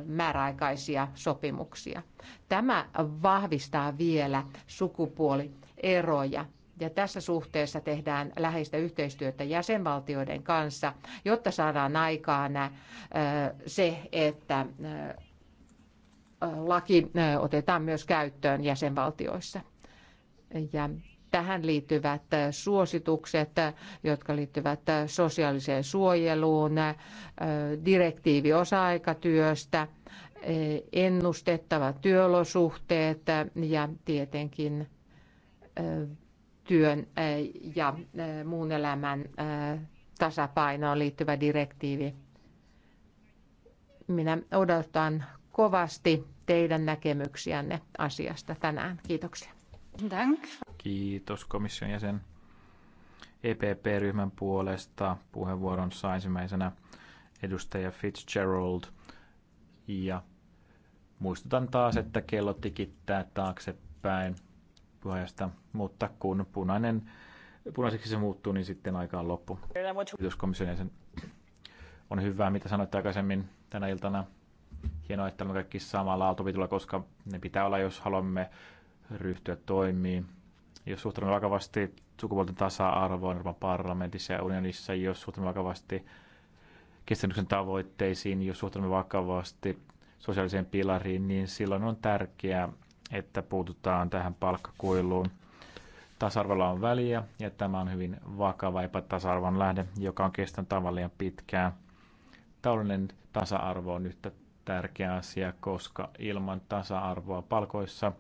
määräaikaisia sopimuksia. Tämä vahvistaa vielä sukupuolieroja ja tässä suhteessa tehdään läheistä yhteistyötä jäsenvaltioiden kanssa, jotta saadaan aikaan äh, se, että äh, laki äh, otetaan myös käyttöön jäsenvaltioissa. Ja tähän liittyvät suositukset, jotka liittyvät sosiaaliseen suojeluun, direktiivi osa-aikatyöstä, ennustettavat työolosuhteet ja tietenkin työn ja muun elämän tasapainoon liittyvä direktiivi. Minä odotan kovasti teidän näkemyksiänne asiasta tänään. Kiitoksia. Kiitos komission jäsen. EPP-ryhmän puolesta puheenvuoron saa ensimmäisenä edustaja Fitzgerald. Ja muistutan taas, että kello tikittää taaksepäin puheenjohtajasta, mutta kun punainen, punaiseksi se muuttuu, niin sitten aika on loppu. Kiitos jäsen. On hyvä, mitä sanoitte aikaisemmin tänä iltana. Hienoa, että me kaikki samalla aaltopitulla, koska ne pitää olla, jos haluamme ryhtyä toimiin. Jos suhtaudumme vakavasti sukupuolten tasa-arvoon Euroopan parlamentissa ja unionissa, jos suhtaudumme vakavasti kestävyyden tavoitteisiin, jos suhtaudumme vakavasti sosiaaliseen pilariin, niin silloin on tärkeää, että puututaan tähän palkkakuiluun. Tasarvolla on väliä ja tämä on hyvin vakava epätasarvon lähde, joka on kestänyt tavallaan pitkään. Taloudellinen tasa-arvo on yhtä tärkeä asia, koska ilman tasa-arvoa palkoissa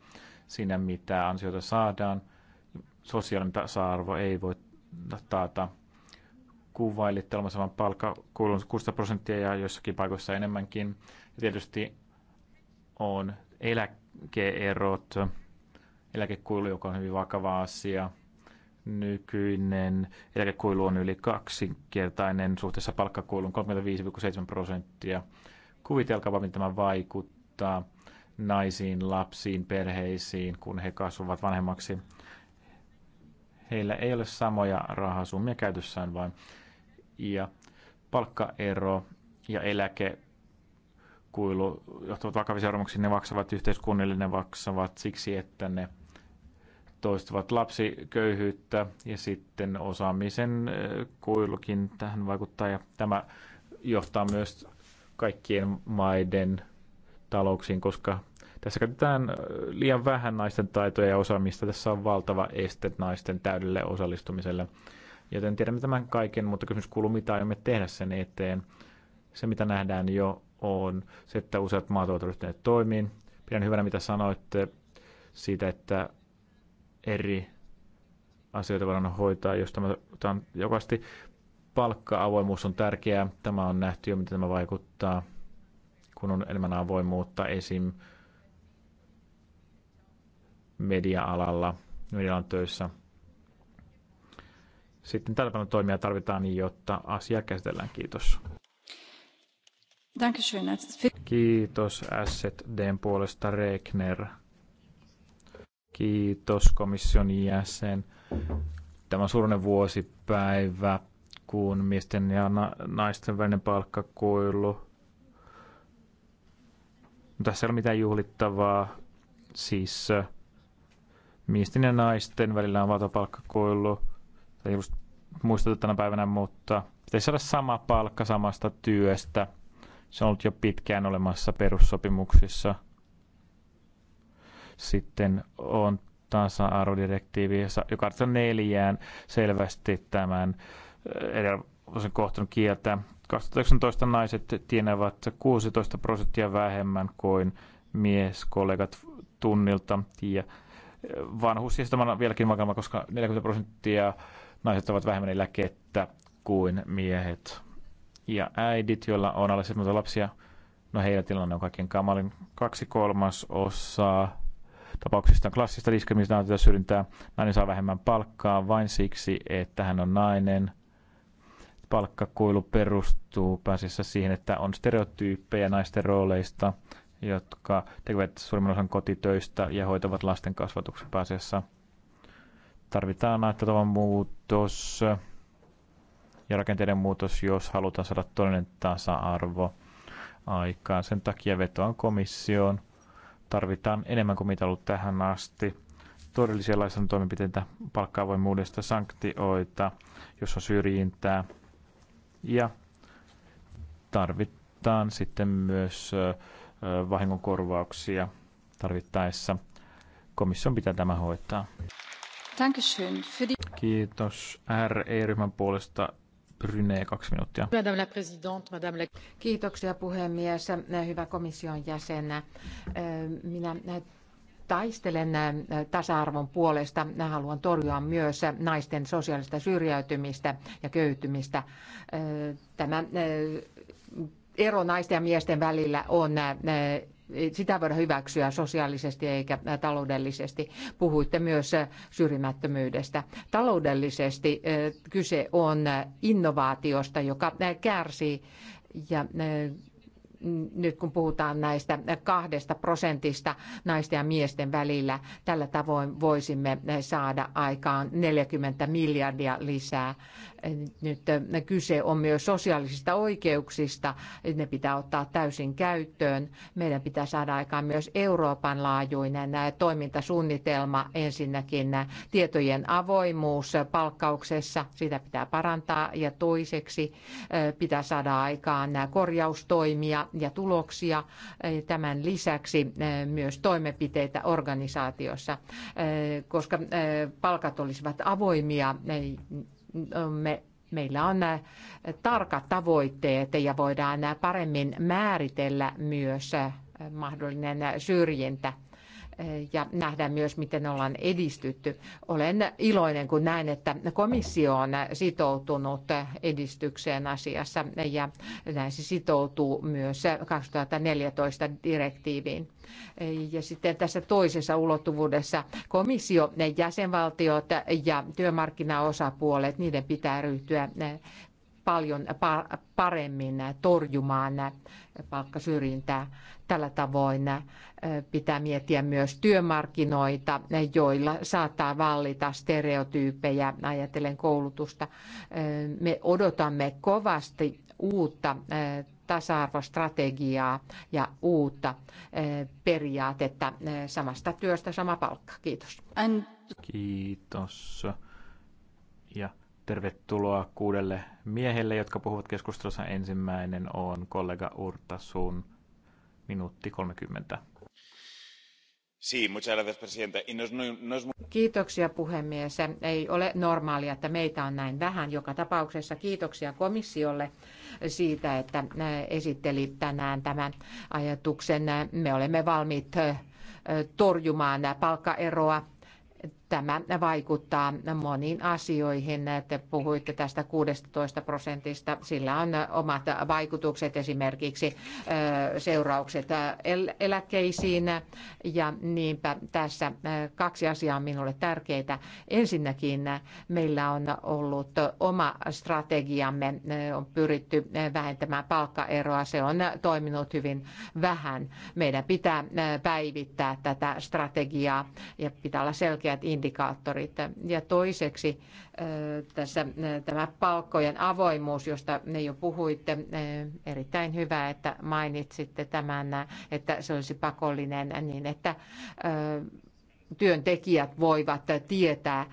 siinä, mitä ansioita saadaan, sosiaalinen tasa-arvo ei voi taata kuvailitte saman vaan palkka kuuluu 60 prosenttia ja jossakin paikoissa enemmänkin. Ja tietysti on eläkkeellä eläkeerot, eläkekuilu, joka on hyvin vakava asia. Nykyinen eläkekuilu on yli kaksinkertainen suhteessa palkkakuiluun, 35,7 prosenttia. Kuvitelkaapa, miten tämä vaikuttaa naisiin, lapsiin, perheisiin, kun he kasvavat vanhemmaksi. Heillä ei ole samoja rahasummia käytössään vain. Ja palkkaero ja eläke kuilu johtavat vakavia seuraamuksia, ne maksavat yhteiskunnille, ne maksavat siksi, että ne toistuvat lapsiköyhyyttä ja sitten osaamisen eh, kuilukin tähän vaikuttaa ja tämä johtaa myös kaikkien maiden talouksiin, koska tässä käytetään eh, liian vähän naisten taitoja ja osaamista. Tässä on valtava este naisten täydelle osallistumiselle. Joten tiedämme tämän kaiken, mutta kysymys kuuluu, mitä aiomme tehdä sen eteen. Se, mitä nähdään jo on se, että useat maat ovat ryhtyneet toimiin. Pidän hyvänä, mitä sanoitte siitä, että eri asioita voidaan hoitaa, jos tämä, tämä on jokaisesti palkka-avoimuus on tärkeää. Tämä on nähty jo, miten tämä vaikuttaa, kun on enemmän avoimuutta esim. media-alalla, media töissä. Sitten tällä toimia tarvitaan, jotta asia käsitellään. Kiitos. Kiitos SZDn puolesta Regner. Kiitos komission jäsen. Tämä on surullinen vuosipäivä, kun miesten ja naisten välinen palkkakuilu. No, tässä ei ole mitään juhlittavaa. Siis äh, miesten ja naisten välillä on valtapalkkakuilu. Tämä ei muistettu tänä päivänä, mutta pitäisi saada sama palkka samasta työstä – se on ollut jo pitkään olemassa perussopimuksissa. Sitten on tasa-arvodirektiivi, joka on neljään selvästi tämän eh, edellisen kohtanut kieltä. 2019 naiset tienaavat 16 prosenttia vähemmän kuin mieskollegat tunnilta. Ja eh, vanhuus ja on vieläkin vakava, koska 40 prosenttia naiset ovat vähemmän eläkettä kuin miehet ja äidit, joilla on alle 7 lapsia, no heidän tilanne on kaikkein kamalin. Kaksi kolmasosaa tapauksista on klassista diskriminaatiota syrjintää. Nainen saa vähemmän palkkaa vain siksi, että hän on nainen. Palkkakuilu perustuu pääsissä siihen, että on stereotyyppejä naisten rooleista, jotka tekevät suurimman osan kotitöistä ja hoitavat lasten kasvatuksen pääasiassa. Tarvitaan näyttötavan muutos ja rakenteiden muutos, jos halutaan saada todellinen tasa-arvo aikaan. Sen takia vetoan komissioon. Tarvitaan enemmän kuin mitä ollut tähän asti. Todellisia laisen toimenpiteitä, palkkaavoimuudesta, sanktioita, jos on syrjintää. Ja tarvitaan sitten myös vahingonkorvauksia tarvittaessa. Komission pitää tämä hoitaa. Kiitos RE-ryhmän puolesta Bryne, kaksi minuuttia. Kiitoksia puhemies, hyvä komission jäsen. Minä taistelen tasa-arvon puolesta. Haluan torjua myös naisten sosiaalista syrjäytymistä ja köyhtymistä. Tämä ero naisten ja miesten välillä on sitä voida hyväksyä sosiaalisesti eikä taloudellisesti. Puhuitte myös syrjimättömyydestä. Taloudellisesti kyse on innovaatiosta, joka kärsii ja nyt kun puhutaan näistä kahdesta prosentista naisten ja miesten välillä, tällä tavoin voisimme saada aikaan 40 miljardia lisää nyt äh, kyse on myös sosiaalisista oikeuksista. Ne pitää ottaa täysin käyttöön. Meidän pitää saada aikaan myös Euroopan laajuinen äh, toimintasuunnitelma. Ensinnäkin äh, tietojen avoimuus palkkauksessa, sitä pitää parantaa. Ja toiseksi pitää saada aikaan korjaustoimia ja tuloksia. Tämän lisäksi myös toimenpiteitä organisaatiossa, koska palkat olisivat avoimia me, meillä on tarkat tavoitteet ja voidaan paremmin määritellä myös mahdollinen syrjintä ja nähdään myös, miten ollaan edistytty. Olen iloinen, kun näen, että komissio on sitoutunut edistykseen asiassa ja näin se sitoutuu myös 2014 direktiiviin. Ja sitten tässä toisessa ulottuvuudessa komissio, ne jäsenvaltiot ja työmarkkinaosapuolet, niiden pitää ryhtyä paljon paremmin torjumaan palkkasyrjintää. Tällä tavoin pitää miettiä myös työmarkkinoita, joilla saattaa vallita stereotyyppejä ajatellen koulutusta. Me odotamme kovasti uutta tasa-arvostrategiaa ja uutta periaatetta samasta työstä sama palkka. Kiitos. Kiitos. Ja tervetuloa kuudelle miehelle, jotka puhuvat keskustelussa. Ensimmäinen on kollega Urta Sun 30. No no kiitoksia puhemies. Ei ole normaalia, että meitä on näin vähän. Joka tapauksessa kiitoksia komissiolle siitä, että esitteli tänään tämän ajatuksen. Me olemme valmiit torjumaan palkkaeroa Tämä vaikuttaa moniin asioihin. Te puhuitte tästä 16 prosentista. Sillä on omat vaikutukset, esimerkiksi seuraukset eläkkeisiin. Ja niinpä tässä kaksi asiaa on minulle tärkeitä. Ensinnäkin meillä on ollut oma strategiamme. On pyritty vähentämään palkkaeroa. Se on toiminut hyvin vähän. Meidän pitää päivittää tätä strategiaa ja pitää olla selkeät indikaattorit indikaattorit. Ja toiseksi tässä tämä palkkojen avoimuus, josta ne jo puhuitte, erittäin hyvä, että mainitsitte tämän, että se olisi pakollinen niin, että työntekijät voivat tietää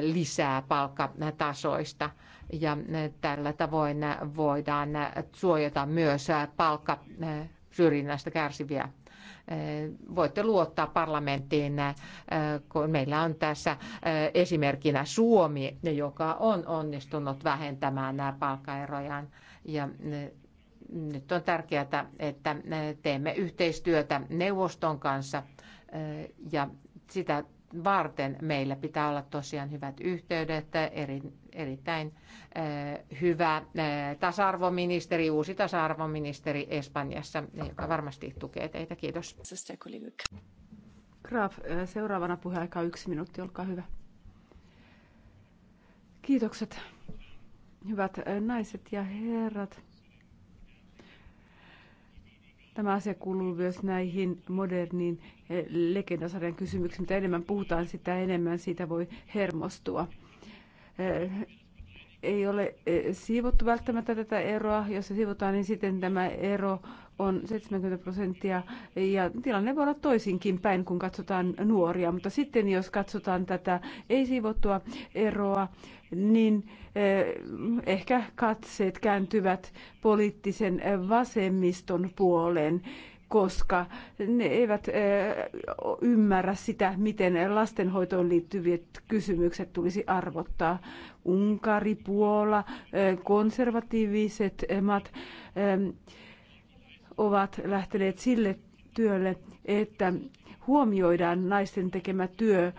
lisää palkkatasoista ja tällä tavoin voidaan suojata myös palkkasyrjinnästä kärsiviä Eh, voitte luottaa parlamenttiin, eh, kun meillä on tässä eh, esimerkkinä Suomi, joka on onnistunut vähentämään nämä palkkaeroja. Ja nyt on tärkeää, että teemme yhteistyötä neuvoston kanssa ja sitä varten meillä pitää olla tosiaan hyvät yhteydet, eri, erittäin eh, hyvä eh, tasa-arvoministeri, uusi tasa-arvoministeri Espanjassa, joka varmasti tukee teitä. Kiitos. Graf, eh, seuraavana puheaika yksi minuutti, olkaa hyvä. Kiitokset, hyvät naiset ja herrat. Tämä asia kuuluu myös näihin moderniin eh, legendasarjan kysymyksiin. Mitä enemmän puhutaan, sitä enemmän siitä voi hermostua. Eh, ei ole eh, siivottu välttämättä tätä eroa. Jos se siivotaan, niin sitten tämä ero on 70 prosenttia ja tilanne voi olla toisinkin päin, kun katsotaan nuoria. Mutta sitten jos katsotaan tätä ei-siivottua eroa, niin eh, ehkä katseet kääntyvät poliittisen eh, vasemmiston puoleen koska ne eivät eh, ymmärrä sitä, miten lastenhoitoon liittyvät kysymykset tulisi arvottaa. Unkari, Puola, konservatiiviset maat ovat lähteneet sille työlle, että huomioidaan naisten tekemä työ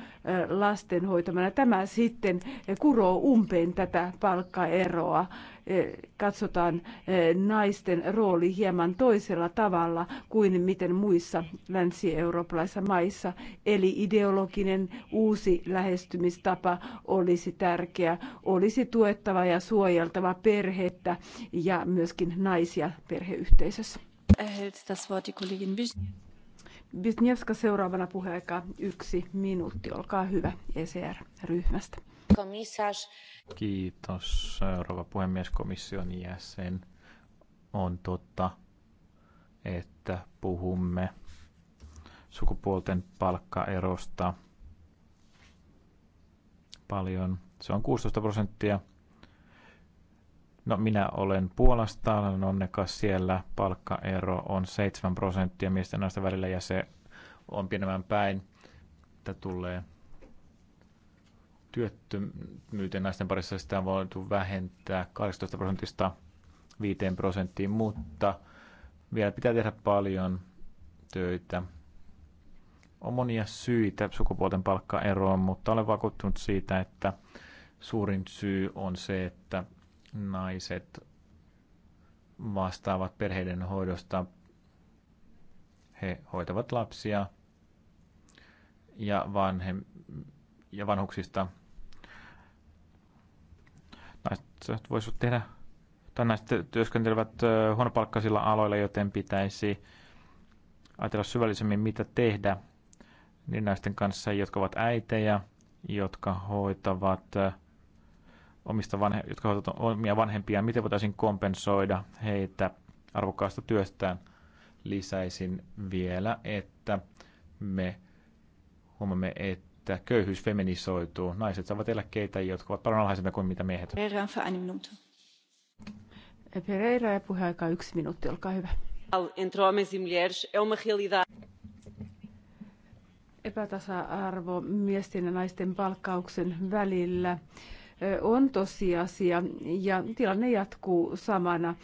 lasten hoitamana. Tämä sitten kuroo umpeen tätä palkkaeroa. E, katsotaan e, naisten rooli hieman toisella tavalla kuin miten muissa länsi-eurooppalaisissa maissa. Eli ideologinen uusi lähestymistapa olisi tärkeä, olisi tuettava ja suojeltava perhettä ja myöskin naisia perheyhteisössä. Erhält das Wort die Kollegin Bitnievska seuraavana puheaika yksi minuutti. Olkaa hyvä ECR-ryhmästä. Kiitos, Seuraava puhemies, komission jäsen. On totta, että puhumme sukupuolten palkkaerosta paljon. Se on 16 prosenttia No minä olen Puolasta, olen onnekas siellä. Palkkaero on 7 prosenttia miesten ja naisten välillä ja se on pienemmän päin. Tämä tulee työttömyyteen naisten parissa sitä on voitu vähentää 18 prosentista 5 prosenttiin, mutta vielä pitää tehdä paljon töitä. On monia syitä sukupuolten palkkaeroon, mutta olen vakuuttunut siitä, että suurin syy on se, että naiset vastaavat perheiden hoidosta. He hoitavat lapsia ja, vanhem, ja vanhuksista. Naiset voisivat tehdä, tai naiset työskentelevät huonopalkkaisilla aloilla, joten pitäisi ajatella syvällisemmin, mitä tehdä niin naisten kanssa, jotka ovat äitejä, jotka hoitavat omista vanhe- jotka ovat omia vanhempia, miten voitaisiin kompensoida heitä arvokkaasta työstään. Lisäisin vielä, että me huomamme, että köyhyys feminisoituu. Naiset saavat eläkkeitä, jotka ovat paljon alhaisempia kuin mitä miehet. Pereira ja puheaika yksi minuutti, olkaa hyvä. E Epätasa-arvo miesten ja naisten palkkauksen välillä on tosiasia ja tilanne jatkuu samana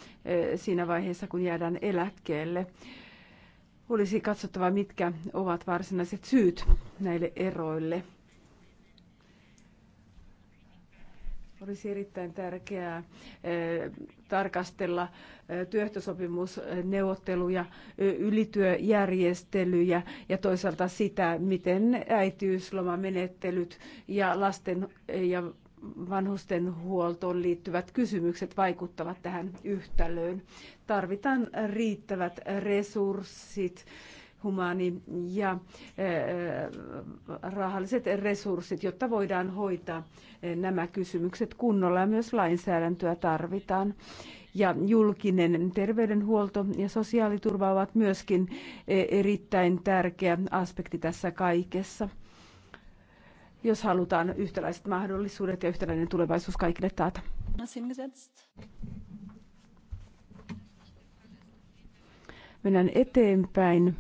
siinä vaiheessa, kun jäädään eläkkeelle. Olisi katsottava, mitkä ovat varsinaiset syyt näille eroille. Olisi erittäin tärkeää tarkastella työhtösopimusneuvotteluja, ylityöjärjestelyjä ja toisaalta sitä, miten äitiyslomamenettelyt ja lasten ja huoltoon liittyvät kysymykset vaikuttavat tähän yhtälöön. Tarvitaan riittävät resurssit, humani ja eh, rahalliset resurssit, jotta voidaan hoitaa eh, nämä kysymykset kunnolla ja myös lainsäädäntöä tarvitaan. Ja julkinen terveydenhuolto ja sosiaaliturva ovat myöskin eh, erittäin tärkeä aspekti tässä kaikessa jos halutaan yhtäläiset mahdollisuudet ja yhtäläinen tulevaisuus kaikille taata. Mennään eteenpäin.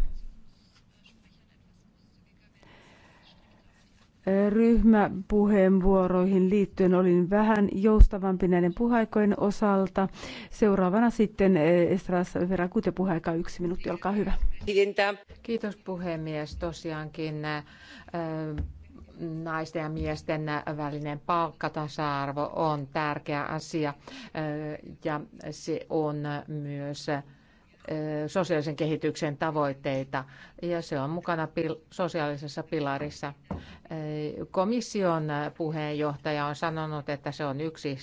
ryhmäpuheenvuoroihin liittyen olin vähän joustavampi näiden puhaikojen osalta. Seuraavana sitten eh, Estras ja puheaika yksi minuutti, olkaa hyvä. Kiitos puhemies. Tosiaankin eh, naisten ja miesten välinen palkkatasa-arvo on tärkeä asia ja se on myös sosiaalisen kehityksen tavoitteita ja se on mukana pil- sosiaalisessa pilarissa. Komission puheenjohtaja on sanonut, että se on yksi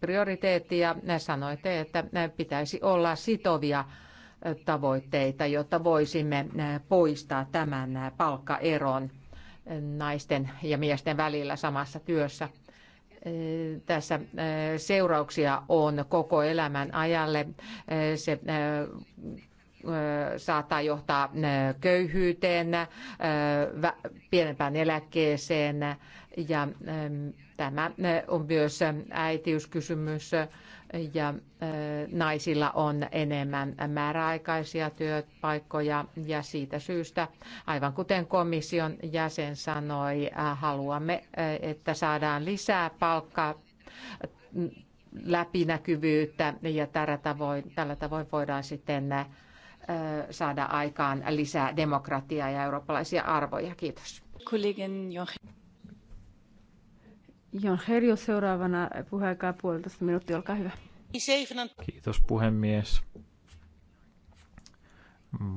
prioriteetti ja sanoitte, että pitäisi olla sitovia tavoitteita, jotta voisimme poistaa tämän palkkaeron naisten ja miesten välillä samassa työssä. Tässä seurauksia on koko elämän ajalle. Se saattaa johtaa köyhyyteen, pienempään eläkkeeseen ja tämä on myös äitiyskysymys ja naisilla on enemmän määräaikaisia työpaikkoja ja siitä syystä, aivan kuten komission jäsen sanoi, haluamme, että saadaan lisää palkkaa mm, läpinäkyvyyttä ja tällä tavoin, tällä tavoin voidaan sitten saada aikaan lisää demokratiaa ja eurooppalaisia arvoja. Kiitos. Kollegin Joachim. Jon Herjo seuraavana puheaikaa puolitoista minuuttia, olkaa hyvä. Kiitos puhemies.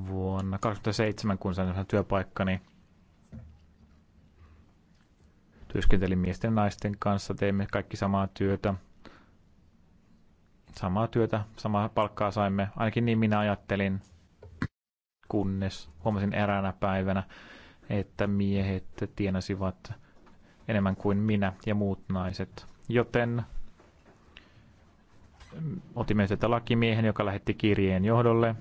Vuonna 2007, kun sain työpaikkani, työskentelin miesten ja naisten kanssa, teimme kaikki samaa työtä. Samaa työtä, samaa palkkaa saimme, ainakin niin minä ajattelin, kunnes huomasin eräänä päivänä, että miehet tienasivat enemmän kuin minä ja muut naiset. Joten mm, otimme sieltä lakimiehen, joka lähetti kirjeen johdolle.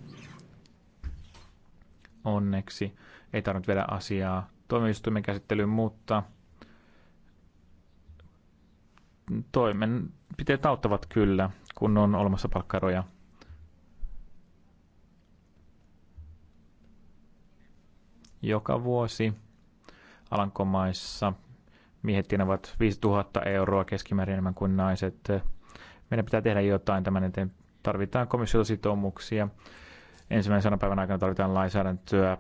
Onneksi ei tarvinnut vielä asiaa tuomioistuimen käsittelyyn, mutta toimenpiteet auttavat kyllä, kun on olemassa palkkaroja. Joka vuosi Alankomaissa Miehet tienavat 5000 euroa keskimäärin enemmän kuin naiset. Meidän pitää tehdä jotain tämän eteen. Tarvitaan komissiota sitoumuksia. Ensimmäisen sadan päivän aikana tarvitaan lainsäädäntöä,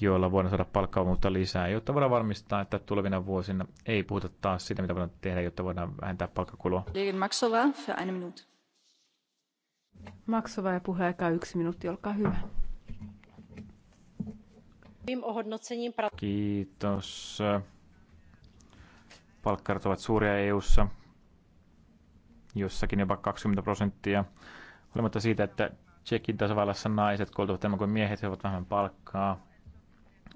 joilla voidaan saada palkkaavuutta lisää, jotta voidaan varmistaa, että tulevina vuosina ei puhuta taas siitä, mitä voidaan tehdä, jotta voidaan vähentää palkkakulua. Maksova ja puheaika yksi minuutti, olkaa hyvä. Kiitos. Palkkarat ovat suuria EU:ssa, jossakin jopa 20 prosenttia. Olematta siitä, että Tsekin tasavallassa naiset kouluttavat enemmän kuin miehet, he ovat vähemmän palkkaa.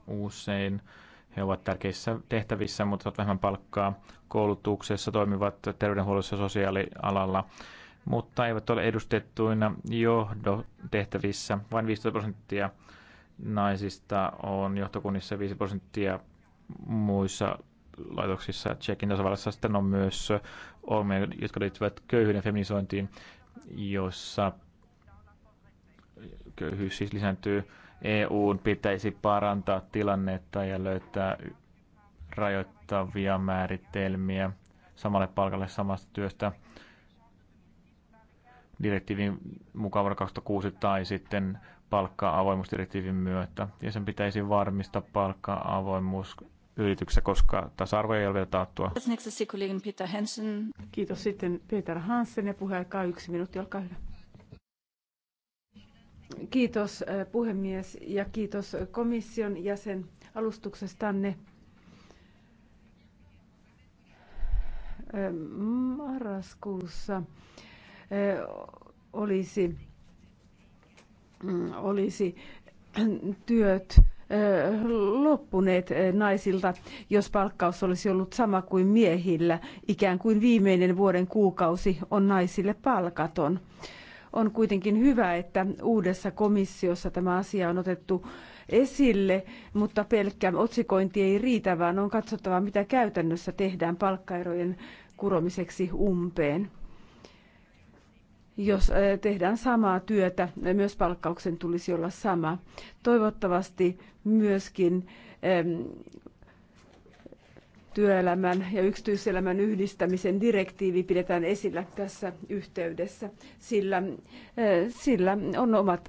Usein he ovat tärkeissä tehtävissä, mutta saavat vähemmän palkkaa koulutuksessa, toimivat terveydenhuollossa sosiaalialalla, mutta eivät ole edustettuina johdotehtävissä. Vain 15 prosenttia naisista on johtokunnissa 5 prosenttia muissa laitoksissa. Tsekin tasavallassa sitten on myös ongelmia, jotka liittyvät köyhyyden feminisointiin, jossa köyhyys siis lisääntyy. EUn pitäisi parantaa tilannetta ja löytää rajoittavia määritelmiä samalle palkalle samasta työstä direktiivin mukaan vuonna 2006 tai sitten palkkaa avoimuusdirektiivin myötä. Ja sen pitäisi varmistaa palkkaa avoimuus yrityksessä, koska tasa-arvo ei ole vielä taattua. Kiitos sitten Peter Hansen ja puheaikaa yksi minuutti, olkaa hyvä. Kiitos eh, puhemies ja kiitos komission jäsen alustuksestanne. Eh, marraskuussa eh, olisi, mm, olisi työt loppuneet naisilta, jos palkkaus olisi ollut sama kuin miehillä. Ikään kuin viimeinen vuoden kuukausi on naisille palkaton. On kuitenkin hyvä, että uudessa komissiossa tämä asia on otettu esille, mutta pelkkä otsikointi ei riitä, vaan on katsottava, mitä käytännössä tehdään palkkaerojen kuromiseksi umpeen jos tehdään samaa työtä, myös palkkauksen tulisi olla sama. Toivottavasti myöskin työelämän ja yksityiselämän yhdistämisen direktiivi pidetään esillä tässä yhteydessä, sillä, sillä on omat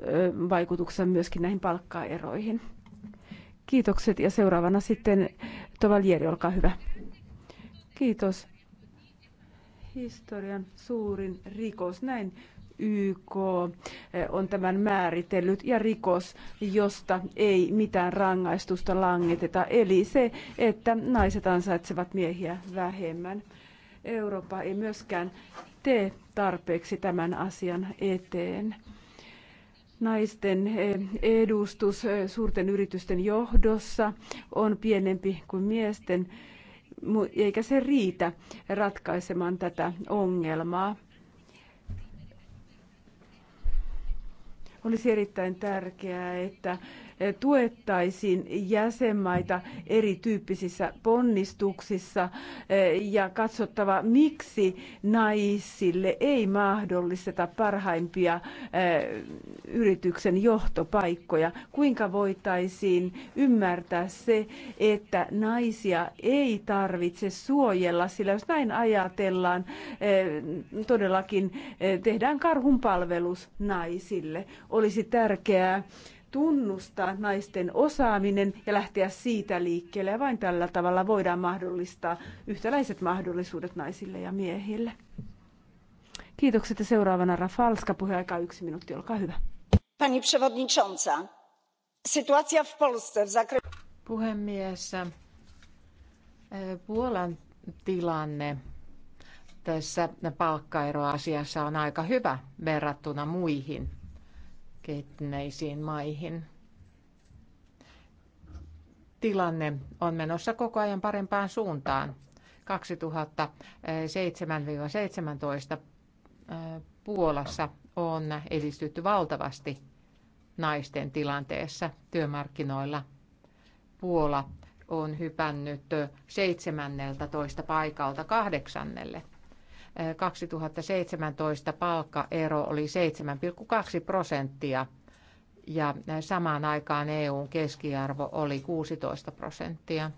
vaikutuksensa myöskin näihin palkkaeroihin. Kiitokset ja seuraavana sitten Tovalieri, olkaa hyvä. Kiitos historian suurin rikos. Näin YK eh, on tämän määritellyt ja rikos, josta ei mitään rangaistusta langeteta. Eli se, että naiset ansaitsevat miehiä vähemmän. Eurooppa ei myöskään tee tarpeeksi tämän asian eteen naisten eh, edustus eh, suurten yritysten johdossa on pienempi kuin miesten eikä se riitä ratkaisemaan tätä ongelmaa. Olisi erittäin tärkeää, että tuettaisiin jäsenmaita erityyppisissä ponnistuksissa eh, ja katsottava, miksi naisille ei mahdollisteta parhaimpia eh, yrityksen johtopaikkoja. Kuinka voitaisiin ymmärtää se, että naisia ei tarvitse suojella, sillä jos näin ajatellaan, eh, todellakin tehdään karhunpalvelus naisille. Olisi tärkeää tunnustaa naisten osaaminen ja lähteä siitä liikkeelle. Ja vain tällä tavalla voidaan mahdollistaa yhtäläiset mahdollisuudet naisille ja miehille. Kiitokset ja seuraavana Rafalska, puheaika yksi minuutti, olkaa hyvä. Pani przewodnicząca, sytuacja w Polsce w zakresie... Puhemies, e, Puolan tilanne tässä palkkaeroasiassa on aika hyvä verrattuna muihin kehittyneisiin maihin. Tilanne on menossa koko ajan parempaan suuntaan. 2007-2017 äh, Puolassa on edistytty valtavasti naisten tilanteessa työmarkkinoilla. Puola on hypännyt 17 paikalta kahdeksannelle 2017 palkkaero oli 7,2 prosenttia ja samaan aikaan EUn keskiarvo oli 16 prosenttia.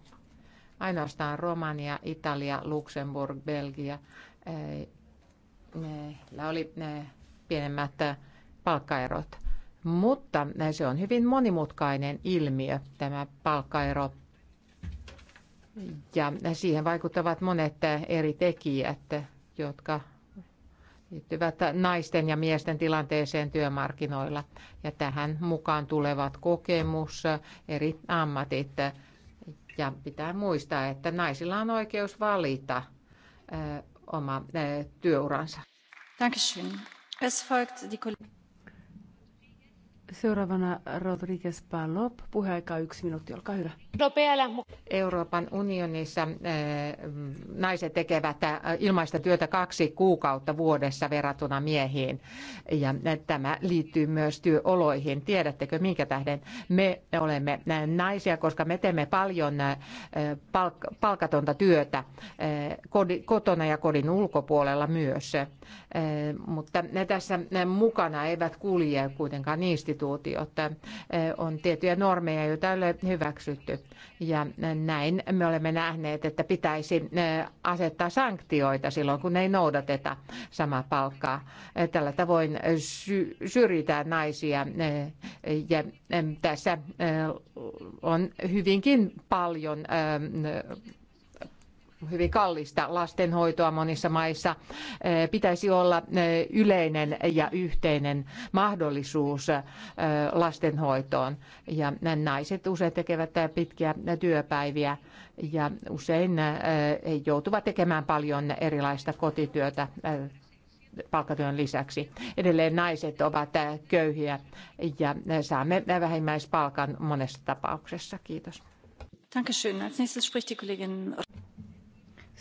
Ainoastaan Romania, Italia, Luxemburg, Belgia, eh, meillä oli eh, pienemmät eh, palkkaerot. Mutta se on hyvin monimutkainen ilmiö, tämä palkkaero. Ja siihen vaikuttavat monet eri tekijät, jotka liittyvät naisten ja miesten tilanteeseen työmarkkinoilla. Ja tähän mukaan tulevat kokemus, eri ammatit. Ja pitää muistaa, että naisilla on oikeus valita oma työuransa. Dankeschön. Es folgt die Seuraavana Rodriguez Palop, puheaika yksi minuutti, olkaa hyvä. Euroopan unionissa eh, naiset tekevät eh, ilmaista työtä kaksi kuukautta vuodessa verrattuna miehiin. Ja eh, tämä liittyy myös työoloihin. Tiedättekö, minkä tähden me olemme naisia, koska me teemme paljon palkatonta työtä kotona ja kodin ulkopuolella myös. Mutta tässä mukana eivät kulje kuitenkaan niistä instituutiot. On tiettyjä normeja, joita ei ole hyväksytty. Ja näin me olemme nähneet, että pitäisi asettaa sanktioita silloin, kun ei noudateta samaa palkkaa. Tällä tavoin syrjitään naisia ja tässä on hyvinkin paljon hyvin kallista lastenhoitoa monissa maissa. Eh, pitäisi olla eh, yleinen ja yhteinen mahdollisuus eh, lastenhoitoon. Ja naiset usein tekevät pitkiä työpäiviä ja usein joutuvat tekemään paljon erilaista kotityötä palkkatyön lisäksi. Edelleen naiset ovat köyhiä ja saamme vähimmäispalkan monessa tapauksessa. Kiitos.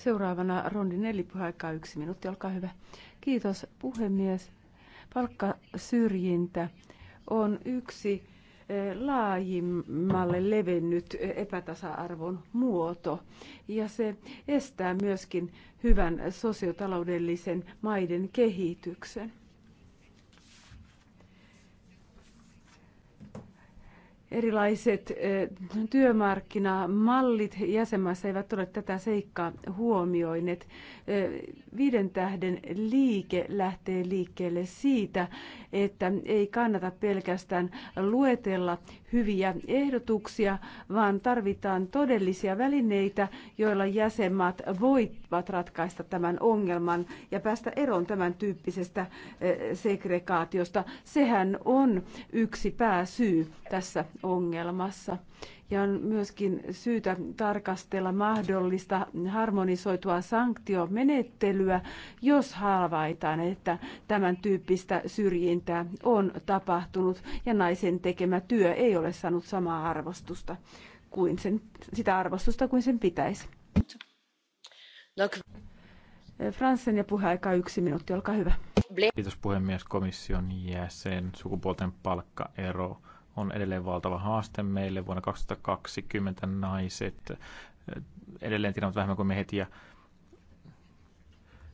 Seuraavana Rondi nelipuhaikaa yksi minuutti, olkaa hyvä. Kiitos puhemies. Palkkasyrjintä on yksi eh, laajimmalle levennyt eh, epätasa-arvon muoto. Ja se estää myöskin hyvän sosiotaloudellisen maiden kehityksen. erilaiset eh, työmarkkinamallit jäsenmaissa eivät ole tätä seikkaa huomioineet. Eh, viiden tähden liike lähtee liikkeelle siitä, että ei kannata pelkästään luetella hyviä ehdotuksia, vaan tarvitaan todellisia välineitä, joilla jäsenmaat voivat ratkaista tämän ongelman ja päästä eroon tämän tyyppisestä eh, segregaatiosta. Sehän on yksi pääsyy tässä ongelmassa. Ja on myöskin syytä tarkastella mahdollista harmonisoitua sanktiomenettelyä, jos halvaitaan, että tämän tyyppistä syrjintää on tapahtunut ja naisen tekemä työ ei ole saanut samaa arvostusta kuin sen, sitä arvostusta kuin sen pitäisi. Fransen ja puheaika yksi minuutti, olkaa hyvä. Kiitos puhemies komission jäsen. Sukupuolten palkkaero on edelleen valtava haaste meille. Vuonna 2020 naiset edelleen tienaavat vähemmän kuin miehet ja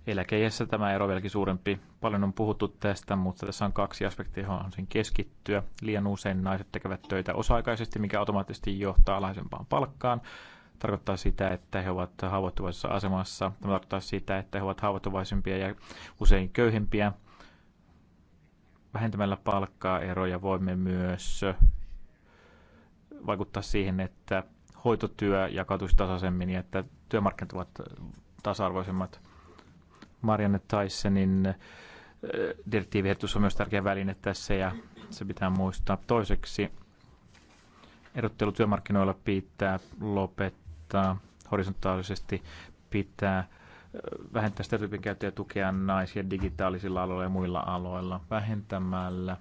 eläkeijässä tämä ero on vieläkin suurempi. Paljon on puhuttu tästä, mutta tässä on kaksi aspektia, johon sen keskittyä. Liian usein naiset tekevät töitä osa-aikaisesti, mikä automaattisesti johtaa alhaisempaan palkkaan. Tarkoittaa sitä, että he ovat haavoittuvaisessa asemassa. Tämä tarkoittaa sitä, että he ovat haavoittuvaisempia ja usein köyhempiä vähentämällä palkkaa eroja voimme myös vaikuttaa siihen, että hoitotyö jakautuisi tasaisemmin ja että työmarkkinat ovat tasa-arvoisemmat. Marianne Tysonin direktiiviehdotus on myös tärkeä väline tässä ja se pitää muistaa. Toiseksi erottelu työmarkkinoilla pitää lopettaa horisontaalisesti, pitää vähentää stereotypin käyttöä ja tukea naisia digitaalisilla aloilla ja muilla aloilla vähentämällä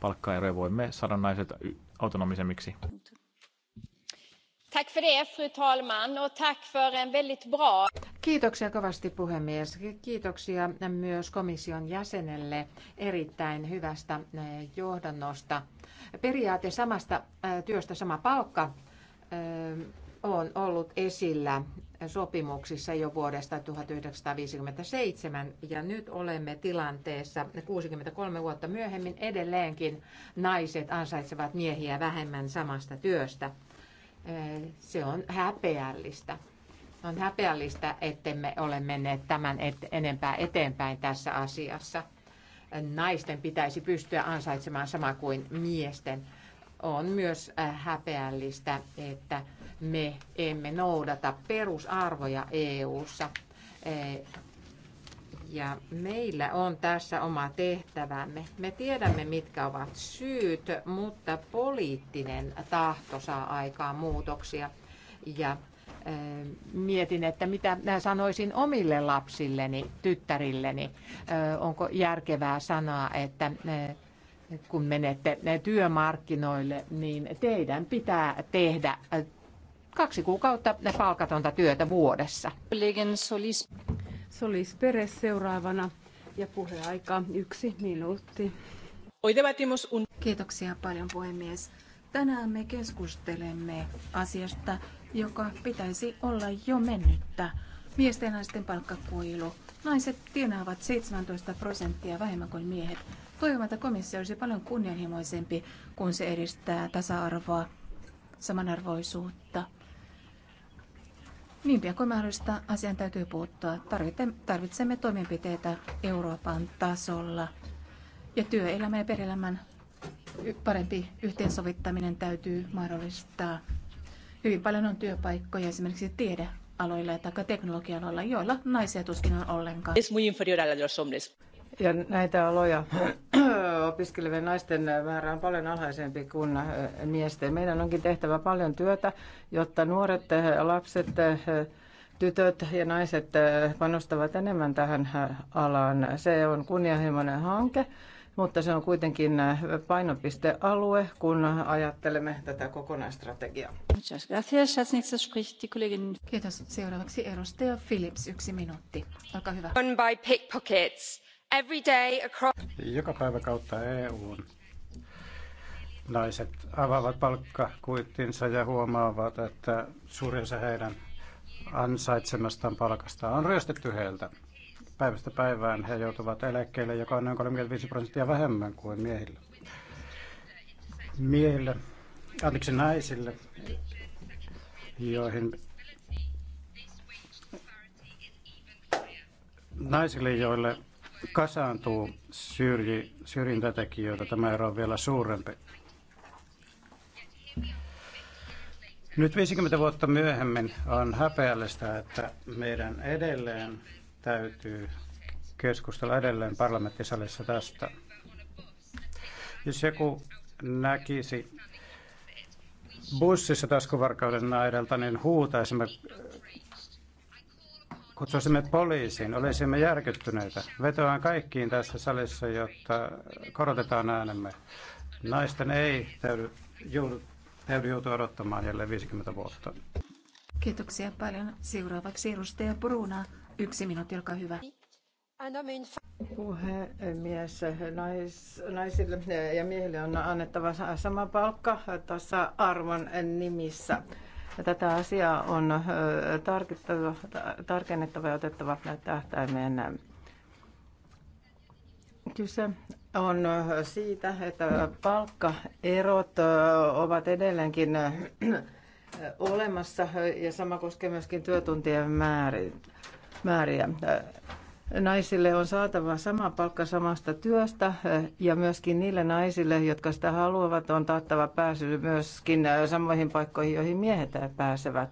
palkkaeroja voimme saada naiset autonomisemmiksi. Tack för det, fru talman, och tack för en väldigt bra... Kiitoksia kovasti puhemies. Kiitoksia myös komission jäsenelle erittäin hyvästä eh, johdannosta. Periaate samasta eh, työstä sama palkka eh, on ollut esillä sopimuksissa jo vuodesta 1957 ja nyt olemme tilanteessa 63 vuotta myöhemmin edelleenkin naiset ansaitsevat miehiä vähemmän samasta työstä. Se on häpeällistä. On häpeällistä, ettemme ole menneet tämän et- enempää eteenpäin tässä asiassa. Naisten pitäisi pystyä ansaitsemaan sama kuin miesten. On myös häpeällistä, että me emme noudata perusarvoja EU:ssa. E, ja meillä on tässä oma tehtävämme. Me tiedämme, mitkä ovat syyt, mutta poliittinen tahto saa aikaan muutoksia. Ja e, mietin, että mitä sanoisin omille lapsilleni, tyttärilleni. E, onko järkevää sanoa, että kun menette työmarkkinoille, niin teidän pitää tehdä kaksi kuukautta palkatonta työtä vuodessa. Solis. Solis Peres seuraavana ja puheaika yksi minuutti. Kiitoksia paljon puhemies. Tänään me keskustelemme asiasta, joka pitäisi olla jo mennyttä. Miesten ja naisten palkkakuilu. Naiset tienaavat 17 prosenttia vähemmän kuin miehet. Toivon, että komissio olisi paljon kunnianhimoisempi, kun se edistää tasa-arvoa, samanarvoisuutta niin pian kuin mahdollista asian täytyy puuttua. Tarvitsemme toimenpiteitä Euroopan tasolla. Ja työelämän ja perelämän parempi yhteensovittaminen täytyy mahdollistaa. Hyvin paljon on työpaikkoja esimerkiksi tiedealoilla tai teknologialoilla, joilla naisia tuskin on ollenkaan. Ja näitä aloja opiskelevien naisten määrä on paljon alhaisempi kuin äh, miesten. Meidän onkin tehtävä paljon työtä, jotta nuoret äh, lapset, äh, tytöt ja naiset panostavat enemmän tähän alaan. Se on kunnianhimoinen hanke, mutta se on kuitenkin painopistealue, kun ajattelemme tätä kokonaisstrategiaa. Kiitos. Seuraavaksi edustaja Philips, yksi minuutti. Olkaa hyvä. On by pickpockets. Every day across... Joka päivä kautta EUn naiset avaavat palkkakuittinsa ja huomaavat, että suurin osa heidän ansaitsemastaan palkasta on ryöstetty heiltä. Päivästä päivään he joutuvat eläkkeelle, joka on noin 35 prosenttia vähemmän kuin miehillä. Miehillä, anteeksi naisille, joihin naisille, joille kasaantuu syrji, syrjintätekijöitä, tämä ero on vielä suurempi. Nyt 50 vuotta myöhemmin on häpeällistä, että meidän edelleen täytyy keskustella edelleen parlamenttisalissa tästä. Jos joku näkisi bussissa taskuvarkauden naidelta, niin huutaisimme kutsuisimme poliisin, olisimme järkyttyneitä. Vetoan kaikkiin tässä salissa, jotta korotetaan äänemme. Naisten ei täydy, joudu, täydy joutua odottamaan jälleen 50 vuotta. Kiitoksia paljon. Seuraavaksi edustaja Bruna. Yksi minuutti, olkaa hyvä. Puhemies, nais, naisille ja miehille on annettava sama palkka tasa arvon nimissä. Tätä asiaa on tarkennettava ja otettava tähtäimeen. Kyse on siitä, että palkkaerot ovat edelleenkin olemassa ja sama koskee myöskin työtuntien määriä naisille on saatava sama palkka samasta työstä eh, ja myöskin niille naisille, jotka sitä haluavat, on taattava pääsy myöskin eh, samoihin paikkoihin, joihin miehet eh, pääsevät.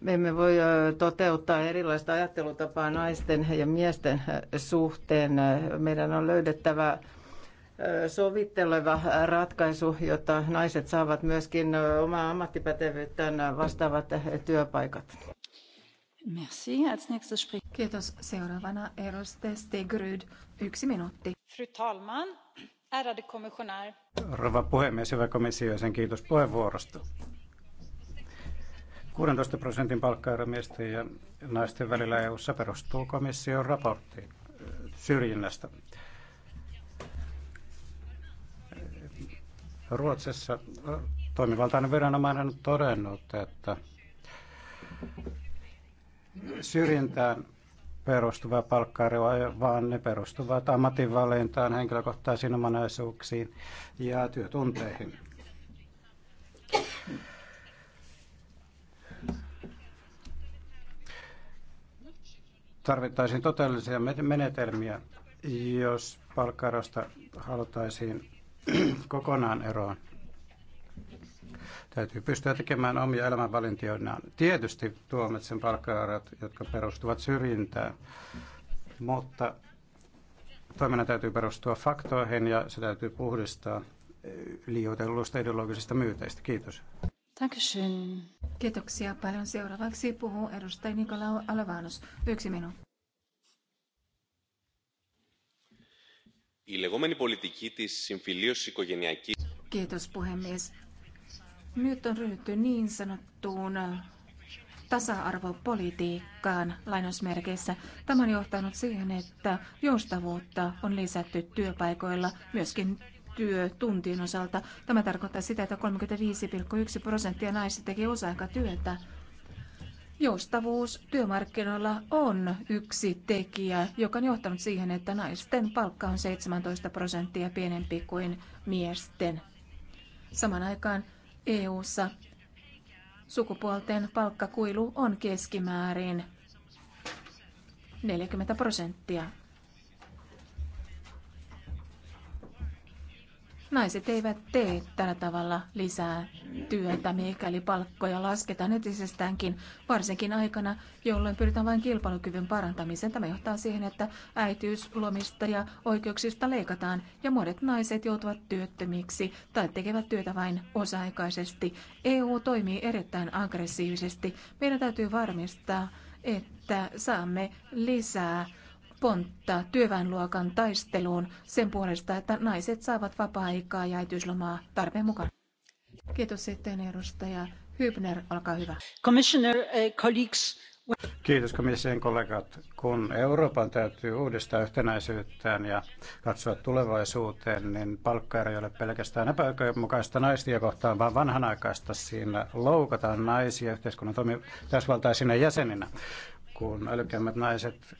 Me emme voi toteuttaa erilaista ajattelutapaa naisten ja miesten suhteen. Meidän on löydettävä sovitteleva ratkaisu, jotta naiset saavat myöskin omaa ammattipätevyyttään vastaavat työpaikat. Merci. Als nächstes spricht... Kiitos. Seuraavana Eroste Stegryd. Yksi minuutti. Fru talman, ärade kommissionär. Rouva puhemies, hyvä komissio, sen kiitos puheenvuorosta. 16 prosentin palkkaero miesten ja naisten välillä eu perustuu komission raporttiin äh, syrjinnästä. Ruotsissa äh, toimivaltainen viranomainen on todennut, että syrjintään perustuva palkkaarvoa, vaan ne perustuvat ammatinvalintaan, henkilökohtaisiin ominaisuuksiin ja työtunteihin. Tarvittaisiin todellisia menetelmiä, jos palkkaerosta halutaisiin kokonaan eroon. Täytyy pystyä tekemään omia elämänvalintioinaan. Tietysti sen palkka jotka perustuvat syrjintään, mutta toiminnan täytyy perustua faktoihin ja se täytyy puhdistaa liioitelluista ideologisista myyteistä. Kiitos. Dankeschön. Kiitoksia paljon. Seuraavaksi puhuu edustaja Nikola Alavanus. Yksi minuutti. Η λεγόμενη πολιτική της συμφιλίωσης οικογενειακής... Kiitos puhemies. Nyt on ryhdytty niin sanottuun tasa-arvopolitiikkaan lainausmerkeissä. Tämä on johtanut siihen, että joustavuutta on lisätty työpaikoilla, myöskin työtuntien osalta. Tämä tarkoittaa sitä, että 35,1 prosenttia naisista teki osa-aikatyötä. Joustavuus työmarkkinoilla on yksi tekijä, joka on johtanut siihen, että naisten palkka on 17 prosenttia pienempi kuin miesten. Saman aikaan EU:ssa sukupuolten palkkakuilu on keskimäärin 40 prosenttia. Naiset eivät tee tällä tavalla lisää työtä, mikäli palkkoja lasketaan entisestäänkin, varsinkin aikana, jolloin pyritään vain kilpailukyvyn parantamiseen. Tämä johtaa siihen, että äitiyslomista ja oikeuksista leikataan ja monet naiset joutuvat työttömiksi tai tekevät työtä vain osa-aikaisesti. EU toimii erittäin aggressiivisesti. Meidän täytyy varmistaa, että saamme lisää pontta työväenluokan taisteluun sen puolesta, että naiset saavat vapaa-aikaa ja äitiyslomaa tarpeen mukaan. Kiitos sitten edustaja Hybner, olkaa hyvä. Commissioner, eh, colleagues. Kiitos komission kollegat. Kun Euroopan täytyy uudistaa yhtenäisyyttään ja katsoa tulevaisuuteen, niin palkkaero ei ole pelkästään epäoikeudenmukaista naisia kohtaan, vaan vanhanaikaista. Siinä loukataan naisia yhteiskunnan toimi- täysvaltaisina jäseninä, kun älykkäämmät naiset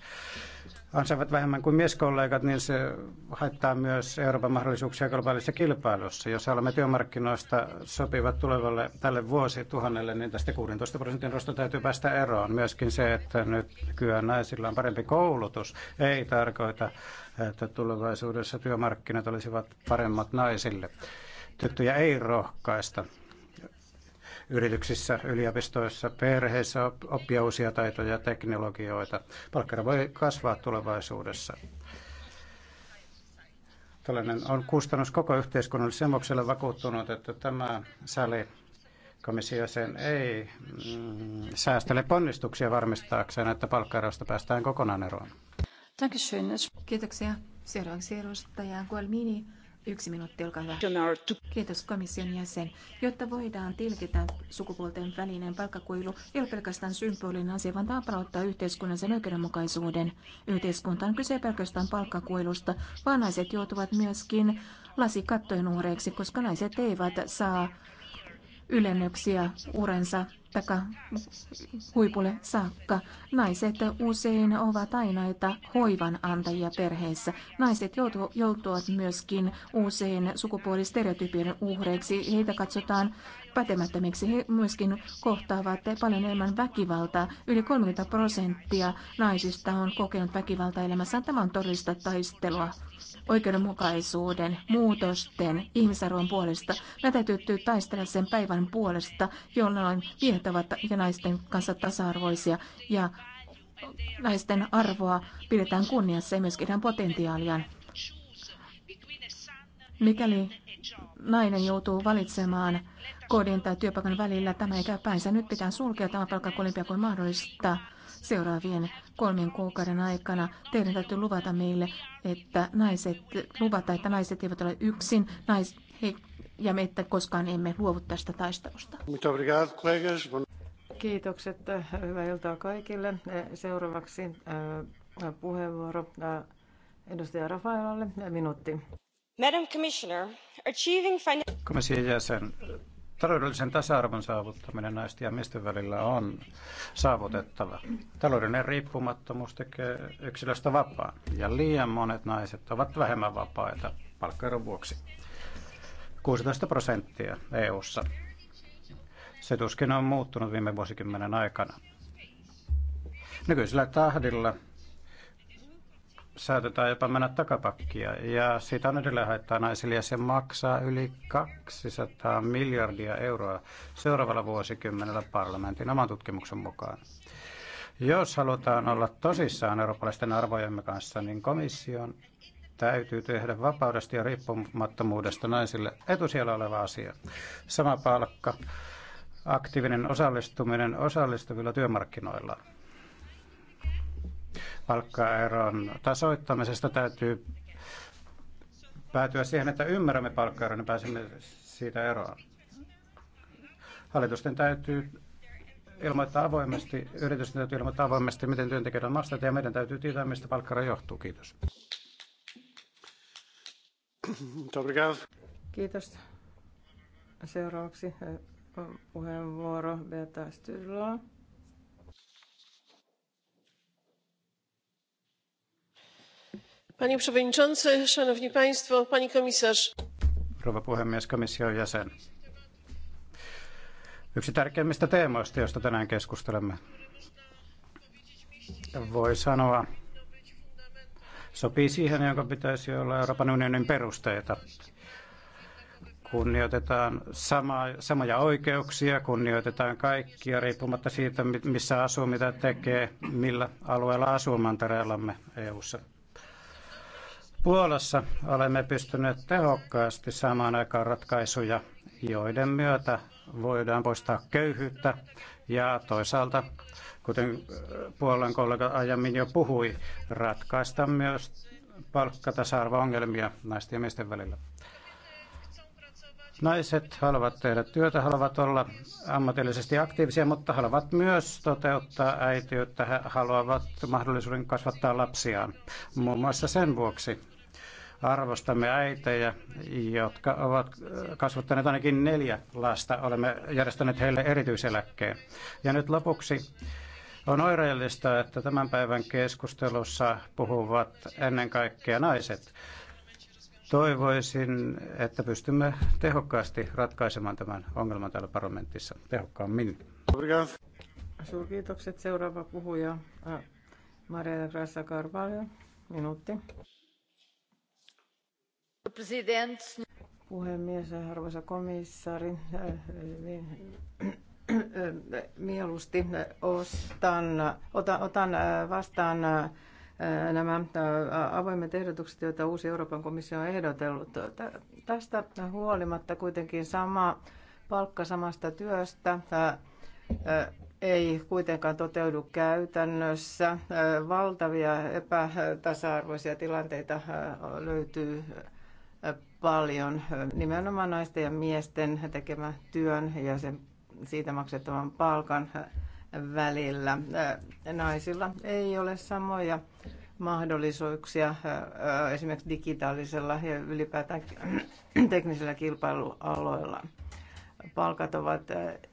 ansaavat vähemmän kuin mieskollegat, niin se haittaa myös Euroopan mahdollisuuksia globaalissa kilpailussa. Jos haluamme työmarkkinoista sopivat tulevalle tälle vuosituhannelle, niin tästä 16 prosentin rosta täytyy päästä eroon. Myöskin se, että nyt kyllä naisilla on parempi koulutus, ei tarkoita, että tulevaisuudessa työmarkkinat olisivat paremmat naisille. Tyttöjä ei rohkaista yrityksissä, yliopistoissa, perheissä oppia uusia taitoja ja teknologioita. Palkkara voi kasvaa tulevaisuudessa. Tällainen on kustannus koko yhteiskunnalle. Semmokselle vakuuttunut, että tämä sali komissio sen ei mm, säästele ponnistuksia varmistaakseen, että palkkaerosta päästään kokonaan eroon. Kiitoksia. Seuraavaksi edustaja Gualmini Yksi minuutti, olkaa hyvä. Kiitos komission jäsen. Jotta voidaan tilkitä sukupuolten välinen palkkakuilu, ei ole pelkästään symbolinen asia, vaan tämä palauttaa yhteiskunnallisen oikeudenmukaisuuden. Yhteiskuntaan kyse pelkästään palkkakuilusta, vaan naiset joutuvat myöskin lasikattojen uhreiksi, koska naiset eivät saa ylennyksiä urensa taka huipulle saakka. Naiset usein ovat ainaita hoivan antajia perheessä. Naiset joutuvat myöskin usein sukupuolistereotypien uhreiksi. Heitä katsotaan pätemättömiksi. He myöskin kohtaavat paljon enemmän väkivaltaa. Yli 30 prosenttia naisista on kokenut väkivaltaa elämässään. Tämä on todellista taistelua oikeudenmukaisuuden, muutosten, ihmisarvon puolesta. Me täytyy taistella sen päivän puolesta, jolloin miehet ovat ja naisten kanssa tasa-arvoisia ja naisten arvoa pidetään kunniassa ja myöskin heidän potentiaaliaan. Mikäli nainen joutuu valitsemaan kodin tai työpaikan välillä. Tämä ei käy päinsä. Nyt pitää sulkea tämä kolimpia niin kuin mahdollista seuraavien kolmen kuukauden aikana. Teidän täytyy luvata meille, että naiset, luvata, että naiset eivät ole yksin nais, he, ja me että koskaan emme luovu tästä taistelusta. Kiitokset. Hyvää iltaa kaikille. Seuraavaksi äh, puheenvuoro äh, edustaja Rafaelalle. Minuutti. Madam Commissioner, achieving financial... Komission jäsen, Taloudellisen tasa-arvon saavuttaminen naisten ja miesten välillä on saavutettava. Taloudellinen riippumattomuus tekee yksilöstä vapaa, ja liian monet naiset ovat vähemmän vapaita palkkaeron vuoksi. 16 prosenttia EU-ssa. Se tuskin on muuttunut viime vuosikymmenen aikana. Nykyisellä tahdilla saatetaan jopa mennä takapakkia. Ja siitä on edelleen haittaa naisille ja se maksaa yli 200 miljardia euroa seuraavalla vuosikymmenellä parlamentin oman tutkimuksen mukaan. Jos halutaan olla tosissaan eurooppalaisten arvojemme kanssa, niin komission täytyy tehdä vapaudesta ja riippumattomuudesta naisille etusijalla oleva asia. Sama palkka, aktiivinen osallistuminen osallistuvilla työmarkkinoilla Palkkaeron tasoittamisesta täytyy päätyä siihen, että ymmärrämme palkkaeron ja pääsemme siitä eroon. Hallitusten täytyy ilmoittaa avoimesti, yritysten täytyy ilmoittaa avoimesti, miten työntekijöiden maksat ja meidän täytyy tietää, mistä palkkaero johtuu. Kiitos. Kiitos. Seuraavaksi eh, puheenvuoro Beata Stylla. Panie przewodniczący, szanowni państwo, pani komisarz. Rouva puhemies, komission jäsen. Yksi tärkeimmistä teemoista, josta tänään keskustelemme, voi sanoa, sopii siihen, jonka pitäisi olla Euroopan unionin perusteita. Kunnioitetaan sama, samoja oikeuksia, kunnioitetaan kaikkia riippumatta siitä, missä asuu, mitä tekee, millä alueella asuu mantereellamme EU-ssa. Puolassa olemme pystyneet tehokkaasti saamaan aikaan ratkaisuja, joiden myötä voidaan poistaa köyhyyttä ja toisaalta, kuten Puolan kollega aiemmin jo puhui, ratkaista myös palkkatasa-arvo-ongelmia naisten ja miesten välillä. Naiset haluavat tehdä työtä, haluavat olla ammatillisesti aktiivisia, mutta haluavat myös toteuttaa äitiyttä, haluavat mahdollisuuden kasvattaa lapsiaan. Muun muassa sen vuoksi Arvostamme äitejä, jotka ovat kasvattaneet ainakin neljä lasta. Olemme järjestäneet heille erityiseläkkeen. Ja nyt lopuksi on oireellista, että tämän päivän keskustelussa puhuvat ennen kaikkea naiset. Toivoisin, että pystymme tehokkaasti ratkaisemaan tämän ongelman täällä parlamentissa tehokkaammin. Suurkiitokset. Seuraava puhuja äh, Maria Grassa Carvalho, minuutti. Puhemies, arvoisa komissaari, niin mieluusti ostan, otan, otan vastaan nämä avoimet ehdotukset, joita uusi Euroopan komissio on ehdotellut. Tästä huolimatta kuitenkin sama palkka samasta työstä ei kuitenkaan toteudu käytännössä. Valtavia epätasa-arvoisia tilanteita löytyy paljon nimenomaan naisten ja miesten tekemä työn ja sen, siitä maksettavan palkan välillä. Naisilla ei ole samoja mahdollisuuksia esimerkiksi digitaalisella ja ylipäätään teknisillä kilpailualoilla. Palkat ovat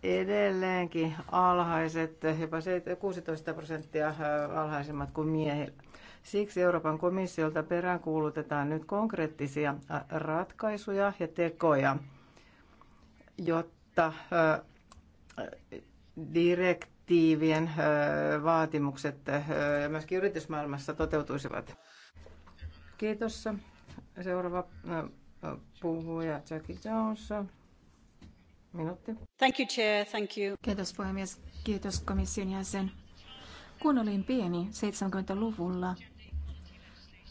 edelleenkin alhaiset, jopa 16 prosenttia alhaisemmat kuin miehillä. Siksi Euroopan komissiolta peräänkuulutetaan nyt konkreettisia ratkaisuja ja tekoja, jotta direktiivien vaatimukset myöskin yritysmaailmassa toteutuisivat. Kiitos. Seuraava puhuja Jackie Jones. Minuutti. Thank you, Chair. Thank you. Kiitos puhemies. Kiitos komission jäsen. Kun olin pieni 70-luvulla,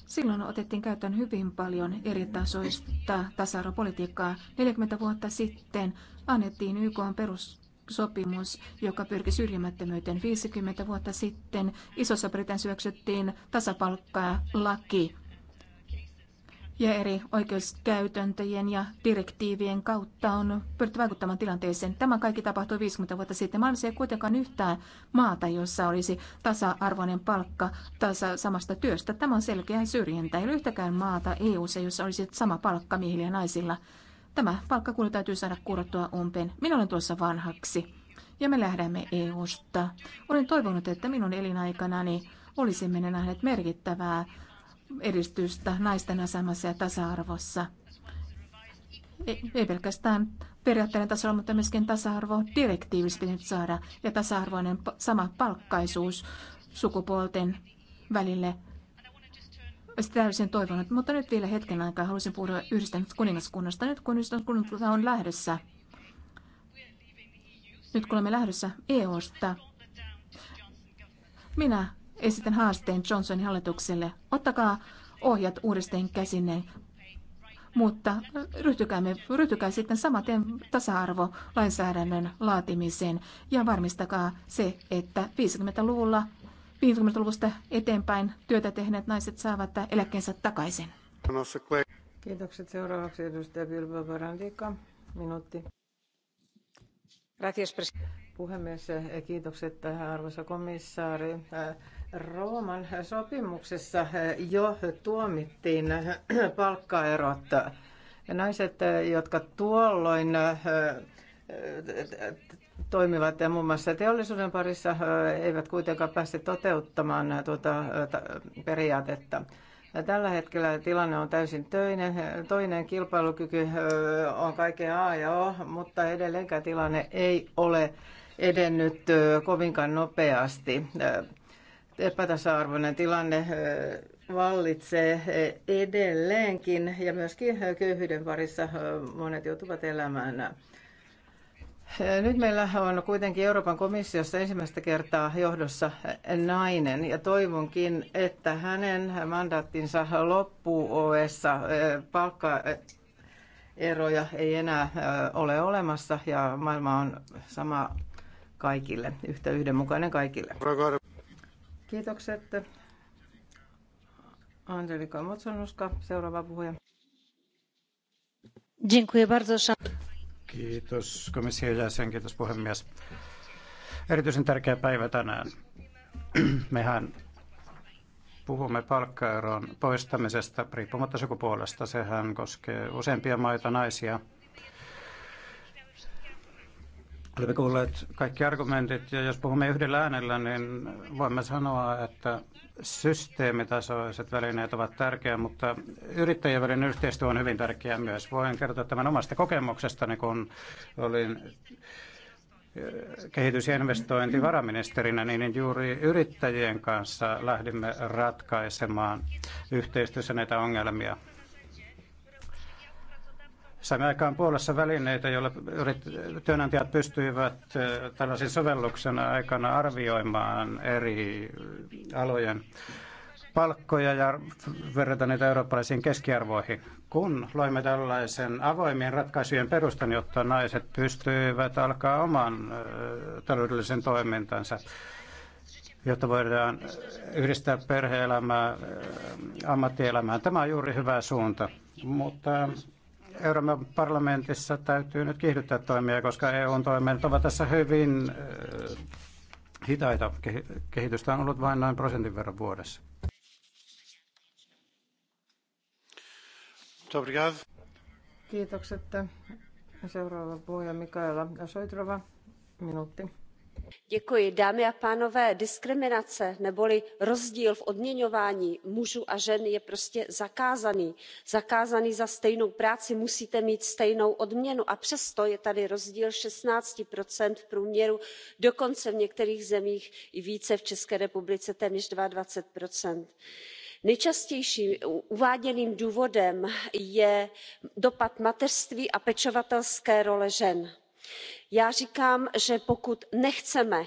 Silloin otettiin käyttöön hyvin paljon eri tasoista tasa-arvopolitiikkaa. 40 vuotta sitten annettiin YK perussopimus, joka pyrki syrjimättömyyteen. 50 vuotta sitten Isossa Britanniassa syöksyttiin tasapalkkaa laki ja eri oikeuskäytäntöjen ja direktiivien kautta on pyritty vaikuttamaan tilanteeseen. Tämä kaikki tapahtui 50 vuotta sitten. Maailmassa ei kuitenkaan yhtään maata, jossa olisi tasa-arvoinen palkka tasa samasta työstä. Tämä on selkeä syrjintä. Ei ole yhtäkään maata eu jossa olisi sama palkka miehillä ja naisilla. Tämä palkkakuilu täytyy saada kurottua umpeen. Minä olen tuossa vanhaksi ja me lähdemme EU-sta. Olen toivonut, että minun elinaikanani olisimme nähneet merkittävää edistystä naisten asemassa ja tasa-arvossa. Ei, ei pelkästään periaatteiden tasolla, mutta myöskin tasa direktiivissä pitäisi saada ja tasa-arvoinen sama palkkaisuus sukupuolten välille. Sitä täysin toivonut, mutta nyt vielä hetken aikaa haluaisin puhua yhdistänyt kuningaskunnasta. Nyt kun yhdistyskunnasta on lähdössä, nyt kun olemme lähdössä EUsta, minä esitän haasteen Johnsonin hallitukselle. Ottakaa ohjat uudestaan käsinne, mutta ryhtykäämme, ryhtykää sitten samaten tasa-arvo lainsäädännön laatimiseen ja varmistakaa se, että 50-luvulla 50-luvusta eteenpäin työtä tehneet naiset saavat eläkkeensä takaisin. Kiitokset. Seuraavaksi edustaja Vilma Barandika. Minuutti. Gracias, puhemies. Kiitokset arvoisa komissaari. Rooman sopimuksessa jo tuomittiin palkkaerot. Naiset, jotka tuolloin eh, toimivat ja muun muassa teollisuuden parissa eh, eivät kuitenkaan pääse toteuttamaan tuota eh, periaatetta. Tällä hetkellä tilanne on täysin töinen, toinen kilpailukyky on kaiken A ja O, mutta edelleenkään tilanne ei ole edennyt kovinkaan nopeasti epätasa-arvoinen tilanne vallitsee edelleenkin ja myöskin köyhyyden parissa monet joutuvat elämään. Nyt meillä on kuitenkin Euroopan komissiossa ensimmäistä kertaa johdossa nainen ja toivonkin, että hänen mandaattinsa loppuu OEssa palkka eroja ei enää ole olemassa ja maailma on sama kaikille, yhtä yhdenmukainen kaikille. Kiitokset. Angelika Motsonuska, seuraava puhuja. Dziękuję bardzo. Kiitos komission jäsen, kiitos puhemies. Erityisen tärkeä päivä tänään. Mehän puhumme palkkaeron poistamisesta riippumatta sukupuolesta. Sehän koskee useampia maita, naisia, Olemme kuulleet kaikki argumentit ja jos puhumme yhdellä äänellä, niin voimme sanoa, että systeemitasoiset välineet ovat tärkeä, mutta yrittäjien välinen yhteistyö on hyvin tärkeää myös. Voin kertoa tämän omasta kokemuksestani, kun olin eh, kehitys- ja investointivaraministerinä, niin juuri yrittäjien kanssa lähdimme ratkaisemaan yhteistyössä näitä ongelmia. Saimme aikaan Puolassa välineitä, joilla työnantajat pystyivät tällaisen sovelluksen aikana arvioimaan eri alojen palkkoja ja verrata niitä eurooppalaisiin keskiarvoihin. Kun loimme tällaisen avoimien ratkaisujen perustan, jotta naiset pystyivät alkaa oman taloudellisen toimintansa, jotta voidaan yhdistää perhe-elämää ammattielämään. Tämä on juuri hyvä suunta, mutta Euroopan parlamentissa täytyy nyt kiihdyttää toimia, koska EUn toimet ovat tässä hyvin hitaita. Kehitystä on ollut vain noin prosentin verran vuodessa. Kiitokset. Seuraava puhuja Mikaela Soitrova, minuutti dámy a pánové diskriminace neboli rozdíl v odměňování mužů a žen je prostě zakázaný. zakázaný za stejnou práci musíte mít stejnou odměnu a přesto je tady rozdíl sixteen v průměru dokonce v některých zemích i více v české republice téměř. twenty two nejčastějším uváděným důvodem je dopad mateřství a pečovatelské role žen já říkám že pokud nechceme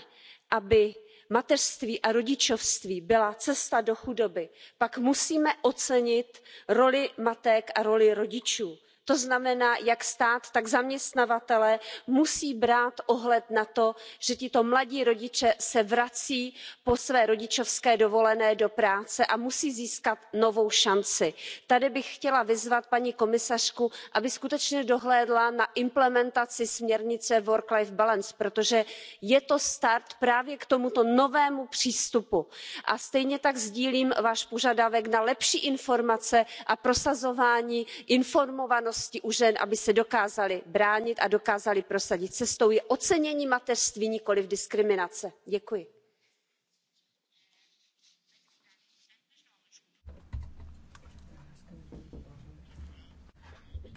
aby mateřství a rodičovství byla cesta do chudoby pak musíme ocenit roli matek a roli rodičů to znamená jak stát tak zaměstnavatelé musí brát ohled na to že tito mladí rodiče se vrací po své rodičovské dovolené do práce a musí získat novou šanci. tady bych chtěla vyzvat paní komisařku aby skutečně dohlédla na implementaci směrnice work life balance protože je to start právě k tomuto novému přístupu. a stejně tak sdílím váš požadavek na lepší informace a prosazování informovanosti znalosti u žen aby se dokázaly bránit a dokázaly prosadit. cestou je ocenění mateřství nikoliv diskriminace. děkuji.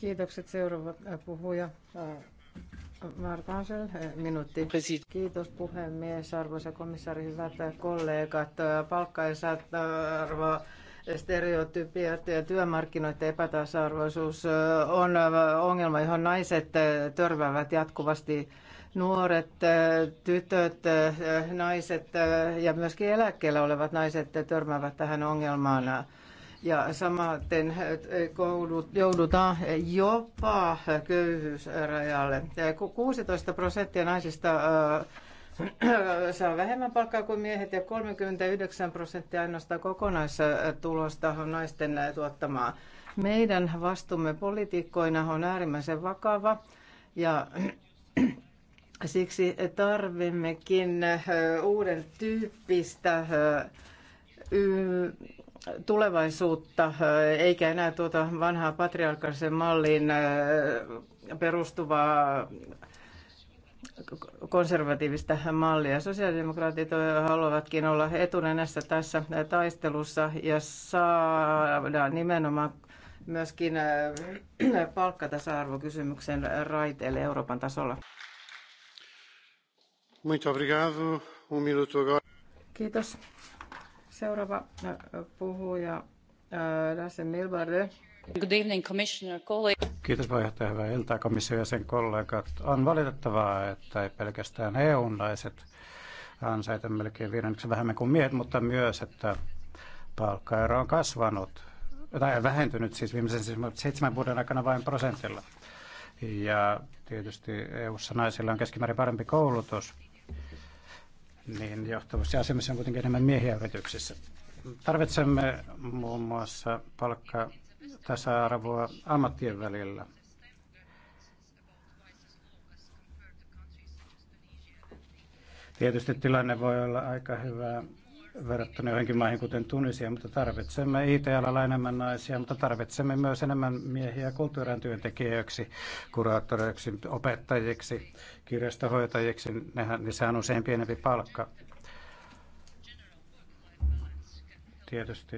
Kiitokset seuraava arvoisa komissaari, hyvät kollegat, palkkaisat arvo stereotypiat ja työmarkkinoiden epätasa-arvoisuus on ongelma, johon naiset törmäävät jatkuvasti nuoret tytöt, naiset ja myöskin eläkkeellä olevat naiset törmäävät tähän ongelmaan. Ja samaten joudutaan jopa köyhyysrajalle. 16 prosenttia naisista saa vähemmän palkkaa kuin miehet ja 39 prosenttia ainoastaan kokonaistulosta on naisten tuottamaa. Meidän vastuumme poliitikkoina on äärimmäisen vakava ja siksi tarvimmekin äh, uuden tyyppistä äh, tulevaisuutta, äh, eikä enää tuota vanhaa patriarkaisen mallin perustuvaa konservatiivista mallia. Sosiaalidemokraatit haluavatkin olla etunenässä tässä taistelussa ja saada nimenomaan myöskin äh, palkkatasa-arvokysymyksen raiteille Euroopan tasolla. Muito obrigado. Un um minuto Kiitos. Seuraava äh, puhuja, Lasse äh, Milbarde. Good evening, commissioner Kiitos puheenjohtaja, hyvää iltaa komissio ja sen kollegat. On valitettavaa, että ei pelkästään EU-naiset ansaita melkein viidenneksi vähemmän kuin miehet, mutta myös, että palkkaero on kasvanut, tai vähentynyt siis viimeisen seitsemän vuoden aikana vain prosentilla. Ja tietysti EU-ssa naisilla on keskimäärin parempi koulutus, niin ja asemassa on kuitenkin enemmän miehiä yrityksissä. Tarvitsemme muun muassa palkka tasa-arvoa ammattien välillä. Tietysti tilanne voi olla aika hyvä verrattuna johonkin maihin, kuten Tunisia, mutta tarvitsemme IT-alalla enemmän naisia, mutta tarvitsemme myös enemmän miehiä kulttuurin työntekijöiksi, kuraattoreiksi, opettajiksi, kirjastohoitajiksi. Nehän, sehän on usein pienempi palkka. Tietysti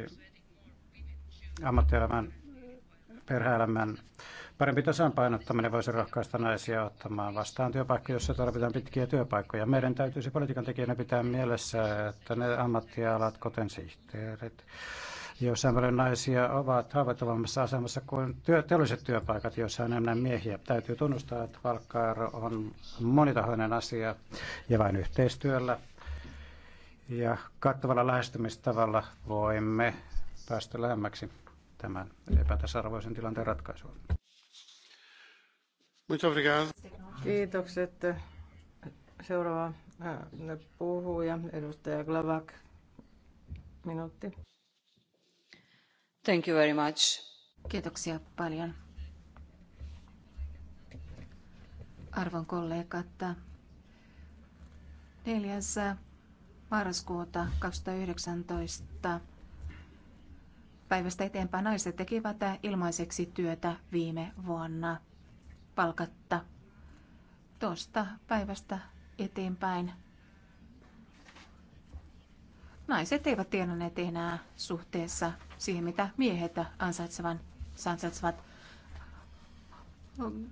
ammattielämän perhe-elämän parempi tasapainottaminen voisi rohkaista naisia ottamaan vastaan työpaikkoja, jossa tarvitaan pitkiä työpaikkoja. Meidän täytyisi politiikan tekijänä pitää mielessä, että ne ammattialat, kuten sihteerit, joissa paljon naisia ovat haavoittuvammassa asemassa kuin työ, teolliset työpaikat, joissa on enemmän miehiä. Täytyy tunnustaa, että palkkaero on monitahoinen asia ja vain yhteistyöllä ja kattavalla lähestymistavalla voimme päästä lähemmäksi tämän epätasarvoisen tilanteen ratkaisua. Kiitokset. Seuraava äh, puhuja, edustaja Glavak. Minuutti. Thank you very much. Kiitoksia paljon. Arvon kollegat, neljäs marraskuuta 2019 päivästä eteenpäin naiset tekivät ilmaiseksi työtä viime vuonna palkatta. Tuosta päivästä eteenpäin naiset eivät tienanneet enää suhteessa siihen, mitä miehet ansaitsevan, ansaitsevat.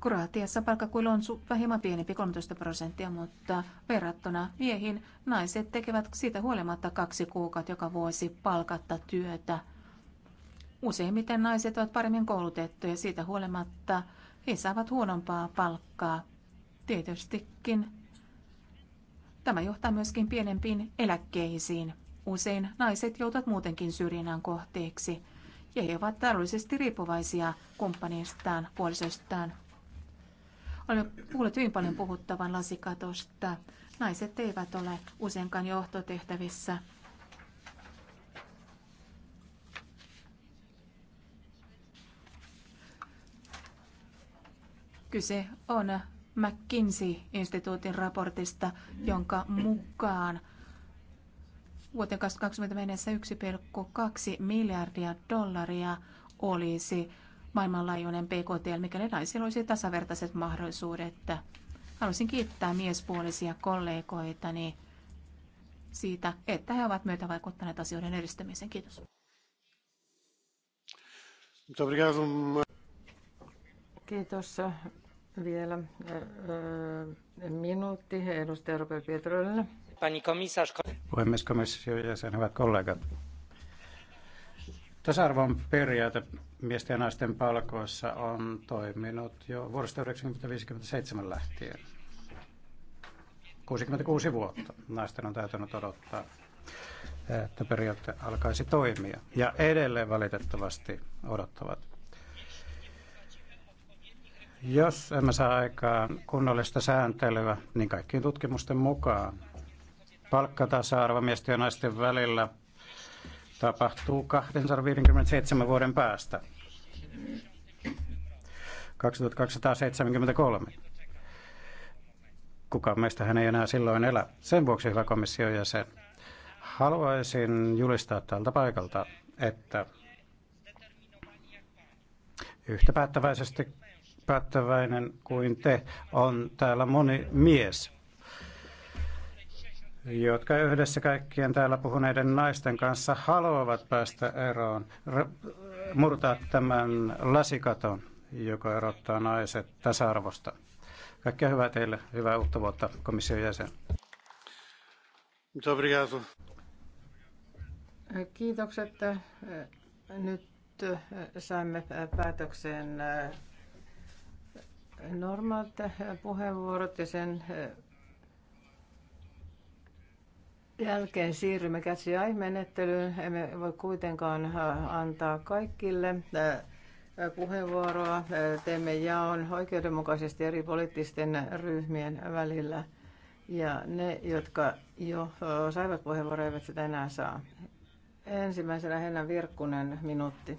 Kroatiassa palkkakuilu on vähemmän pienempi, 13 prosenttia, mutta verrattuna miehiin naiset tekevät siitä huolimatta kaksi kuukautta joka vuosi palkatta työtä – Useimmiten naiset ovat paremmin koulutettuja siitä huolimatta he saavat huonompaa palkkaa. Tietystikin tämä johtaa myöskin pienempiin eläkkeisiin. Usein naiset joutuvat muutenkin syrjinnän kohteeksi ja he ovat taloudellisesti riippuvaisia kumppanistaan, puolisostaan. Olemme kuulleet hyvin paljon puhuttavan lasikatosta. Naiset eivät ole useinkaan johtotehtävissä Kyse on McKinsey-instituutin raportista, jonka mukaan vuoteen 2020 mennessä 1,2 miljardia dollaria olisi maailmanlaajuinen PKT, mikäli naisilla olisi tasavertaiset mahdollisuudet. Haluaisin kiittää miespuolisia kollegoitani siitä, että he ovat myötä vaikuttaneet asioiden edistämiseen. Kiitos. Kiitos vielä äh, äh, minuutti edustaja Robert Pietrolle. Pani komissaari. Puhemies, komission jäsen, hyvät kollegat. Tasa-arvon periaate miesten ja naisten palkoissa on toiminut jo vuodesta 1957 lähtien. 66 vuotta naisten on täytynyt odottaa, että periaate alkaisi toimia. Ja edelleen valitettavasti odottavat. Jos emme saa aikaan kunnollista sääntelyä, niin kaikkien tutkimusten mukaan palkkatasa-arvo miesten ja naisten välillä tapahtuu 257 vuoden päästä. 2273. Kukaan meistä hän ei enää silloin elä. Sen vuoksi, hyvä komission jäsen, haluaisin julistaa tältä paikalta, että yhtä päättäväisesti päättäväinen kuin te. On täällä moni mies, jotka yhdessä kaikkien täällä puhuneiden naisten kanssa haluavat päästä eroon, murtaa tämän lasikaton, joka erottaa naiset tasa-arvosta. Kaikkea hyvää teille, hyvää uutta vuotta komission jäsen. Kiitokset. Nyt saimme päätökseen normaalit eh, puheenvuorot ja sen eh, jälkeen siirrymme käsiaimenettelyyn. Emme voi kuitenkaan eh, antaa kaikille puheenvuoroa. Teemme jaon oikeudenmukaisesti eri poliittisten ryhmien välillä. Ja ne, jotka jo saivat puheenvuoroja, eivät sitä enää saa. Ensimmäisenä Henna Virkkunen, minuutti.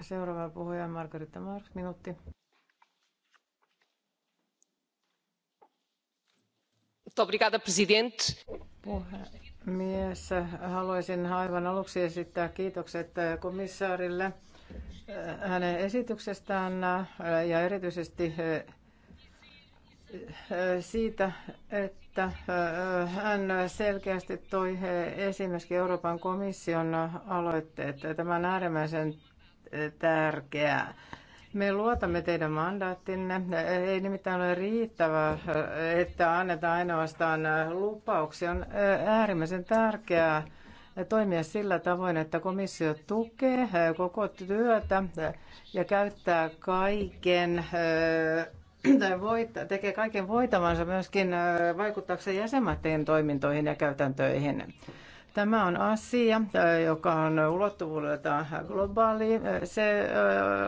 Seuraava puhuja on Margarita Mars, minuutti. Obrigada, presidente. Puhemies, haluaisin aivan aluksi esittää kiitokset komissaarille äh, hänen esityksestään äh, ja erityisesti äh, siitä, että hän selkeästi toi esimerkiksi Euroopan komission aloitteet. Tämä on äärimmäisen tärkeää. Me luotamme teidän mandaattinne. Ei nimittäin ole riittävää, että annetaan ainoastaan lupauksia. On äärimmäisen tärkeää toimia sillä tavoin, että komissio tukee koko työtä ja käyttää kaiken tai voit, tekee kaiken voitavansa myöskin vaikuttaakseen jäsenmaiden toimintoihin ja käytäntöihin. Tämä on asia, joka on ulottuvuudeltaan globaali. Se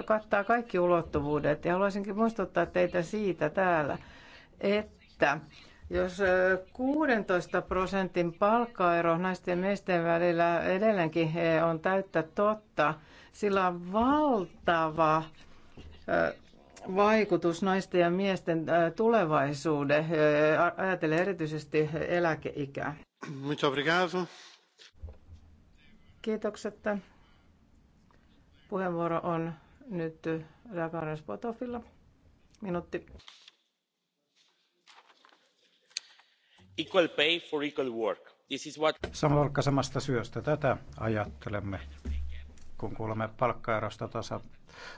kattaa kaikki ulottuvuudet ja haluaisinkin muistuttaa teitä siitä täällä, että jos 16 prosentin palkkaero naisten ja miesten välillä edelleenkin on täyttä totta, sillä on valtava vaikutus naisten ja miesten tulevaisuuden, ajatellen erityisesti eläkeikää. Muito obrigado. Kiitokset. Puheenvuoro on nyt Rakanes Potofilla. Minuutti. Equal pay for equal work. This is what... Sama samasta syöstä. Tätä ajattelemme, kun kuulemme palkkaerosta tasa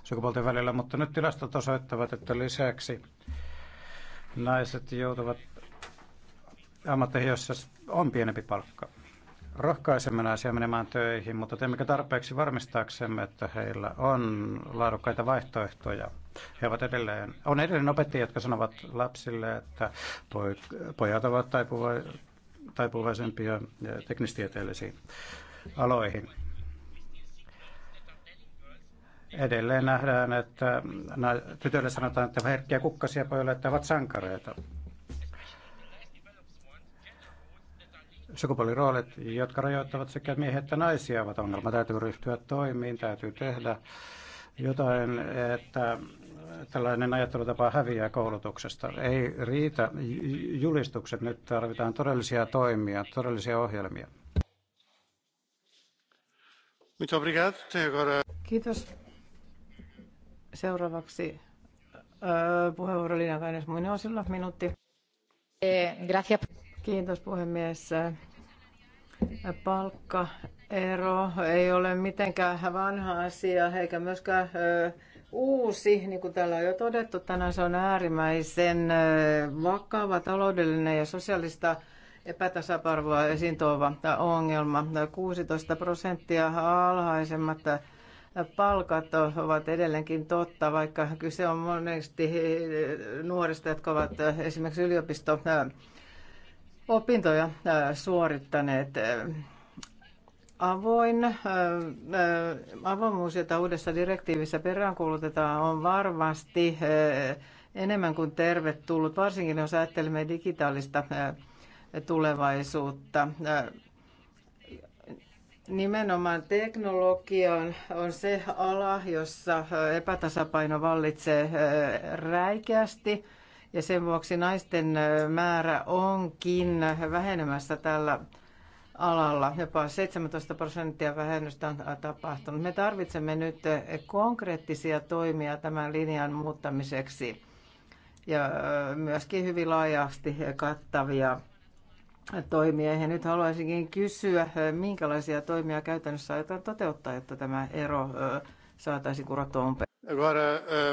sukupuolten välillä, mutta nyt tilastot osoittavat, että lisäksi naiset joutuvat ammatteihin, joissa on pienempi palkka rohkaisemme naisia menemään töihin, mutta teemmekö tarpeeksi varmistaaksemme, että heillä on laadukkaita vaihtoehtoja? He ovat edelleen, on edelleen opettajia, jotka sanovat lapsille, että pojat ovat taipuva, taipuvaisempia teknistieteellisiin aloihin. Edelleen nähdään, että tytöille sanotaan, että herkkiä kukkasia pojille, että ovat sankareita. sukupuoliroolit, jotka rajoittavat sekä miehiä että naisia, ovat ongelma. Täytyy ryhtyä toimiin, täytyy tehdä jotain, että tällainen ajattelutapa häviää koulutuksesta. Ei riitä julistukset, nyt tarvitaan todellisia toimia, todellisia ohjelmia. Kiitos. Seuraavaksi äh, puheenvuoro Liina Kaines Osilla, minuutti. Eh, gracias. Kiitos puhemies. Palkkaero ei ole mitenkään vanha asia eikä myöskään uusi, niin kuin täällä on jo todettu, tänään se on äärimmäisen vakava taloudellinen ja sosiaalista epätasaparvoa esiintuova ongelma. 16 prosenttia alhaisemmat palkat ovat edelleenkin totta, vaikka kyse on monesti nuorista, jotka ovat esimerkiksi yliopisto opintoja äh, suorittaneet. Äh, avoin, äh, avoimuus, jota uudessa direktiivissä peräänkuulutetaan, on varmasti enemmän kuin tervetullut, varsinkin jos ajattelemme digitaalista tulevaisuutta. Nimenomaan teknologia on, on se ala, jossa epätasapaino vallitsee räikeästi ja sen vuoksi naisten määrä onkin vähenemässä tällä alalla. Jopa 17 prosenttia vähennystä on tapahtunut. Me tarvitsemme nyt konkreettisia toimia tämän linjan muuttamiseksi ja myöskin hyvin laajasti kattavia toimia. Ja nyt haluaisinkin kysyä, minkälaisia toimia käytännössä aiotaan toteuttaa, jotta tämä ero saataisiin kurottua umpeen. Agora,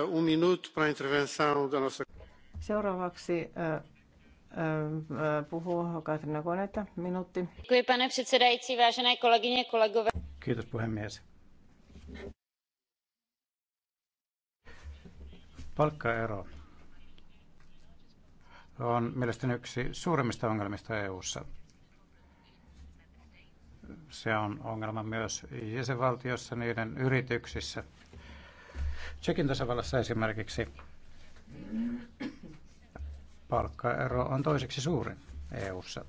un um minuto para a intervenção da nossa... Seuraavaksi puhuu Katrina Koneta, minuutti. pane předsedající, vážené kolegyně, kolegové. Kiitos puhemies. Palkkaero on mielestäni yksi suurimmista ongelmista EU:ssa. Se on ongelma myös jäsenvaltiossa, niiden yrityksissä. Tsekin tasavallassa esimerkiksi palkkaero on toiseksi suurin EU:ssa.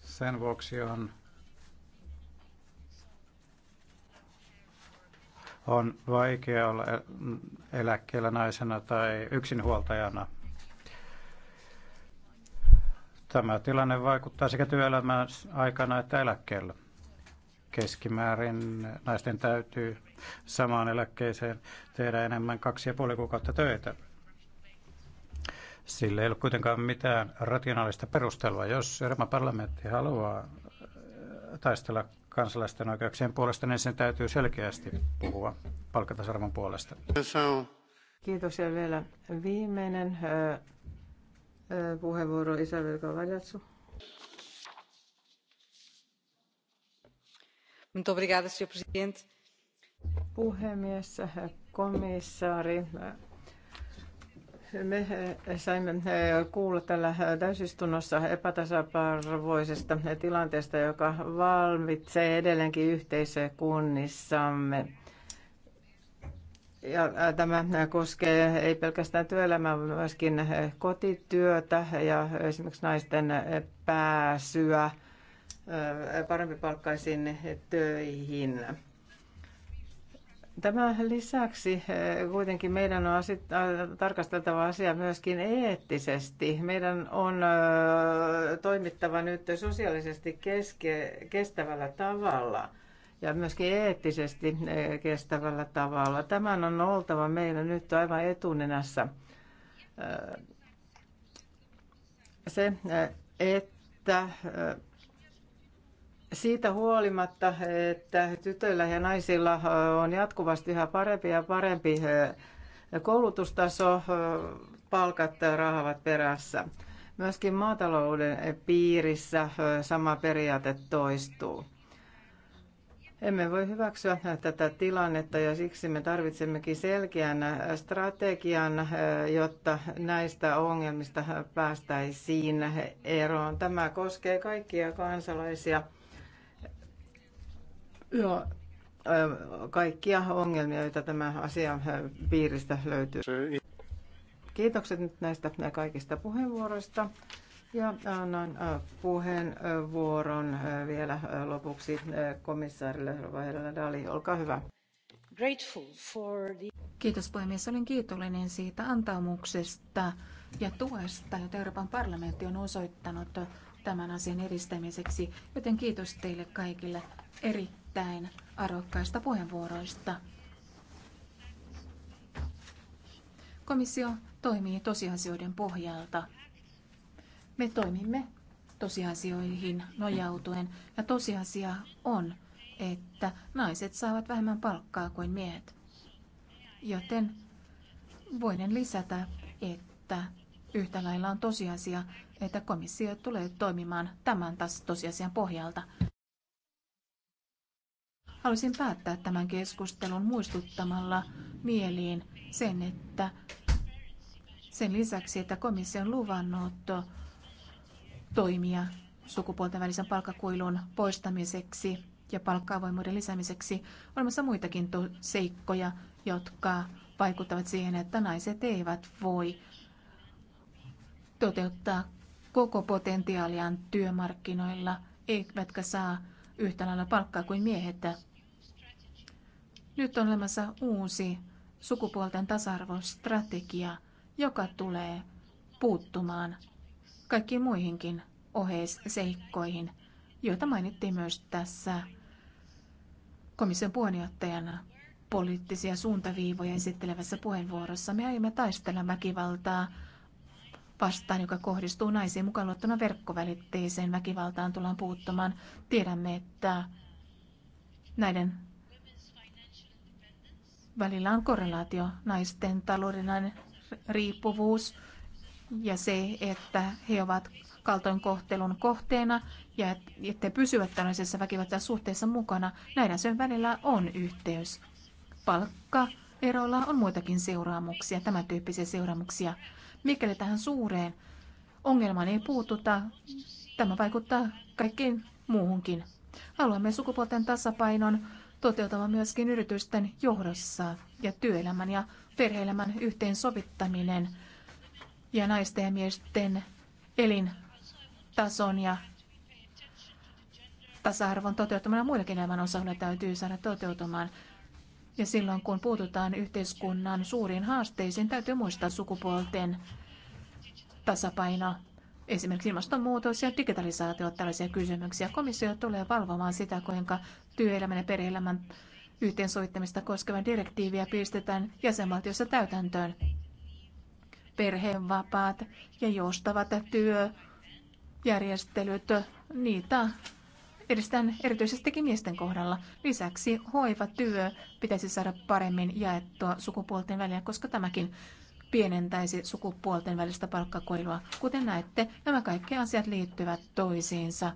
Sen vuoksi on, on vaikea olla eläkkeellä naisena tai yksinhuoltajana. Tämä tilanne vaikuttaa sekä työelämän aikana että eläkkeellä. Keskimäärin naisten täytyy samaan eläkkeeseen tehdä enemmän kaksi ja puoli kuukautta töitä sillä ei ole kuitenkaan mitään rationaalista perustelua. Jos Euroopan parlamentti haluaa äh, taistella kansalaisten oikeuksien puolesta, niin sen täytyy selkeästi puhua palkkatasarvon puolesta. Kiitos ja vielä viimeinen äh, äh, puheenvuoro Isabel Kavajatsu. Puhemies, komissaari, me eh, saimme eh, kuulla tällä eh, täysistunnossa epätasapainoisesta tilanteesta, joka valvitsee edelleenkin yhteiskunnissamme. Ja tämä koskee ei pelkästään työelämää, vaan myöskin kotityötä ja esimerkiksi naisten pääsyä parempipalkkaisiin töihin. Tämän lisäksi eh, kuitenkin meidän on tarkasteltava asia myöskin eettisesti. Meidän on eh, toimittava nyt sosiaalisesti keske, kestävällä tavalla ja myöskin eettisesti eh, kestävällä tavalla. Tämän on oltava meillä nyt aivan etunenässä se, että siitä huolimatta, että tytöillä ja naisilla on jatkuvasti yhä parempi ja parempi eh, koulutustaso, eh, palkat rahavat perässä. Myöskin maatalouden piirissä eh, sama periaate toistuu. Emme voi hyväksyä tätä tilannetta ja siksi me tarvitsemmekin selkeän strategian, jotta näistä ongelmista päästäisiin eroon. Tämä koskee kaikkia kansalaisia Joo, kaikkia ongelmia, joita tämä asian piiristä löytyy. Kiitokset nyt näistä kaikista puheenvuoroista. Ja annan puheenvuoron vielä lopuksi komissaarille Vahelena Dali. Olkaa hyvä. Kiitos puhemies. Olen kiitollinen siitä antaumuksesta ja tuesta, jota Euroopan parlamentti on osoittanut tämän asian edistämiseksi, joten kiitos teille kaikille eri erittäin arvokkaista puheenvuoroista. Komissio toimii tosiasioiden pohjalta. Me toimimme tosiasioihin nojautuen ja tosiasia on, että naiset saavat vähemmän palkkaa kuin miehet. Joten voinen lisätä, että yhtä lailla on tosiasia, että komissio tulee toimimaan tämän tosiasian pohjalta. Haluaisin päättää tämän keskustelun muistuttamalla mieliin sen, että sen lisäksi, että komissio on luvannut toimia sukupuolten välisen palkkakuilun poistamiseksi ja palkkaavoimuuden lisäämiseksi, on olemassa muitakin seikkoja, jotka vaikuttavat siihen, että naiset eivät voi toteuttaa koko potentiaaliaan työmarkkinoilla, eivätkä saa yhtä lailla palkkaa kuin miehet. Nyt on olemassa uusi sukupuolten tasa-arvostrategia, joka tulee puuttumaan kaikkiin muihinkin oheisseikkoihin, joita mainittiin myös tässä komission puheenjohtajana poliittisia suuntaviivoja esittelevässä puheenvuorossa. Me aiemme taistella väkivaltaa vastaan, joka kohdistuu naisiin mukaan luottuna verkkovälitteiseen väkivaltaan tullaan puuttumaan. Tiedämme, että näiden välillä on korrelaatio naisten taloudellinen riippuvuus ja se, että he ovat kaltoinkohtelun kohteena ja että pysyvät tällaisessa väkivaltaisessa suhteessa mukana. Näiden sen välillä on yhteys. Palkka eroilla on muitakin seuraamuksia, tämän tyyppisiä seuraamuksia. Mikäli tähän suureen ongelmaan ei puututa, tämä vaikuttaa kaikkiin muuhunkin. Haluamme sukupuolten tasapainon toteutava myöskin yritysten johdossa ja työelämän ja perheelämän yhteensovittaminen ja naisten ja miesten elintason ja tasa-arvon ja muillakin elämän osalla täytyy saada toteutumaan. Ja silloin kun puututaan yhteiskunnan suuriin haasteisiin, täytyy muistaa sukupuolten tasapaino. Esimerkiksi ilmastonmuutos ja digitalisaatio tällaisia kysymyksiä. Komissio tulee valvomaan sitä, kuinka työelämän ja perheelämän yhteensovittamista koskevan direktiiviä pistetään jäsenvaltiossa täytäntöön. Perheenvapaat ja joustavat työjärjestelyt, niitä edistetään erityisestikin miesten kohdalla. Lisäksi hoivatyö pitäisi saada paremmin jaettua sukupuolten välillä, koska tämäkin pienentäisi sukupuolten välistä palkkakoilua. Kuten näette, nämä kaikki asiat liittyvät toisiinsa.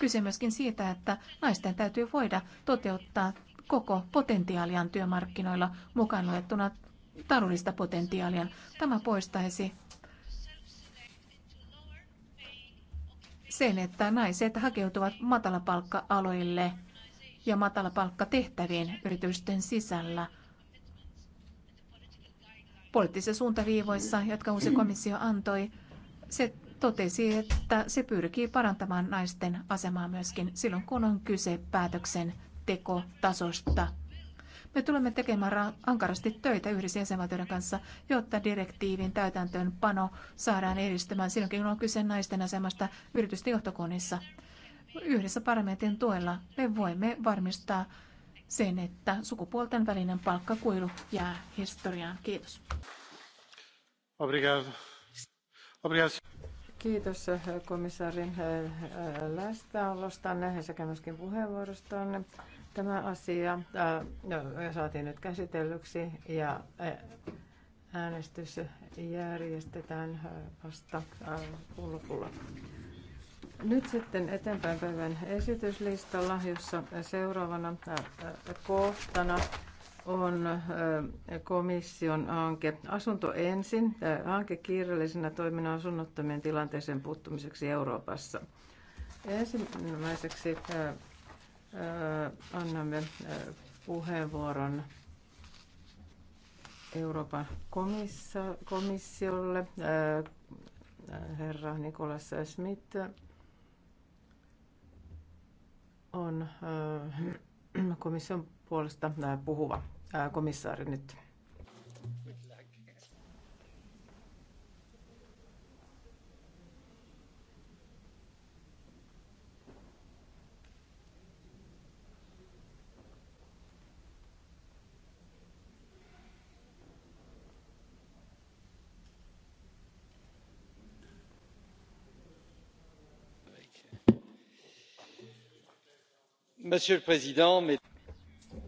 Kyse myöskin siitä, että naisten täytyy voida toteuttaa koko potentiaalian työmarkkinoilla mukaan luettuna taloudellista potentiaalia. Tämä poistaisi sen, että naiset hakeutuvat matalapalkka-aloille ja matalapalkkatehtäviin yritysten sisällä poliittisissa suuntaviivoissa, jotka uusi komissio antoi. Se totesi, että se pyrkii parantamaan naisten asemaa myöskin silloin, kun on kyse päätöksen tekotasosta. Me tulemme tekemään ankarasti töitä yhdessä jäsenvaltioiden kanssa, jotta direktiivin täytäntöönpano saadaan edistymään silloin, kun on kyse naisten asemasta yritysten johtokunnissa. Yhdessä parlamentin tuella me voimme varmistaa sen, että sukupuolten välinen palkkakuilu jää historiaan. Kiitos. Obrigado. Obrigado. Kiitos eh, komissaarin eh, eh, läsnäolostanne sekä myöskin puheenvuorostanne. Tämä asia no, saatiin nyt käsitellyksi ja äänestys järjestetään vasta ulkulla. Nyt sitten eteenpäin päivän esityslistalla, jossa seuraavana kohtana on komission hanke Asunto ensin, hanke kiireellisenä toiminnan asunnottomien tilanteeseen puuttumiseksi Euroopassa. Ensimmäiseksi annamme puheenvuoron Euroopan komissa, komissiolle herra Nikolas Smith on komission puolesta puhuva komissaari nyt. monsieur le président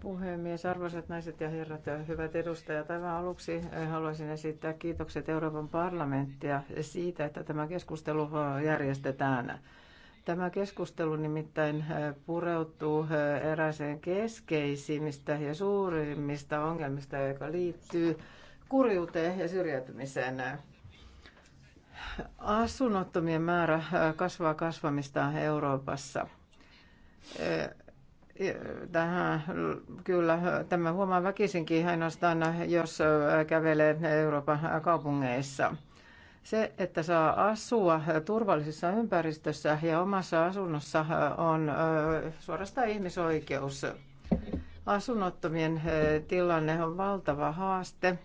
puhemies, arvoisat naiset ja herrat ja hyvät edustajat. Aivan aluksi eh, haluaisin esittää kiitokset Euroopan parlamenttia siitä, että tämä keskustelu eh, järjestetään. Tämä keskustelu nimittäin eh, pureutuu eräiseen keskeisimmistä ja suurimmista ongelmista, joka liittyy kurjuuteen ja syrjäytymiseen. Asunnottomien määrä kasvaa kasvamista Euroopassa Tähän, kyllä, tämä huomaa väkisinkin ainoastaan, jos kävelee Euroopan kaupungeissa. Se, että saa asua turvallisessa ympäristössä ja omassa asunnossa on suorastaan ihmisoikeus. Asunnottomien tilanne on valtava haaste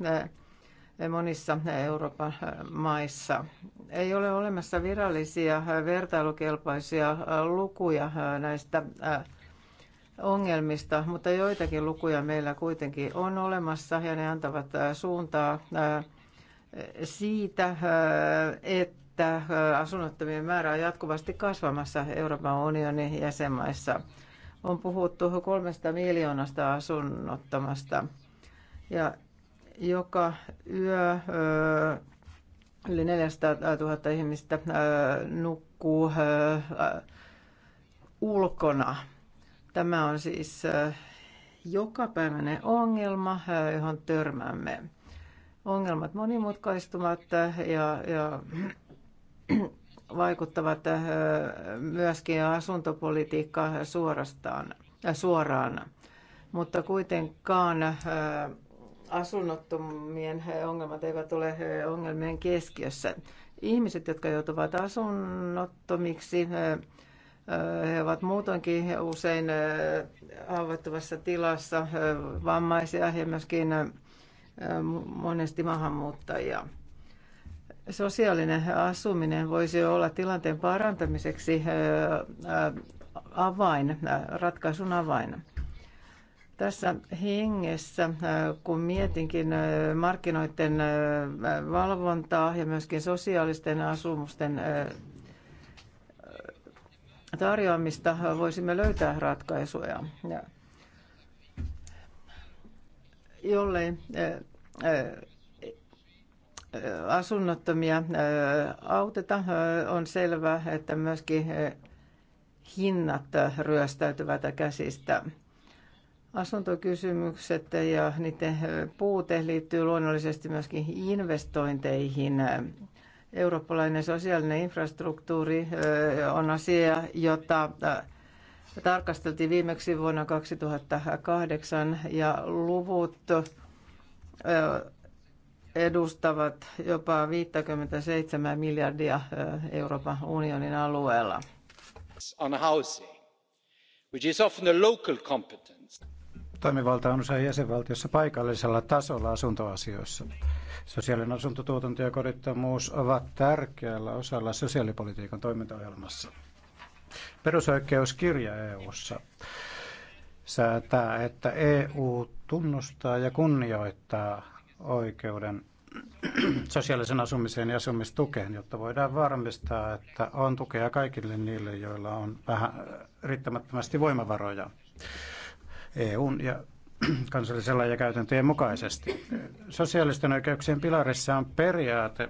monissa Euroopan maissa. Ei ole olemassa virallisia vertailukelpoisia lukuja näistä ongelmista, mutta joitakin lukuja meillä kuitenkin on olemassa ja ne antavat äh, suuntaa äh, siitä, äh, että asunnottomien määrä on jatkuvasti kasvamassa Euroopan unionin jäsenmaissa. On puhuttu kolmesta miljoonasta asunnottomasta ja joka yö yli 400 000 ihmistä nukkuu ulkona Tämä on siis jokapäiväinen ongelma, johon törmäämme. Ongelmat monimutkaistuvat ja, ja vaikuttavat myöskin asuntopolitiikkaan suorastaan, suoraan. Mutta kuitenkaan asunnottomien ongelmat eivät ole ongelmien keskiössä. Ihmiset, jotka joutuvat asunnottomiksi, he ovat muutoinkin usein haavoittuvassa tilassa, vammaisia ja myöskin monesti maahanmuuttajia. Sosiaalinen asuminen voisi olla tilanteen parantamiseksi avain, ratkaisun avain. Tässä hengessä, kun mietinkin markkinoiden valvontaa ja myöskin sosiaalisten asumusten tarjoamista voisimme löytää ratkaisuja. Ja jollei asunnottomia auteta, on selvää, että myöskin hinnat ryöstäytyvät käsistä. Asuntokysymykset ja niiden puute liittyy luonnollisesti myöskin investointeihin. Eurooppalainen sosiaalinen infrastruktuuri on asia, jota tarkasteltiin viimeksi vuonna 2008 ja luvut edustavat jopa 57 miljardia Euroopan unionin alueella. On housing, which is often a local competence toimivalta on usein jäsenvaltiossa paikallisella tasolla asuntoasioissa. Sosiaalinen asuntotuotanto ja kodittomuus ovat tärkeällä osalla sosiaalipolitiikan toimintaohjelmassa. Perusoikeuskirja EU:ssa säätää, että EU tunnustaa ja kunnioittaa oikeuden sosiaalisen asumiseen ja asumistukeen, jotta voidaan varmistaa, että on tukea kaikille niille, joilla on vähän riittämättömästi voimavaroja. EUn ja kansallisella ja käytäntöjen mukaisesti. Sosiaalisten oikeuksien pilarissa on periaate,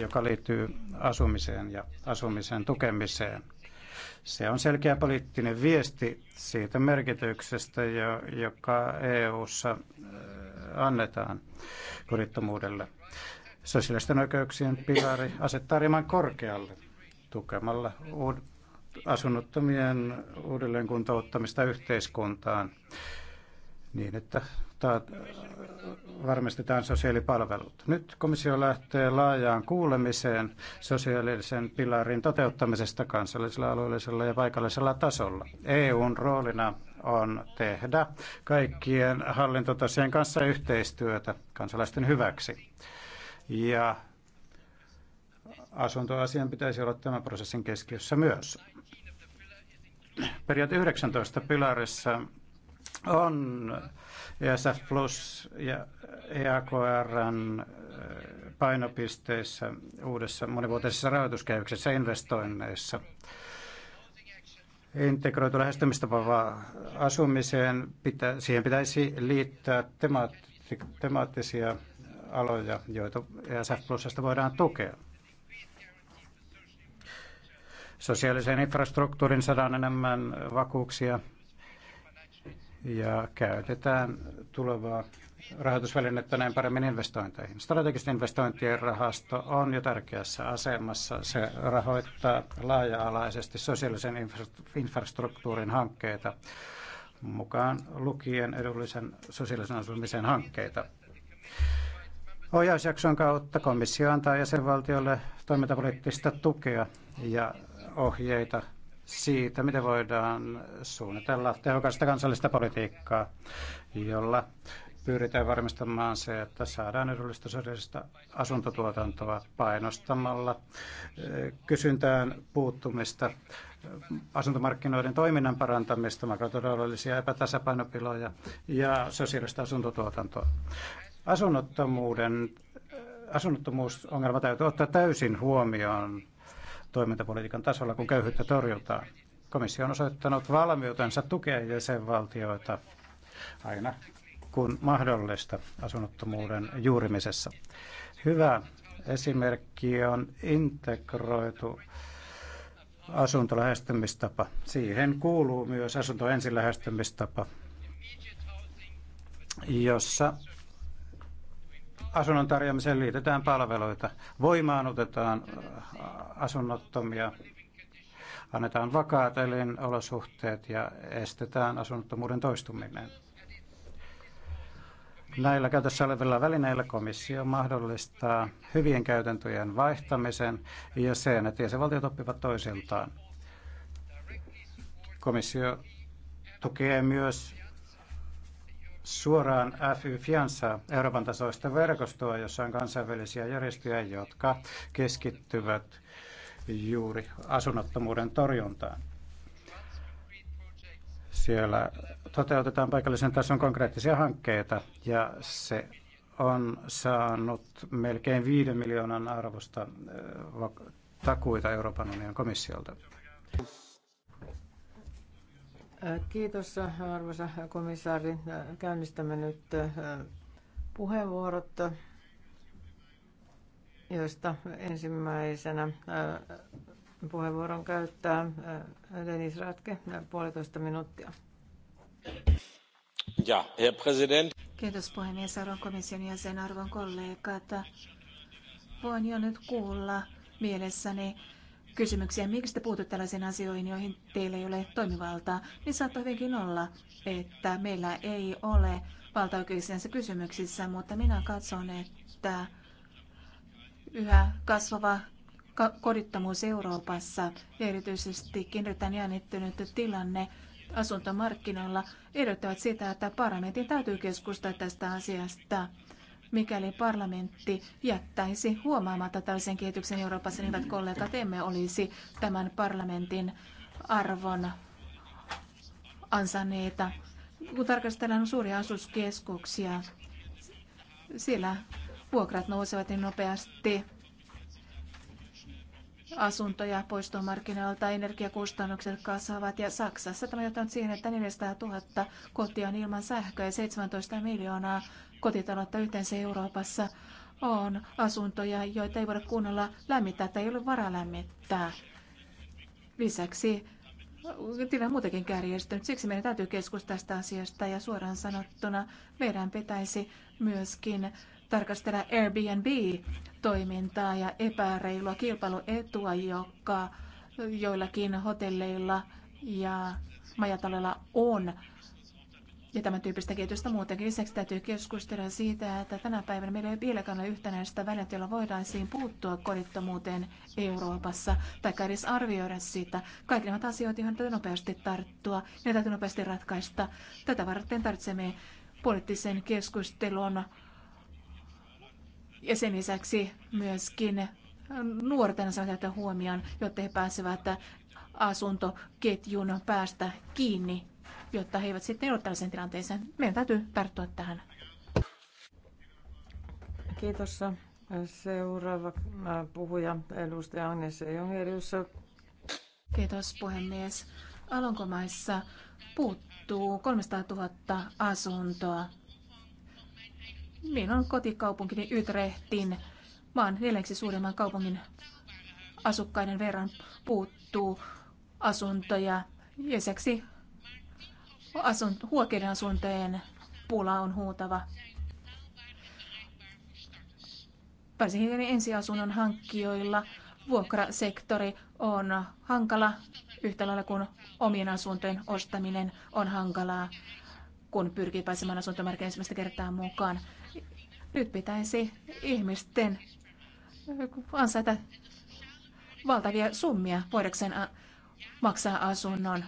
joka liittyy asumiseen ja asumisen tukemiseen. Se on selkeä poliittinen viesti siitä merkityksestä, joka EU:ssa annetaan kodittomuudelle. Sosiaalisten oikeuksien pilari asettaa riman korkealle tukemalla asunnottomien kuntouttamista yhteiskuntaan niin, että varmistetaan sosiaalipalvelut. Nyt komissio lähtee laajaan kuulemiseen sosiaalisen pilarin toteuttamisesta kansallisella, alueellisella ja paikallisella tasolla. EUn roolina on tehdä kaikkien hallintotasien kanssa yhteistyötä kansalaisten hyväksi. Ja asuntoasian pitäisi olla tämän prosessin keskiössä myös periaate 19 pilarissa on ESF Plus ja EAKRn painopisteissä uudessa monivuotisessa rahoituskehyksessä investoinneissa. Integroitu lähestymistapa asumiseen, pitä, siihen pitäisi liittää temaattisia aloja, joita ESF Plusasta voidaan tukea. Sosiaalisen infrastruktuurin saadaan enemmän vakuuksia ja käytetään tulevaa rahoitusvälinettä näin paremmin investointeihin. Strategisten investointien rahasto on jo tärkeässä asemassa. Se rahoittaa laaja-alaisesti sosiaalisen infrastruktuurin hankkeita, mukaan lukien edullisen sosiaalisen asumisen hankkeita. Ohjausjakson kautta komissio antaa jäsenvaltiolle toimintapoliittista tukea ja ohjeita siitä, miten voidaan suunnitella tehokasta kansallista politiikkaa, jolla pyritään varmistamaan se, että saadaan edullista sosiaalista asuntotuotantoa painostamalla eh, kysyntään puuttumista, asuntomarkkinoiden toiminnan parantamista, makrotodollisia epätasapainopiloja ja sosiaalista asuntotuotantoa. Asunnottomuuden, eh, asunnottomuusongelma täytyy ottaa täysin huomioon toimintapolitiikan tasolla, kun köyhyyttä torjutaan. Komissio on osoittanut valmiutensa tukea jäsenvaltioita aina kun mahdollista asunnottomuuden juurimisessa. Hyvä esimerkki on integroitu asuntolähestymistapa. Siihen kuuluu myös asunto ensilähestymistapa, jossa asunnon tarjoamiseen liitetään palveluita. Voimaan otetaan äh, asunnottomia, annetaan vakaat elinolosuhteet ja estetään asunnottomuuden toistuminen. Näillä käytössä olevilla välineillä komissio mahdollistaa hyvien käytäntöjen vaihtamisen ja sen, että jäsenvaltiot oppivat toisiltaan. Komissio tukee myös suoraan FY Fiansa Euroopan tasoista verkostoa, jossa on kansainvälisiä järjestöjä, jotka keskittyvät juuri asunnottomuuden torjuntaan. Siellä toteutetaan paikallisen tason konkreettisia hankkeita ja se on saanut melkein 5 miljoonan arvosta eh, takuita Euroopan unionin komissiolta. Kiitos arvoisa komissaari. Käynnistämme nyt puheenvuorot, joista ensimmäisenä puheenvuoron käyttää Denis Ratke, puolitoista minuuttia. Ja, herr president. Kiitos puhemies, arvon komission jäsen, arvon kollegat. Voin jo nyt kuulla mielessäni kysymyksiä, miksi te puhutte tällaisiin asioihin, joihin teillä ei ole toimivaltaa, niin saattaa hyvinkin olla, että meillä ei ole valtaoikeuksia kysymyksissä, mutta minä katson, että yhä kasvava kodittomuus Euroopassa ja erityisesti erittäin jännittynyt tilanne asuntomarkkinoilla edellyttävät sitä, että parlamentin täytyy keskustella tästä asiasta mikäli parlamentti jättäisi huomaamatta tällaisen kehityksen Euroopassa, niin hyvät kollegat, emme olisi tämän parlamentin arvon ansaneita. Kun tarkastellaan suuria asuskeskuksia, siellä vuokrat nousevat niin nopeasti asuntoja poistomarkkinoilta, energiakustannukset kasvavat ja Saksassa tämä johtanut siihen, että 400 000 kotia on ilman sähköä ja 17 miljoonaa kotitaloutta yhteensä Euroopassa on asuntoja, joita ei voida kunnolla lämmittää tai ei ole varaa lämmittää. Lisäksi tilanne muutenkin kärjestynyt. Siksi meidän täytyy keskustella tästä asiasta ja suoraan sanottuna meidän pitäisi myöskin tarkastella Airbnb-toimintaa ja epäreilua kilpailuetua, joka joillakin hotelleilla ja majataloilla on. Ja tämän tyyppistä kehitystä muutenkin. Lisäksi täytyy keskustella siitä, että tänä päivänä meillä ei vieläkään ole yhtenäistä välinettä, jolla voidaan puuttua kodittomuuteen Euroopassa, tai edes arvioida sitä. Kaikki nämä asioita, joihin täytyy nopeasti tarttua, ne täytyy nopeasti ratkaista. Tätä varten tarvitsemme poliittisen keskustelun ja sen lisäksi myöskin nuorten saattaa huomioon, jotta he pääsevät asuntoketjun päästä kiinni, jotta he eivät sitten joudu tällaiseen tilanteeseen. Meidän täytyy tarttua tähän. Kiitos. Seuraava puhuja, edustaja Agnes Jongerius. Kiitos puhemies. Alonkomaissa puuttuu 300 000 asuntoa Minun kotikaupunkini Ytrehtin, maan neljäksi suurimman kaupungin asukkaiden verran puuttuu asuntoja. Lisäksi asun, huokeiden asuntojen pula on huutava. Pääsin ensiasunnon hankkijoilla vuokrasektori on hankala yhtä lailla kuin omien asuntojen ostaminen on hankalaa, kun pyrkii pääsemään asuntomarkkinoille ensimmäistä kertaa mukaan. Nyt pitäisi ihmisten ansaita valtavia summia voidakseen äh, maksaa asunnon.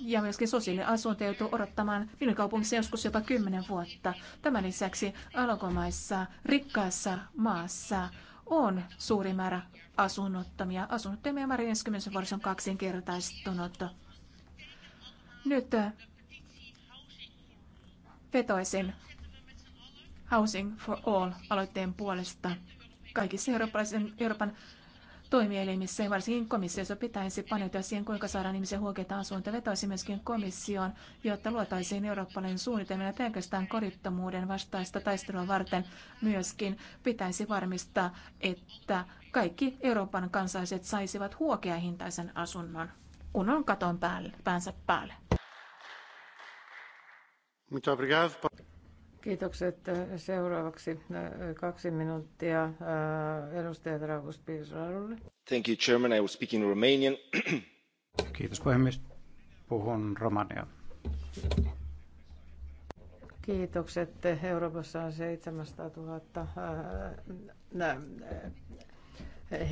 Ja myöskin sosiaaliasunto joutuu odottamaan minun kaupungissa joskus jopa kymmenen vuotta. Tämän lisäksi alkomaissa, rikkaassa maassa on suuri määrä asunnottomia. Asunnottomia määrä 40 vuodessa on kaksinkertaistunut. Nyt äh, vetoisin Housing for All-aloitteen puolesta. Kaikissa Euroopan toimielimissä ja varsinkin komissiossa pitäisi paneutua siihen, kuinka saadaan ihmisiä huokeita asuntoja. Vetoisi myöskin komissioon, jotta luotaisiin eurooppalainen suunnitelma pelkästään korittomuuden vastaista taistelua varten. Myöskin pitäisi varmistaa, että kaikki Euroopan kansalaiset saisivat huokeahintaisen asunnon kun on katon päälle, päänsä päälle. Kiitokset. Seuraavaksi äh, kaksi minuuttia äh, edustaja Dragos Pisarulle. Thank you, Chairman. I will speak in Romanian. Kiitos puhemies. Puhun romania. Kiitokset. Euroopassa on 700 000 äh,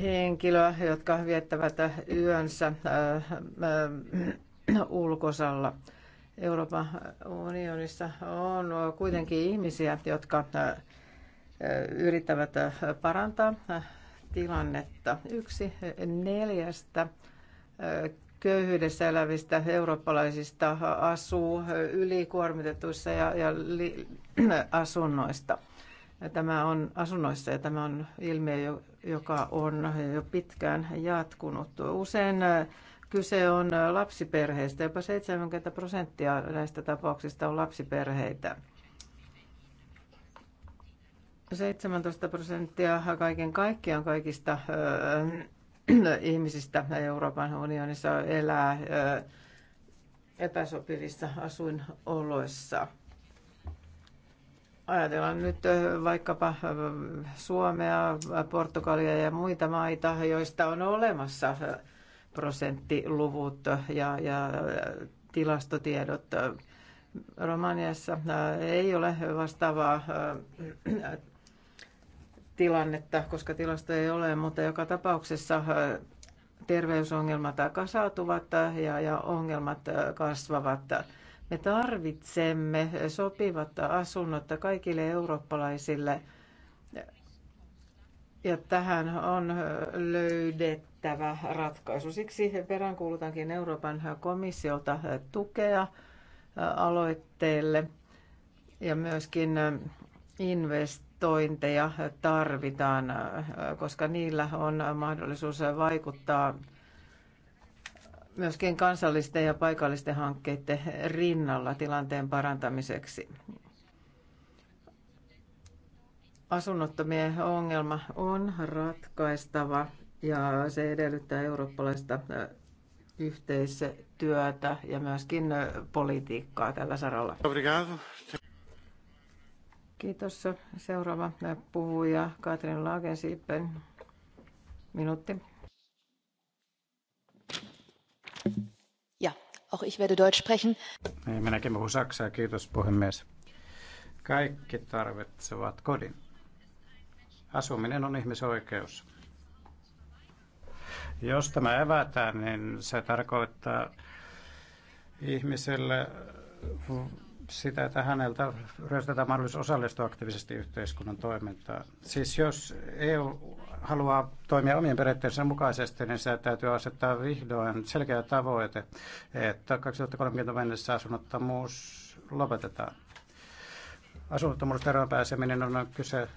henkilöä, jotka viettävät yönsä ulkosalla. Euroopan unionissa on kuitenkin ihmisiä, jotka äh, yrittävät äh, parantaa äh, tilannetta. Yksi neljästä köyhyydessä elävistä eurooppalaisista asuu ylikuormitetuissa ja, ja li, asunnoista. Tämä on asunnoissa ja tämä on ilmiö, joka on jo pitkään jatkunut. Usein Kyse on lapsiperheistä. Jopa 70 prosenttia näistä tapauksista on lapsiperheitä. 17 prosenttia kaiken kaikkiaan kaikista ihmisistä Euroopan unionissa elää epäsopivissa asuinoloissa. Ajatellaan nyt vaikkapa Suomea, Portugalia ja muita maita, joista on olemassa prosenttiluvut ja, ja tilastotiedot. Romaniassa äh, ei ole vastaavaa äh, tilannetta, koska tilasto ei ole, mutta joka tapauksessa äh, terveysongelmat kasautuvat ja, ja ongelmat kasvavat. Me tarvitsemme sopivat asunnot kaikille eurooppalaisille. Ja tähän on löydetty merkittävä ratkaisu. Siksi peräänkuulutankin Euroopan komissiolta tukea aloitteelle ja myöskin investointeja tarvitaan, koska niillä on mahdollisuus vaikuttaa myöskin kansallisten ja paikallisten hankkeiden rinnalla tilanteen parantamiseksi. Asunnottomien ongelma on ratkaistava ja se edellyttää eurooppalaista yhteistyötä ja myöskin politiikkaa tällä saralla. Kiitos. Seuraava puhuja Katrin Laagensiippen. Minuutti. Ja, auch ich werde Deutsch sprechen. Niin, minäkin puhun saksaa, kiitos puhemies. Kaikki tarvitsevat kodin. Asuminen on ihmisoikeus jos tämä evätään, niin se tarkoittaa ihmiselle sitä, että häneltä ryöstetään mahdollisuus osallistua aktiivisesti yhteiskunnan toimintaan. Siis jos EU haluaa toimia omien periaatteensa mukaisesti, niin se täytyy asettaa vihdoin selkeä tavoite, että 2030 mennessä asunnottomuus lopetetaan. Asunnottomuudesta eroon pääseminen on kyse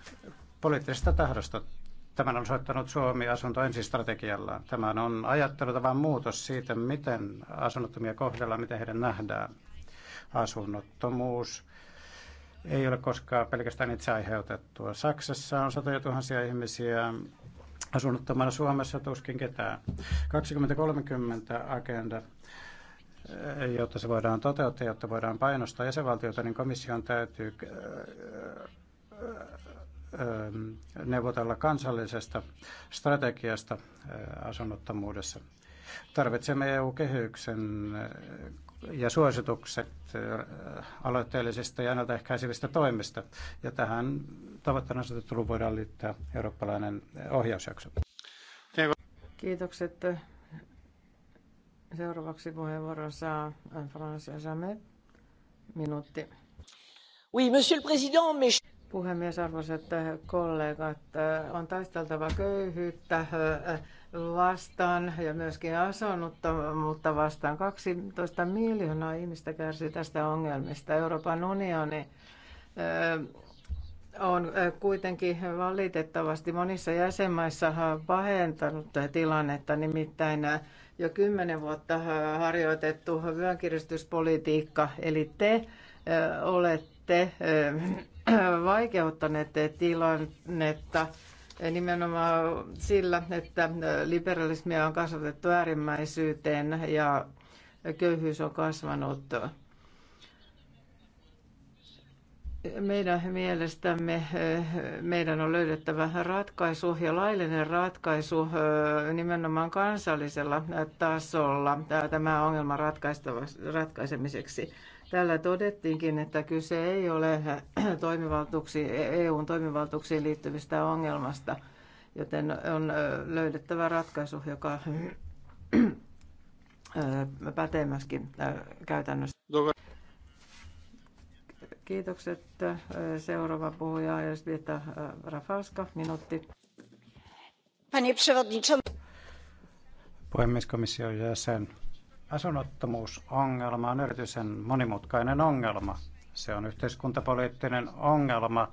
poliittisesta tahdosta Tämän on soittanut Suomi asunto ensistrategiallaan. Tämä on ajattelutavan muutos siitä, miten asunnottomia kohdellaan, miten heidän nähdään. Asunnottomuus ei ole koskaan pelkästään itse aiheutettua. Saksassa on satoja tuhansia ihmisiä asunnottomana Suomessa tuskin ketään. 2030 agenda jotta se voidaan toteuttaa, jotta voidaan painostaa jäsenvaltiota, niin komission täytyy Ähm, neuvotella kansallisesta strategiasta äh, asunnottomuudessa. Tarvitsemme EU-kehyksen äh, ja suositukset äh, aloitteellisista ja ennaltaehkäisevistä toimista. Ja tähän tavoitteena asetetteluun voidaan liittää eurooppalainen ohjausjakso. Kiitokset. Seuraavaksi puheenvuoro saa François Jamet. Minuutti. Oui, monsieur le président, mes puhemies, arvoisat äh, kollegat, äh, on taisteltava köyhyyttä äh, vastaan ja myöskin asunnutta, mutta vastaan 12 miljoonaa ihmistä kärsii tästä ongelmista. Euroopan unioni on kuitenkin valitettavasti monissa jäsenmaissa pahentanut tilannetta, nimittäin jo kymmenen vuotta harjoitettu vyönkiristyspolitiikka, eli te olette te Äh, vaikeuttaneet tilannetta nimenomaan sillä, että äh, liberalismia on kasvatettu äärimmäisyyteen ja köyhyys on kasvanut. Meidän mielestämme äh, meidän on löydettävä ratkaisu ja laillinen ratkaisu nimenomaan kansallisella tasolla tämä ongelma ratkaisemiseksi. Tällä todettiinkin, että kyse ei ole toimivaltuuksiin, EUn toimivaltuuksiin liittyvistä ongelmasta, joten on löydettävä ratkaisu, joka pätee myöskin käytännössä. Kiitokset. Seuraava puhuja Elżbieta Rafalska, minuutti. Panie komissio jäsen. Asunnottomuusongelma on erityisen monimutkainen ongelma. Se on yhteiskuntapoliittinen ongelma,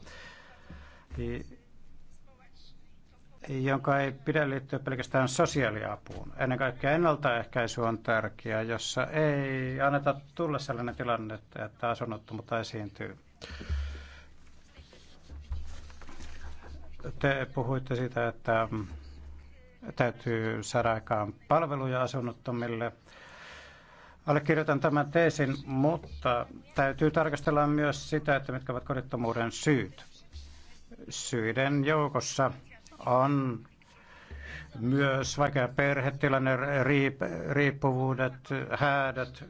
jonka ei pidä liittyä pelkästään sosiaaliapuun. Ennen kaikkea ennaltaehkäisy on tärkeää, jossa ei anneta tulla sellainen tilanne, että asunnottomuutta esiintyy. Te puhuitte siitä, että mm, täytyy saada aikaan palveluja asunnottomille. Allekirjoitan tämän teesin, mutta täytyy tarkastella myös sitä, että mitkä ovat kodittomuuden syyt. Syiden joukossa on myös vaikea perhetilanne, riippuvuudet, häädöt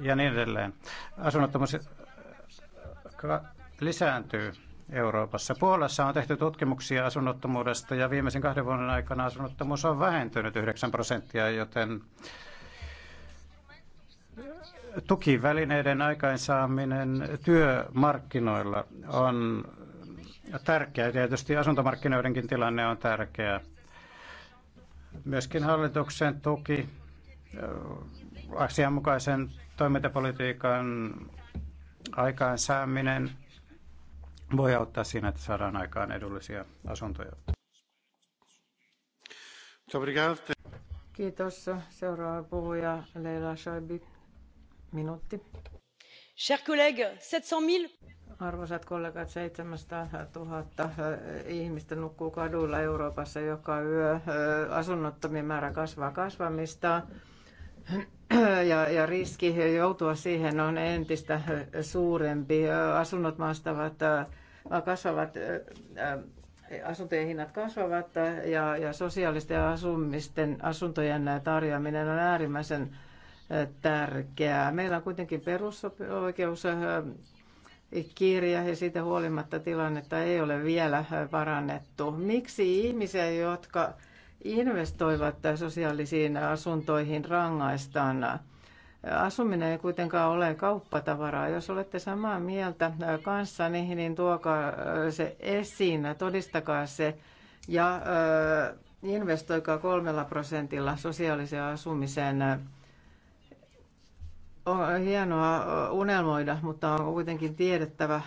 ja niin edelleen. Asunnottomuus lisääntyy Euroopassa. Puolassa on tehty tutkimuksia asunnottomuudesta ja viimeisen kahden vuoden aikana asunnottomuus on vähentynyt 9 prosenttia, joten tukivälineiden aikaansaaminen työmarkkinoilla on tärkeää. Tietysti asuntomarkkinoidenkin tilanne on tärkeää. Myöskin hallituksen tuki äh, asianmukaisen toimintapolitiikan aikaansaaminen voi auttaa siinä, että saadaan aikaan edullisia asuntoja. Kiitos. Seuraava puhuja Leila Schäuble. Minuutti. Chers collègues, 700 000 Arvoisat kollegat, 700 000 eh, ihmistä nukkuu kaduilla Euroopassa joka yö. Eh, asunnottomien määrä kasvaa kasvamista eh, ja, ja riski joutua siihen on entistä suurempi. Asunnot maastavat, kasvavat, asuntojen hinnat kasvavat ja, ja sosiaalisten asumisten, asuntojen tarjoaminen on äärimmäisen tärkeää. Meillä on kuitenkin perusoikeus kirja ja siitä huolimatta tilannetta ei ole vielä parannettu. Miksi ihmisiä, jotka investoivat sosiaalisiin asuntoihin, rangaistaan? Asuminen ei kuitenkaan ole kauppatavaraa. Jos olette samaa mieltä kanssani, niin tuokaa se esiin, todistakaa se ja investoikaa kolmella prosentilla sosiaaliseen asumiseen on hienoa unelmoida, mutta on kuitenkin tiedettävä,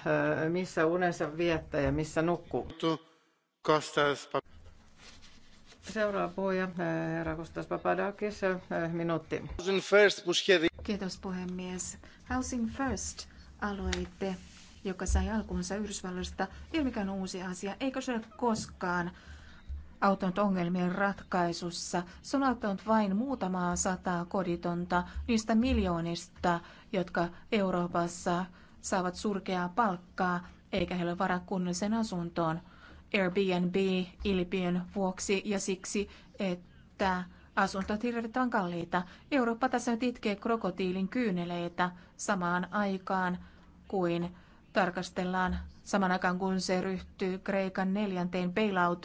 missä unensa viettää ja missä nukkuu. Seuraava puhuja, herra Kostas Papadakis, minuutti. Kiitos puhemies. Housing First aloite, joka sai alkunsa Yhdysvalloista, ei ole mikään uusi asia, eikö se ole koskaan auttanut ongelmien ratkaisussa. Se on auttanut vain muutamaa sataa koditonta niistä miljoonista, jotka Euroopassa saavat surkeaa palkkaa, eikä heillä ole varaa kunnalliseen asuntoon Airbnb-ilpiön vuoksi ja siksi, että asuntot hirvittävän kalliita. Eurooppa tässä nyt itkee krokotiilin kyyneleitä samaan aikaan kuin tarkastellaan samaan aikaan, kun se ryhtyy Kreikan neljänteen bailout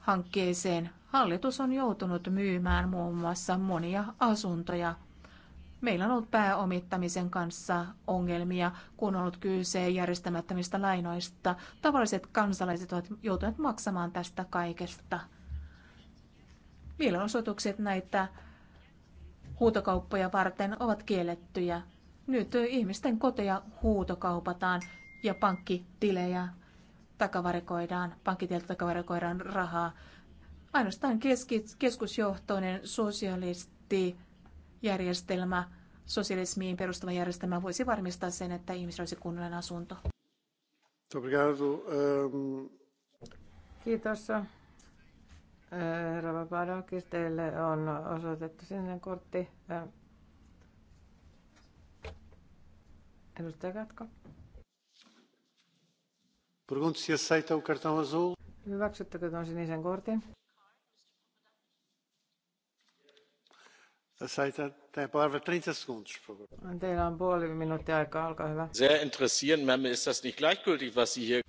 hankkeeseen. Hallitus on joutunut myymään muun muassa monia asuntoja. Meillä on ollut pääomittamisen kanssa ongelmia, kun on ollut kyse järjestämättömistä lainoista. Tavalliset kansalaiset ovat joutuneet maksamaan tästä kaikesta. Mielenosoitukset näitä huutokauppoja varten ovat kiellettyjä. Nyt ihmisten koteja huutokaupataan ja pankkitilejä takavarikoidaan, pankkitieltä takavarikoidaan rahaa. Ainoastaan keskusjohtoinen sosialisti järjestelmä, sosialismiin perustuva järjestelmä voisi varmistaa sen, että ihmisillä olisi kunnollinen asunto. Ehm. Kiitos. Ehm, Rova Padokis, teille on osoitettu sinne kortti. Ehm. Edustaja Katko. Hyväksyttekö tuon sinisen kortin? Teillä on puoli minuuttia aikaa, olkaa hyvä. Sehr interessieren, Memme, ist das nicht gleichgültig, was Sie hier...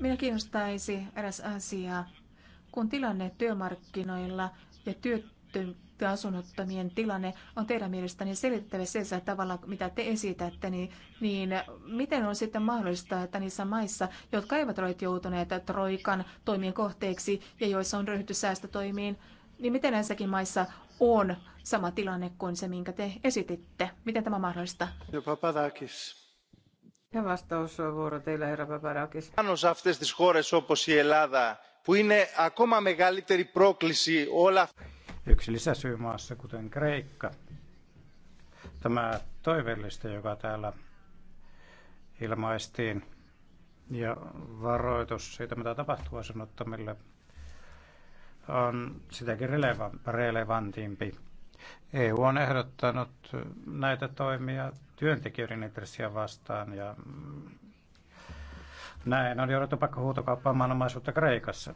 Minä kiinnostaisi eräs asia. Kun tilanne työmarkkinoilla ja työttömyys tai asunnottomien tilanne on teidän mielestänne selittävä sillä tavalla, mitä te esitätte, niin, niin miten on sitten mahdollista, että niissä maissa, jotka eivät ole joutuneet Troikan toimien kohteeksi ja joissa on ryhdytty säästötoimiin, niin miten näissäkin maissa on sama tilanne kuin se, minkä te esititte? Miten tämä on mahdollista? Ja Papadakis. Ja vuoro teillä, herra Papadakis. Πάνω aftes αυτές τις opos όπως Ελλάδα, που είναι ακόμα μεγαλύτερη πρόκληση όλα yksi lisäsyy maassa, kuten Kreikka. Tämä toiveellista, joka täällä ilmaistiin, ja varoitus siitä, mitä tapahtuu asunnottomille, on sitäkin relevantimpi. EU on ehdottanut näitä toimia työntekijöiden intressiä vastaan ja näin on jouduttu huutokauppaamaan omaisuutta Kreikassa.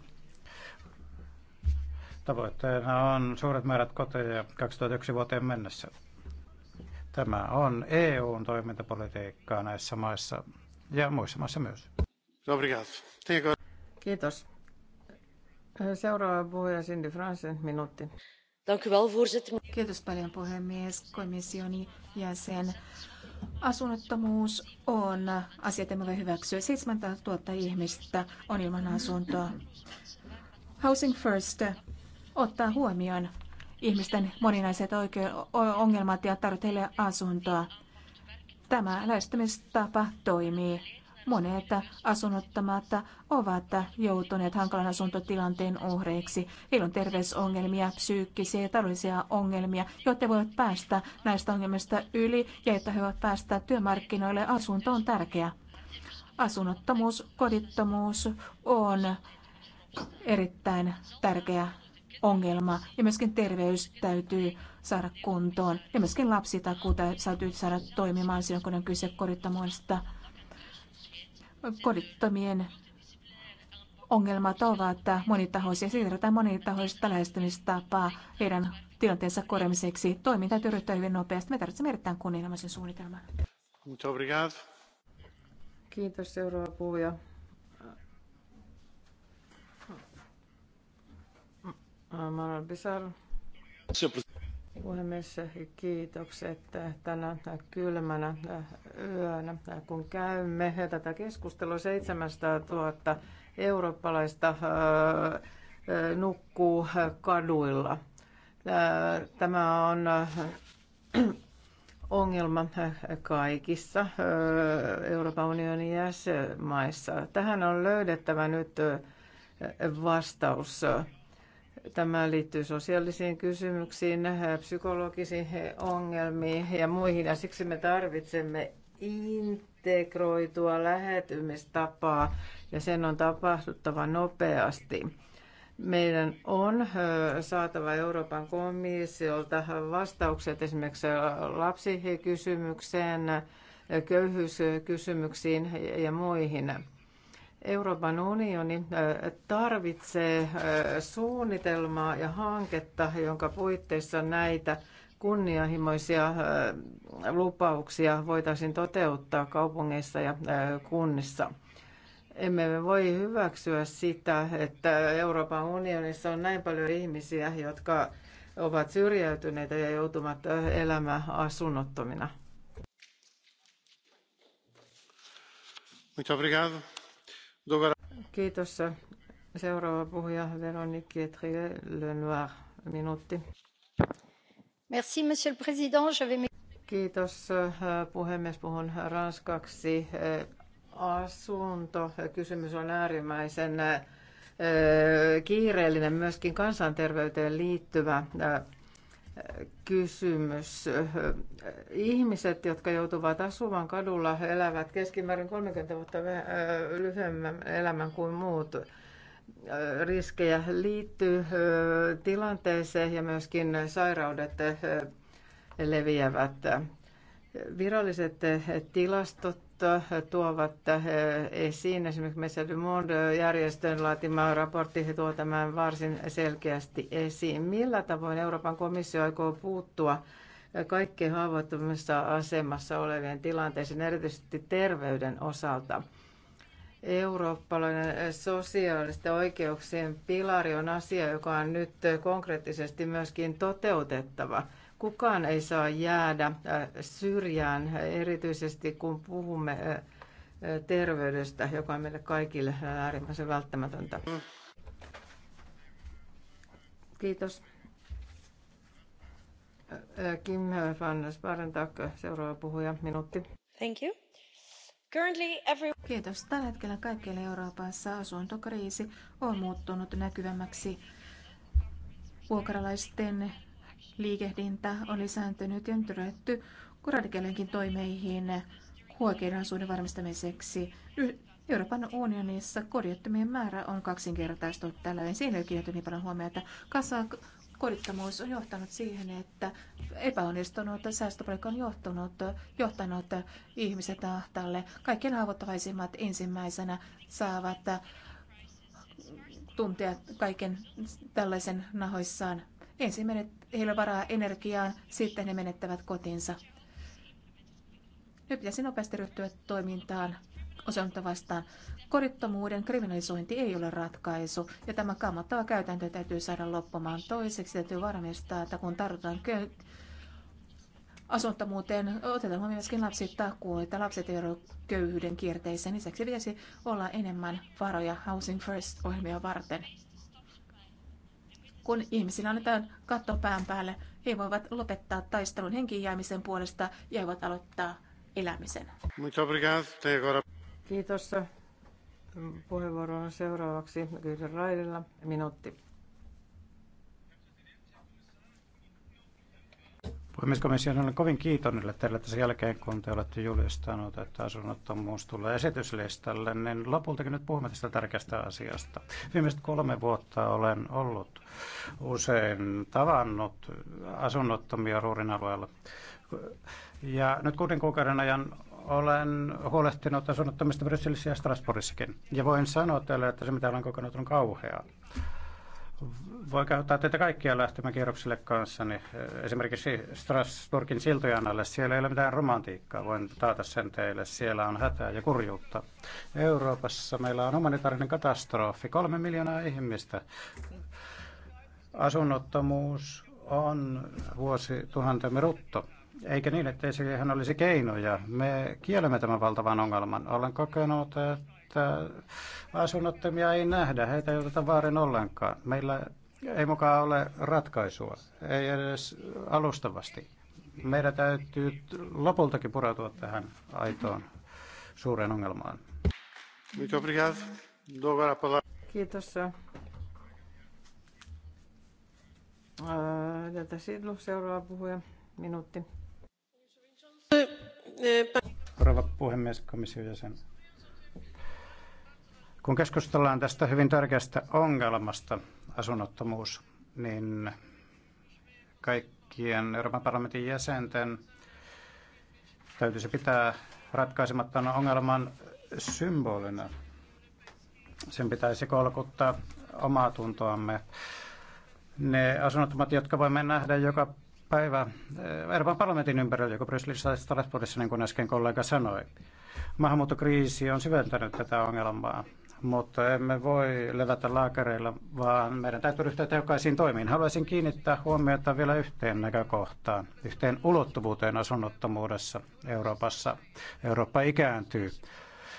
Tavoitteena on suuret määrät koteja 2001 vuoteen mennessä. Tämä on EUn toimintapolitiikkaa näissä maissa ja muissa maissa myös. Kiitos. Seuraava puhuja Cindy Fransen, minuutti. Kiitos paljon puhemies, komission jäsen. Asunnottomuus on asia, jota me hyväksyä. 7000 ihmistä on ilman asuntoa. Housing First ottaa huomioon ihmisten moninaiset ongelmat ja tarvitse heille asuntoa. Tämä lähestymistapa toimii. Monet asunnottomat ovat joutuneet hankalan asuntotilanteen uhreiksi. Heillä on terveysongelmia, psyykkisiä ja taloudellisia ongelmia, jotta voivat päästä näistä ongelmista yli ja että he voivat päästä työmarkkinoille. Asunto on tärkeä. Asunnottomuus, kodittomuus on erittäin tärkeä ongelma ja myöskin terveys täytyy saada kuntoon ja myöskin lapsitakuu täytyy saada toimimaan silloin, kun on kyse korittamoista. Kodittomien ongelmat ovat monitahoisia. Siirretään monitahoista lähestymistapaa heidän tilanteensa korjaamiseksi. Toiminta täytyy ryhtyä hyvin nopeasti. Me tarvitsemme erittäin kunnianhimoisen suunnitelman. Kiitos seuraava puhuja. Amara Bisar. Niin, puhemies, kiitokset tänä kylmänä äh, yönä, äh, kun käymme tätä keskustelua 700 000 eurooppalaista äh, nukkuu kaduilla. Tämä on ongelma kaikissa Euroopan unionin jäsenmaissa. Tähän on löydettävä nyt vastaus. Tämä liittyy sosiaalisiin kysymyksiin, psykologisiin ongelmiin ja muihin. Ja siksi me tarvitsemme integroitua lähetymistapaa ja sen on tapahduttava nopeasti. Meidän on saatava Euroopan komissiolta vastaukset esimerkiksi lapsikysymykseen, köyhyyskysymyksiin ja muihin Euroopan unioni tarvitsee suunnitelmaa ja hanketta, jonka puitteissa näitä kunnianhimoisia lupauksia voitaisiin toteuttaa kaupungeissa ja kunnissa. Emme me voi hyväksyä sitä, että Euroopan unionissa on näin paljon ihmisiä, jotka ovat syrjäytyneitä ja joutuvat elämään asunnottomina. Muito obrigado. Kiitos. Seuraava puhuja Veronique Trier-Lenoir, minuutti. Merci, monsieur le président. Je vais... Kiitos puhemies. Puhun ranskaksi. Asunto. Kysymys on äärimmäisen eh, kiireellinen, myöskin kansanterveyteen liittyvä eh, kysymys. Ihmiset, jotka joutuvat asumaan kadulla, elävät keskimäärin 30 vuotta lyhyemmän elämän kuin muut. Riskejä liittyy tilanteeseen ja myöskin sairaudet leviävät. Viralliset tilastot tuovat eh, esiin. Esimerkiksi Messa du Monde-järjestön laatima raportti tuo tämän varsin selkeästi esiin. Millä tavoin Euroopan komissio aikoo puuttua kaikkein haavoittuvimmassa asemassa olevien tilanteeseen, erityisesti terveyden osalta? Eurooppalainen sosiaalisten oikeuksien pilari on asia, joka on nyt konkreettisesti myöskin toteutettava – Kukaan ei saa jäädä äh, syrjään, erityisesti kun puhumme äh, äh, terveydestä, joka on meille kaikille äärimmäisen välttämätöntä. Kiitos. Kim van Sparentak, seuraava puhuja, minuutti. Thank you. Currently every... Kiitos. Tällä hetkellä kaikkialla Euroopassa asuntokriisi on muuttunut näkyvämmäksi vuokralaisten liikehdintä on lisääntynyt ja on törötty radikaalinkin toimeihin huokeiraisuuden varmistamiseksi. Euroopan unionissa kodittomien määrä on kaksinkertaistunut tällä Siihen ei ole niin paljon huomiota. Kasa kodittomuus on johtanut siihen, että epäonnistunut säästöpolitiikka on johtunut, johtanut ihmiset ahtalle. Kaikkien haavoittavaisimmat ensimmäisenä saavat tuntea kaiken tällaisen nahoissaan Ensin menet, heillä varaa energiaan, sitten he menettävät kotinsa. Nyt pitäisi nopeasti ryhtyä toimintaan osoitta vastaan. Korittomuuden kriminalisointi ei ole ratkaisu, ja tämä kammottava käytäntö täytyy saada loppumaan. Toiseksi täytyy varmistaa, että kun tartutaan köy- asuntottomuuteen, otetaan huomioon myöskin lapset takuu, että lapset eivät ole köyhyyden kierteissä. Lisäksi pitäisi olla enemmän varoja Housing First-ohjelmia varten kun ihmisillä annetaan katto pään päälle, he voivat lopettaa taistelun henkiin jäämisen puolesta ja he voivat aloittaa elämisen. Kiitos. Puheenvuoro on seuraavaksi Kyllä Raidilla minuutti. Puhemieskomissio on kovin kiitollinen teille tässä jälkeen, kun te olette julistanut, että asunnottomuus tulee esityslistalle, niin lopultakin nyt puhumme tästä tärkeästä asiasta. Viimeiset kolme vuotta olen ollut usein tavannut asunnottomia Ruurin alueella. Ja nyt kuuden kuukauden ajan olen huolehtinut asunnottomista Brysselissä ja Strasbourgissakin. Ja voin sanoa teille, että se mitä olen kokenut on kauheaa voi käyttää tätä kaikkia lähtemäkierrokselle Niin Esimerkiksi Strasbourgin siltojen alle. Siellä ei ole mitään romantiikkaa. Voin taata sen teille. Siellä on hätää ja kurjuutta. Euroopassa meillä on humanitaarinen katastrofi. Kolme miljoonaa ihmistä. Asunnottomuus on vuosituhantemme rutto. Eikä niin, ettei siihen olisi keinoja. Me kiellämme tämän valtavan ongelman. Olen kokenut, että että asunnottomia ei nähdä, heitä ei oteta vaarin ollenkaan. Meillä ei mukaan ole ratkaisua, ei edes alustavasti. Meidän täytyy lopultakin purautua tähän aitoon suureen ongelmaan. Kiitos. Tätä Sidlu, seuraava puhuja, minuutti. Rouva puhemies, komission jäsen. Kun keskustellaan tästä hyvin tärkeästä ongelmasta, asunnottomuus, niin kaikkien Euroopan parlamentin jäsenten täytyisi pitää ratkaisematta ongelman symbolina. Sen pitäisi kolkuttaa omaa tuntoamme. Ne asunnottomat, jotka voimme nähdä joka päivä eh, Euroopan parlamentin ympärillä, joko Brysselissä tai Strasbourgissa, niin kuin äsken kollega sanoi. Maahanmuuttokriisi on syventänyt tätä ongelmaa mutta emme voi levätä laakereilla, vaan meidän täytyy ryhtyä tehokkaisiin toimiin. Haluaisin kiinnittää huomiota vielä yhteen näkökohtaan, yhteen ulottuvuuteen asunnottomuudessa Euroopassa. Eurooppa ikääntyy.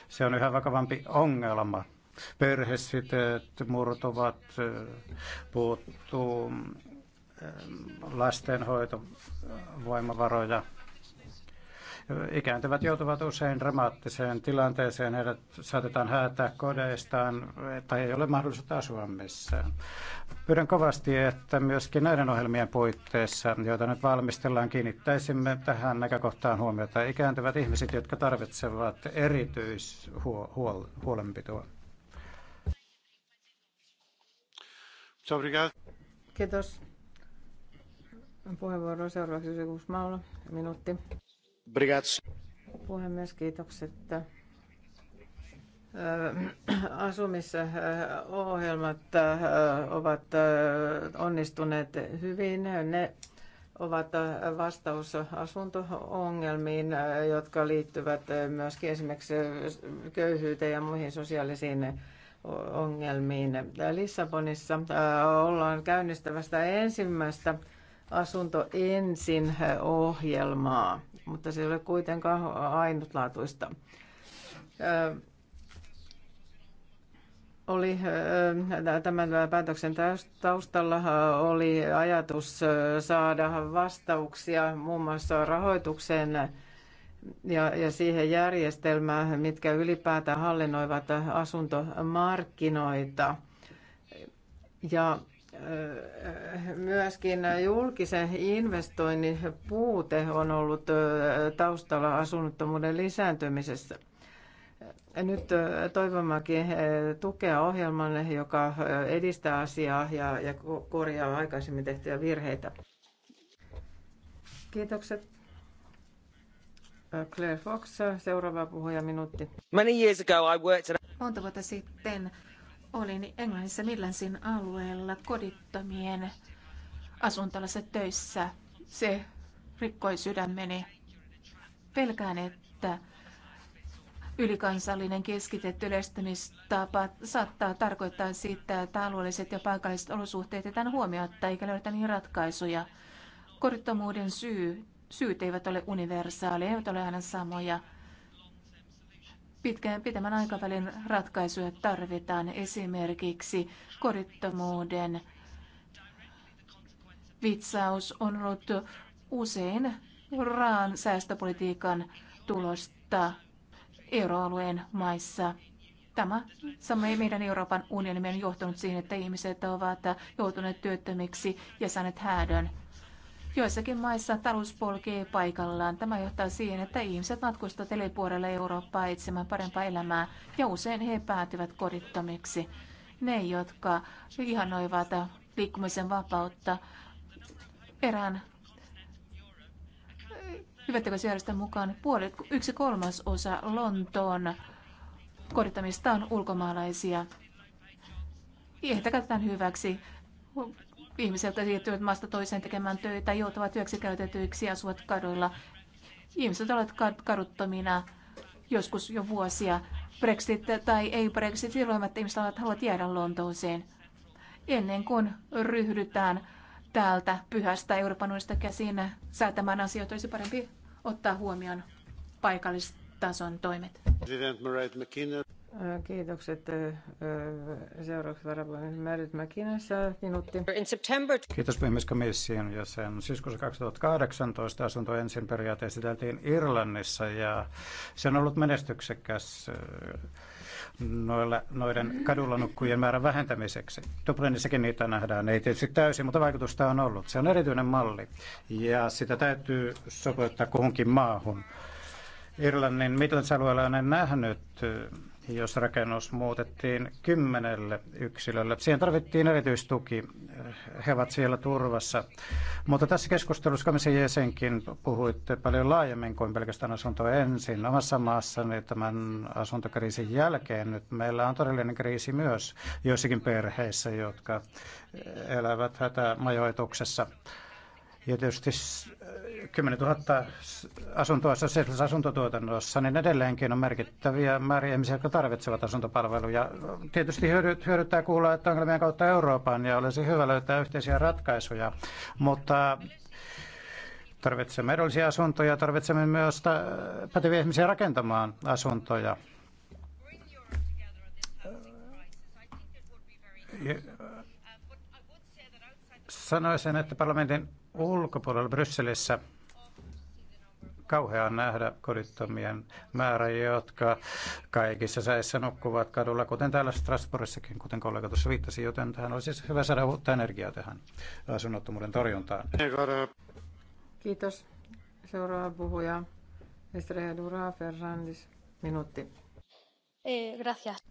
Se on yhä vakavampi ongelma. Perhesiteet murtuvat, puuttuu lastenhoito, voimavaroja Ikääntyvät joutuvat usein dramaattiseen tilanteeseen, heidät saatetaan häätää kodeistaan tai ei ole mahdollisuutta asua missään. Pyydän kovasti, että myöskin näiden ohjelmien puitteissa, joita nyt valmistellaan, kiinnittäisimme tähän näkökohtaan huomiota. Ikääntyvät ihmiset, jotka tarvitsevat erityishuolenpitoa. Kiitos. Puheenvuoro seuraavaksi Jussi Maula, minuutti. Puhemies, kiitokset. Äh, asumisohjelmat äh, ovat äh, onnistuneet hyvin. Ne ovat vastaus asuntoongelmiin, jotka liittyvät myös esimerkiksi köyhyyteen ja muihin sosiaalisiin ongelmiin. Lissabonissa ollaan käynnistävästä ensimmäistä asunto ensin ohjelmaa mutta se ei ole kuitenkaan ainutlaatuista. Oli, tämän päätöksen taustalla oli ajatus saada vastauksia muun muassa rahoitukseen ja, ja siihen järjestelmään, mitkä ylipäätään hallinnoivat asuntomarkkinoita. Ja myöskin julkisen investoinnin puute on ollut taustalla asunnottomuuden lisääntymisessä. Nyt toivomakin tukea ohjelmalle, joka edistää asiaa ja, ja korjaa aikaisemmin tehtyjä virheitä. Kiitokset. Claire Fox, seuraava puhuja minuutti. Many years ago I worked at... Monta vuotta sitten olin Englannissa Midlandsin alueella kodittomien asuntolassa töissä. Se rikkoi sydämeni. Pelkään, että Ylikansallinen keskitetty yleistämistapa saattaa tarkoittaa sitä, että alueelliset ja paikalliset olosuhteet jätetään huomiota eikä löydetä niihin ratkaisuja. Kodittomuuden syy, syyt eivät ole universaaleja, eivät ole aina samoja pitkään pitemmän aikavälin ratkaisuja tarvitaan esimerkiksi korittomuuden vitsaus on ollut usein raan säästöpolitiikan tulosta euroalueen maissa. Tämä sama ei meidän Euroopan unionimme on johtanut siihen, että ihmiset ovat joutuneet työttömiksi ja saaneet häädön Joissakin maissa talous polkee paikallaan. Tämä johtaa siihen, että ihmiset matkustavat eri puolella Eurooppaa etsimään parempaa elämää ja usein he päätyvät kodittomiksi. Ne, jotka ihanoivat liikkumisen vapautta erään hyvättäköisjärjestön mukaan puolet, yksi kolmas osa Lontoon kodittamista on ulkomaalaisia. Ehtäkää tämän hyväksi Ihmiset, jotka siirtyvät maasta toiseen tekemään töitä, joutuvat hyöksikäytetyiksi, asuvat kaduilla. Ihmiset ovat kaduttomina joskus jo vuosia. Brexit tai ei Brexit, silloin että ihmiset haluavat jäädä Lontooseen. Ennen kuin ryhdytään täältä pyhästä Euroopan unionista käsin säätämään asioita, olisi parempi ottaa huomioon paikallistason toimet. Äh, kiitokset. Äh, äh, seuraavaksi varapuhemies Märit Mäkinässä jäsen. Syyskuussa 2018 asunto ensin periaate esiteltiin Irlannissa ja se on ollut menestyksekäs noilla, noiden kadulla nukkujien määrän vähentämiseksi. Dublinissakin niitä nähdään, ei tietysti täysin, mutta vaikutusta on ollut. Se on erityinen malli ja sitä täytyy sopeuttaa kuhunkin maahun. Irlannin Midlands-alueella en nähnyt jos rakennus muutettiin kymmenelle yksilölle. Siihen tarvittiin erityistuki. He ovat siellä turvassa. Mutta tässä keskustelussa komission jäsenkin puhuitte paljon laajemmin kuin pelkästään asunto ensin. Omassa maassani niin tämän asuntokriisin jälkeen nyt meillä on todellinen kriisi myös joissakin perheissä, jotka elävät hätämajoituksessa. majoituksessa ja tietysti 10 000 äh, asuntoa sosiaalisessa asuntotuotannossa, niin edelleenkin on merkittäviä määriä ihmisiä, jotka tarvitsevat asuntopalveluja. Tietysti hyödyttää kuulla, että ongelmien kautta Euroopan ja olisi hyvä löytää yhteisiä ratkaisuja, mutta tarvitsemme edullisia asuntoja, tarvitsemme myös päteviä ihmisiä rakentamaan asuntoja. Äh, sanoisin, että parlamentin ulkopuolella Brysselissä kauheaa nähdä kodittomien määrä, jotka kaikissa säissä nukkuvat kadulla, kuten täällä Strasbourgissakin, kuten kollega tuossa viittasi, joten tähän olisi siis hyvä saada uutta energiaa tähän asunnottomuuden torjuntaan. Kiitos. Seuraava puhuja, Estrella Dura Ferrandis, minuutti. Eh, gracias.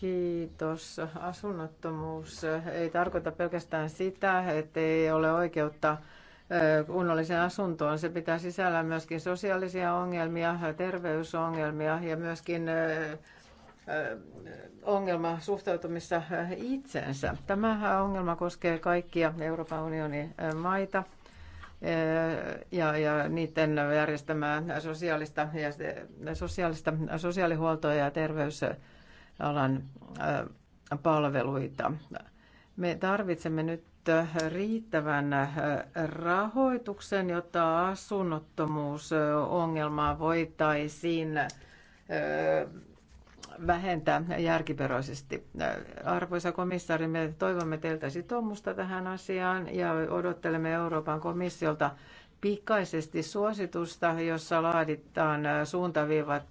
Kiitos. Asunnottomuus ei tarkoita pelkästään sitä, että ei ole oikeutta kunnolliseen asuntoon. Se pitää sisällä myöskin sosiaalisia ongelmia, terveysongelmia ja myöskin ongelma suhtautumissa itsensä. Tämä ongelma koskee kaikkia Euroopan unionin maita ja, ja niiden järjestämää sosiaalista, ja, sosiaalista sosiaalihuoltoa ja terveys alan äh, palveluita. Me tarvitsemme nyt äh, riittävän äh, rahoituksen, jotta asunnottomuusongelmaa voitaisiin vähentää järkiperäisesti. Arvoisa komissaari, me toivomme teiltä sitoumusta tähän asiaan ja odottelemme Euroopan komissiolta pikaisesti suositusta, jossa laaditaan suuntaviivat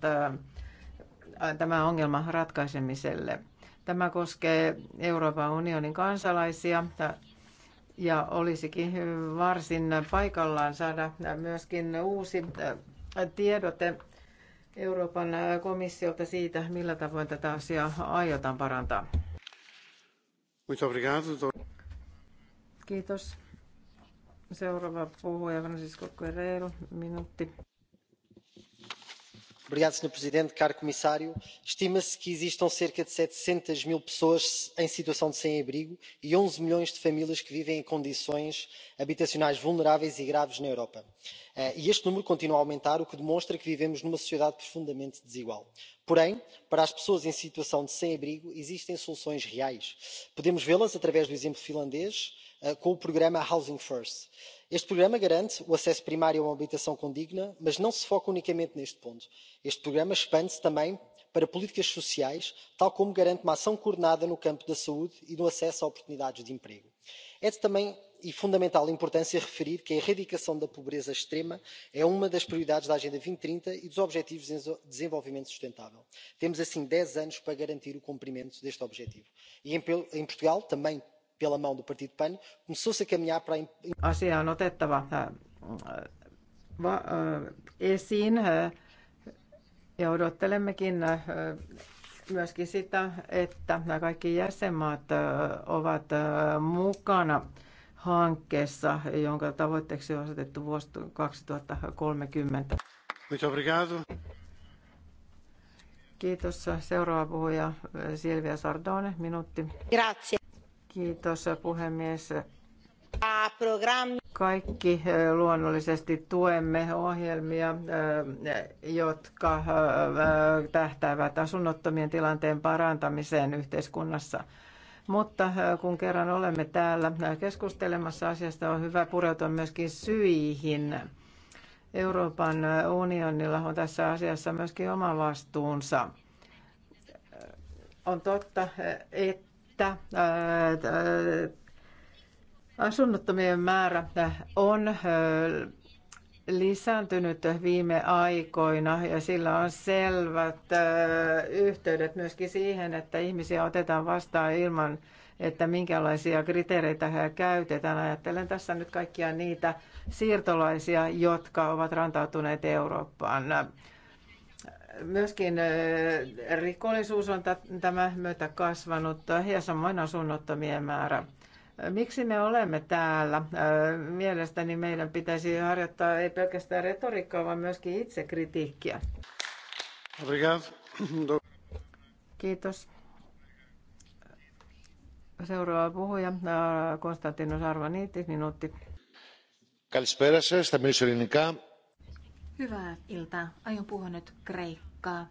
Äh, tämä ongelma ratkaisemiselle. Tämä koskee Euroopan unionin kansalaisia ja olisikin varsin paikallaan saada myöskin uusi äh, tiedote Euroopan äh, komissiolta siitä, millä tavoin tätä asiaa aiotaan parantaa. Kiitos. Seuraava puhuja Francisco Guerrero, minuutti senhor presidente caro comissário estima se que existam cerca de setecentos mil pessoas em situação de sem abrigo e onze milhões de famílias que vivem em condições habitacionais vulneráveis e graves na europa eh, e este número continua a aumentar o que demonstra que vivemos numa sociedade profundamente desigual. porém para as pessoas em situação de sem abrigo existem soluções reais. podemos vê las através do exemplo finlandês eh, com o programa housing first este programa garante o acesso primário a uma habitação condigna mas não se foca unicamente neste ponto este programa expande se também para políticas sociais tal como garante uma ação coordenada no campo da saúde e do no acesso a oportunidades de emprego. é também de fundamental importância referir que a erradicação da pobreza extrema é uma das prioridades da agenda dois mil e trinta e dos objetivos de desenvolvimento sustentável. temos assim dez anos para garantir o cumprimento deste objetivo e em portugal também pela mão do PAN, começou-se a Asia on otettava eh, eh, esiin eh, ja odottelemmekin myöskin sitä, että kaikki jäsenmaat ovat mukana hankkeessa, jonka tavoitteeksi on asetettu vuosi 2030. Muito obrigado. Kiitos. Seuraava puhuja Silvia Sardone, minuutti. Grazie. Kiitos puhemies. Kaikki eh, luonnollisesti tuemme ohjelmia, eh, jotka eh, tähtäävät asunnottomien tilanteen parantamiseen yhteiskunnassa. Mutta kun kerran olemme täällä keskustelemassa asiasta, on hyvä pureutua myöskin syihin. Euroopan unionilla on tässä asiassa myöskin oma vastuunsa. On totta, että että asunnottomien määrä on lisääntynyt viime aikoina ja sillä on selvät yhteydet myöskin siihen, että ihmisiä otetaan vastaan ilman, että minkälaisia kriteereitä he käytetään. Ajattelen tässä nyt kaikkia niitä siirtolaisia, jotka ovat rantautuneet Eurooppaan. Myöskin rikollisuus on tämän myötä kasvanut ja samoin asunnottomien määrä. Miksi me olemme täällä? Mielestäni meidän pitäisi harjoittaa ei pelkästään retoriikkaa, vaan myöskin itsekritiikkiä. Kiitos. Seuraava puhuja, Konstantinos Arvaniitis, minuutti. Hyvää iltaa. Aion puhua nyt kreikkaa aikaa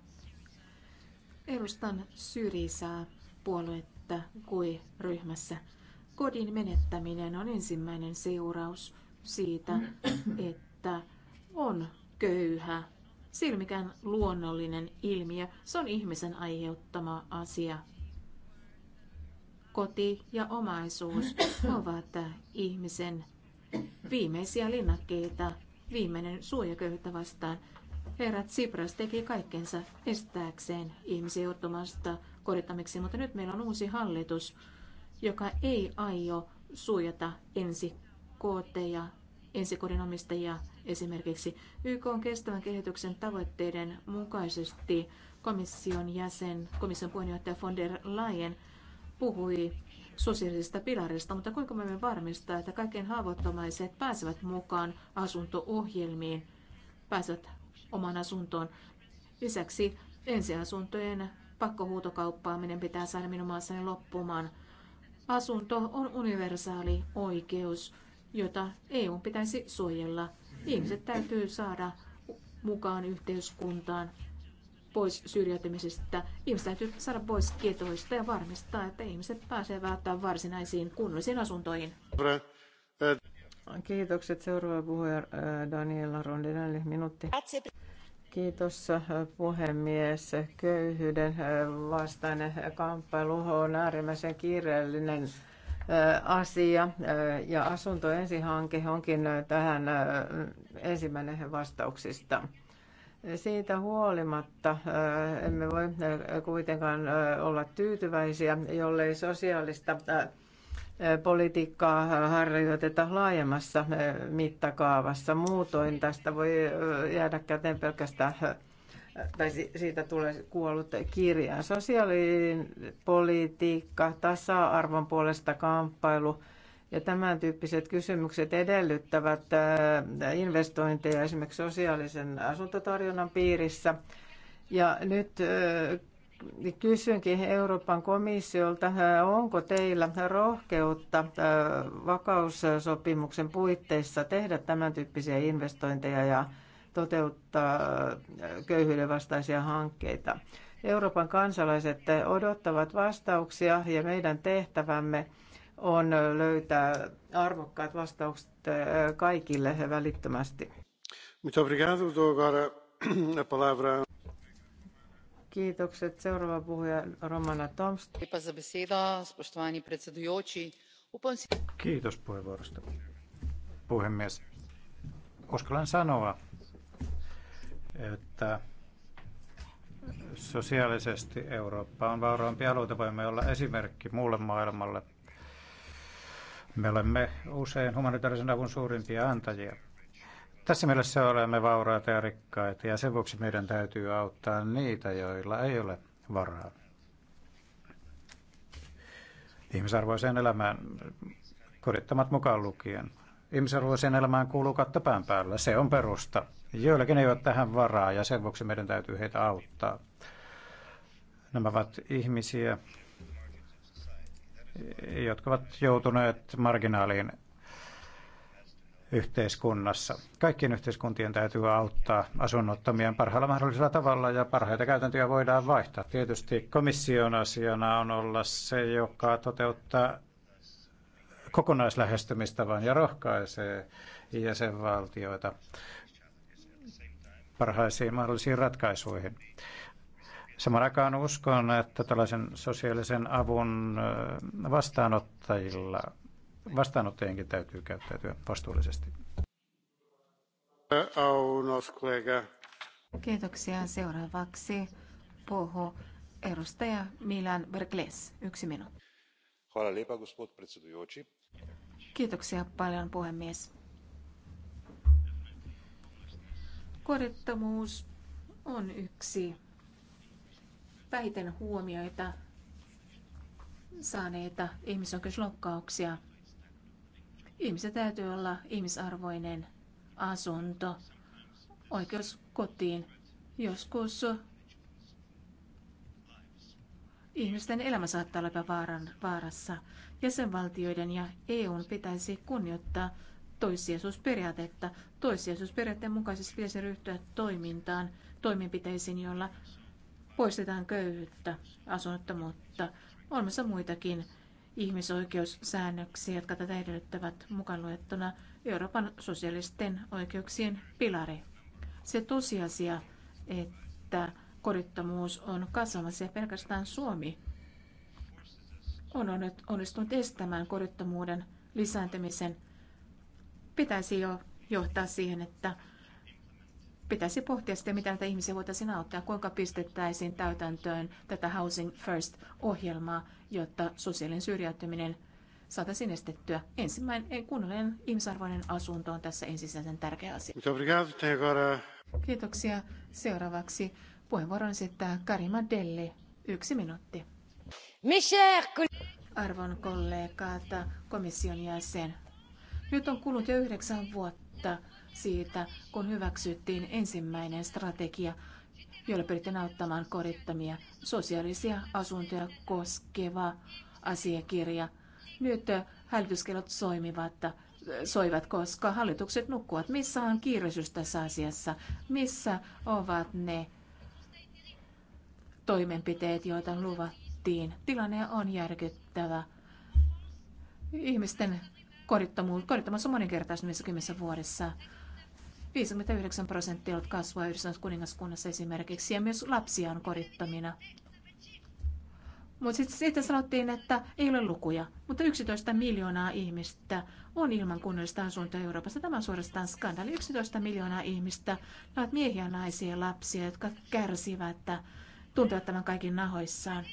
edustan syrjisää puoluetta kuin ryhmässä. Kodin menettäminen on ensimmäinen seuraus siitä, että on köyhä. Se ei ole mikään luonnollinen ilmiö, se on ihmisen aiheuttama asia. Koti ja omaisuus ovat ihmisen viimeisiä linnakkeita, viimeinen suojaköyhyyttä vastaan. Herra Tsipras teki kaikkensa estääkseen ihmisiä joutumasta korjattamiksi, mutta nyt meillä on uusi hallitus, joka ei aio suojata ensikoteja, ensikodin omistajia esimerkiksi. YK on kestävän kehityksen tavoitteiden mukaisesti komission jäsen, komission puheenjohtaja von der Leyen puhui sosiaalisesta pilarista, mutta kuinka me voimme varmistaa, että kaikkein haavoittomaiset pääsevät mukaan asuntoohjelmiin, pääsevät oman asuntoon. Lisäksi ensiasuntojen pakkohuutokauppaaminen pitää saada minun maassani loppumaan. Asunto on universaali oikeus, jota EU pitäisi suojella. Ihmiset täytyy saada mukaan yhteiskuntaan pois syrjäytymisestä. Ihmiset täytyy saada pois ketoista ja varmistaa, että ihmiset pääsevät varsinaisiin kunnollisiin asuntoihin. Eh, Kiitokset. Seuraava puhuja äh, Daniela Rondinelli, minuutti. Kiitos äh, puhemies. Köyhyyden äh, vastainen kamppailu on äärimmäisen kiireellinen asia ja asunto ensihanke onkin tähän ensimmäinen vastauksista. Siitä huolimatta emme voi kuitenkaan olla tyytyväisiä, jollei sosiaalista politiikkaa harjoiteta laajemmassa eh, mittakaavassa. Muutoin tästä voi eh, jäädä käteen pelkästään eh, tai siitä tulee kuollut kirjaan. Sosiaalipolitiikka, tasa-arvon puolesta kamppailu ja tämän tyyppiset kysymykset edellyttävät investointeja esimerkiksi sosiaalisen asuntotarjonnan piirissä. Ja nyt Kysynkin Euroopan komissiolta, onko teillä rohkeutta äh, vakaussopimuksen puitteissa tehdä tämän tyyppisiä investointeja ja toteuttaa äh, köyhyyden vastaisia hankkeita. Euroopan kansalaiset odottavat vastauksia ja meidän tehtävämme on löytää arvokkaat vastaukset äh, kaikille välittömästi. Muito obrigado, dou agora a palavra Kiitokset. puhuja Romana Kiitos puheenvuorosta, puhemies. Uskallan sanoa, että sosiaalisesti Eurooppa on vauraampi alue. Voimme olla esimerkki muulle maailmalle. Me olemme usein humanitaarisen avun suurimpia antajia. Tässä mielessä olemme vauraita ja rikkaita ja sen vuoksi meidän täytyy auttaa niitä, joilla ei ole varaa. Ihmisarvoiseen elämään kodittamat mukaan lukien. Ihmisarvoiseen elämään kuuluu katto pään päällä. Se on perusta. Joillakin ei ole tähän varaa ja sen vuoksi meidän täytyy heitä auttaa. Nämä ovat ihmisiä, jotka ovat joutuneet marginaaliin yhteiskunnassa. Kaikkien yhteiskuntien täytyy auttaa asunnottomien parhaalla mahdollisella tavalla ja parhaita käytäntöjä voidaan vaihtaa. Tietysti komission asiana on olla se, joka toteuttaa kokonaislähestymistavan ja rohkaisee jäsenvaltioita parhaisiin mahdollisiin ratkaisuihin. Samaan aikaan uskon, että tällaisen sosiaalisen avun vastaanottajilla vastaanottajienkin täytyy käyttäytyä vastuullisesti. Kiitoksia. Seuraavaksi puhuu edustaja Milan Bergles. Yksi minuutti. Kiitoksia paljon puhemies. Kuorittomuus on yksi vähiten huomioita saaneita ihmisoikeusloukkauksia ihmisen täytyy olla ihmisarvoinen asunto, oikeus kotiin. Joskus ihmisten elämä saattaa olla vaaran, vaarassa. Jäsenvaltioiden ja EUn pitäisi kunnioittaa toissijaisuusperiaatetta. Toissijaisuusperiaatteen mukaisesti pitäisi ryhtyä toimintaan, toimenpiteisiin, joilla poistetaan köyhyyttä, asunnottomuutta. Olemassa muitakin ihmisoikeussäännöksiä, jotka tätä edellyttävät mukaan luettuna Euroopan sosiaalisten oikeuksien pilari. Se tosiasia, että kodittomuus on kasvamassa ja pelkästään Suomi on onnistunut estämään kodittomuuden lisääntymisen, pitäisi jo johtaa siihen, että pitäisi pohtia sitä, mitä näitä ihmisiä voitaisiin auttaa, kuinka pistettäisiin täytäntöön tätä Housing First-ohjelmaa, jotta sosiaalinen syrjäytyminen saataisiin estettyä. Ensimmäinen eh, kunnollinen ihmisarvoinen asunto on tässä ensisijaisen tärkeä asia. Kiitoksia. Seuraavaksi puheenvuoron esittää Karima Delli. Yksi minuutti. Arvon kollegaata, komission jäsen. Nyt on kulunut jo yhdeksän vuotta siitä, kun hyväksyttiin ensimmäinen strategia, jolla pyrittiin auttamaan korittamia sosiaalisia asuntoja koskeva asiakirja. Nyt äh, hälytyskellot soimivat, äh, soivat, koska hallitukset nukkuvat. Missä on kiireisyys tässä asiassa? Missä ovat ne toimenpiteet, joita luvattiin? Tilanne on järkyttävä. Ihmisten korittomuus on moninkertaistunut 50 vuodessa. 59 prosenttia on kasvua Yhdysvallan kuningaskunnassa esimerkiksi, ja myös lapsia on korittomina. Mutta sitten siitä sanottiin, että ei ole lukuja, mutta 11 miljoonaa ihmistä on ilman kunnollista asuntoa Euroopassa. Tämä on suorastaan skandaali. 11 miljoonaa ihmistä ovat miehiä, naisia, lapsia, jotka kärsivät, tuntevat tämän kaikin nahoissaan.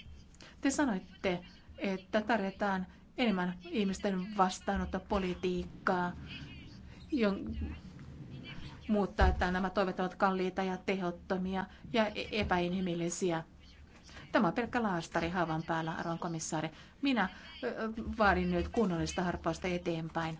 Te sanoitte, että tarvitaan enemmän ihmisten vastaanottopolitiikkaa, mutta että nämä toivet ovat kalliita ja tehottomia ja epäinhimillisiä. Tämä on pelkkä laastari haavan päällä, arvon komissaari. Minä vaadin nyt kunnollista harppausta eteenpäin.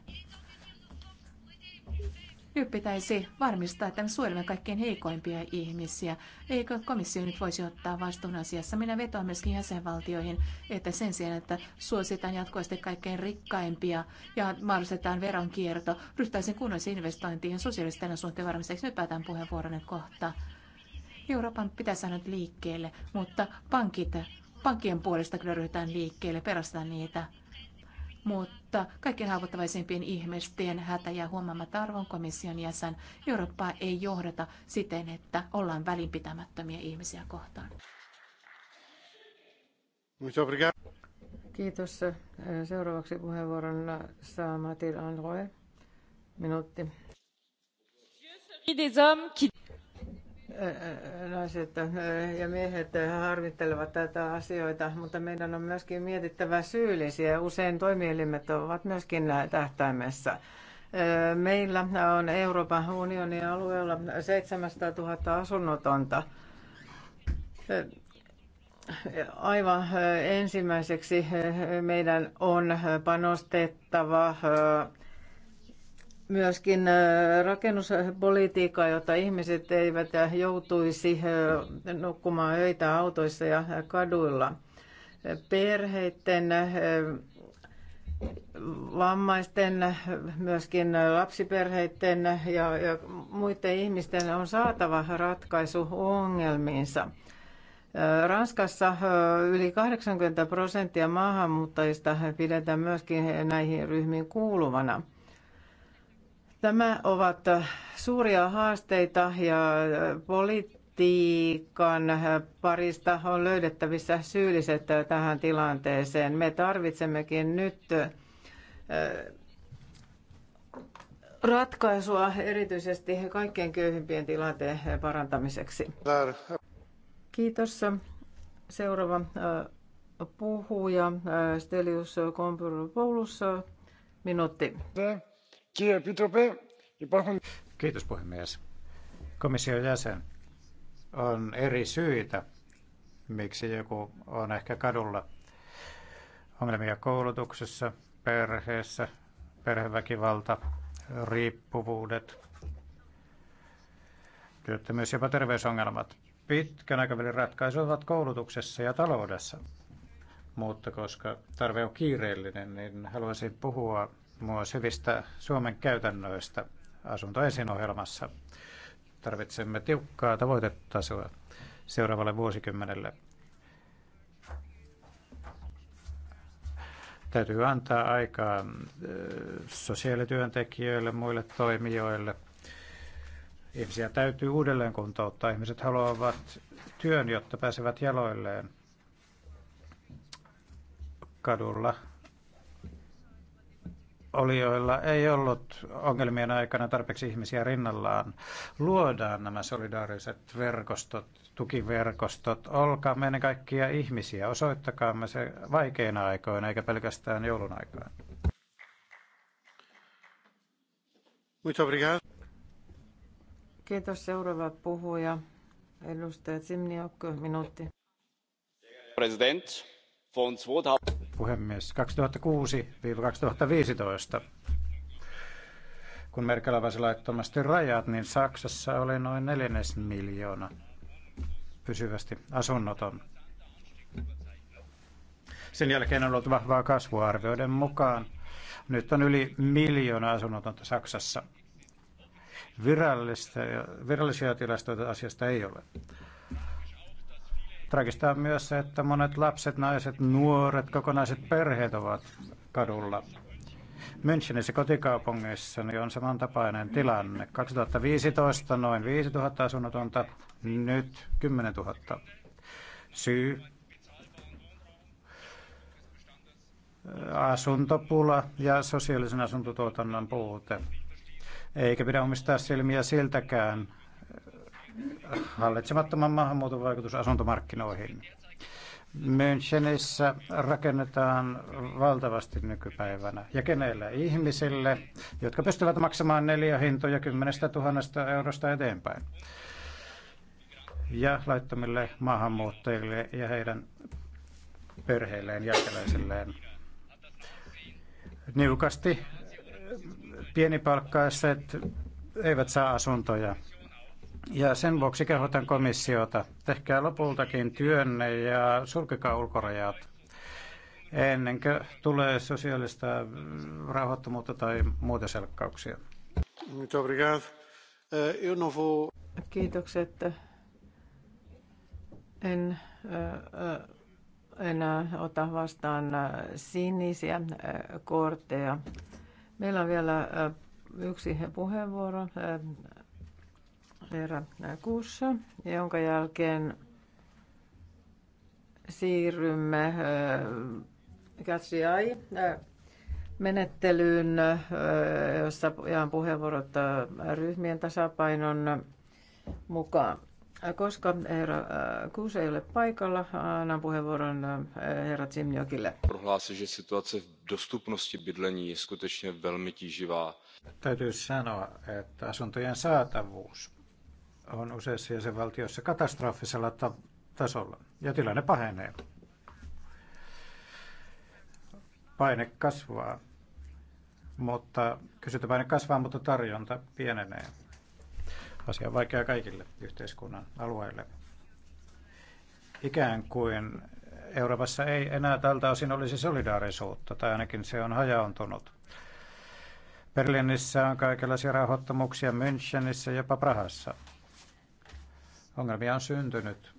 Nyt pitäisi varmistaa, että me suojelemme kaikkein heikoimpia ihmisiä. Eikö komissio nyt voisi ottaa vastuun asiassa? Minä vetoan myöskin jäsenvaltioihin, että sen sijaan, että suositaan jatkuvasti kaikkein rikkaimpia ja mahdollistetaan veronkierto, ryhtäisiin kunnollisiin investointiin sosiaalisten asuntojen varmistamiseksi. Nyt päätän puheenvuoron kohta. Euroopan pitää saada nyt liikkeelle, mutta pankit, pankkien puolesta kyllä ryhdytään liikkeelle, perastaan niitä mutta kaikkein haavoittavaisimpien ihmisten hätä ja huomaamatta arvon komission jäsen Eurooppaa ei johdeta siten, että ollaan välinpitämättömiä ihmisiä kohtaan. Kiitos. Seuraavaksi puheenvuoron saa Matil Androe. Minuutti naiset ja miehet harvittelevat tätä asioita, mutta meidän on myöskin mietittävä syyllisiä. Usein toimielimet ovat myöskin tähtäimessä. Meillä on Euroopan unionin alueella 700 000 asunnotonta. Aivan ensimmäiseksi meidän on panostettava myöskin äh, rakennuspolitiikkaa, jotta ihmiset eivät äh, joutuisi äh, nukkumaan öitä autoissa ja kaduilla. Perheiden, vammaisten, myöskin lapsiperheiden ja, ja muiden ihmisten on saatava ratkaisu ongelmiinsa. Ranskassa yli 80 prosenttia maahanmuuttajista pidetään myöskin näihin ryhmiin kuuluvana – Tämä ovat äh, suuria haasteita ja äh, politiikan äh, parista on löydettävissä syylliset tähän tilanteeseen. Me tarvitsemmekin nyt ratkaisua erityisesti kaikkein köyhimpien tilanteen parantamiseksi. Kiitos. Seuraava puhuja Stelius Kompuropoulos, minuutti. Kiitos puhemies. Komission jäsen on eri syitä, miksi joku on ehkä kadulla. Ongelmia koulutuksessa, perheessä, perheväkivalta, riippuvuudet, työttömyys, jopa terveysongelmat. Pitkän aikavälin ratkaisu ovat koulutuksessa ja taloudessa. Mutta koska tarve on kiireellinen, niin haluaisin puhua myös hyvistä Suomen käytännöistä asunto ensin ohjelmassa. Tarvitsemme tiukkaa tavoitetasoa seuraavalle vuosikymmenelle. Täytyy antaa aikaa äh, sosiaalityöntekijöille, muille toimijoille. Ihmisiä täytyy uudelleen kuntouttaa. Ihmiset haluavat työn, jotta pääsevät jaloilleen kadulla olijoilla ei ollut ongelmien aikana tarpeeksi ihmisiä rinnallaan. Luodaan nämä solidaariset verkostot, tukiverkostot. Olkaa meidän kaikkia ihmisiä. Osoittakaamme se vaikeina aikoina, eikä pelkästään joulun aikaan. Kiitos. Seuraava puhuja. Edustaja Simniokko, minuutti. President, von 2000 puhemies. 2006-2015, kun Merkel avasi laittomasti rajat, niin Saksassa oli noin neljännes miljoona pysyvästi asunnoton. Sen jälkeen on ollut vahvaa kasvuarvioiden mukaan. Nyt on yli miljoona asunnotonta Saksassa. Virallista, virallisia tilastoita asiasta ei ole. Tragista on myös se, että monet lapset, naiset, nuoret, kokonaiset perheet ovat kadulla. Münchenissä kotikaupungissa niin on samantapainen tilanne. 2015 noin 5000 asunnotonta, nyt 10 000. Syy asuntopula ja sosiaalisen asuntotuotannon puute. Eikä pidä omistaa silmiä siltäkään, hallitsemattoman maahanmuuton vaikutus asuntomarkkinoihin. Münchenissä rakennetaan valtavasti nykypäivänä. Ja keneillä? Ihmisille, jotka pystyvät maksamaan neljä hintoja kymmenestä tuhannesta eurosta eteenpäin. Ja laittomille maahanmuuttajille ja heidän perheilleen, jälkeläisilleen. Niukasti pienipalkkaiset eivät saa asuntoja. Ja sen vuoksi kehotan komissiota, tehkää lopultakin työnne ja sulkekaa ulkorajat ennen kuin tulee sosiaalista rauhoittomuutta tai muuta selkkauksia. Eh, Kiitokset. En eh, eh, enää ota vastaan sinisiä kortteja. Meillä on vielä yksi puheenvuoro herra Kuussa, jonka jälkeen siirrymme äh, Catch äh, menettelyyn, äh, jossa jaan puheenvuorot ryhmien tasapainon mukaan. Koska herra Kuus ei ole paikalla, annan puheenvuoron herra Zimjokille. že situace v dostupnosti bydlení je skutečně velmi Täytyy sanoa, että asuntojen saatavuus on useissa jäsenvaltioissa katastrofisella ta- tasolla ja tilanne pahenee. Paine kasvaa, mutta kysyntäpaine kasvaa, mutta tarjonta pienenee. Asia on vaikea kaikille yhteiskunnan alueille. Ikään kuin Euroopassa ei enää tältä osin olisi solidaarisuutta, tai ainakin se on hajaantunut. Berliinissä on kaikenlaisia rahoittamuksia, Münchenissä ja jopa Prahassa. Ongelmia on syntynyt,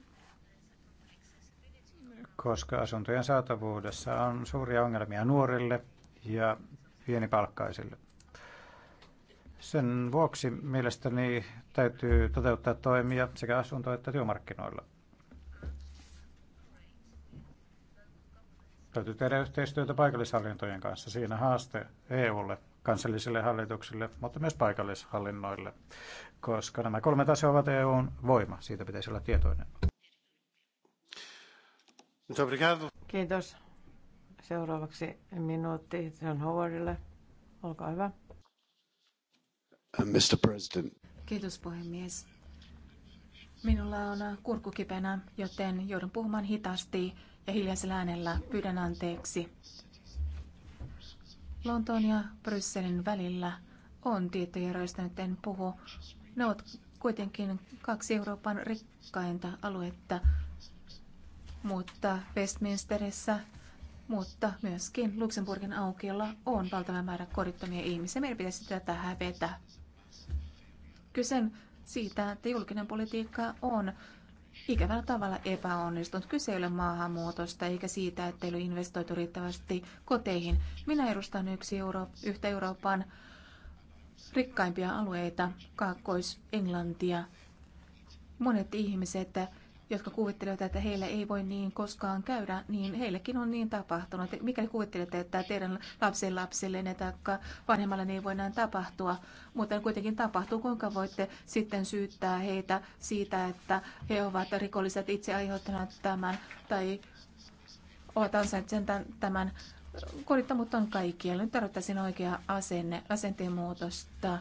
koska asuntojen saatavuudessa on suuria ongelmia nuorille ja pienipalkkaisille. Sen vuoksi mielestäni täytyy toteuttaa toimia sekä asunto- että työmarkkinoilla. Täytyy tehdä yhteistyötä paikallishallintojen kanssa. Siinä haaste EUlle, kansallisille hallituksille, mutta myös paikallishallinnoille koska nämä kolme tasoa ovat EUn voima. Siitä pitäisi olla tietoinen. Kiitos. Seuraavaksi minuutti John Howardille. Olkaa hyvä. Mr. President. Kiitos puhemies. Minulla on kurkukipenä, joten joudun puhumaan hitaasti ja hiljaisella äänellä. Pyydän anteeksi. Lontoon ja Brysselin välillä on tiettyjä rajoista, puhu ne ovat kuitenkin kaksi Euroopan rikkainta aluetta, mutta Westminsterissä, mutta myöskin Luxemburgin aukiolla on valtava määrä kodittomia ihmisiä. Meidän pitäisi tätä hävetä. Kysen siitä, että julkinen politiikka on ikävällä tavalla epäonnistunut. Kyse ei ole maahanmuutosta eikä siitä, että ei ole investoitu riittävästi koteihin. Minä edustan yksi Euro- yhtä Euroopan rikkaimpia alueita, Kaakkois-Englantia. Monet ihmiset, jotka kuvittelevat, että heillä ei voi niin koskaan käydä, niin heillekin on niin tapahtunut. Mikäli kuvittelette, että teidän lapsen lapsellenne tai vanhemmalle ei voi näin tapahtua, mutta kuitenkin tapahtuu, kuinka voitte sitten syyttää heitä siitä, että he ovat rikolliset itse aiheuttaneet tämän tai ovat ansaitseet tämän kodittomuutta on kaikkialla. Nyt tarvittaisiin oikea asenne, asenteen muutosta.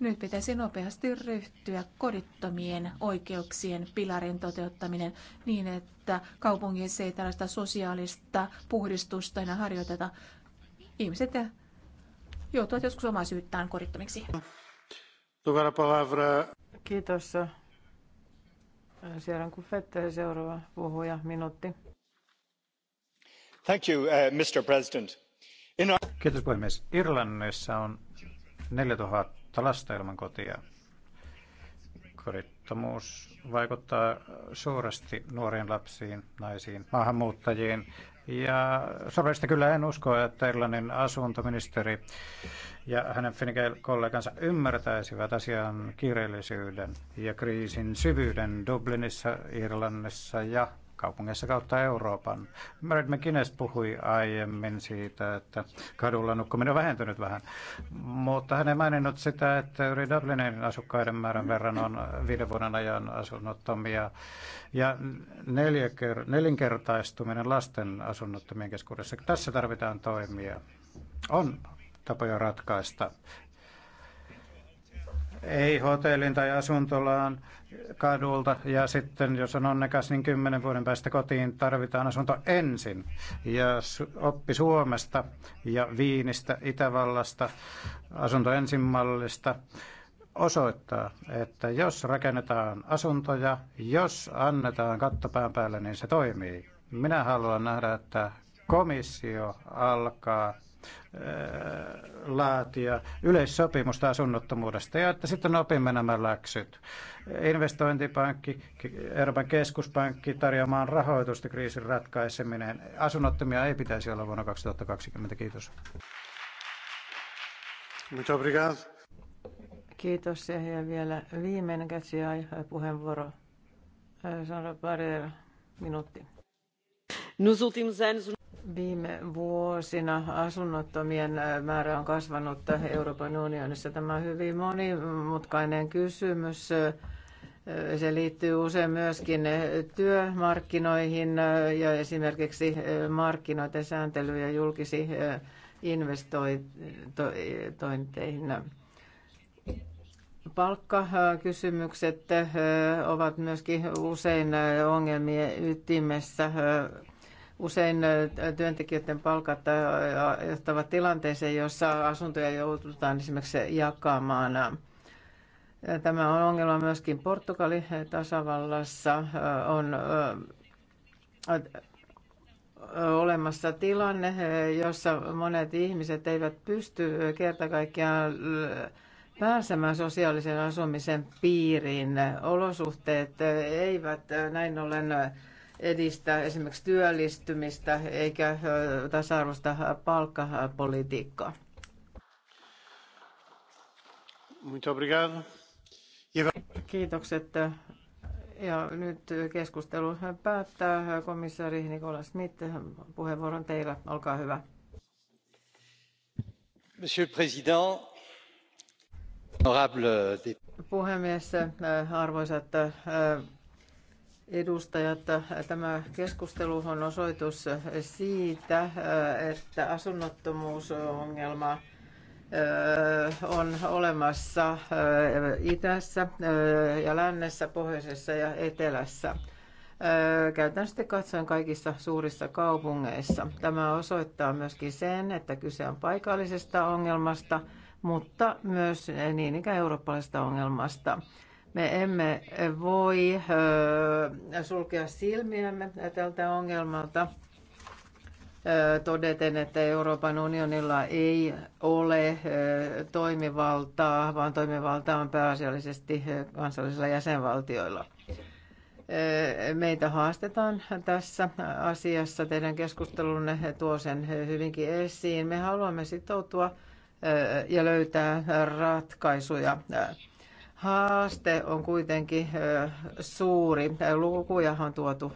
Nyt pitäisi nopeasti ryhtyä kodittomien oikeuksien pilarin toteuttaminen niin, että kaupungissa ei tällaista sosiaalista puhdistusta enää harjoiteta. Ihmiset joutuvat joskus omaa syyttään kodittomiksi. Kiitos. Siellä on Kuffette seuraava puhuja, minuutti arvoisa uh, Kiitos puhemies. Irlannissa on 4000 lasta ilman kotia. Kodittomuus vaikuttaa suuresti nuoriin lapsiin, naisiin, maahanmuuttajiin. Ja sorvallista kyllä en usko, että Irlannin asuntoministeri ja hänen Finnegan-kollegansa ymmärtäisivät asian kiireellisyyden ja kriisin syvyyden Dublinissa, Irlannissa ja kaupungeissa kautta Euroopan. Merit McGuinness puhui aiemmin siitä, että kadulla nukkuminen on vähentynyt vähän, mutta hän ei maininnut sitä, että yli Dublinin asukkaiden määrän verran on viiden vuoden ajan asunnottomia ja neljäker- nelinkertaistuminen lasten asunnottomien keskuudessa. Tässä tarvitaan toimia. On tapoja ratkaista ei hotellin tai asuntolaan kadulta ja sitten jos on onnekas, niin kymmenen vuoden päästä kotiin tarvitaan asunto ensin. Ja oppi Suomesta ja Viinistä, Itävallasta, asunto mallista osoittaa, että jos rakennetaan asuntoja, jos annetaan kattopään päälle, niin se toimii. Minä haluan nähdä, että komissio alkaa Äh, laatia yleissopimusta asunnottomuudesta ja että sitten opimme nämä läksyt. Investointipankki, Euroopan keskuspankki tarjoamaan rahoitusta kriisin ratkaiseminen. Asunnottomia ei pitäisi olla vuonna 2020. Kiitos. Muito obrigado. Kiitos. Ja vielä viimeinen käsiai puheenvuoro. Äh, Sandra Barrera, minuutti. Nos últimos anos, Viime vuosina asunnottomien äh, määrä on kasvanut Euroopan unionissa. Tämä on hyvin monimutkainen kysymys. Äh, se liittyy usein myöskin äh, työmarkkinoihin ja esimerkiksi markkinoiden sääntely ja julkisiin investointeihin. Palkkakysymykset ovat myöskin usein ongelmien ytimessä Usein työntekijöiden palkat johtavat tilanteeseen, jossa asuntoja joudutaan esimerkiksi jakamaan. Tämä on ongelma myöskin Portugalin tasavallassa. On olemassa tilanne, jossa monet ihmiset eivät pysty kertakaikkiaan pääsemään sosiaalisen asumisen piiriin. Olosuhteet eivät näin ollen edistä esimerkiksi työllistymistä eikä tasa-arvoista palkkapolitiikkaa. Muito obrigado. Kiitokset. Ja nyt keskustelu päättää. Komissaari Nikola Smith, puheenvuoron teillä. Olkaa hyvä. Monsieur le Président, honorable... Puhemies, arvoisat edustajat, tämä keskustelu on osoitus siitä, että asunnottomuusongelma äh, on olemassa äh, itässä äh, ja lännessä, pohjoisessa ja etelässä. Käytännössä katsoen kaikissa suurissa kaupungeissa. Tämä osoittaa myöskin sen, että kyse on paikallisesta ongelmasta, mutta myös niin ikään eurooppalaisesta ongelmasta. Me emme voi sulkea silmiämme tältä ongelmalta todeten, että Euroopan unionilla ei ole toimivaltaa, vaan toimivalta on pääasiallisesti kansallisilla jäsenvaltioilla. Meitä haastetaan tässä asiassa. Teidän keskustelunne tuo sen hyvinkin esiin. Me haluamme sitoutua ja löytää ratkaisuja Haaste on kuitenkin suuri. Lukuja on tuotu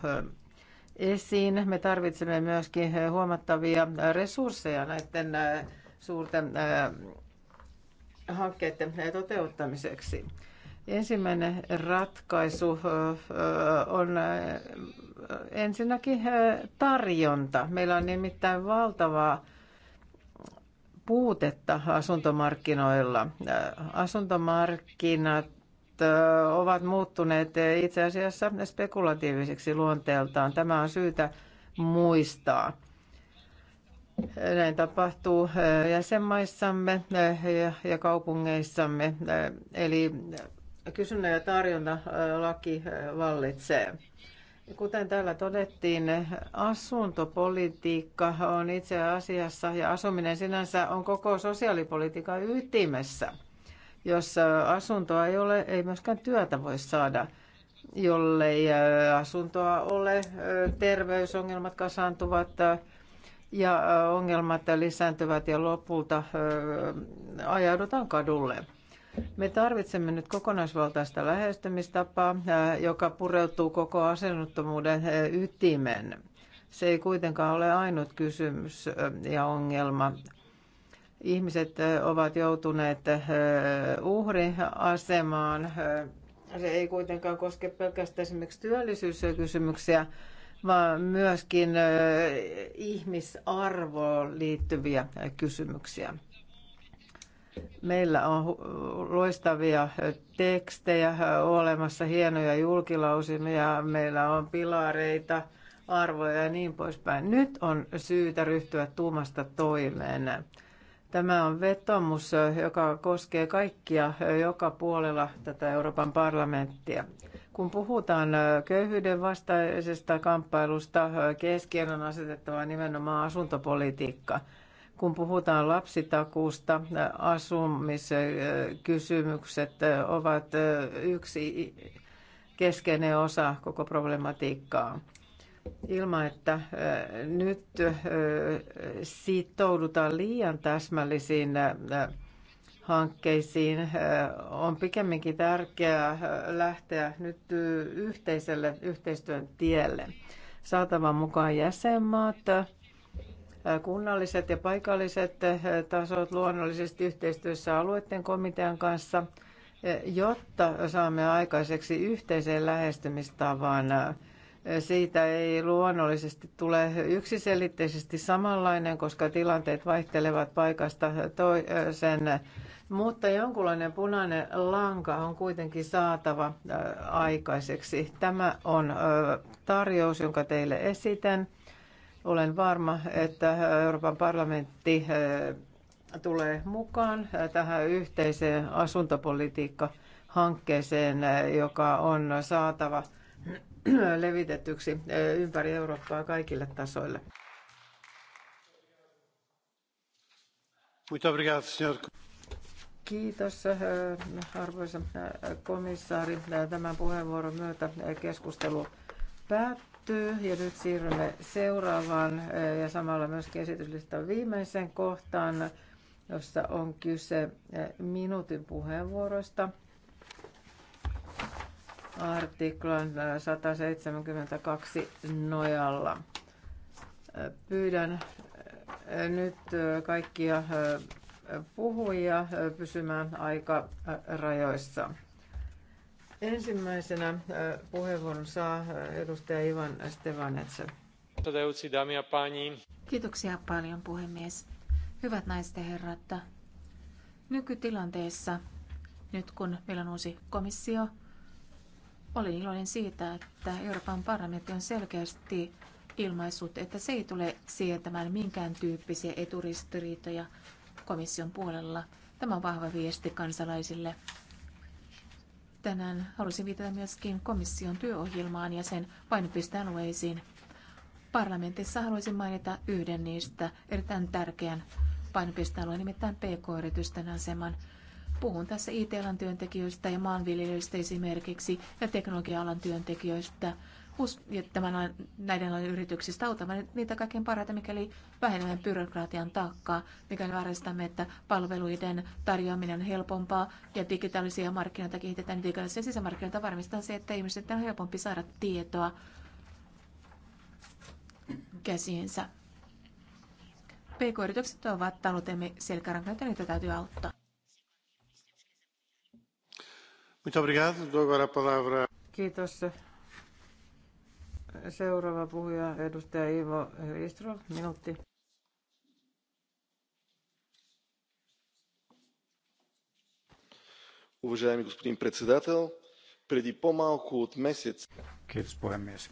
esiin. Me tarvitsemme myöskin huomattavia resursseja näiden suurten hankkeiden toteuttamiseksi. Ensimmäinen ratkaisu on ensinnäkin tarjonta. Meillä on nimittäin valtavaa puutetta asuntomarkkinoilla. Asuntomarkkinat ovat muuttuneet itse asiassa spekulatiivisiksi luonteeltaan. Tämä on syytä muistaa. Näin tapahtuu jäsenmaissamme ja kaupungeissamme, eli kysynnä ja tarjonta laki vallitsee. Kuten täällä todettiin, asuntopolitiikka on itse asiassa ja asuminen sinänsä on koko sosiaalipolitiikan ytimessä. jossa asuntoa ei ole, ei myöskään työtä voi saada. Jollei asuntoa ole, terveysongelmat kasaantuvat ja ongelmat lisääntyvät ja lopulta ajaudutaan kadulle. Me tarvitsemme nyt kokonaisvaltaista lähestymistapaa, äh, joka pureutuu koko asennuttomuuden äh, ytimen. Se ei kuitenkaan ole ainut kysymys äh, ja ongelma. Ihmiset ovat joutuneet uhriasemaan. Se ei kuitenkaan koske pelkästään esimerkiksi työllisyyskysymyksiä, vaan myöskin ihmisarvoon liittyviä kysymyksiä. Meillä on loistavia tekstejä olemassa, hienoja julkilausimia, meillä on pilareita, arvoja ja niin poispäin. Nyt on syytä ryhtyä tuumasta toimeen. Tämä on vetomus, joka koskee kaikkia joka puolella tätä Euroopan parlamenttia. Kun puhutaan köyhyyden vastaisesta kamppailusta, keskiön on asetettava nimenomaan asuntopolitiikka – kun puhutaan lapsitakuusta, asumiskysymykset ovat yksi keskeinen osa koko problematiikkaa. Ilman, että äh, nyt äh, sitoudutaan liian täsmällisiin äh, hankkeisiin, on pikemminkin tärkeää lähteä nyt yhteiselle yhteistyön tielle. Saatavan mukaan jäsenmaat, kunnalliset ja paikalliset eh, tasot luonnollisesti yhteistyössä alueiden komitean kanssa, eh, jotta saamme aikaiseksi yhteisen lähestymistavan. Eh, siitä ei luonnollisesti tule yksiselitteisesti samanlainen, koska tilanteet vaihtelevat paikasta toiseen, mutta jonkunlainen punainen lanka on kuitenkin saatava aikaiseksi. Tämä on tarjous, jonka teille esitän. Olen varma, että Euroopan parlamentti eh, tulee mukaan eh, tähän yhteiseen asuntopolitiikka-hankkeeseen, eh, joka on saatava levitetyksi ympäri Eurooppaa kaikille tasoille. Kiitos arvoisa komissaari. Tämän puheenvuoron myötä keskustelu päättyy päättyy ja nyt siirrymme seuraavaan eh, ja samalla myöskin esityslistan viimeiseen kohtaan, jossa on kyse eh, minuutin puheenvuoroista. Artiklan 172 eh, nojalla. Pyydän nyt kaikkia puhujia pysymään aika rajoissa. Ensimmäisenä äh, puheenvuoron saa äh, edustaja Ivan Stevanets. Kiitoksia paljon puhemies. Hyvät naiset ja herrat, nykytilanteessa, nyt kun meillä on uusi komissio, olin iloinen siitä, että Euroopan parlamentti on selkeästi ilmaissut, että se ei tule sietämään minkään tyyppisiä eturistiriitoja komission puolella. Tämä on vahva viesti kansalaisille Tänään haluaisin viitata myöskin komission työohjelmaan ja sen painopistealueisiin. Parlamentissa haluaisin mainita yhden niistä erittäin tärkeän painopistealueen, nimittäin PK-yritysten aseman. Puhun tässä IT-alan työntekijöistä ja maanviljelijöistä esimerkiksi ja teknologia-alan työntekijöistä tämän, näiden yrityksistä autamme niitä kaikkein parhaiten, mikäli vähennämme byrokratian taakkaa, mikäli varastamme, että palveluiden tarjoaminen on helpompaa ja digitaalisia markkinoita kehitetään niin digitaalisia sisämarkkinoita varmistaa se, että ihmiset on helpompi saada tietoa käsiinsä. PK-yritykset ovat taloutemme selkärankaita, niitä täytyy auttaa. Kiitos. Seuraava puhuja, edustaja Ivo Ristro, minuutti. Уважаеми господин председател, преди по-малко от месец... Kiitos puhemies.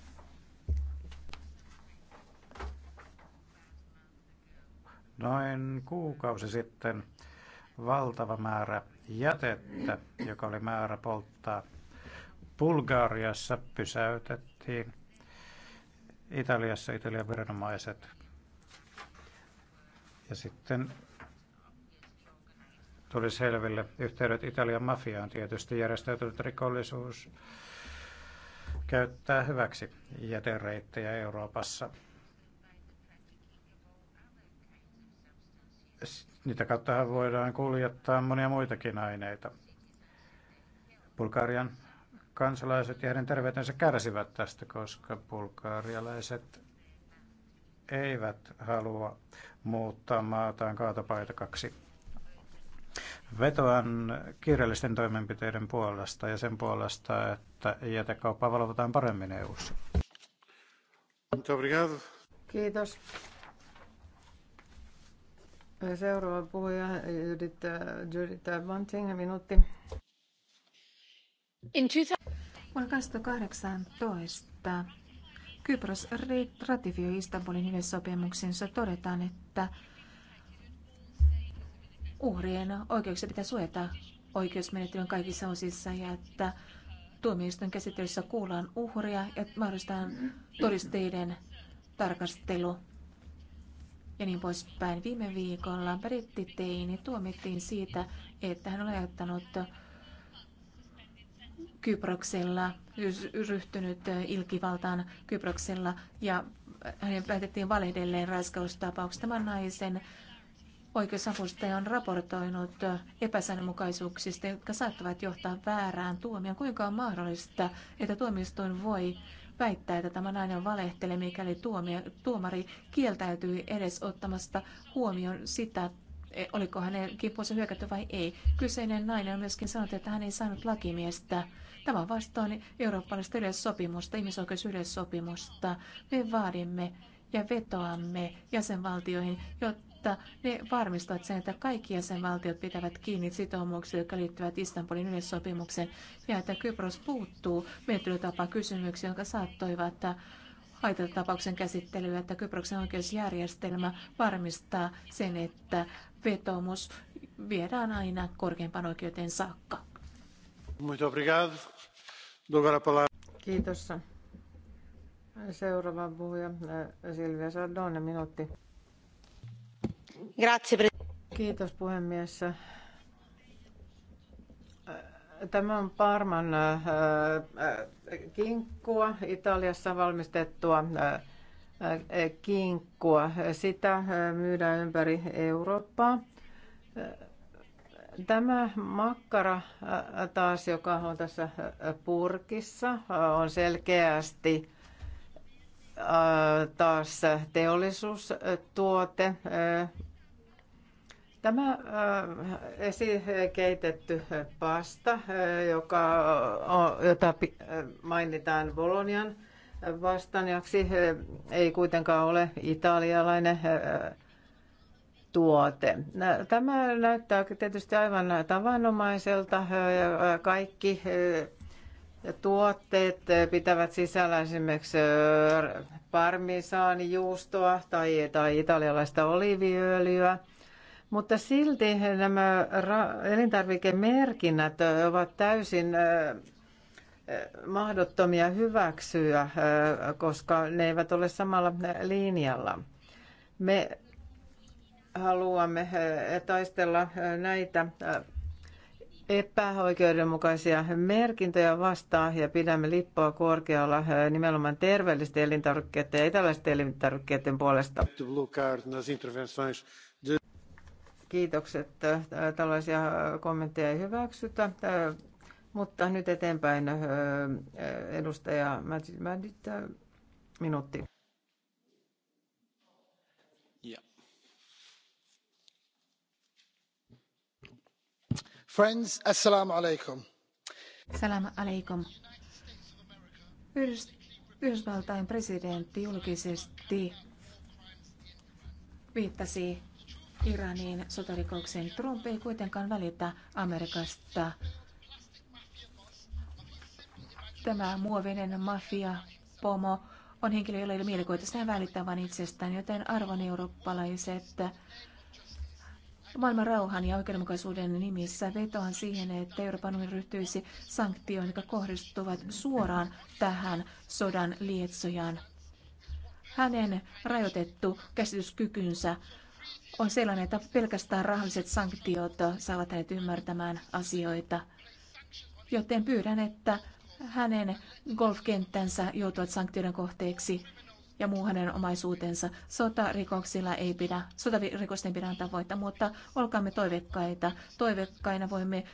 Noin kuukausi sitten valtava määrä jätettä, joka oli määrä polttaa Bulgariassa, pysäytettiin Italiassa Italian viranomaiset. Ja sitten tuli selville yhteydet Italian mafiaan tietysti järjestäytynyt rikollisuus käyttää hyväksi jätereittejä Euroopassa. Niitä kautta voidaan kuljettaa monia muitakin aineita. Bulgarian kansalaiset ja heidän terveytensä kärsivät tästä, koska bulgaarialaiset eivät halua muuttaa maataan kaatopaitakaksi. Vetoan kiireellisten toimenpiteiden puolesta ja sen puolesta, että jätekauppaa valvotaan paremmin eu Kiitos. Seuraava puhuja Judith, Judith Bunting, minuutti. Vuonna 2018 Kypros ratifioi Istanbulin yleissopimuksensa. Todetaan, että uhrien oikeuksia pitää suojata oikeusmenettelyn kaikissa osissa ja että tuomioistuin käsittelyssä kuullaan uhria ja mahdollistetaan todisteiden tarkastelu ja niin poispäin. Viime viikolla teini tuomittiin siitä, että hän oli ajattanut Kyproksella, ryhtynyt äh, ilkivaltaan Kyproksella ja hänen päätettiin valehdelleen raiskaustapauksesta. Tämän naisen oikeusavustaja on raportoinut äh, epäsäännönmukaisuuksista, jotka saattavat johtaa väärään tuomioon. Kuinka on mahdollista, että tuomioistuin voi väittää, että tämä nainen valehtelee, mikäli tuomio, tuomari kieltäytyy edes ottamasta huomioon sitä, e, oliko hänen kimppuunsa hyökätty vai ei. Kyseinen nainen on myöskin sanonut, että hän ei saanut lakimiestä Tämä on vastoin eurooppalaista yleissopimusta, ihmisoikeusyleissopimusta. Me vaadimme ja vetoamme jäsenvaltioihin, jotta ne varmistavat sen, että kaikki jäsenvaltiot pitävät kiinni sitoumuksia, jotka liittyvät Istanbulin yleissopimukseen, ja että Kypros puuttuu menettelytapa kysymyksiin, jotka saattoivat tapauksen käsittelyä, että Kyproksen oikeusjärjestelmä varmistaa sen, että vetoomus viedään aina korkeimpaan oikeuteen saakka. Kiitos. Seuraava puhuja äh, Silvia Kiitos puhemies. Äh, tämä on Parman äh, kinkkua, Italiassa valmistettua kinkkua. Sitä myydään ympäri Eurooppaa. Tämä makkara äh, taas, joka on tässä äh, purkissa, äh, on selkeästi taas teollisuustuote. Tämä esikeitetty pasta, joka, jota mainitaan Bolonian vastanjaksi, ei kuitenkaan ole italialainen tuote. Tämä näyttää tietysti aivan tavanomaiselta. Kaikki tuotteet pitävät sisällä esimerkiksi parmisaanijuustoa tai, tai italialaista oliiviöljyä. Mutta silti nämä elintarvikemerkinnät ovat täysin mahdottomia hyväksyä, koska ne eivät ole samalla linjalla. Me haluamme eh, taistella eh, näitä eh, epäoikeudenmukaisia merkintöjä vastaan ja pidämme lippua korkealla nimenomaan terveellisten elintarvikkeiden ja italaisten elintarvikkeiden puolesta. Kiitokset. Tällaisia kommentteja ei hyväksytä. Mutta nyt eteenpäin edustaja Magic Magic, minuutti. Friends, assalamu alaikum. Salam alaikum. Yhdysvaltain presidentti julkisesti viittasi Iranin sotarikokseen. Trump ei kuitenkaan välitä Amerikasta. Tämä muovinen mafia pomo on henkilö, jolla ei ole mielikuvitusta välittävän itsestään, joten arvon eurooppalaiset Maailman rauhan ja oikeudenmukaisuuden nimissä vetoan siihen, että Euroopan unioni ryhtyisi sanktioihin, jotka kohdistuvat suoraan tähän sodan lietsojaan. Hänen rajoitettu käsityskykynsä on sellainen, että pelkästään rahalliset sanktiot saavat hänet ymmärtämään asioita. Joten pyydän, että hänen golfkenttänsä joutuvat sanktioiden kohteeksi ja muu hänen omaisuutensa. Sotarikoksilla ei pidä, sotarikosten pidä antaa voittaa, mutta olkaamme toivekkaita. Toivekkaina voimme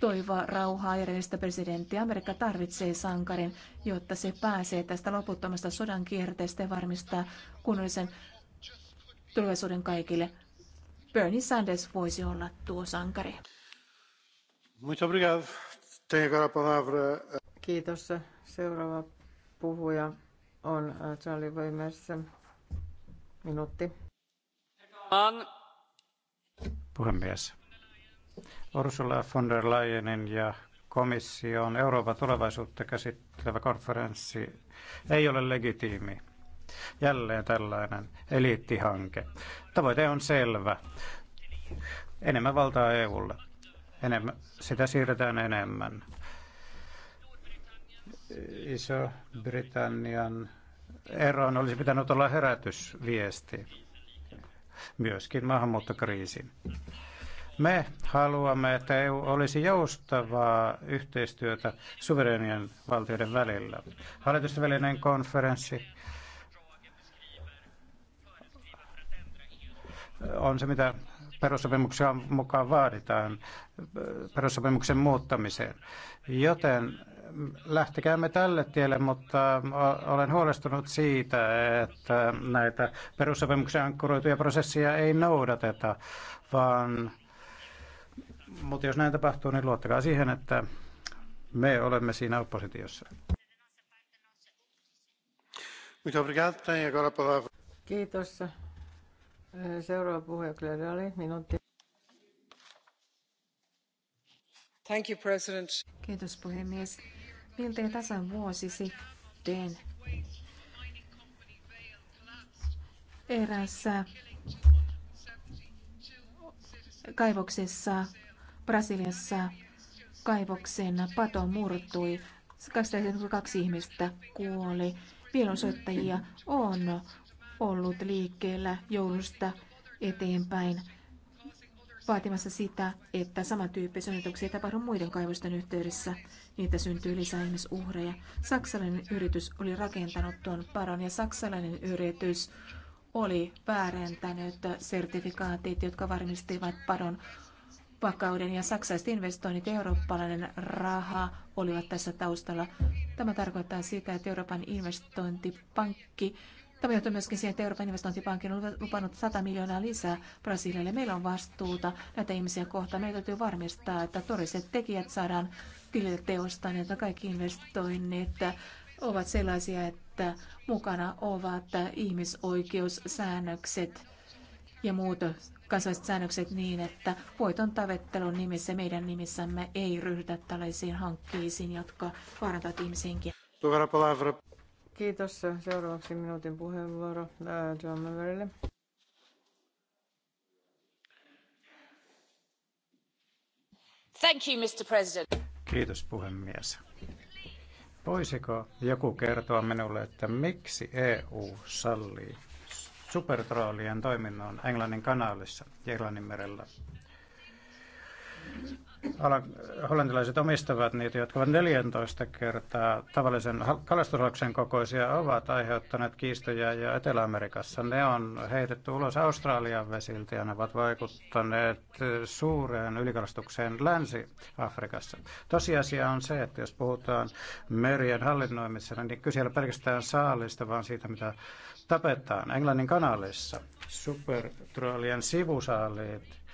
toivoa rauhaa ja rehellistä presidenttiä. Amerikka tarvitsee sankarin, jotta se pääsee tästä loputtomasta sodan kierteestä ja varmistaa kunnollisen tulevaisuuden kaikille. Bernie Sanders voisi olla tuo sankari. Kiitos. Seuraava puhuja on Charlie äh, Weimers. Minuutti. Puhemies. Ursula von der Leyenin ja komission Euroopan tulevaisuutta käsittelevä konferenssi ei ole legitiimi. Jälleen tällainen eliittihanke. Tavoite on selvä. Enemmän valtaa EUlle. Enemmän, sitä siirretään enemmän Iso-Britannian eroon olisi pitänyt olla herätysviesti myöskin maahanmuuttokriisin. Me haluamme, että EU olisi joustavaa yhteistyötä suverenien valtioiden välillä. Hallitusvälinen välinen konferenssi on se, mitä perussopimuksen mukaan vaaditaan perussopimuksen muuttamiseen. Joten lähtekäämme tälle tielle, mutta olen huolestunut siitä, että näitä perussopimuksen ankkuroituja prosesseja ei noudateta, vaan mutta jos näin tapahtuu, niin luottakaa siihen, että me olemme siinä oppositiossa. Kiitos. Seuraava puhuja, oli minuutti. Thank you, President. Kiitos puhemies miltei tasan vuosi sitten erässä kaivoksessa Brasiliassa kaivoksen pato murtui. 22 ihmistä kuoli. Violonsoittajia on ollut liikkeellä joulusta eteenpäin vaatimassa sitä, että samantyyppisiä onnettomuuksia tapahdu muiden kaivosten yhteydessä niitä syntyi lisää ihmisuhreja. Saksalainen yritys oli rakentanut tuon paron ja saksalainen yritys oli väärentänyt sertifikaatit, jotka varmistivat paron vakauden ja saksalaiset investoinnit ja eurooppalainen raha olivat tässä taustalla. Tämä tarkoittaa sitä, että Euroopan investointipankki Tämä johtuu myöskin siihen, että Euroopan investointipankki on lupannut 100 miljoonaa lisää Brasilialle. Meillä on vastuuta näitä ihmisiä kohtaan. Meidän täytyy varmistaa, että todelliset tekijät saadaan kyllä teostaan, että kaikki investoinnit ovat sellaisia, että mukana ovat ihmisoikeussäännökset ja muut kansalliset säännökset niin, että voiton tavettelun nimissä meidän nimissämme ei ryhdytä tällaisiin hankkeisiin, jotka vaarantavat ihmisenkin. Kiitos. Seuraavaksi minuutin puheenvuoro äh, John Maverille. Thank you, Mr. President. Kiitos puhemies. Voisiko joku kertoa minulle, että miksi EU sallii supertroolien toiminnon Englannin kanaalissa ja Englannin merellä? hollantilaiset omistavat niitä, jotka ovat 14 kertaa tavallisen kalastusaluksen kokoisia, ovat aiheuttaneet kiistoja ja Etelä-Amerikassa. Ne on heitetty ulos Australian vesiltä ja ne ovat vaikuttaneet suureen ylikalastukseen Länsi-Afrikassa. Tosiasia on se, että jos puhutaan merien hallinnoimisena, niin kyse ei ole pelkästään saalista, vaan siitä, mitä tapetaan Englannin kanalissa. Supertrollien sivusaaliit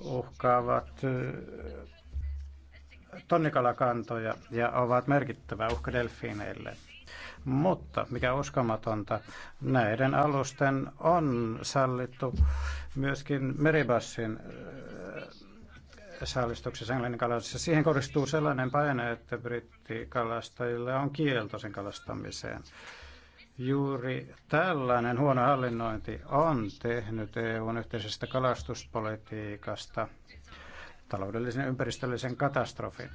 uhkaavat tonnikalakantoja ja ovat merkittävä uhka delfiineille. Mutta, mikä uskomatonta, näiden alusten on sallittu myöskin meribassin saalistuksessa englannin kalastuksessa. Siihen kohdistuu sellainen paine, että brittikalastajille on kielto sen kalastamiseen. Juuri tällainen huono hallinnointi on tehnyt EUn yhteisestä kalastuspolitiikasta taloudellisen ja ympäristöllisen katastrofin.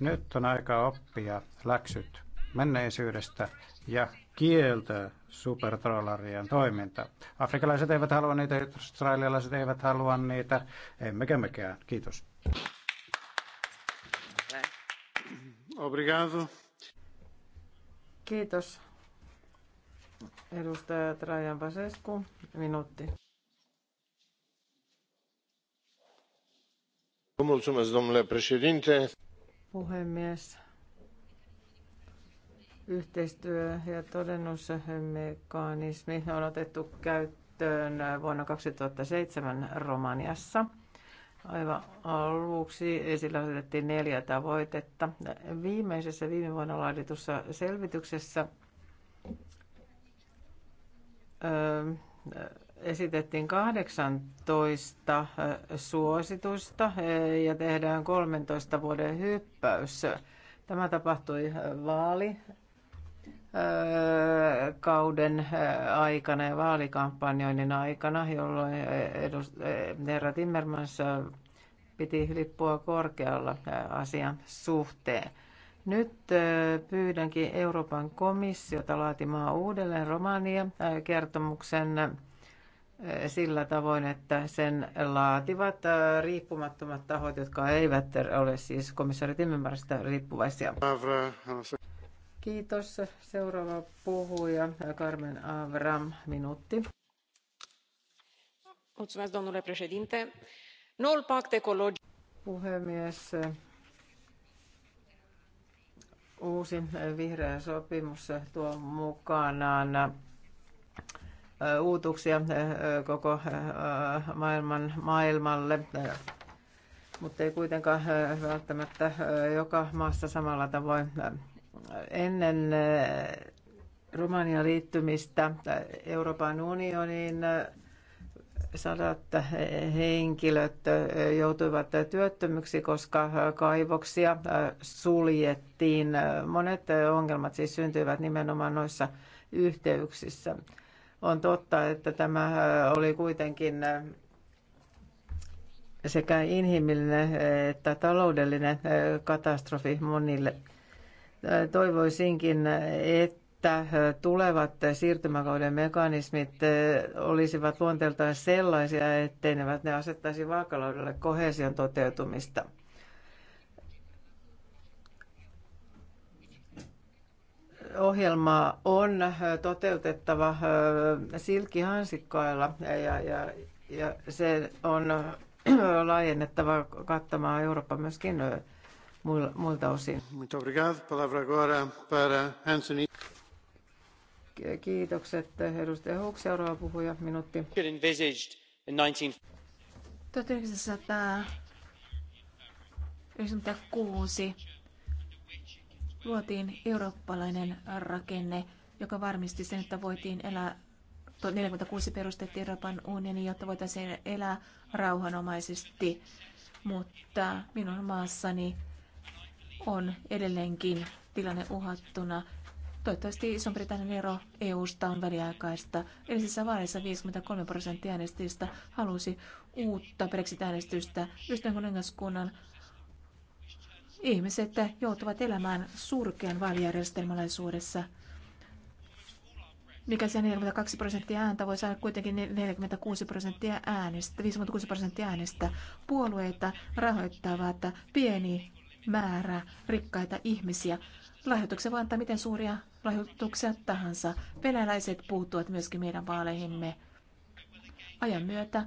Nyt on aika oppia läksyt menneisyydestä ja kieltää supertrollarien toiminta. Afrikalaiset eivät halua niitä, australialaiset eivät halua niitä, emmekä mekään. Kiitos. Obrigado. Kiitos. Edustaja Trajan Vasesku, minuutti. Mulțumesc, domnule președinte. Puhemies, yhteistyö- ja todennusmekanismi on otettu käyttöön vuonna 2007 Romaniassa. Aivan aluksi esillä otettiin neljä tavoitetta. Viimeisessä viime vuonna laaditussa selvityksessä – esitettiin 18 suositusta ja tehdään 13 vuoden hyppäys. Tämä tapahtui vaali kauden aikana ja vaalikampanjoinnin aikana, jolloin herra Timmermans piti lippua korkealla asian suhteen. Nyt pyydänkin Euroopan komissiota laatimaan uudelleen Romania kertomuksen sillä tavoin, että sen laativat riippumattomat tahot, jotka eivät ole siis komissaari Timmermansista riippuvaisia. Kiitos. Seuraava puhuja, Carmen Avram, minuutti. Mulțumesc, domnule președinte. Noul pact ecologic. Puhemies, Uusi vihreä sopimus tuo mukanaan uutuksia koko maailman, maailmalle, mutta ei kuitenkaan välttämättä joka maassa samalla tavoin. Ennen Romanian liittymistä Euroopan unioniin sadat henkilöt joutuivat työttömyksi, koska kaivoksia suljettiin. Monet ongelmat siis syntyivät nimenomaan noissa yhteyksissä. On totta, että tämä oli kuitenkin sekä inhimillinen että taloudellinen katastrofi monille. Toivoisinkin, että että äh, tulevat siirtymäkauden mekanismit äh, olisivat luonteeltaan sellaisia, ettei ne asettaisi vaakalaudelle kohesion toteutumista. Ohjelma on äh, toteutettava silkihansikkoilla ja, ja, ja se on laajennettava kattamaan Eurooppa myöskin muilta osin. Muito obrigado. Palavra agora para Anthony. Kiitokset edustaja Huuk. Seuraava puhuja, minuutti. 1996 luotiin eurooppalainen rakenne, joka varmisti sen, että voitiin elää 1946 perustettiin Euroopan unioni, jotta voitaisiin elää rauhanomaisesti, mutta minun maassani on edelleenkin tilanne uhattuna. Toivottavasti Iso-Britannian ero EU-sta on väliaikaista. Edellisessä vaaleissa 53 prosenttia äänestäjistä halusi uutta Brexit-äänestystä. Yhdistön kuningaskunnan ihmiset joutuvat elämään surkean vaalijärjestelmälaisuudessa. Mikä se 42 prosenttia ääntä voi saada kuitenkin 46 prosenttia äänestä, 56 prosenttia äänestä. Puolueita rahoittavat pieni määrä rikkaita ihmisiä. Lahjoituksen voi antaa miten suuria rajoituksia tahansa. Venäläiset puuttuvat myöskin meidän vaaleihimme. Ajan myötä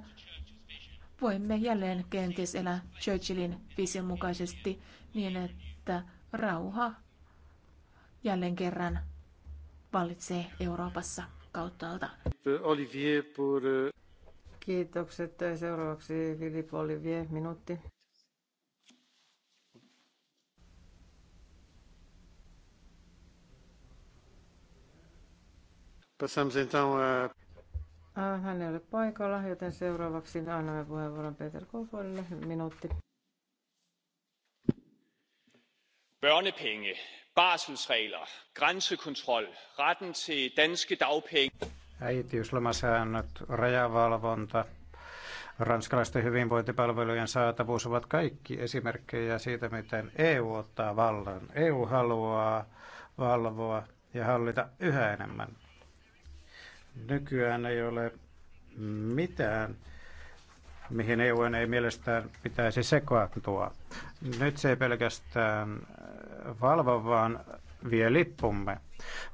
voimme jälleen kenties elää Churchillin vision mukaisesti niin, että rauha jälleen kerran vallitsee Euroopassa kauttaalta. Olivier eh, Kiitokset. Seuraavaksi Filip Olivier, minuutti. Passamos então a... Ah, hän ei ole paikalla, joten seuraavaksi annamme puheenvuoron Peter Kofolle. Minuutti. Børnepenge, barselsregler, grænsekontrol, retten til danske dagpenge. Äitiyslomasäännöt, rajavalvonta, ranskalaisten hyvinvointipalvelujen saatavuus ovat kaikki esimerkkejä siitä, miten EU ottaa vallan. EU haluaa valvoa ja hallita yhä enemmän Nykyään ei ole mitään, mihin EU ei mielestään pitäisi sekaantua. Nyt se ei pelkästään valvo, vaan vie lippumme.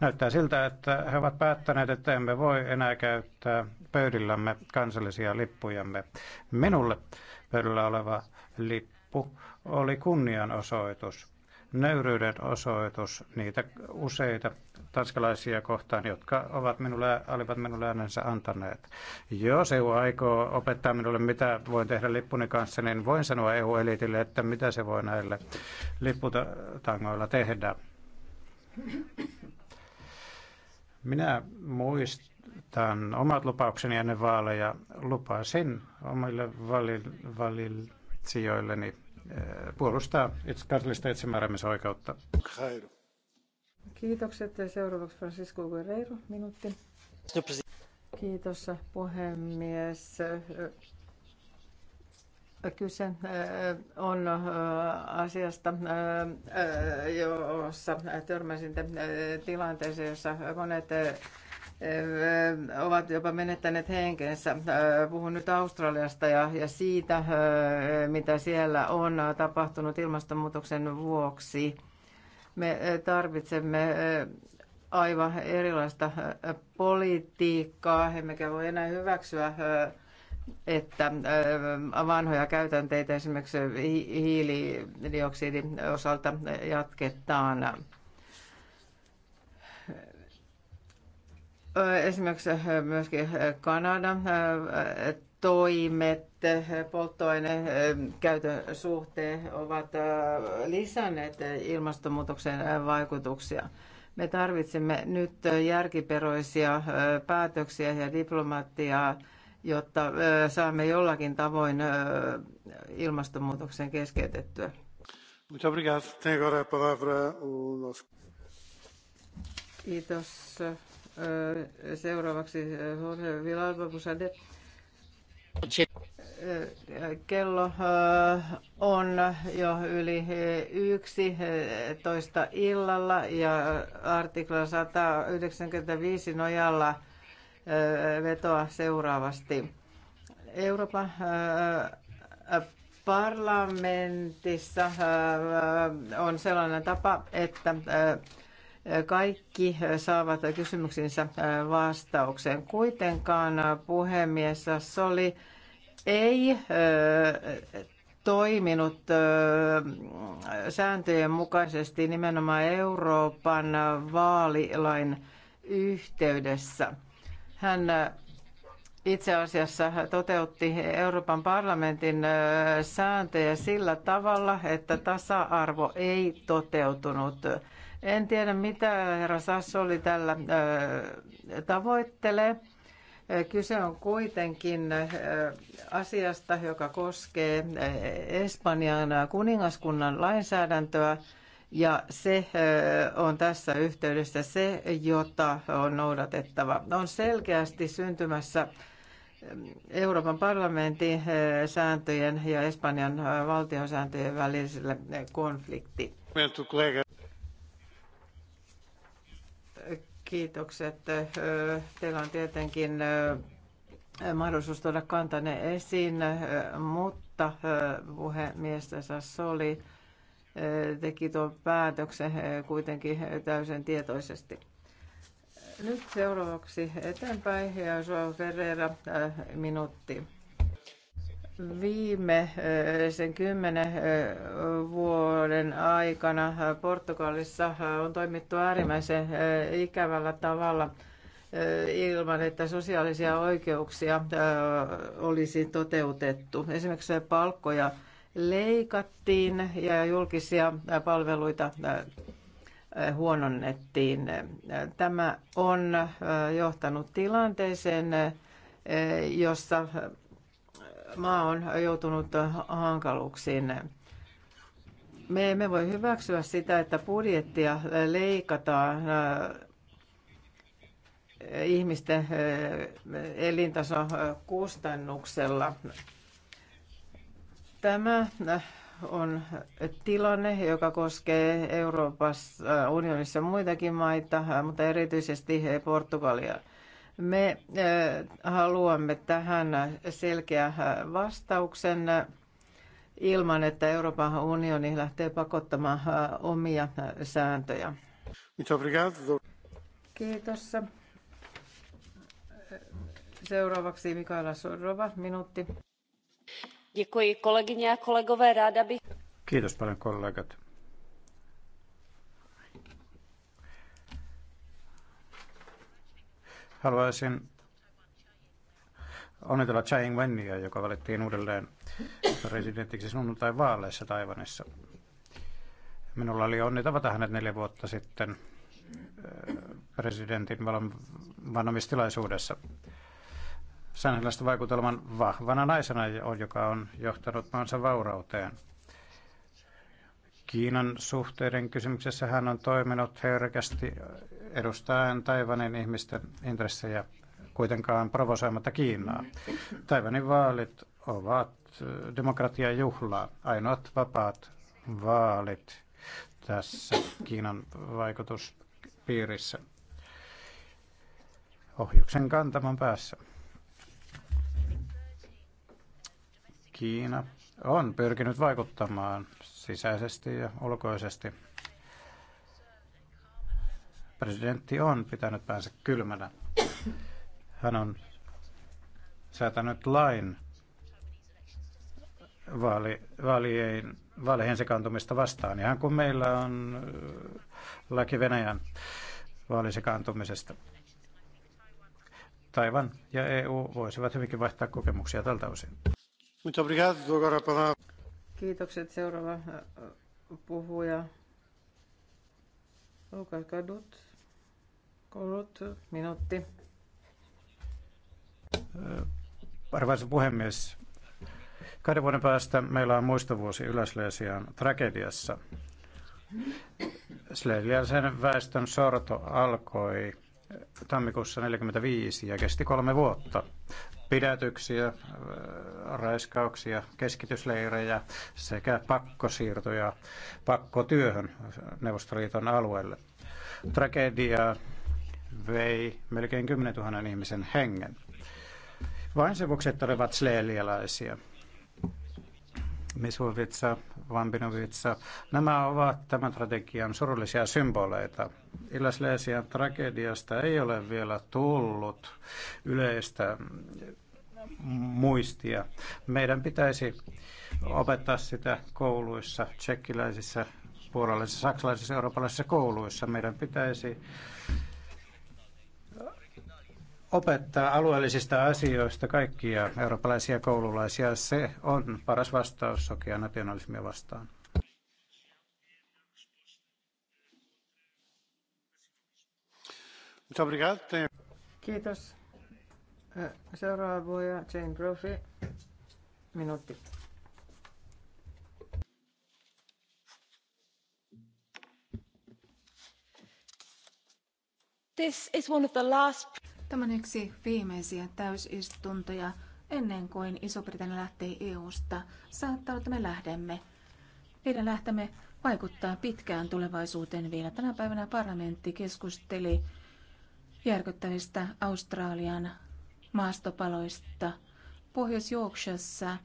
Näyttää siltä, että he ovat päättäneet, että emme voi enää käyttää pöydillämme kansallisia lippujamme. Minulle pöydällä oleva lippu oli kunnianosoitus nöyryyden osoitus niitä useita tanskalaisia kohtaan, jotka ovat minulle, olivat minulle äänensä antaneet. Jos EU aikoo opettaa minulle, mitä voin tehdä lippuni kanssa, niin voin sanoa EU-elitille, että mitä se voi näille lipputangoilla tehdä. Minä muistan omat lupaukseni ennen vaaleja. Lupasin omille valil, puolustaa kansallista itsemääräämisoikeutta. Kiitokset. Seuraavaksi Francisco Guerreiro, minuutti. Kiitos puhemies. Kyse äh, on äh, asiasta, äh, jossa törmäsin tilanteeseen, jossa monet ovat jopa menettäneet henkensä. Puhun nyt Australiasta ja, ja siitä, mitä siellä on tapahtunut ilmastonmuutoksen vuoksi. Me tarvitsemme aivan erilaista politiikkaa, emmekä voi enää hyväksyä että vanhoja käytänteitä esimerkiksi hiilidioksidin osalta jatketaan. Esimerkiksi eh, myöskin eh, Kanadan eh, toimet polttoaineen käytön suhteen ovat lisänneet ilmastonmuutoksen vaikutuksia. Me tarvitsemme nyt järkiperoisia päätöksiä ja diplomatiaa, jotta saamme jollakin tavoin ilmastonmuutoksen keskeytettyä. Kiitos. Seuraavaksi Jorge Villalba Busade. Kello on jo yli 11 illalla ja artikla 195 nojalla vetoa seuraavasti. Euroopan parlamentissa on sellainen tapa, että kaikki saavat kysymyksinsä vastauksen. Kuitenkaan puhemies Soli ei toiminut sääntöjen mukaisesti nimenomaan Euroopan vaalilain yhteydessä. Hän itse asiassa toteutti Euroopan parlamentin sääntöjä sillä tavalla, että tasa-arvo ei toteutunut. En tiedä, mitä herra Sassoli tällä tavoittelee. Kyse on kuitenkin asiasta, joka koskee Espanjan kuningaskunnan lainsäädäntöä. Ja se on tässä yhteydessä se, jota on noudatettava. On selkeästi syntymässä Euroopan parlamentin sääntöjen ja Espanjan valtion sääntöjen väliselle konflikti. Kiitokset. Teillä on tietenkin mahdollisuus tuoda kantanne esiin, mutta puhemies oli teki tuon päätöksen kuitenkin täysin tietoisesti. Nyt seuraavaksi eteenpäin ja Joao Ferreira minuutti. Viime sen kymmenen vuoden aikana Portugalissa on toimittu äärimmäisen ikävällä tavalla ilman, että sosiaalisia oikeuksia olisi toteutettu. Esimerkiksi palkkoja leikattiin ja julkisia palveluita huononnettiin. Tämä on johtanut tilanteeseen, jossa maa on joutunut hankaluuksiin. Me emme voi hyväksyä sitä, että budjettia leikataan äh, ihmisten äh, elintason äh, kustannuksella. Tämä on tilanne, joka koskee Euroopassa unionissa muitakin maita, mutta erityisesti Portugalia. Me eh, haluamme tähän selkeä eh, vastauksen eh, ilman, että Euroopan unioni lähtee pakottamaan omia sääntöjä. Kiitos. Seuraavaksi Mikaela Sorova, minuutti. Kiitos paljon kollegat. Haluaisin onnitella Chai ing joka valittiin uudelleen presidentiksi sunnuntai vaaleissa Taivanissa. Minulla oli onni tavata hänet neljä vuotta sitten äh, presidentin vannomistilaisuudessa. Sain hänestä vaikutelman vahvana naisena, joka on johtanut maansa vaurauteen. Kiinan suhteiden kysymyksessä hän on toiminut herkästi äh, edustaen Taivanin ihmisten intressejä kuitenkaan provosoimatta Kiinaa. Taivanin vaalit ovat äh, demokratian juhlaa, ainoat vapaat vaalit tässä Kiinan vaikutuspiirissä ohjuksen kantaman päässä. Kiina on pyrkinyt vaikuttamaan sisäisesti ja ulkoisesti Presidentti on pitänyt päänsä kylmänä. Hän on säätänyt lain vaali, vaalien, vaalien sekaantumista vastaan, ihan kun meillä on äh, laki Venäjän vaalisekaantumisesta. Taivan ja EU voisivat hyvinkin vaihtaa kokemuksia tältä osin. Kiitokset. Seuraava äh, puhuja. Lukas Kadut. Kuulut minuutti. Arvoisa puhemies, kahden vuoden päästä meillä on muistovuosi ylä tragediassa. Slesian väestön sorto alkoi tammikuussa 1945 ja kesti kolme vuotta. Pidätyksiä, raiskauksia, keskitysleirejä sekä pakkosiirtoja pakkotyöhön Neuvostoliiton alueelle. Tragedia vei melkein 10 000 ihmisen hengen. Vain se vuoksi, että olivat sleelialaisia. Misuvitsa, Vambinovitsa. Nämä ovat tämän strategian surullisia symboleita. Illaslesian tragediasta ei ole vielä tullut yleistä muistia. Meidän pitäisi opettaa sitä kouluissa, tsekkiläisissä, puolalaisissa, saksalaisissa, eurooppalaisissa kouluissa. Meidän pitäisi opettaa alueellisista asioista kaikkia eurooppalaisia koululaisia. Se on paras vastaus sokea nationalismia vastaan. Kiitos. Seuraava Jane Brophy. Minuutti. This is one of the last Tämä on yksi viimeisiä täysistuntoja ennen kuin Iso-Britannia lähtee EU-sta. Saattaa olla, että me lähdemme. Meidän lähtemme vaikuttaa pitkään tulevaisuuteen vielä. Tänä päivänä parlamentti keskusteli järkyttävistä Australian maastopaloista. Pohjois-Yorkshiressa,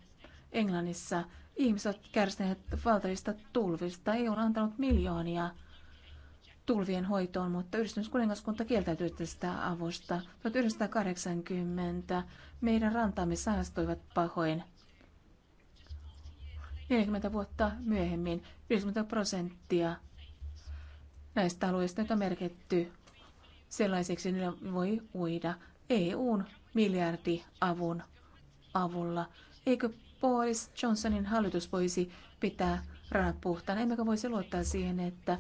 Englannissa, ihmiset ovat kärsineet valtavista tulvista. EU on antanut miljoonia tulvien hoitoon, mutta yhdistymiskuningaskunta kieltäytyi tästä avusta. 1980 meidän rantamme saastuivat pahoin. 40 vuotta myöhemmin 90 prosenttia näistä alueista, on merkitty sellaisiksi, ne voi uida EUn miljardiavun avulla. Eikö Boris Johnsonin hallitus voisi pitää rannat puhtaan? Emmekö voisi luottaa siihen, että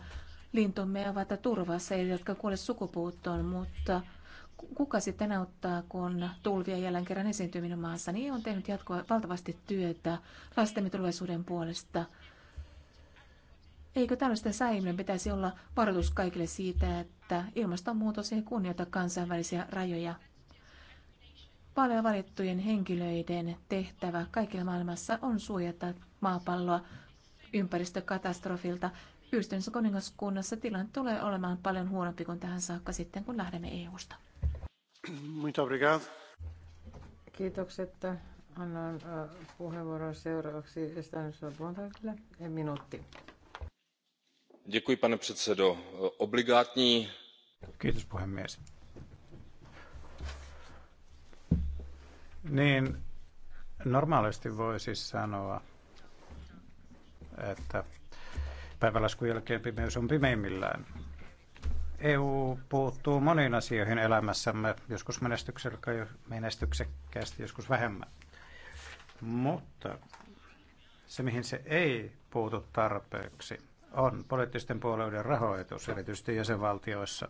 lintumme ovat turvassa, jotka kuole sukupuuttoon, mutta kuka sitten auttaa, kun tulvia jälleen kerran esiintyy minun Niin on tehnyt jatkoa valtavasti työtä lastemme tulevaisuuden puolesta. Eikö tällaisten säilyminen pitäisi olla varoitus kaikille siitä, että ilmastonmuutos ei kunnioita kansainvälisiä rajoja? Paljon valittujen henkilöiden tehtävä kaikilla maailmassa on suojata maapalloa ympäristökatastrofilta Yhdistyneessä kuningaskunnassa tilanne tulee olemaan paljon huonompi kuin tähän saakka sitten, kun lähdemme EU-sta. Muito obrigado. Kiitokset. Annan puheenvuoron seuraavaksi Stanislav Bontakille. Minuutti. Děkuji, pane předsedo. Obligátní... Kiitos, puhemies. Niin, normaalisti voisi sanoa, että päivälaskun jälkeen pimeys on pimeimmillään. EU puuttuu moniin asioihin elämässämme, joskus menestyksekkäästi, joskus vähemmän. Mutta se, mihin se ei puutu tarpeeksi, on poliittisten puolueiden rahoitus, erityisesti jäsenvaltioissa.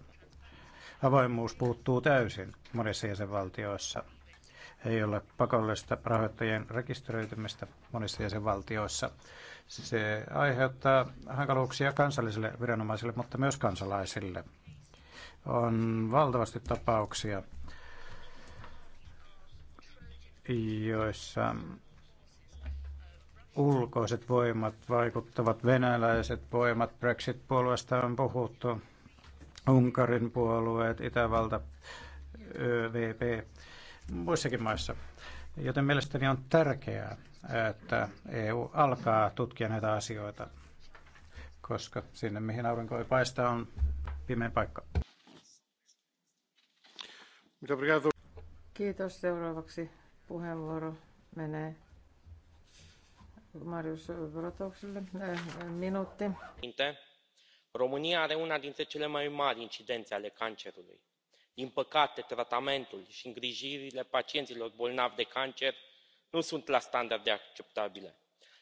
Avoimuus puuttuu täysin monissa jäsenvaltioissa. Ei ole pakollista rahoittajien rekisteröitymistä monissa jäsenvaltioissa. Se aiheuttaa hankaluuksia kansallisille viranomaisille, mutta myös kansalaisille. On valtavasti tapauksia, joissa ulkoiset voimat vaikuttavat, venäläiset voimat, Brexit-puolueesta on puhuttu, Unkarin puolueet, Itävalta, ÖVP, muissakin maissa. Joten mielestäni on tärkeää, että EU alkaa tutkia näitä asioita, koska sinne mihin aurinko ei paista on pimeä paikka. Kiitos. Seuraavaksi puheenvuoro menee Marius Vrotokselle. Äh, minuutti. România are una dintre cele mai mari incidențe ale cancerului. Din păcate, tratamentul și îngrijirile pacienților bolnavi de cancer nu sunt la standarde acceptabile.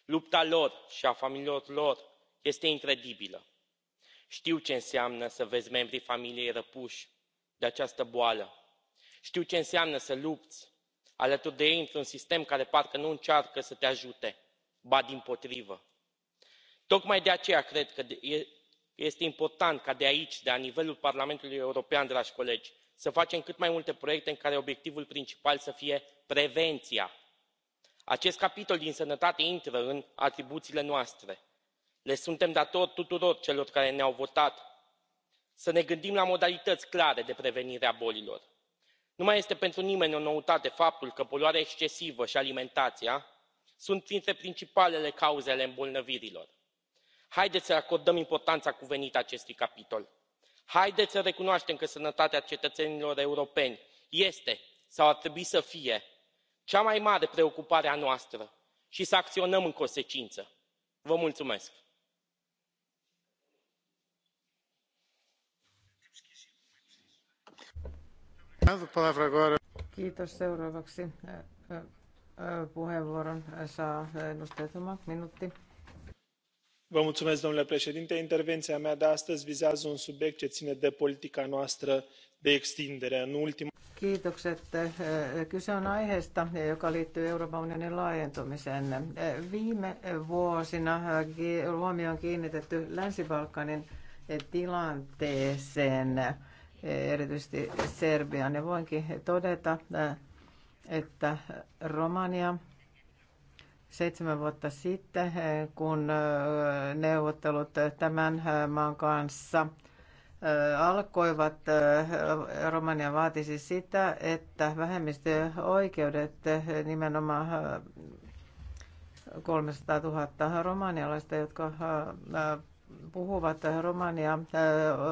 lupta lor și a familiilor lor este incredibilă. știu ce înseamnă să vezi membrii familiei răpuși de această boală știu ce înseamnă să lupți alături de ei într un sistem care parcă nu încearcă să te ajute ba dimpotrivă. tocmai de aceea cred că e- este important ca de aici de la nivelul parlamentului european dragi colegi să facem cât mai multe proiecte în care obiectivul principal să fie prevenția acest capitol din sănătate intră în atribuțiile noastre le suntem datori tuturor celor care ne au votat să ne gândim la modalități clare de prevenire a bolilor. nu mai este pentru nimeni o noutate faptul că poluarea excesivă și alimentația sunt printre principalele cauze ale îmbolnăvirilor. haideți să acordăm importanța cuvenită acestui capitol. haideți să recunoaștem că sănătatea cetățenilor europeni este sau ar trebui să fie cea mai mare preocupare a noastră și să acționăm în consecință. vă mulțumesc. Kiitos. Seuraavaksi puheenvuoron saa edustaja Tumak, minuutti. Vă mulțumesc, domnule președinte. Intervenția mea de astăzi vizează un subiect ce ține de politica noastră de extindere. În ultima Kiitokset. Kyse on aiheesta, joka liittyy Euroopan unionin laajentumiseen. Viime vuosina huomio on kiinnitetty Länsi-Balkanin tilanteeseen, erityisesti Serbian. Ja voinkin todeta, että Romania seitsemän vuotta sitten, kun neuvottelut tämän maan kanssa – alkoivat. Romania vaatisi siis sitä, että vähemmistöoikeudet nimenomaan 300 000 romanialaista, jotka puhuvat romania,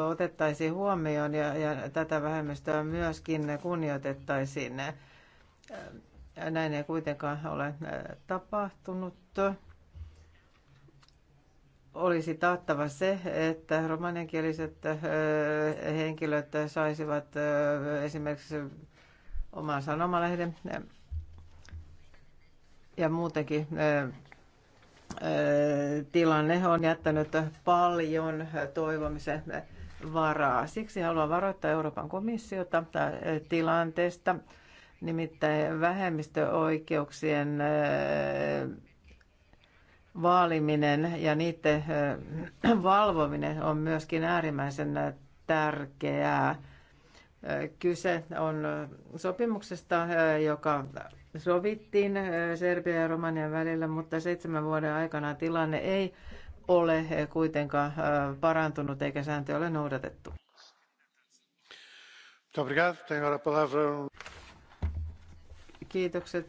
otettaisiin huomioon ja, ja tätä vähemmistöä myöskin kunnioitettaisiin. Näin ei kuitenkaan ole tapahtunut olisi taattava se, että romanienkieliset henkilöt saisivat esimerkiksi oman sanomalehden ja muutenkin tilanne on jättänyt paljon toivomisen varaa. Siksi haluan varoittaa Euroopan komissiota tilanteesta, nimittäin vähemmistöoikeuksien vaaliminen ja niiden valvominen on myöskin äärimmäisen tärkeää. Kyse on sopimuksesta, joka sovittiin Serbia ja Romanian välillä, mutta seitsemän vuoden aikana tilanne ei ole kuitenkaan parantunut eikä sääntöjä ole noudatettu. Kiitokset.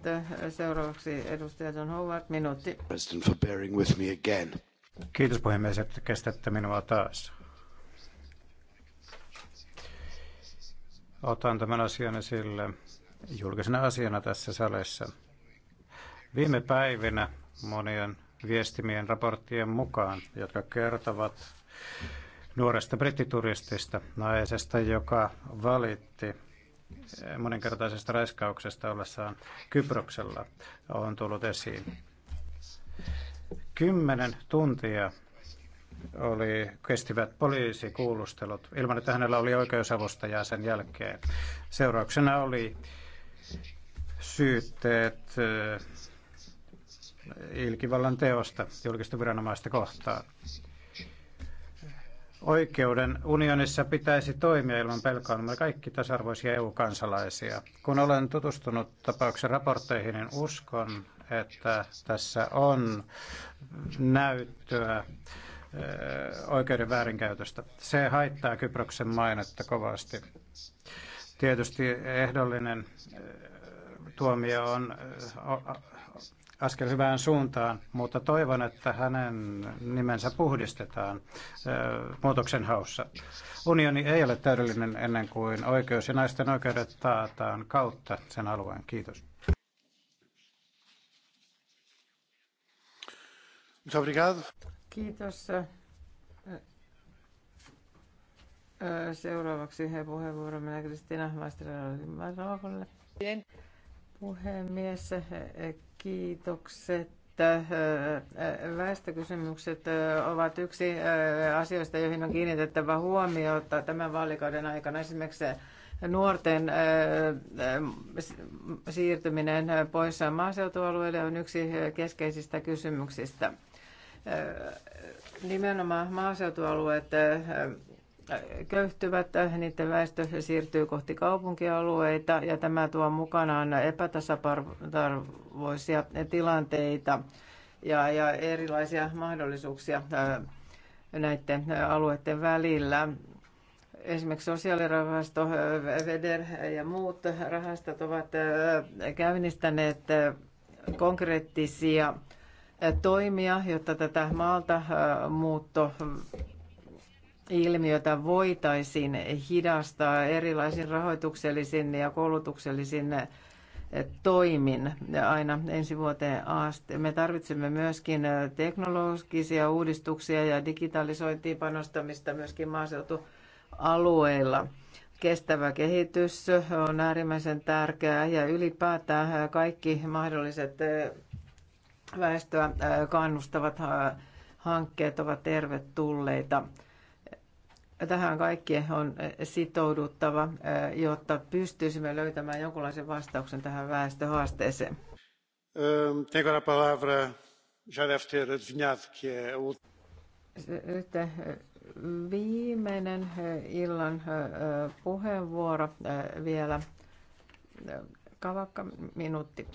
Seuraavaksi edustaja John Howard, minuutti. President for bearing with me again. Kiitos puhemies, että kestätte minua taas. Otan tämän asian esille julkisena asiana tässä salissa. Viime päivinä monien viestimien raporttien mukaan, jotka kertovat nuoresta brittituristista, naisesta, joka valitti moninkertaisesta raiskauksesta ollessaan Kyproksella on tullut esiin. Kymmenen tuntia oli, kestivät poliisikuulustelut ilman, että hänellä oli oikeusavustajaa sen jälkeen. Seurauksena oli syytteet ilkivallan teosta julkista viranomaista kohtaan oikeuden unionissa pitäisi toimia ilman pelkoa. Me kaikki tasa-arvoisia EU-kansalaisia. Kun olen tutustunut tapauksen raportteihin, niin uskon, että tässä on näyttöä oikeuden väärinkäytöstä. Se haittaa Kyproksen mainetta kovasti. Tietysti ehdollinen tuomio on askel hyvään suuntaan, mutta toivon, että hänen nimensä puhdistetaan muutoksen haussa. Unioni ei ole täydellinen ennen kuin oikeus ja naisten oikeudet taataan kautta sen alueen. Kiitos. Kiitos. Seuraavaksi he puheenvuoro menee Kristiina Maistrelle puhemies. Kiitokset. Väestökysymykset ovat yksi asioista, joihin on kiinnitettävä huomiota tämän vaalikauden aikana. Esimerkiksi nuorten siirtyminen pois maaseutualueille on yksi keskeisistä kysymyksistä. Nimenomaan maaseutualueet köyhtyvät, niiden väestö siirtyy kohti kaupunkialueita ja tämä tuo mukanaan epätasaparvoisia tilanteita ja, ja erilaisia mahdollisuuksia äh, näiden alueiden välillä. Esimerkiksi sosiaalirahasto, VEDER ja muut rahastot ovat äh, käynnistäneet äh, konkreettisia toimia, jotta tätä maalta muutto ilmiötä voitaisiin hidastaa erilaisin rahoituksellisin ja koulutuksellisin eh, toimin aina ensi vuoteen asti. Me tarvitsemme myöskin eh, teknologisia uudistuksia ja digitalisointiin panostamista myöskin maaseutualueilla. Kestävä kehitys on äärimmäisen tärkeää ja ylipäätään eh, kaikki mahdolliset väestöä kannustavat hankkeet ovat tervetulleita tähän kaikkien on eh, sitouduttava, eh, jotta pystyisimme löytämään jonkinlaisen vastauksen tähän väestöhaasteeseen. Ehm, nyt eh, viimeinen illan puheenvuoro vielä. Kavakka minuutti.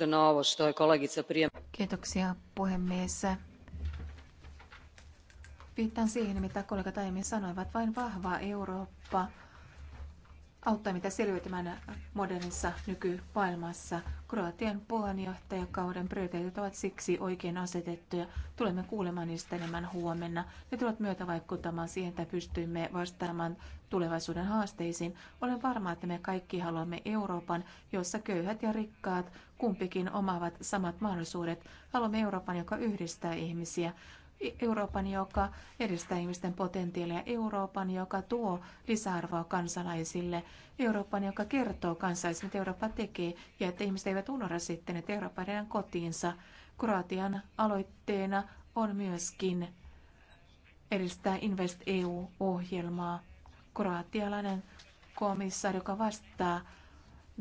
Kiitoksia puhemies. Viittaan siihen, mitä kollegat aiemmin sanoivat, vain vahva Eurooppa auttaa mitä selviytymään modernissa nykymaailmassa. Kroatian puheenjohtajakauden prioriteetit ovat siksi oikein asetettuja. Tulemme kuulemaan niistä enemmän huomenna. Ne tulevat myötävaikuttamaan siihen, että pystymme vastaamaan tulevaisuuden haasteisiin. Olen varma, että me kaikki haluamme Euroopan, jossa köyhät ja rikkaat kumpikin omaavat samat mahdollisuudet. Haluamme Euroopan, joka yhdistää ihmisiä. Euroopan, joka edistää ihmisten potentiaalia, Euroopan, joka tuo lisäarvoa kansalaisille, Euroopan, joka kertoo kansalaisille, mitä Eurooppa tekee, ja että ihmiset eivät unohda sitten, että Eurooppa heidän kotiinsa. Kroatian aloitteena on myöskin edistää Invest EU-ohjelmaa. Kroatialainen komissaari, joka vastaa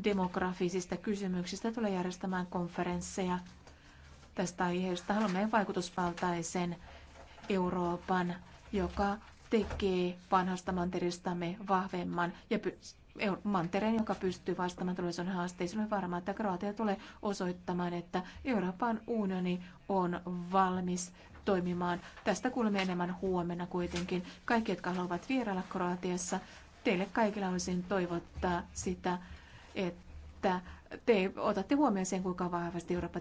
demografisista kysymyksistä, tulee järjestämään konferensseja tästä aiheesta. Haluamme vaikutusvaltaisen Euroopan, joka tekee vanhasta manteristamme vahvemman ja mantereen, joka pystyy vastaamaan tulevaisuuden haasteisiin. Olen varma, että Kroatia tulee osoittamaan, että Euroopan unioni on valmis toimimaan. Tästä kuulemme enemmän huomenna kuitenkin. Kaikki, jotka haluavat vierailla Kroatiassa, teille kaikille haluaisin toivottaa sitä, että te otatte huomioon sen, kuinka vahvasti Eurooppa